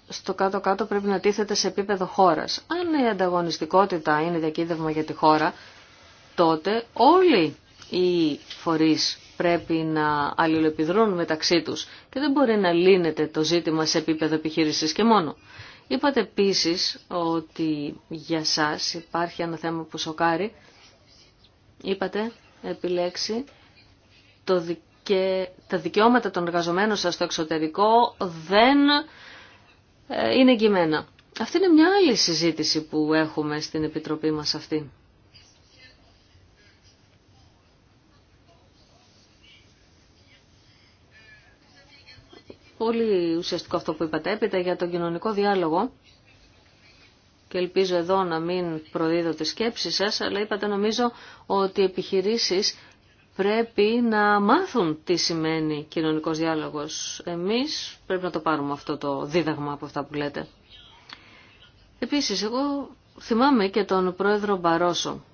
στο κάτω-κάτω πρέπει να τίθεται σε επίπεδο χώρας. Αν η ανταγωνιστικότητα είναι διακύδευμα για τη χώρα, τότε όλοι οι φορείς πρέπει να αλληλοεπιδρούν μεταξύ τους και δεν μπορεί να λύνεται το ζήτημα σε επίπεδο επιχείρησης και μόνο. Είπατε επίση ότι για σας υπάρχει ένα θέμα που σοκάρει. Είπατε επιλέξει το και τα δικαιώματα των εργαζομένων σας στο εξωτερικό δεν ε, είναι εγγυημένα. Αυτή είναι μια άλλη συζήτηση που έχουμε στην Επιτροπή μας αυτή. πολύ ουσιαστικό αυτό που είπατε. Έπειτα για τον κοινωνικό διάλογο, και ελπίζω εδώ να μην προδίδω τη σκέψη σας, αλλά είπατε νομίζω ότι οι επιχειρήσεις πρέπει να μάθουν τι σημαίνει κοινωνικός διάλογος. Εμείς πρέπει να το πάρουμε αυτό το δίδαγμα από αυτά που λέτε. Επίσης, εγώ θυμάμαι και τον πρόεδρο Μπαρόσο,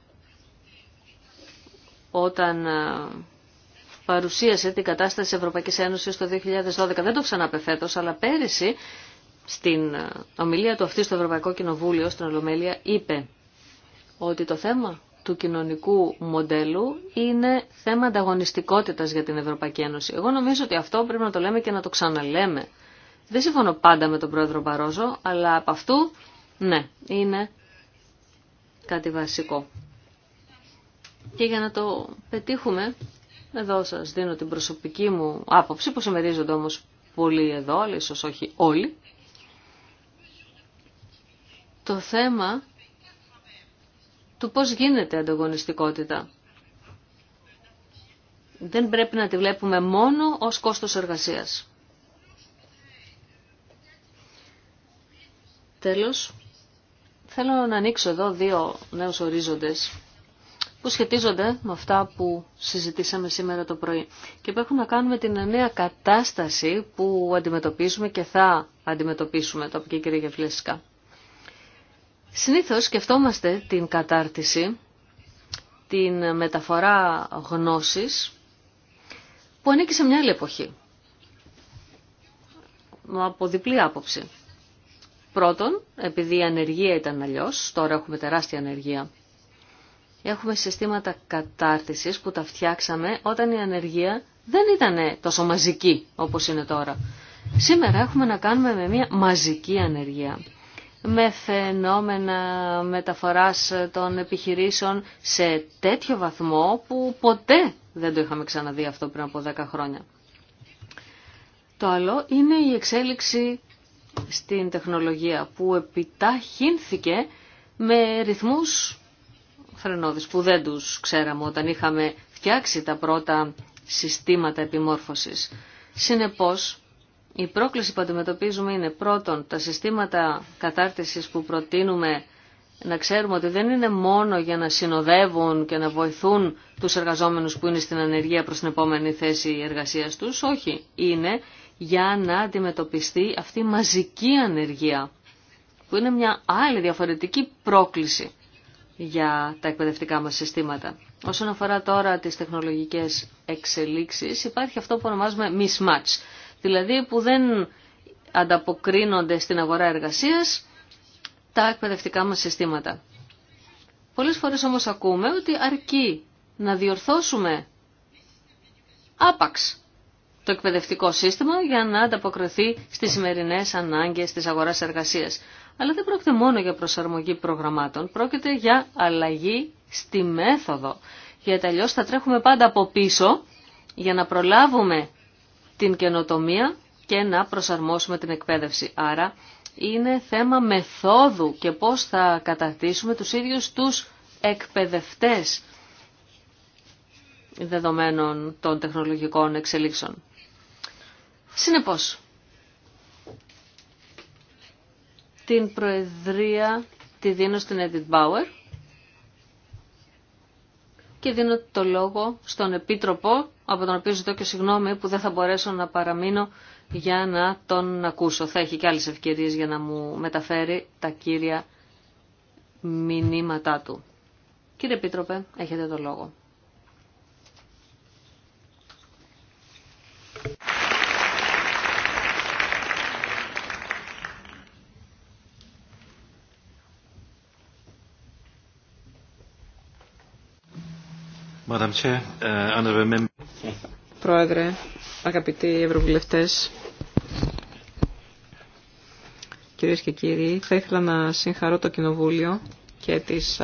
όταν ε, παρουσίασε την κατάσταση της Ευρωπαϊκής Ένωσης το 2012. Δεν το ξαναπέφετος αλλά πέρυσι στην ε, ομιλία του αυτή στο Ευρωπαϊκό Κοινοβούλιο, στην Ολομέλεια, είπε ότι το θέμα του κοινωνικού μοντέλου είναι θέμα ανταγωνιστικότητας για την Ευρωπαϊκή Ένωση. Εγώ νομίζω ότι αυτό πρέπει να το λέμε και να το ξαναλέμε. Δεν συμφωνώ πάντα με τον πρόεδρο Μπαρόζο, αλλά από αυτού, ναι, είναι κάτι βασικό. Και για να το πετύχουμε εδώ σας δίνω την προσωπική μου άποψη που συμμερίζονται όμως πολλοί εδώ, αλλά όχι όλοι. Το θέμα του πώς γίνεται ανταγωνιστικότητα. Δεν πρέπει να τη βλέπουμε μόνο ως κόστος εργασίας. Τέλος, θέλω να ανοίξω εδώ δύο νέους ορίζοντες που σχετίζονται με αυτά που συζητήσαμε σήμερα το πρωί και που έχουν να κάνουν με την νέα κατάσταση που αντιμετωπίζουμε και θα αντιμετωπίσουμε, το από και η κυρία Συνήθως σκεφτόμαστε την κατάρτιση, την μεταφορά γνώσης που ανήκει σε μια άλλη εποχή. Από διπλή άποψη. Πρώτον, επειδή η ανεργία ήταν αλλιώς, τώρα έχουμε τεράστια ανεργία Έχουμε συστήματα κατάρτισης που τα φτιάξαμε όταν η ανεργία δεν ήταν τόσο μαζική όπως είναι τώρα. Σήμερα έχουμε να κάνουμε με μια μαζική ανεργία με φαινόμενα μεταφοράς των επιχειρήσεων σε τέτοιο βαθμό που ποτέ δεν το είχαμε ξαναδεί αυτό πριν από 10 χρόνια. Το άλλο είναι η εξέλιξη στην τεχνολογία που επιταχύνθηκε με ρυθμούς που δεν τους ξέραμε όταν είχαμε φτιάξει τα πρώτα συστήματα επιμόρφωσης. Συνεπώς, η πρόκληση που αντιμετωπίζουμε είναι πρώτον τα συστήματα κατάρτισης που προτείνουμε να ξέρουμε ότι δεν είναι μόνο για να συνοδεύουν και να βοηθούν τους εργαζόμενους που είναι στην ανεργία προς την επόμενη θέση εργασίας τους. Όχι, είναι για να αντιμετωπιστεί αυτή η μαζική ανεργία που είναι μια άλλη διαφορετική πρόκληση για τα εκπαιδευτικά μας συστήματα. Όσον αφορά τώρα τις τεχνολογικές εξελίξεις, υπάρχει αυτό που ονομάζουμε mismatch, δηλαδή που δεν ανταποκρίνονται στην αγορά εργασίας τα εκπαιδευτικά μας συστήματα. Πολλές φορές όμως ακούμε ότι αρκεί να διορθώσουμε άπαξ το εκπαιδευτικό σύστημα για να ανταποκριθεί στις σημερινές ανάγκες της αγοράς εργασίας. Αλλά δεν πρόκειται μόνο για προσαρμογή προγραμμάτων, πρόκειται για αλλαγή στη μέθοδο. Γιατί αλλιώ θα τρέχουμε πάντα από πίσω για να προλάβουμε την καινοτομία και να προσαρμόσουμε την εκπαίδευση. Άρα είναι θέμα μεθόδου και πώς θα καταρτήσουμε τους ίδιους τους εκπαιδευτές δεδομένων των τεχνολογικών εξελίξεων. Συνεπώς, την Προεδρία τη δίνω στην Edith Bauer και δίνω το λόγο στον Επίτροπο, από τον οποίο ζητώ και συγγνώμη που δεν θα μπορέσω να παραμείνω για να τον ακούσω. Θα έχει και άλλες ευκαιρίες για να μου μεταφέρει τα κύρια μηνύματά του. Κύριε Επίτροπε, έχετε το λόγο. Uh, Πρόεδρε, αγαπητοί ευρωβουλευτές, κυρίες και κύριοι, θα ήθελα να συγχαρώ το Κοινοβούλιο και τις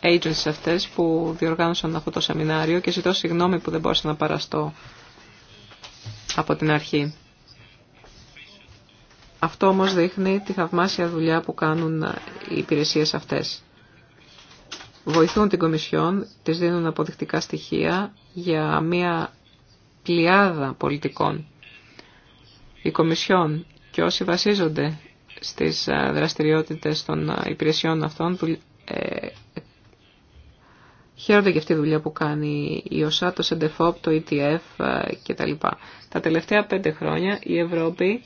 agencies αυτές που διοργάνωσαν αυτό το σεμινάριο και ζητώ συγγνώμη που δεν μπόρεσα να παραστώ από την αρχή. Αυτό όμως δείχνει τη θαυμάσια δουλειά που κάνουν οι υπηρεσίες αυτές βοηθούν την Κομισιόν, της δίνουν αποδεικτικά στοιχεία για μια πλειάδα πολιτικών. Η Κομισιόν και όσοι βασίζονται στις ε, δραστηριότητες των ε, υπηρεσιών αυτών ε, χαίρονται και αυτή τη δουλειά που κάνει η ΟΣΑ, το ΣΕΝΤΕΦΟΠ, το ETF ε, κτλ. Τα τελευταία πέντε χρόνια η Ευρώπη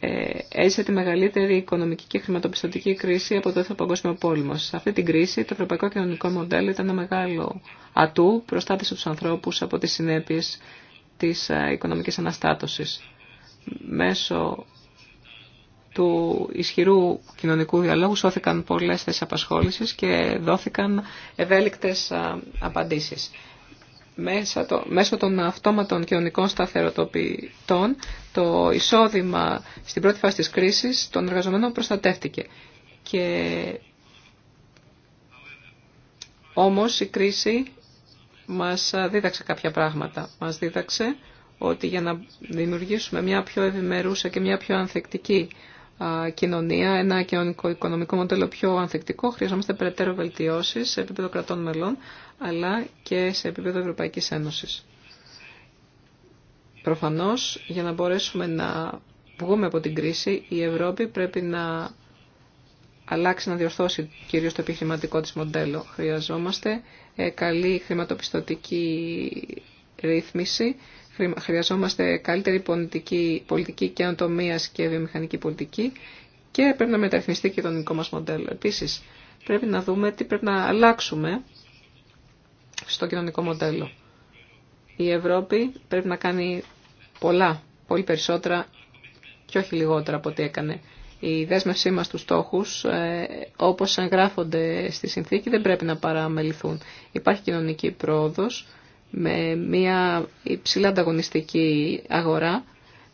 ε, έζησε τη μεγαλύτερη οικονομική και χρηματοπιστωτική κρίση από το Δεύτερο Παγκόσμιο Πόλεμο. Σε αυτή την κρίση, το ευρωπαϊκό κοινωνικό μοντέλο ήταν ένα μεγάλο ατού, προστάτησε του ανθρώπου από τι συνέπειε τη ε, οικονομική αναστάτωση. Μέσω του ισχυρού κοινωνικού διαλόγου σώθηκαν πολλέ θέσει απασχόληση και δόθηκαν ευέλικτε απαντήσει μέσα το, μέσω των αυτόματων κοινωνικών σταθεροτοποιητών το εισόδημα στην πρώτη φάση της κρίσης των εργαζομένων προστατεύτηκε. Και... Όμως η κρίση μας δίδαξε κάποια πράγματα. Μας δίδαξε ότι για να δημιουργήσουμε μια πιο ευημερούσα και μια πιο ανθεκτική κοινωνία, ένα κοινωνικό-οικονομικό μοντέλο πιο ανθεκτικό. Χρειαζόμαστε περαιτέρω βελτιώσει σε επίπεδο κρατών μελών, αλλά και σε επίπεδο Ευρωπαϊκή Ένωση. Προφανώ, για να μπορέσουμε να βγούμε από την κρίση, η Ευρώπη πρέπει να αλλάξει, να διορθώσει κυρίω το επιχειρηματικό τη μοντέλο. Χρειαζόμαστε ε, καλή χρηματοπιστωτική ρύθμιση, χρειαζόμαστε καλύτερη πολιτική, πολιτική και και βιομηχανική πολιτική και πρέπει να μεταρρυθμιστεί και το ελληνικό μας μοντέλο. Επίσης, πρέπει να δούμε τι πρέπει να αλλάξουμε στο κοινωνικό μοντέλο. Η Ευρώπη πρέπει να κάνει πολλά, πολύ περισσότερα και όχι λιγότερα από ό,τι έκανε. Η δέσμευσή μας στους στόχους, ε, όπως εγγράφονται στη συνθήκη, δεν πρέπει να παραμεληθούν. Υπάρχει κοινωνική πρόοδος, με μια υψηλά ανταγωνιστική αγορά,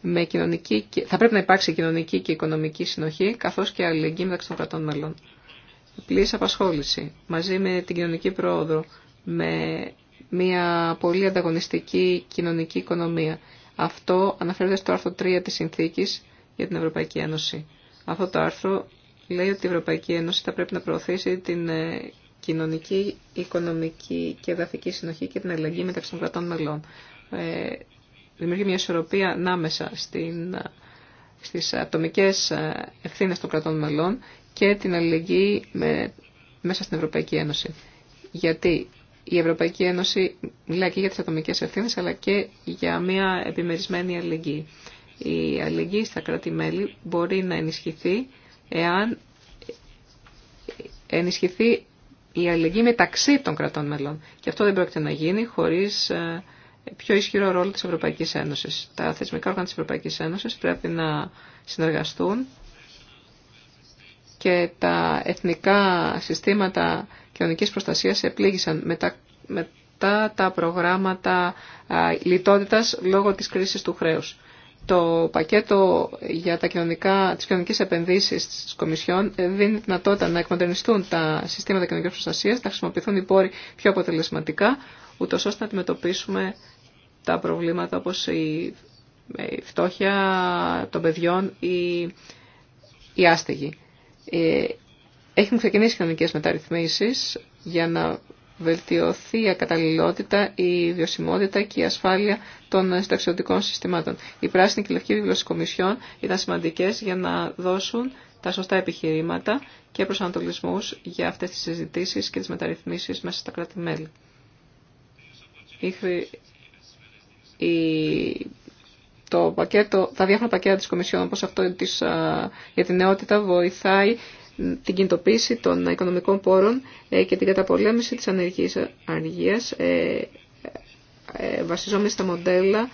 με κοινωνική, θα πρέπει να υπάρξει κοινωνική και οικονομική συνοχή, καθώς και αλληλεγγύη μεταξύ των κρατών μελών. Πλήρης απασχόληση, μαζί με την κοινωνική πρόοδο, με μια πολύ ανταγωνιστική κοινωνική οικονομία. Αυτό αναφέρεται στο άρθρο 3 της Συνθήκης για την Ευρωπαϊκή Ένωση. Αυτό το άρθρο λέει ότι η Ευρωπαϊκή Ένωση θα πρέπει να προωθήσει την ε, κοινωνική, οικονομική και εδαφική συνοχή και την αλληλεγγύη μεταξύ των κρατών μελών. Ε, δημιουργεί μια ισορροπία ανάμεσα στην, στις ατομικές ε, ευθύνες των κρατών μελών και την αλληλεγγύη με, μέσα στην Ευρωπαϊκή Ένωση. Γιατί η Ευρωπαϊκή Ένωση μιλάει και για τις ατομικές ευθύνες αλλά και για μια επιμερισμένη αλληλεγγύη. Η αλληλεγγύη στα κράτη-μέλη μπορεί να ενισχυθεί εάν ενισχυθεί η αλληλεγγύη μεταξύ των κρατών μελών. Και αυτό δεν πρόκειται να γίνει χωρίς ε, πιο ισχυρό ρόλο της Ευρωπαϊκής Ένωσης. Τα θεσμικά όργανα της Ευρωπαϊκής Ένωσης πρέπει να συνεργαστούν και τα εθνικά συστήματα κοινωνική προστασίας επλήγησαν μετά, μετά τα προγράμματα λιτότητας λόγω της κρίσης του χρέους το πακέτο για τα κοινωνικά, τις κοινωνικές επενδύσεις της Κομισιόν δίνει δυνατότητα να εκμοντερνιστούν τα συστήματα κοινωνικής προστασίας, να χρησιμοποιηθούν οι πόροι πιο αποτελεσματικά, ούτω ώστε να αντιμετωπίσουμε τα προβλήματα όπως η φτώχεια των παιδιών ή οι άστεγοι. Ε, έχουν ξεκινήσει κοινωνικές μεταρρυθμίσεις για να βελτιωθεί η ακαταλληλότητα, η βιωσιμότητα και η ασφάλεια των συνταξιωτικών συστημάτων. Η πράσινη και η λευκή βίβλωση ήταν σημαντικές για να δώσουν τα σωστά επιχειρήματα και προσανατολισμούς για αυτές τις συζητήσει και τις μεταρρυθμίσεις μέσα στα κράτη-μέλη. Η... Το πακέτο, τα διάφορα πακέτα της Κομισιόν, όπως αυτό της, για την νεότητα, βοηθάει την κινητοποίηση των οικονομικών πόρων ε, και την καταπολέμηση της ανεργίας ε, ε, βασιζόμενη στα μοντέλα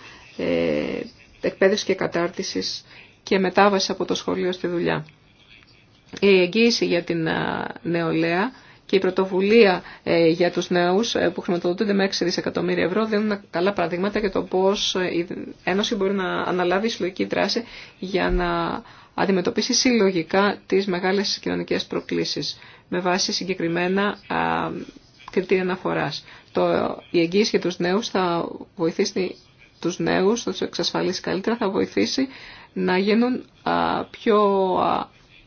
εκπαίδευση και κατάρτισης και μετάβαση από το σχολείο στη δουλειά. Η εγγύηση για την νεολαία και η πρωτοβουλία για τους νέους που χρηματοδοτούνται με 6 δισεκατομμύρια ευρώ δίνουν καλά παραδείγματα για το πώς η Ένωση μπορεί να αναλάβει συλλογική δράση για να αντιμετωπίσει συλλογικά τις μεγάλες κοινωνικές προκλήσεις με βάση συγκεκριμένα κριτήρια αναφοράς. Το, η εγγύηση για τους νέους θα βοηθήσει τους νέους, θα τους εξασφαλίσει καλύτερα, θα βοηθήσει να γίνουν πιο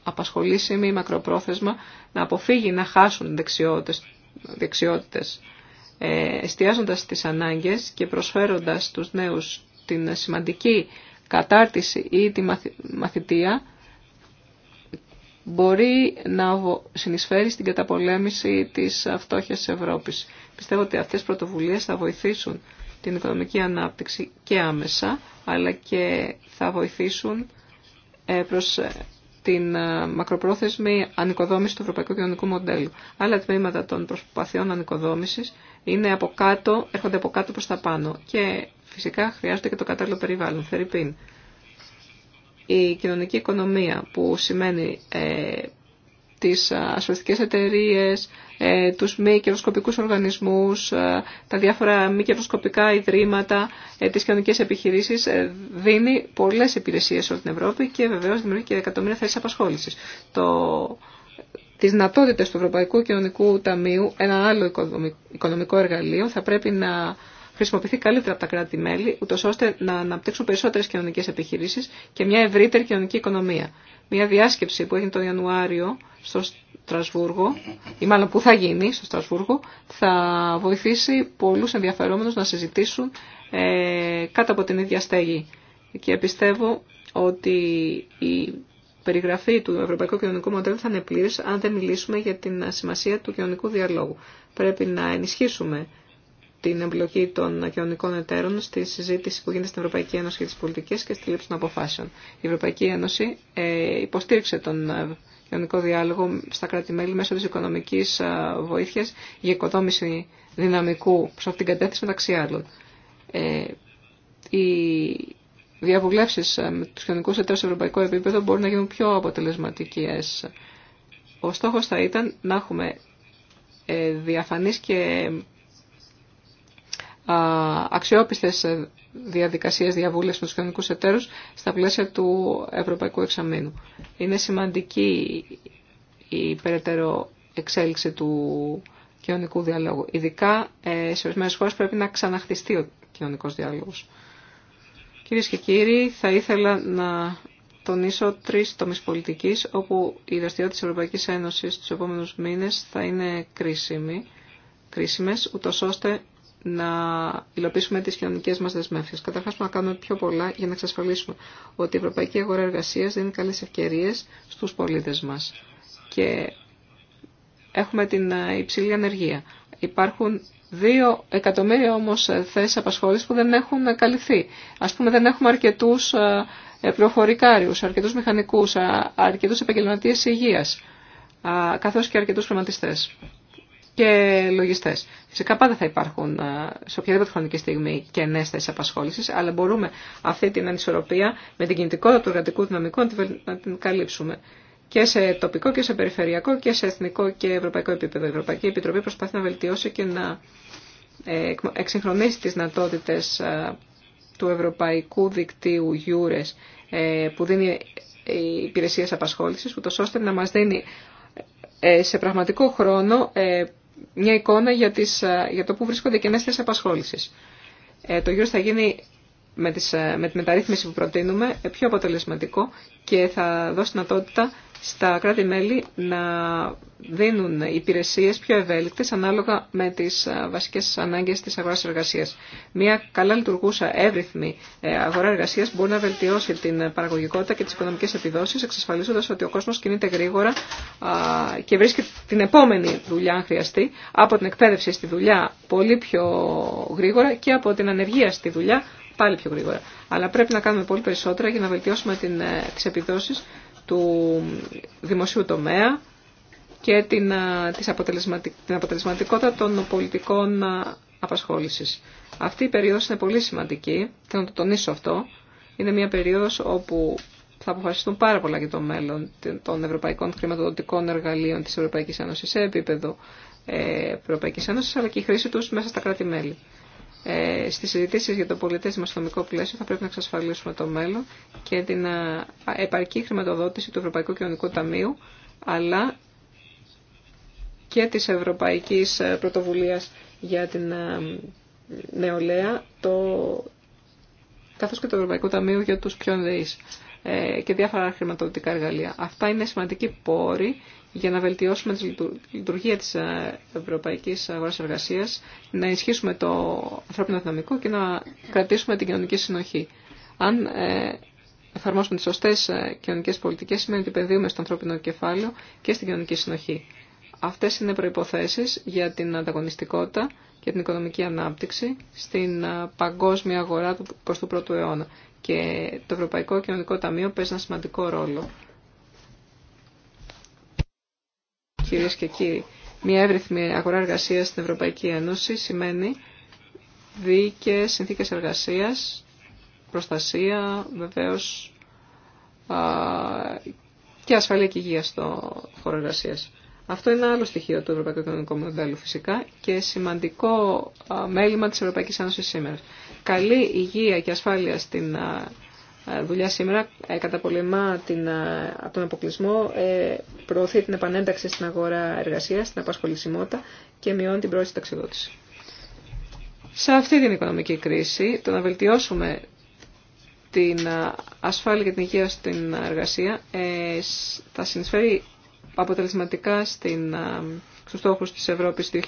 απασχολήσιμοι μακροπρόθεσμα, να αποφύγει να χάσουν δεξιότητες, δεξιότητες ε, εστιάζοντας τις ανάγκες και προσφέροντας στους νέους την σημαντική κατάρτιση ή τη μαθητεία μπορεί να συνεισφέρει στην καταπολέμηση της φτώχειας της Ευρώπης. Πιστεύω ότι αυτές οι πρωτοβουλίες θα βοηθήσουν την οικονομική ανάπτυξη και άμεσα, αλλά και θα βοηθήσουν ε, προς ε, την ε, μακροπρόθεσμη ανοικοδόμηση του ευρωπαϊκού κοινωνικού μοντέλου. Άλλα τμήματα των προσπαθειών ανοικοδόμησης είναι από κάτω, έρχονται από κάτω προς τα πάνω και Φυσικά χρειάζεται και το κατάλληλο περιβάλλον. Φερρυπίν. Η κοινωνική οικονομία που σημαίνει ε, τις ασφαλιστικές εταιρείες, ε, τους μη κερδοσκοπικούς οργανισμούς, ε, τα διάφορα μη κερδοσκοπικά ιδρύματα, ε, τις κοινωνικές επιχειρήσεις, ε, δίνει πολλές υπηρεσίες σε όλη την Ευρώπη και βεβαίως δημιουργεί και εκατομμύρια θέσεις απασχόλησης. Το, τις δυνατότητες του Ευρωπαϊκού Κοινωνικού Ταμείου, ένα άλλο οικονομικό εργαλείο, θα πρέπει να χρησιμοποιηθεί καλύτερα από τα κράτη-μέλη, ούτω ώστε να αναπτύξουν περισσότερε κοινωνικέ επιχειρήσει και μια ευρύτερη κοινωνική οικονομία. Μια διάσκεψη που έγινε τον Ιανουάριο στο Στρασβούργο, ή μάλλον που θα γίνει στο Στρασβούργο, θα βοηθήσει πολλού ενδιαφερόμενου να συζητήσουν ε, κάτω από την ίδια στέγη. Και πιστεύω ότι η περιγραφή του Ευρωπαϊκού Κοινωνικού Μοντέλου θα είναι πλήρη αν δεν μιλήσουμε για την σημασία του κοινωνικού διαλόγου. Πρέπει να ενισχύσουμε την εμπλοκή των κοινωνικών εταίρων στη συζήτηση που γίνεται στην Ευρωπαϊκή Ένωση για τι πολιτικές και στη λήψη των αποφάσεων. Η Ευρωπαϊκή Ένωση ε, υποστήριξε τον ε, κοινωνικό διάλογο στα κράτη-μέλη μέσω της οικονομικής ε, βοήθεια για οικοδόμηση δυναμικού προ αυτήν την κατεύθυνση μεταξύ άλλων. οι διαβουλεύσεις με του κοινωνικού εταίρου σε ευρωπαϊκό επίπεδο μπορούν να γίνουν πιο αποτελεσματικέ. Ο στόχο θα ήταν να έχουμε διαφανεί και αξιόπιστες ε, διαδικασίες διαβούλευσης με τους κοινωνικούς εταίρους στα πλαίσια του Ευρωπαϊκού Εξαμήνου. Είναι σημαντική η περαιτέρω εξέλιξη του κοινωνικού διαλόγου. Ειδικά ε, σε ορισμένε χώρε πρέπει να ξαναχτιστεί ο κοινωνικό διάλογο. Κυρίε και κύριοι, θα ήθελα να τονίσω τρει τομεί πολιτική όπου η δραστηριότητα τη Ευρωπαϊκή Ένωση του επόμενου μήνε θα είναι κρίσιμη, κρίσιμε, ούτω ώστε να υλοποιήσουμε τις κοινωνικέ μας δεσμεύσει. Καταρχάς να κάνουμε πιο πολλά για να εξασφαλίσουμε ότι η Ευρωπαϊκή Αγορά Εργασία δίνει καλές ευκαιρίε στου πολίτε μα Και έχουμε την ε, υψηλή ανεργία. Υπάρχουν δύο εκατομμύρια όμω ε, θέσει απασχόλησης που δεν έχουν ε, καλυφθεί. Α πούμε δεν έχουμε αρκετού προφορικάριους, αρκετού μηχανικού, αρκετού επαγγελματίε υγεία, καθώς και αρκετούς χρηματιστές και λογιστέ. Φυσικά πάντα θα υπάρχουν ε, σε οποιαδήποτε χρονική στιγμή και νέε θέσει απασχόληση, αλλά μπορούμε αυτή την ανισορροπία με την κινητικότητα του εργατικού δυναμικού να την καλύψουμε και σε τοπικό και σε περιφερειακό και σε εθνικό και ευρωπαϊκό επίπεδο. Η Ευρωπαϊκή Επιτροπή προσπαθεί να βελτιώσει και να ε, εξυγχρονίσει τι δυνατότητε ε, του Ευρωπαϊκού Δικτύου Γιούρε που δίνει υπηρεσίε απασχόληση, ούτω ώστε να μα δίνει σε πραγματικό χρόνο μια εικόνα για, τις, ε, για το που βρίσκονται και νέες θέσεις απασχόλησης. Ε, το γύρος θα γίνει με, τις, ε, με τη μεταρρύθμιση που προτείνουμε πιο αποτελεσματικό και θα δώσει δυνατότητα στα κράτη-μέλη να δίνουν υπηρεσίες πιο ευέλικτες ανάλογα με τις ε, βασικές ανάγκες της αγοράς εργασίας. Μια καλά λειτουργούσα εύρυθμη ε, αγορά εργασίας μπορεί να βελτιώσει την παραγωγικότητα και τις οικονομικές επιδόσεις, εξασφαλίζοντας ότι ο κόσμος κινείται γρήγορα και βρίσκει την επόμενη δουλειά, αν χρειαστεί, από την εκπαίδευση στη δουλειά πολύ πιο γρήγορα και από την ανεργία στη δουλειά πάλι πιο γρήγορα. Αλλά πρέπει να κάνουμε πολύ περισσότερα για να βελτιώσουμε την, ε, τις επιδόσεις του δημοσίου τομέα και την, την αποτελεσματικότητα των πολιτικών απασχόλησης. Αυτή η περίοδος είναι πολύ σημαντική, θέλω να το τονίσω αυτό. Είναι μια περίοδος όπου θα αποφασιστούν πάρα πολλά για το μέλλον των ευρωπαϊκών χρηματοδοτικών εργαλείων της Ευρωπαϊκής Ένωσης σε επίπεδο ε, Ευρωπαϊκής Ένωσης, αλλά και η χρήση τους μέσα στα κράτη-μέλη ε, στις συζητήσεις για το πολιτές νομικό πλαίσιο θα πρέπει να εξασφαλίσουμε το μέλλον και την ε, επαρκή χρηματοδότηση του Ευρωπαϊκού Κοινωνικού Ταμείου αλλά και της Ευρωπαϊκής ε, Πρωτοβουλίας για την ε, νεολαία το... καθώς και το ευρωπαϊκό Ταμείου για τους πιο και διάφορα χρηματοδοτικά εργαλεία. Αυτά είναι σημαντικοί πόροι για να βελτιώσουμε τη λειτουργία της ε, ευρωπαϊκής αγοράς εργασίας, να ενισχύσουμε το ανθρώπινο δυναμικό και να κρατήσουμε την κοινωνική συνοχή. Αν ε, εφαρμόσουμε τις σωστές ε, κοινωνικές πολιτικές, σημαίνει ότι επενδύουμε στο ανθρώπινο κεφάλαιο και στην κοινωνική συνοχή. Αυτές είναι προϋποθέσεις για την ανταγωνιστικότητα και την οικονομική ανάπτυξη στην παγκόσμια αγορά του 21ου αιώνα. Και το Ευρωπαϊκό Κοινωνικό Ταμείο παίζει ένα σημαντικό ρόλο κυρίε και κύριοι, μια εύρυθμη αγορά εργασίας στην Ευρωπαϊκή Ένωση σημαίνει δίκαιε συνθήκες εργασίας, προστασία βεβαίω και ασφαλεία και υγεία στο χώρο εργασίας. Αυτό είναι άλλο στοιχείο του Ευρωπαϊκού Οικονομικού Μοντέλου φυσικά και σημαντικό μέλημα της Ευρωπαϊκής Ένωσης σήμερα. Καλή υγεία και ασφάλεια στην ε, δουλειά σήμερα ε, καταπολεμά την, ε, τον αποκλεισμό, προωθεί την επανένταξη στην αγορά εργασία, στην απασχολησιμότητα και μειώνει την πρόορη ταξιδότηση. Σε αυτή την οικονομική κρίση, το να βελτιώσουμε την ασφάλεια και την υγεία στην εργασία θα συνεισφέρει αποτελεσματικά στην, στους στόχους της Ευρώπης 2020.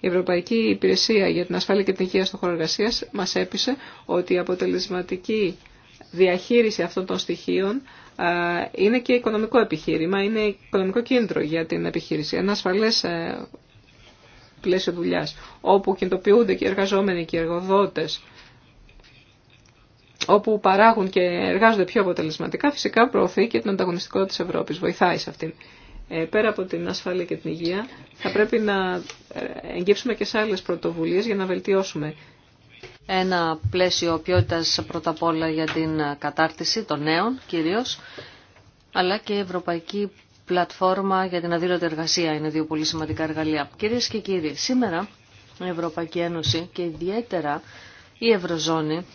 Η Ευρωπαϊκή Υπηρεσία για την Ασφάλεια και την Υγεία στον χώρο εργασίας μας έπεισε ότι η αποτελεσματική διαχείριση αυτών των στοιχείων ε, είναι και οικονομικό επιχείρημα, είναι οικονομικό κίνητρο για την επιχείρηση. Ένα ασφαλέ ε, πλαίσιο δουλειά, όπου κινητοποιούνται και οι εργαζόμενοι και οι εργοδότε, όπου παράγουν και εργάζονται πιο αποτελεσματικά, φυσικά προωθεί και την ανταγωνιστικότητα τη Ευρώπη. Βοηθάει σε αυτήν. Ε, πέρα από την ασφάλεια και την υγεία, θα πρέπει να εγγύψουμε και σε άλλε πρωτοβουλίε για να βελτιώσουμε ένα πλαίσιο ποιότητας πρώτα απ' όλα για την κατάρτιση των νέων κυρίως, αλλά και ευρωπαϊκή πλατφόρμα για την αδήλωτη εργασία είναι δύο πολύ σημαντικά εργαλεία. Κυρίες και κύριοι, σήμερα η Ευρωπαϊκή Ένωση και ιδιαίτερα η Ευρωζώνη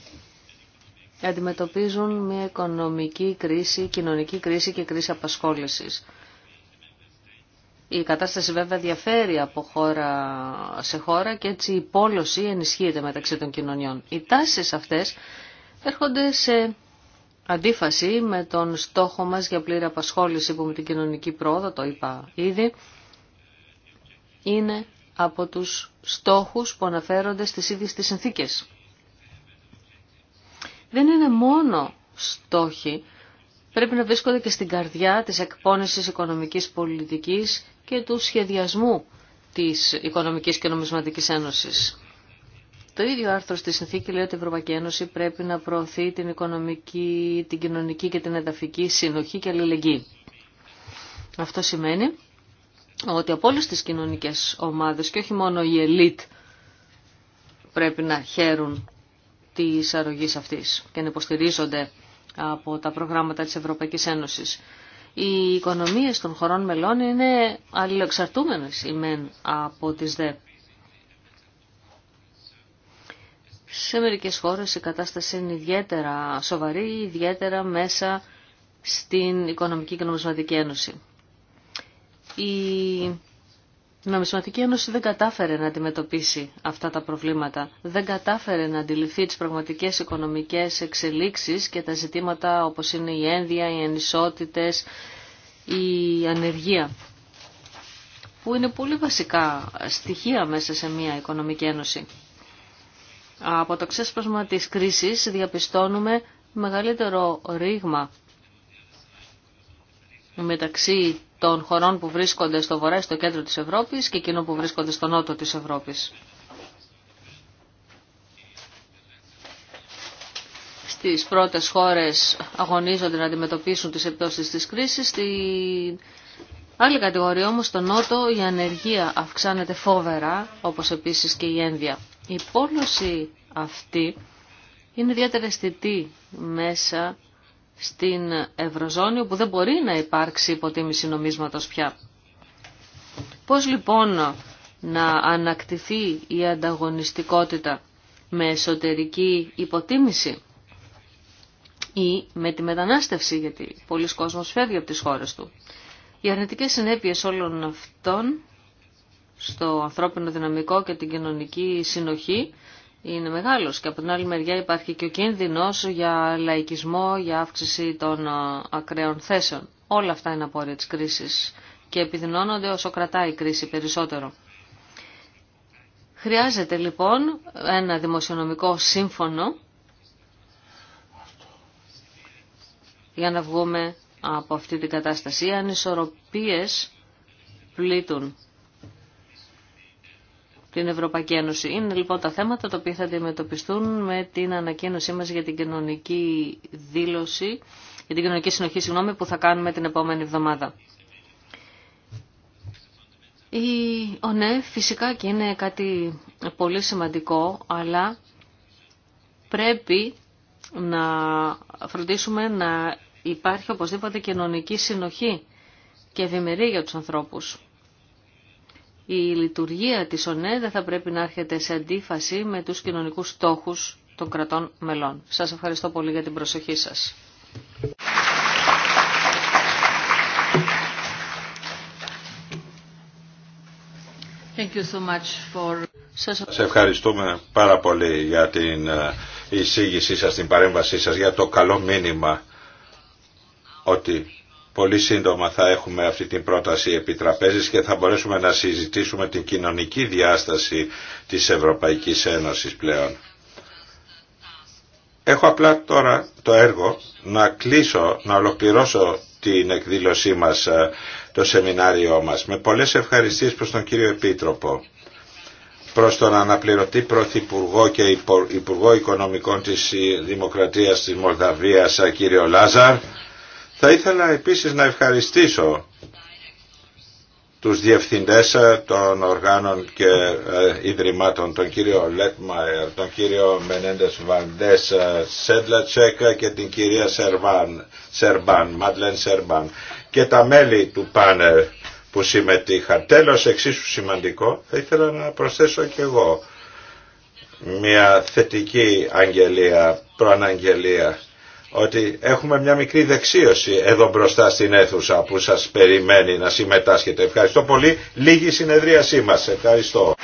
αντιμετωπίζουν μια οικονομική κρίση, κοινωνική κρίση και κρίση απασχόλησης. Η κατάσταση βέβαια διαφέρει από χώρα σε χώρα και έτσι η πόλωση ενισχύεται μεταξύ των κοινωνιών. Οι τάσεις αυτές έρχονται σε αντίφαση με τον στόχο μας για πλήρη απασχόληση που με την κοινωνική πρόοδο, το είπα ήδη, είναι από τους στόχους που αναφέρονται στις ίδιες τις συνθήκες. Δεν είναι μόνο στόχοι πρέπει να βρίσκονται και στην καρδιά της εκπόνησης οικονομικής πολιτικής και του σχεδιασμού της Οικονομικής και Νομισματικής Ένωσης. Το ίδιο άρθρο στη συνθήκη λέει ότι η Ευρωπαϊκή Ένωση πρέπει να προωθεί την οικονομική, την κοινωνική και την εδαφική συνοχή και αλληλεγγύη. Αυτό σημαίνει ότι από όλες τις κοινωνικές ομάδες και όχι μόνο η ελίτ πρέπει να χαίρουν τη αρρωγής αυτής και να υποστηρίζονται από τα προγράμματα της Ευρωπαϊκής Ένωσης. Οι οικονομίες των χωρών μελών είναι αλληλεξαρτούμενες ημέν από τις ΔΕ. Σε μερικές χώρες η κατάσταση είναι ιδιαίτερα σοβαρή, ιδιαίτερα μέσα στην Οικονομική και Νομισματική Ένωση. Η η Νομισματική Ένωση δεν κατάφερε να αντιμετωπίσει αυτά τα προβλήματα. Δεν κατάφερε να αντιληφθεί τις πραγματικές οικονομικές εξελίξεις και τα ζητήματα όπως είναι η ένδια, οι ανισότητες, η ανεργία που είναι πολύ βασικά στοιχεία μέσα σε μια οικονομική ένωση. Από το ξέσπασμα της κρίσης διαπιστώνουμε μεγαλύτερο ρήγμα μεταξύ των χωρών που βρίσκονται στο βορρά στο κέντρο της Ευρώπης και εκείνων που βρίσκονται στο νότο της Ευρώπης. Στις πρώτες χώρες αγωνίζονται να αντιμετωπίσουν τις επιπτώσεις της κρίσης, στην άλλη κατηγορία όμως στο νότο η ανεργία αυξάνεται φόβερα, όπως επίσης και η ένδια. Η πόλωση αυτή είναι ιδιαίτερα αισθητή μέσα στην Ευρωζώνη όπου δεν μπορεί να υπάρξει υποτίμηση νομίσματος πια. Πώς λοιπόν να ανακτηθεί η ανταγωνιστικότητα με εσωτερική υποτίμηση ή με τη μετανάστευση γιατί πολλοί κόσμος φεύγει από τις χώρες του. Οι αρνητικές συνέπειες όλων αυτών στο ανθρώπινο δυναμικό και την κοινωνική συνοχή είναι μεγάλος και από την άλλη μεριά υπάρχει και ο κίνδυνος για λαϊκισμό, για αύξηση των ε, ακραίων θέσεων. Όλα αυτά είναι απόρρια της κρίσης και επιδεινώνονται όσο κρατάει η κρίση περισσότερο. Χρειάζεται λοιπόν ένα δημοσιονομικό σύμφωνο για να βγούμε από αυτή την κατάσταση. Οι ανισορροπίες πλήττουν την Ευρωπαϊκή Είναι λοιπόν τα θέματα τα οποία θα αντιμετωπιστούν με την ανακοίνωσή μας για την κοινωνική δήλωση, για την κοινωνική συνοχή, συγγνώμη, που θα κάνουμε την επόμενη εβδομάδα. Η ο, ναι, φυσικά και είναι κάτι πολύ σημαντικό, αλλά πρέπει να φροντίσουμε να υπάρχει οπωσδήποτε κοινωνική συνοχή και ευημερία για τους ανθρώπους η λειτουργία της ΟΝΕ δεν θα πρέπει να έρχεται σε αντίφαση με τους κοινωνικούς στόχους των κρατών μελών. Σας ευχαριστώ πολύ για την προσοχή σας. Thank Σας ευχαριστούμε πάρα πολύ για την ε, εισήγησή σας, την παρέμβασή σας, για το καλό μήνυμα ότι πολύ σύντομα θα έχουμε αυτή την πρόταση επιτραπέζης και θα μπορέσουμε να συζητήσουμε την κοινωνική διάσταση της Ευρωπαϊκής Ένωσης πλέον. Έχω απλά τώρα το έργο να κλείσω, να ολοκληρώσω την εκδήλωσή μας, ε, το σεμινάριό μας, με πολλές ευχαριστίες προς τον κύριο Επίτροπο προς τον αναπληρωτή Πρωθυπουργό και Υπουργό Οικονομικών της Δημοκρατίας της Μολδαβίας, ε, κύριο Λάζαρ, θα ήθελα επίσης να ευχαριστήσω τους διευθυντές των οργάνων και ε, ιδρυμάτων, τον κύριο Λέτμαερ, τον κύριο Μενέντες Βαντές ε, Σέντλατσέκ και την κυρία Σερβάν, Σερμπάν, Σερμπάν και τα μέλη του πάνελ που συμμετείχαν. Τέλος εξίσου σημαντικό, θα ήθελα να προσθέσω και εγώ μια θετική αγγελία, προαναγγελία ότι έχουμε μια μικρή δεξίωση εδώ μπροστά στην αίθουσα που σας περιμένει να συμμετάσχετε. Ευχαριστώ πολύ. Λίγη συνεδρίασή μας. Ευχαριστώ.